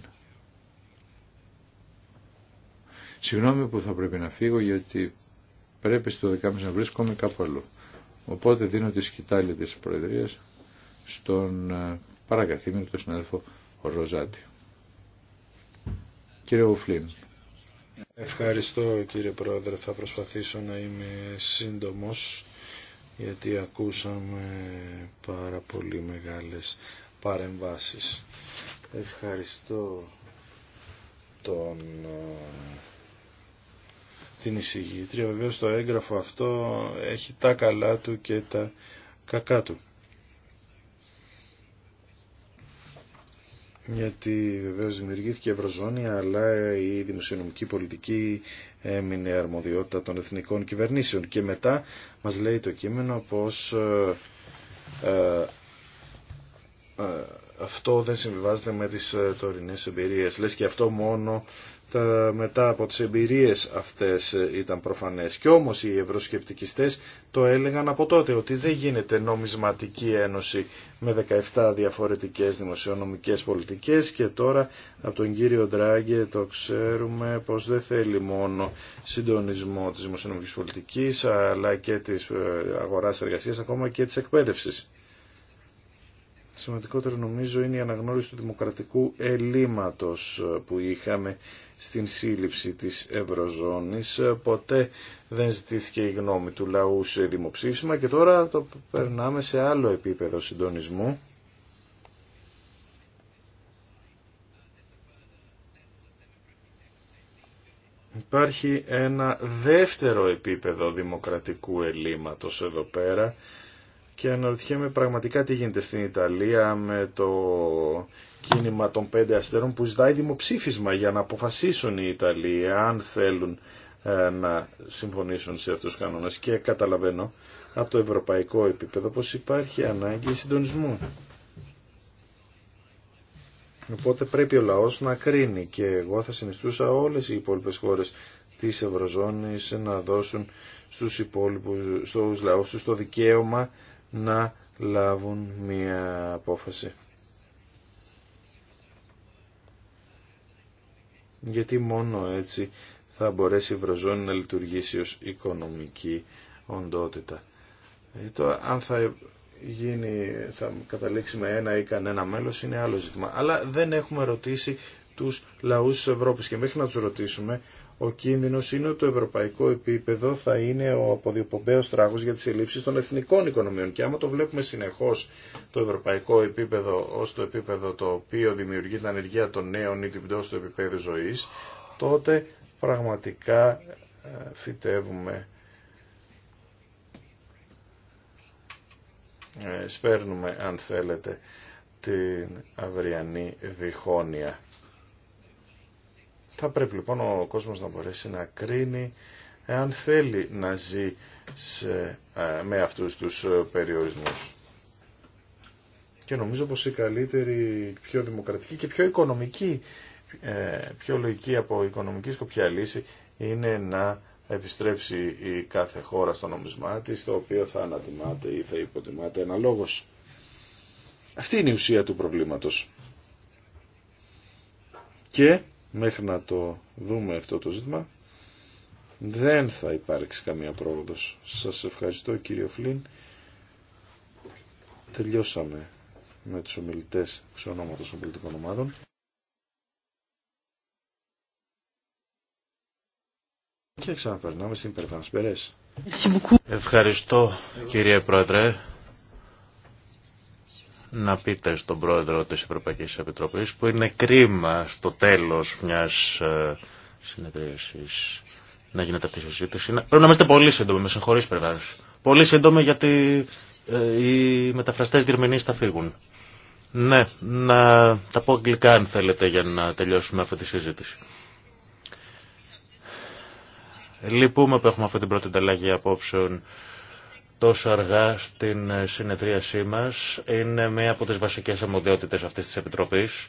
Συγγνώμη που θα πρέπει να φύγω γιατί πρέπει στο δεκάμιση να βρίσκομαι κάπου αλλού. Οπότε δίνω τη σκητάλη της Προεδρίας στον ε, παρακαθήμενο του συνάδελφο Ροζάτη. Κύριε Ευχαριστώ κύριε Πρόεδρε. Θα προσπαθήσω να είμαι σύντομος γιατί ακούσαμε πάρα πολύ μεγάλες παρεμβάσεις. Ευχαριστώ τον, ε, την εισηγήτρια. Βεβαίως το έγγραφο αυτό έχει τα καλά του και τα κακά του. γιατί βεβαίως δημιουργήθηκε η Ευρωζώνη αλλά η δημοσιονομική πολιτική έμεινε αρμοδιότητα των εθνικών κυβερνήσεων και μετά μας λέει το κείμενο πως ε, ε, ε, αυτό δεν συμβιβάζεται με τις τωρινές εμπειρίες. Λες και αυτό μόνο τα, μετά από τις εμπειρίες αυτές ε, ήταν προφανές. και όμως οι ευρωσκεπτικιστές το έλεγαν από τότε ότι δεν γίνεται νομισματική ένωση με 17 διαφορετικές δημοσιονομικές πολιτικές και τώρα από τον κύριο Ντράγκε το ξέρουμε πως δεν θέλει μόνο συντονισμό της δημοσιονομικής πολιτικής αλλά και της ε, αγοράς εργασίας ακόμα και της εκπαίδευσης. Σημαντικότερο νομίζω είναι η αναγνώριση του δημοκρατικού ελλείμματος ε, που είχαμε στην σύλληψη της Ευρωζώνης. Ε, ποτέ δεν ζητήθηκε η γνώμη του λαού σε δημοψήφισμα και τώρα το περνάμε σε άλλο επίπεδο συντονισμού. Υπάρχει ένα δεύτερο επίπεδο δημοκρατικού ελλείμματος εδώ πέρα και αναρωτιέμαι πραγματικά τι γίνεται στην Ιταλία με το κίνημα των πέντε αστέρων που ζητάει δημοψήφισμα για να αποφασίσουν οι Ιταλοί αν θέλουν ε, να συμφωνήσουν σε αυτούς τους κανόνες και καταλαβαίνω από το ευρωπαϊκό επίπεδο πως υπάρχει ανάγκη συντονισμού. Οπότε πρέπει ο λαός να κρίνει και εγώ θα συνιστούσα όλες οι υπόλοιπες χώρες της Ευρωζώνης να δώσουν στους, υπόλοιπους, στους λαούς τους το δικαίωμα να λάβουν μία απόφαση. Γιατί μόνο έτσι θα μπορέσει η Ευρωζώνη να λειτουργήσει ως οικονομική οντότητα. Ε, το αν θα γίνει, θα καταλήξει με ένα ή κανένα μέλος είναι άλλο ζήτημα. Αλλά δεν έχουμε ρωτήσει τους λαούς της Ευρώπης και μέχρι να τους ρωτήσουμε ο κίνδυνο είναι ότι το ευρωπαϊκό επίπεδο θα είναι ο αποδιοπομπαίος τράγος για τις ελλείψεις των εθνικών οικονομιών. Και άμα το βλέπουμε συνεχώς το ευρωπαϊκό επίπεδο ως το επίπεδο το οποίο δημιουργεί την ανεργία των νέων ή την πτώση του επίπεδου ζωής, τότε πραγματικά ε, φυτεύουμε, ε, σπέρνουμε αν θέλετε την αυριανή διχόνοια. Θα πρέπει λοιπόν ο κόσμος να μπορέσει να κρίνει εάν θέλει να ζει ε, με αυτούς τους ε, περιορισμούς. Και νομίζω πως η καλύτερη, πιο δημοκρατική και πιο οικονομική, ε, πιο λογική από οικονομική σκοπιά λύση είναι να επιστρέψει η κάθε χώρα στο νομισμά της, το οποίο θα ανατιμάται ή θα υποτιμάται αναλόγως. Αυτή είναι η θα υποτιμαται λογος αυτη ειναι η ουσια του προβλήματος. Και μέχρι να το δούμε αυτό το ζήτημα δεν θα υπάρξει καμία πρόοδος. Σας ευχαριστώ κύριο Φλίν. Τελειώσαμε με τους ομιλητές σε των πολιτικών ομάδων. Και ξαναπερνάμε στην Περβάνς Περές. Ευχαριστώ κύριε Πρόεδρε να πείτε στον πρόεδρο της Ευρωπαϊκής Επιτροπής που είναι κρίμα στο τέλος μιας ε, συνεδρίασης να γίνεται αυτή η συζήτηση. Πρέπει να είμαστε πολύ σύντομοι, με συγχωρείς περβάρες. Πολύ σύντομοι γιατί ε, οι μεταφραστές διερμηνείς θα φύγουν. Ναι, να τα πω αγγλικά αν θέλετε για να τελειώσουμε αυτή τη συζήτηση. Λυπούμε που έχουμε αυτή την πρώτη ανταλλαγή απόψεων τόσο αργά στην ε, συνεδρίασή μας είναι μία από τις βασικές αμμοδιότητες αυτής της Επιτροπής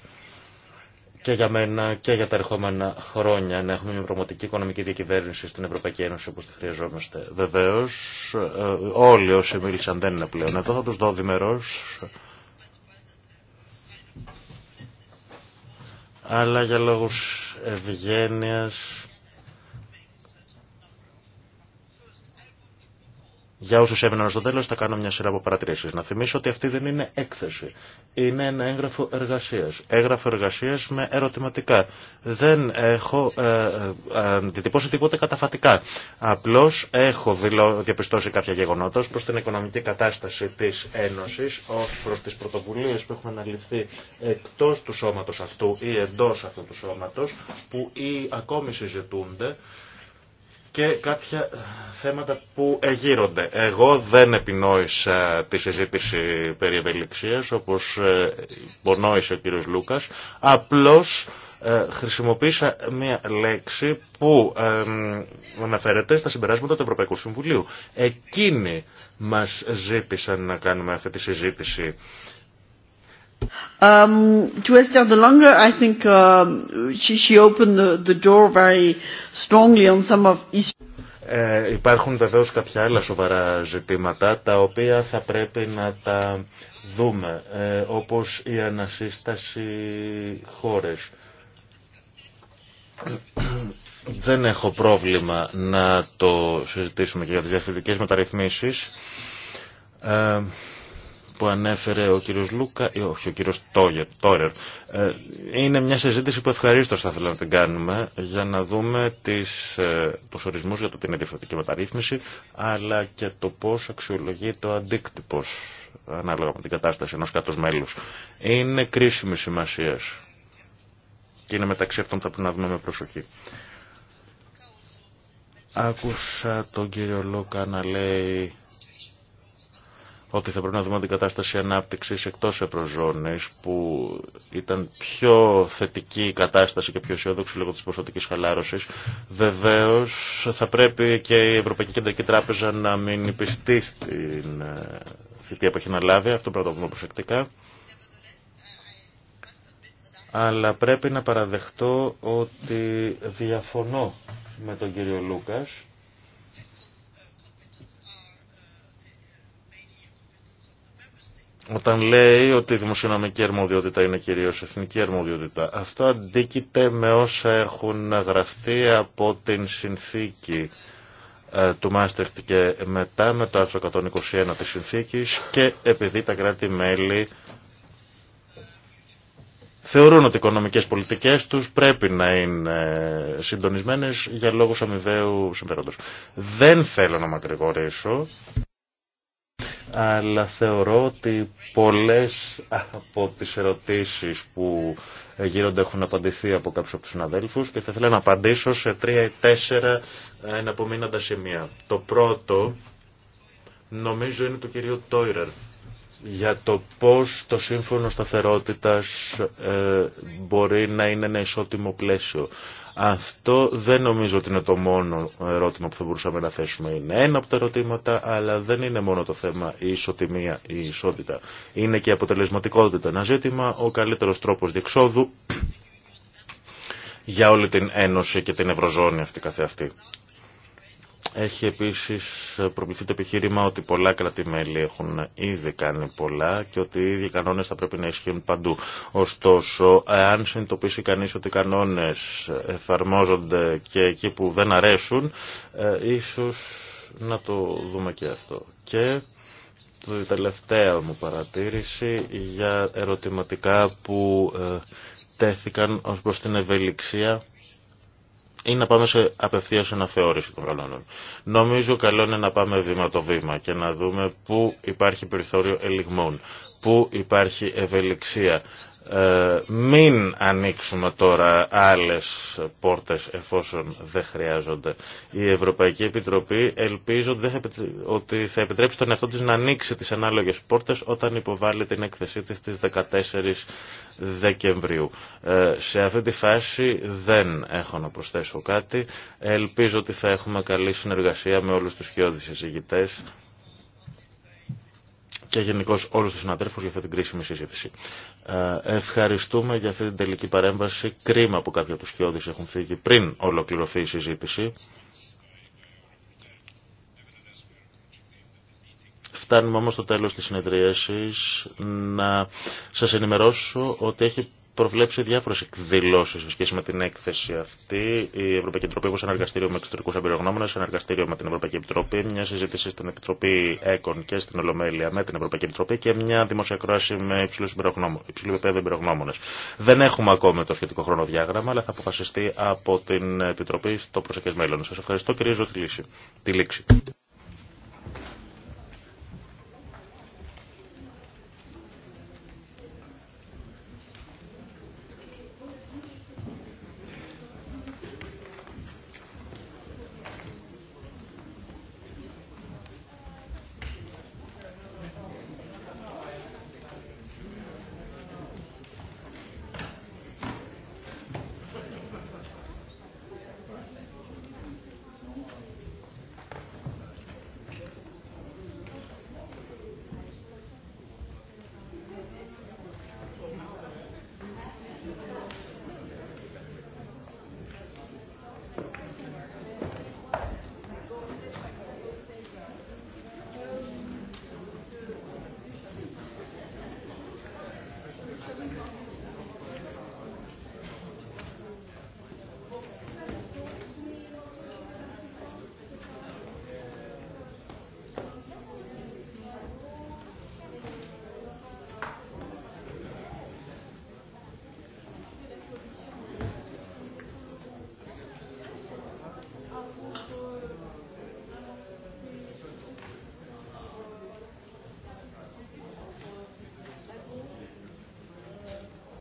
και για μένα και για τα ερχόμενα χρόνια να έχουμε μια πραγματική οικονομική διακυβέρνηση στην Ευρωπαϊκή Ένωση όπως τη χρειαζόμαστε. Βεβαίως ε, όλοι όσοι μίλησαν δεν είναι πλέον. Εδώ θα τους δω διμερός, Αλλά για λόγους ευγένειας Για όσου έμειναν στο τέλο, θα κάνω μια σειρά από παρατηρήσει. Να θυμίσω ότι αυτή δεν είναι έκθεση. Είναι ένα έγγραφο εργασία. Έγγραφο εργασία με ερωτηματικά. Δεν έχω ε, ε, αντιτυπώσει ε, τίποτε καταφατικά. Απλώ έχω διαπιστώσει κάποια γεγονότα προ την οικονομική κατάσταση τη Ένωση, ω προ τι πρωτοβουλίε που έχουν αναλυθεί εκτό του σώματο αυτού ή εντό αυτού του σώματο, που ή ακόμη συζητούνται και κάποια ε, θέματα που εγείρονται. Εγώ δεν επινόησα τη συζήτηση περί ευελιξίας, όπως ε, υπονόησε ο κύριος Λούκας. Απλώς ε, χρησιμοποίησα μία λέξη που αναφέρεται στα συμπεράσματα του Ευρωπαϊκού Συμβουλίου. Εκείνοι μας ζήτησαν να κάνουμε αυτή τη συζήτηση Um, de I think um, she, opened the, door very strongly on some of issues. Ε, υπάρχουν βεβαίως κάποια άλλα σοβαρά ζητήματα τα οποία θα πρέπει να τα δούμε ε, όπως η ανασύσταση χώρες. Δεν έχω πρόβλημα να το συζητήσουμε και για τις διαφορετικές μεταρρυθμίσεις. Ε, που ανέφερε ο κύριος Λούκα, ή ε, όχι, ο κύριος Τόγερ, Τόρερ, ε, είναι μια συζήτηση που ευχαρίστως θα ήθελα να την κάνουμε για να δούμε τις, ε, τους ορισμούς για το τι είναι διευθυντική μεταρρύθμιση, αλλά και το πώς αξιολογεί το αντίκτυπος ανάλογα με την κατάσταση ενός κάτω μέλους. Είναι κρίσιμη σημασία και είναι μεταξύ αυτών που θα πρέπει να δούμε με προσοχή. Άκουσα τον κύριο Λούκα να λέει ότι θα πρέπει να δούμε την κατάσταση ανάπτυξης εκτός ευρωζώνη, που ήταν πιο θετική η κατάσταση και πιο αισιόδοξη λόγω της ποσοτική χαλάρωσης. Βεβαίω θα πρέπει και η Ευρωπαϊκή Κεντρική Τράπεζα να μην πιστή στην ε, θητεία που έχει αναλάβει. Αυτό πρέπει να το δούμε προσεκτικά. Αλλά πρέπει να παραδεχτώ ότι διαφωνώ με τον κύριο Λούκας όταν λέει ότι η δημοσιονομική αρμοδιότητα είναι κυρίως εθνική αρμοδιότητα. Αυτό αντίκειται με όσα έχουν γραφτεί από την συνθήκη ε, του Μάστερτ και μετά με το άρθρο 121 της συνθήκης και επειδή τα κράτη-μέλη θεωρούν ότι οι οικονομικές πολιτικές τους πρέπει να είναι συντονισμένες για λόγους αμοιβαίου συμφέροντος. Δεν θέλω να μακρηγορήσω αλλά θεωρώ ότι πολλές από τις ερωτήσεις που γίνονται έχουν απαντηθεί από κάποιους από τους συναδέλφους και θα ήθελα να απαντήσω σε τρία ή τέσσερα εναπομείναντα σημεία. Το πρώτο νομίζω είναι του κυρίου Τόιρερ για το πώς το σύμφωνο σταθερότητας ε, μπορεί να είναι ένα ισότιμο πλαίσιο. Αυτό δεν νομίζω ότι είναι το μόνο ερώτημα που θα μπορούσαμε να θέσουμε. Είναι ένα από τα ερωτήματα, αλλά δεν είναι μόνο το θέμα η ισοτιμία, η ισότητα. Είναι και η αποτελεσματικότητα. Ένα ζήτημα, ο καλύτερος τρόπος διεξόδου για όλη την Ένωση και την Ευρωζώνη αυτή καθεαυτή. Έχει επίσης προβληθεί το επιχείρημα ότι πολλά κρατημέλη έχουν ήδη κάνει πολλά και ότι οι ίδιοι κανόνες θα πρέπει να ισχύουν παντού. Ωστόσο, αν συνειδητοποιήσει κανείς ότι οι κανόνες εφαρμόζονται και εκεί που δεν αρέσουν, ε, ίσως να το δούμε και αυτό. Και η τελευταία μου παρατήρηση για ερωτηματικά που ε, τέθηκαν ως προς την ευελιξία ή να πάμε σε απευθείας αναθεώρηση των κανόνων. Νομίζω καλό είναι να πάμε βήμα το βήμα και να δούμε πού υπάρχει περιθώριο ελιγμών, πού υπάρχει ευελιξία ε, μην ανοίξουμε τώρα άλλες πόρτες εφόσον δεν χρειάζονται. Η Ευρωπαϊκή Επιτροπή ελπίζω ότι θα επιτρέψει τον εαυτό της να ανοίξει τις ανάλογες πόρτες όταν υποβάλλει την έκθεσή της στις 14 Δεκεμβρίου. Ε, σε αυτή τη φάση δεν έχω να προσθέσω κάτι. Ελπίζω ότι θα έχουμε καλή συνεργασία με όλους τους χειώδεις εισηγητές και γενικώ όλου του συναδέλφου για αυτή την κρίσιμη συζήτηση. Ε, ευχαριστούμε για αυτή την τελική παρέμβαση. Κρίμα που κάποια του χιώδει έχουν φύγει πριν ολοκληρωθεί η συζήτηση. Φτάνουμε όμως στο τέλος της συνεδρίασης να σας ενημερώσω ότι έχει προβλέψει διάφορε εκδηλώσει σε σχέση με την έκθεση αυτή. Η Ευρωπαϊκή Επιτροπή έχει ένα εργαστήριο με εξωτερικού εμπειρογνώμονε, ένα εργαστήριο με την Ευρωπαϊκή Επιτροπή, μια συζήτηση στην Επιτροπή ΕΚΟΝ και στην Ολομέλεια με την Ευρωπαϊκή Επιτροπή και μια δημόσια κρόαση με υψηλού επίπεδο εμπειρογνώμονε. Δεν έχουμε ακόμα το σχετικό χρονοδιάγραμμα, αλλά θα αποφασιστεί από την Επιτροπή στο προσεκέ μέλλον. Σα ευχαριστώ Κυρίω Τη λήξη.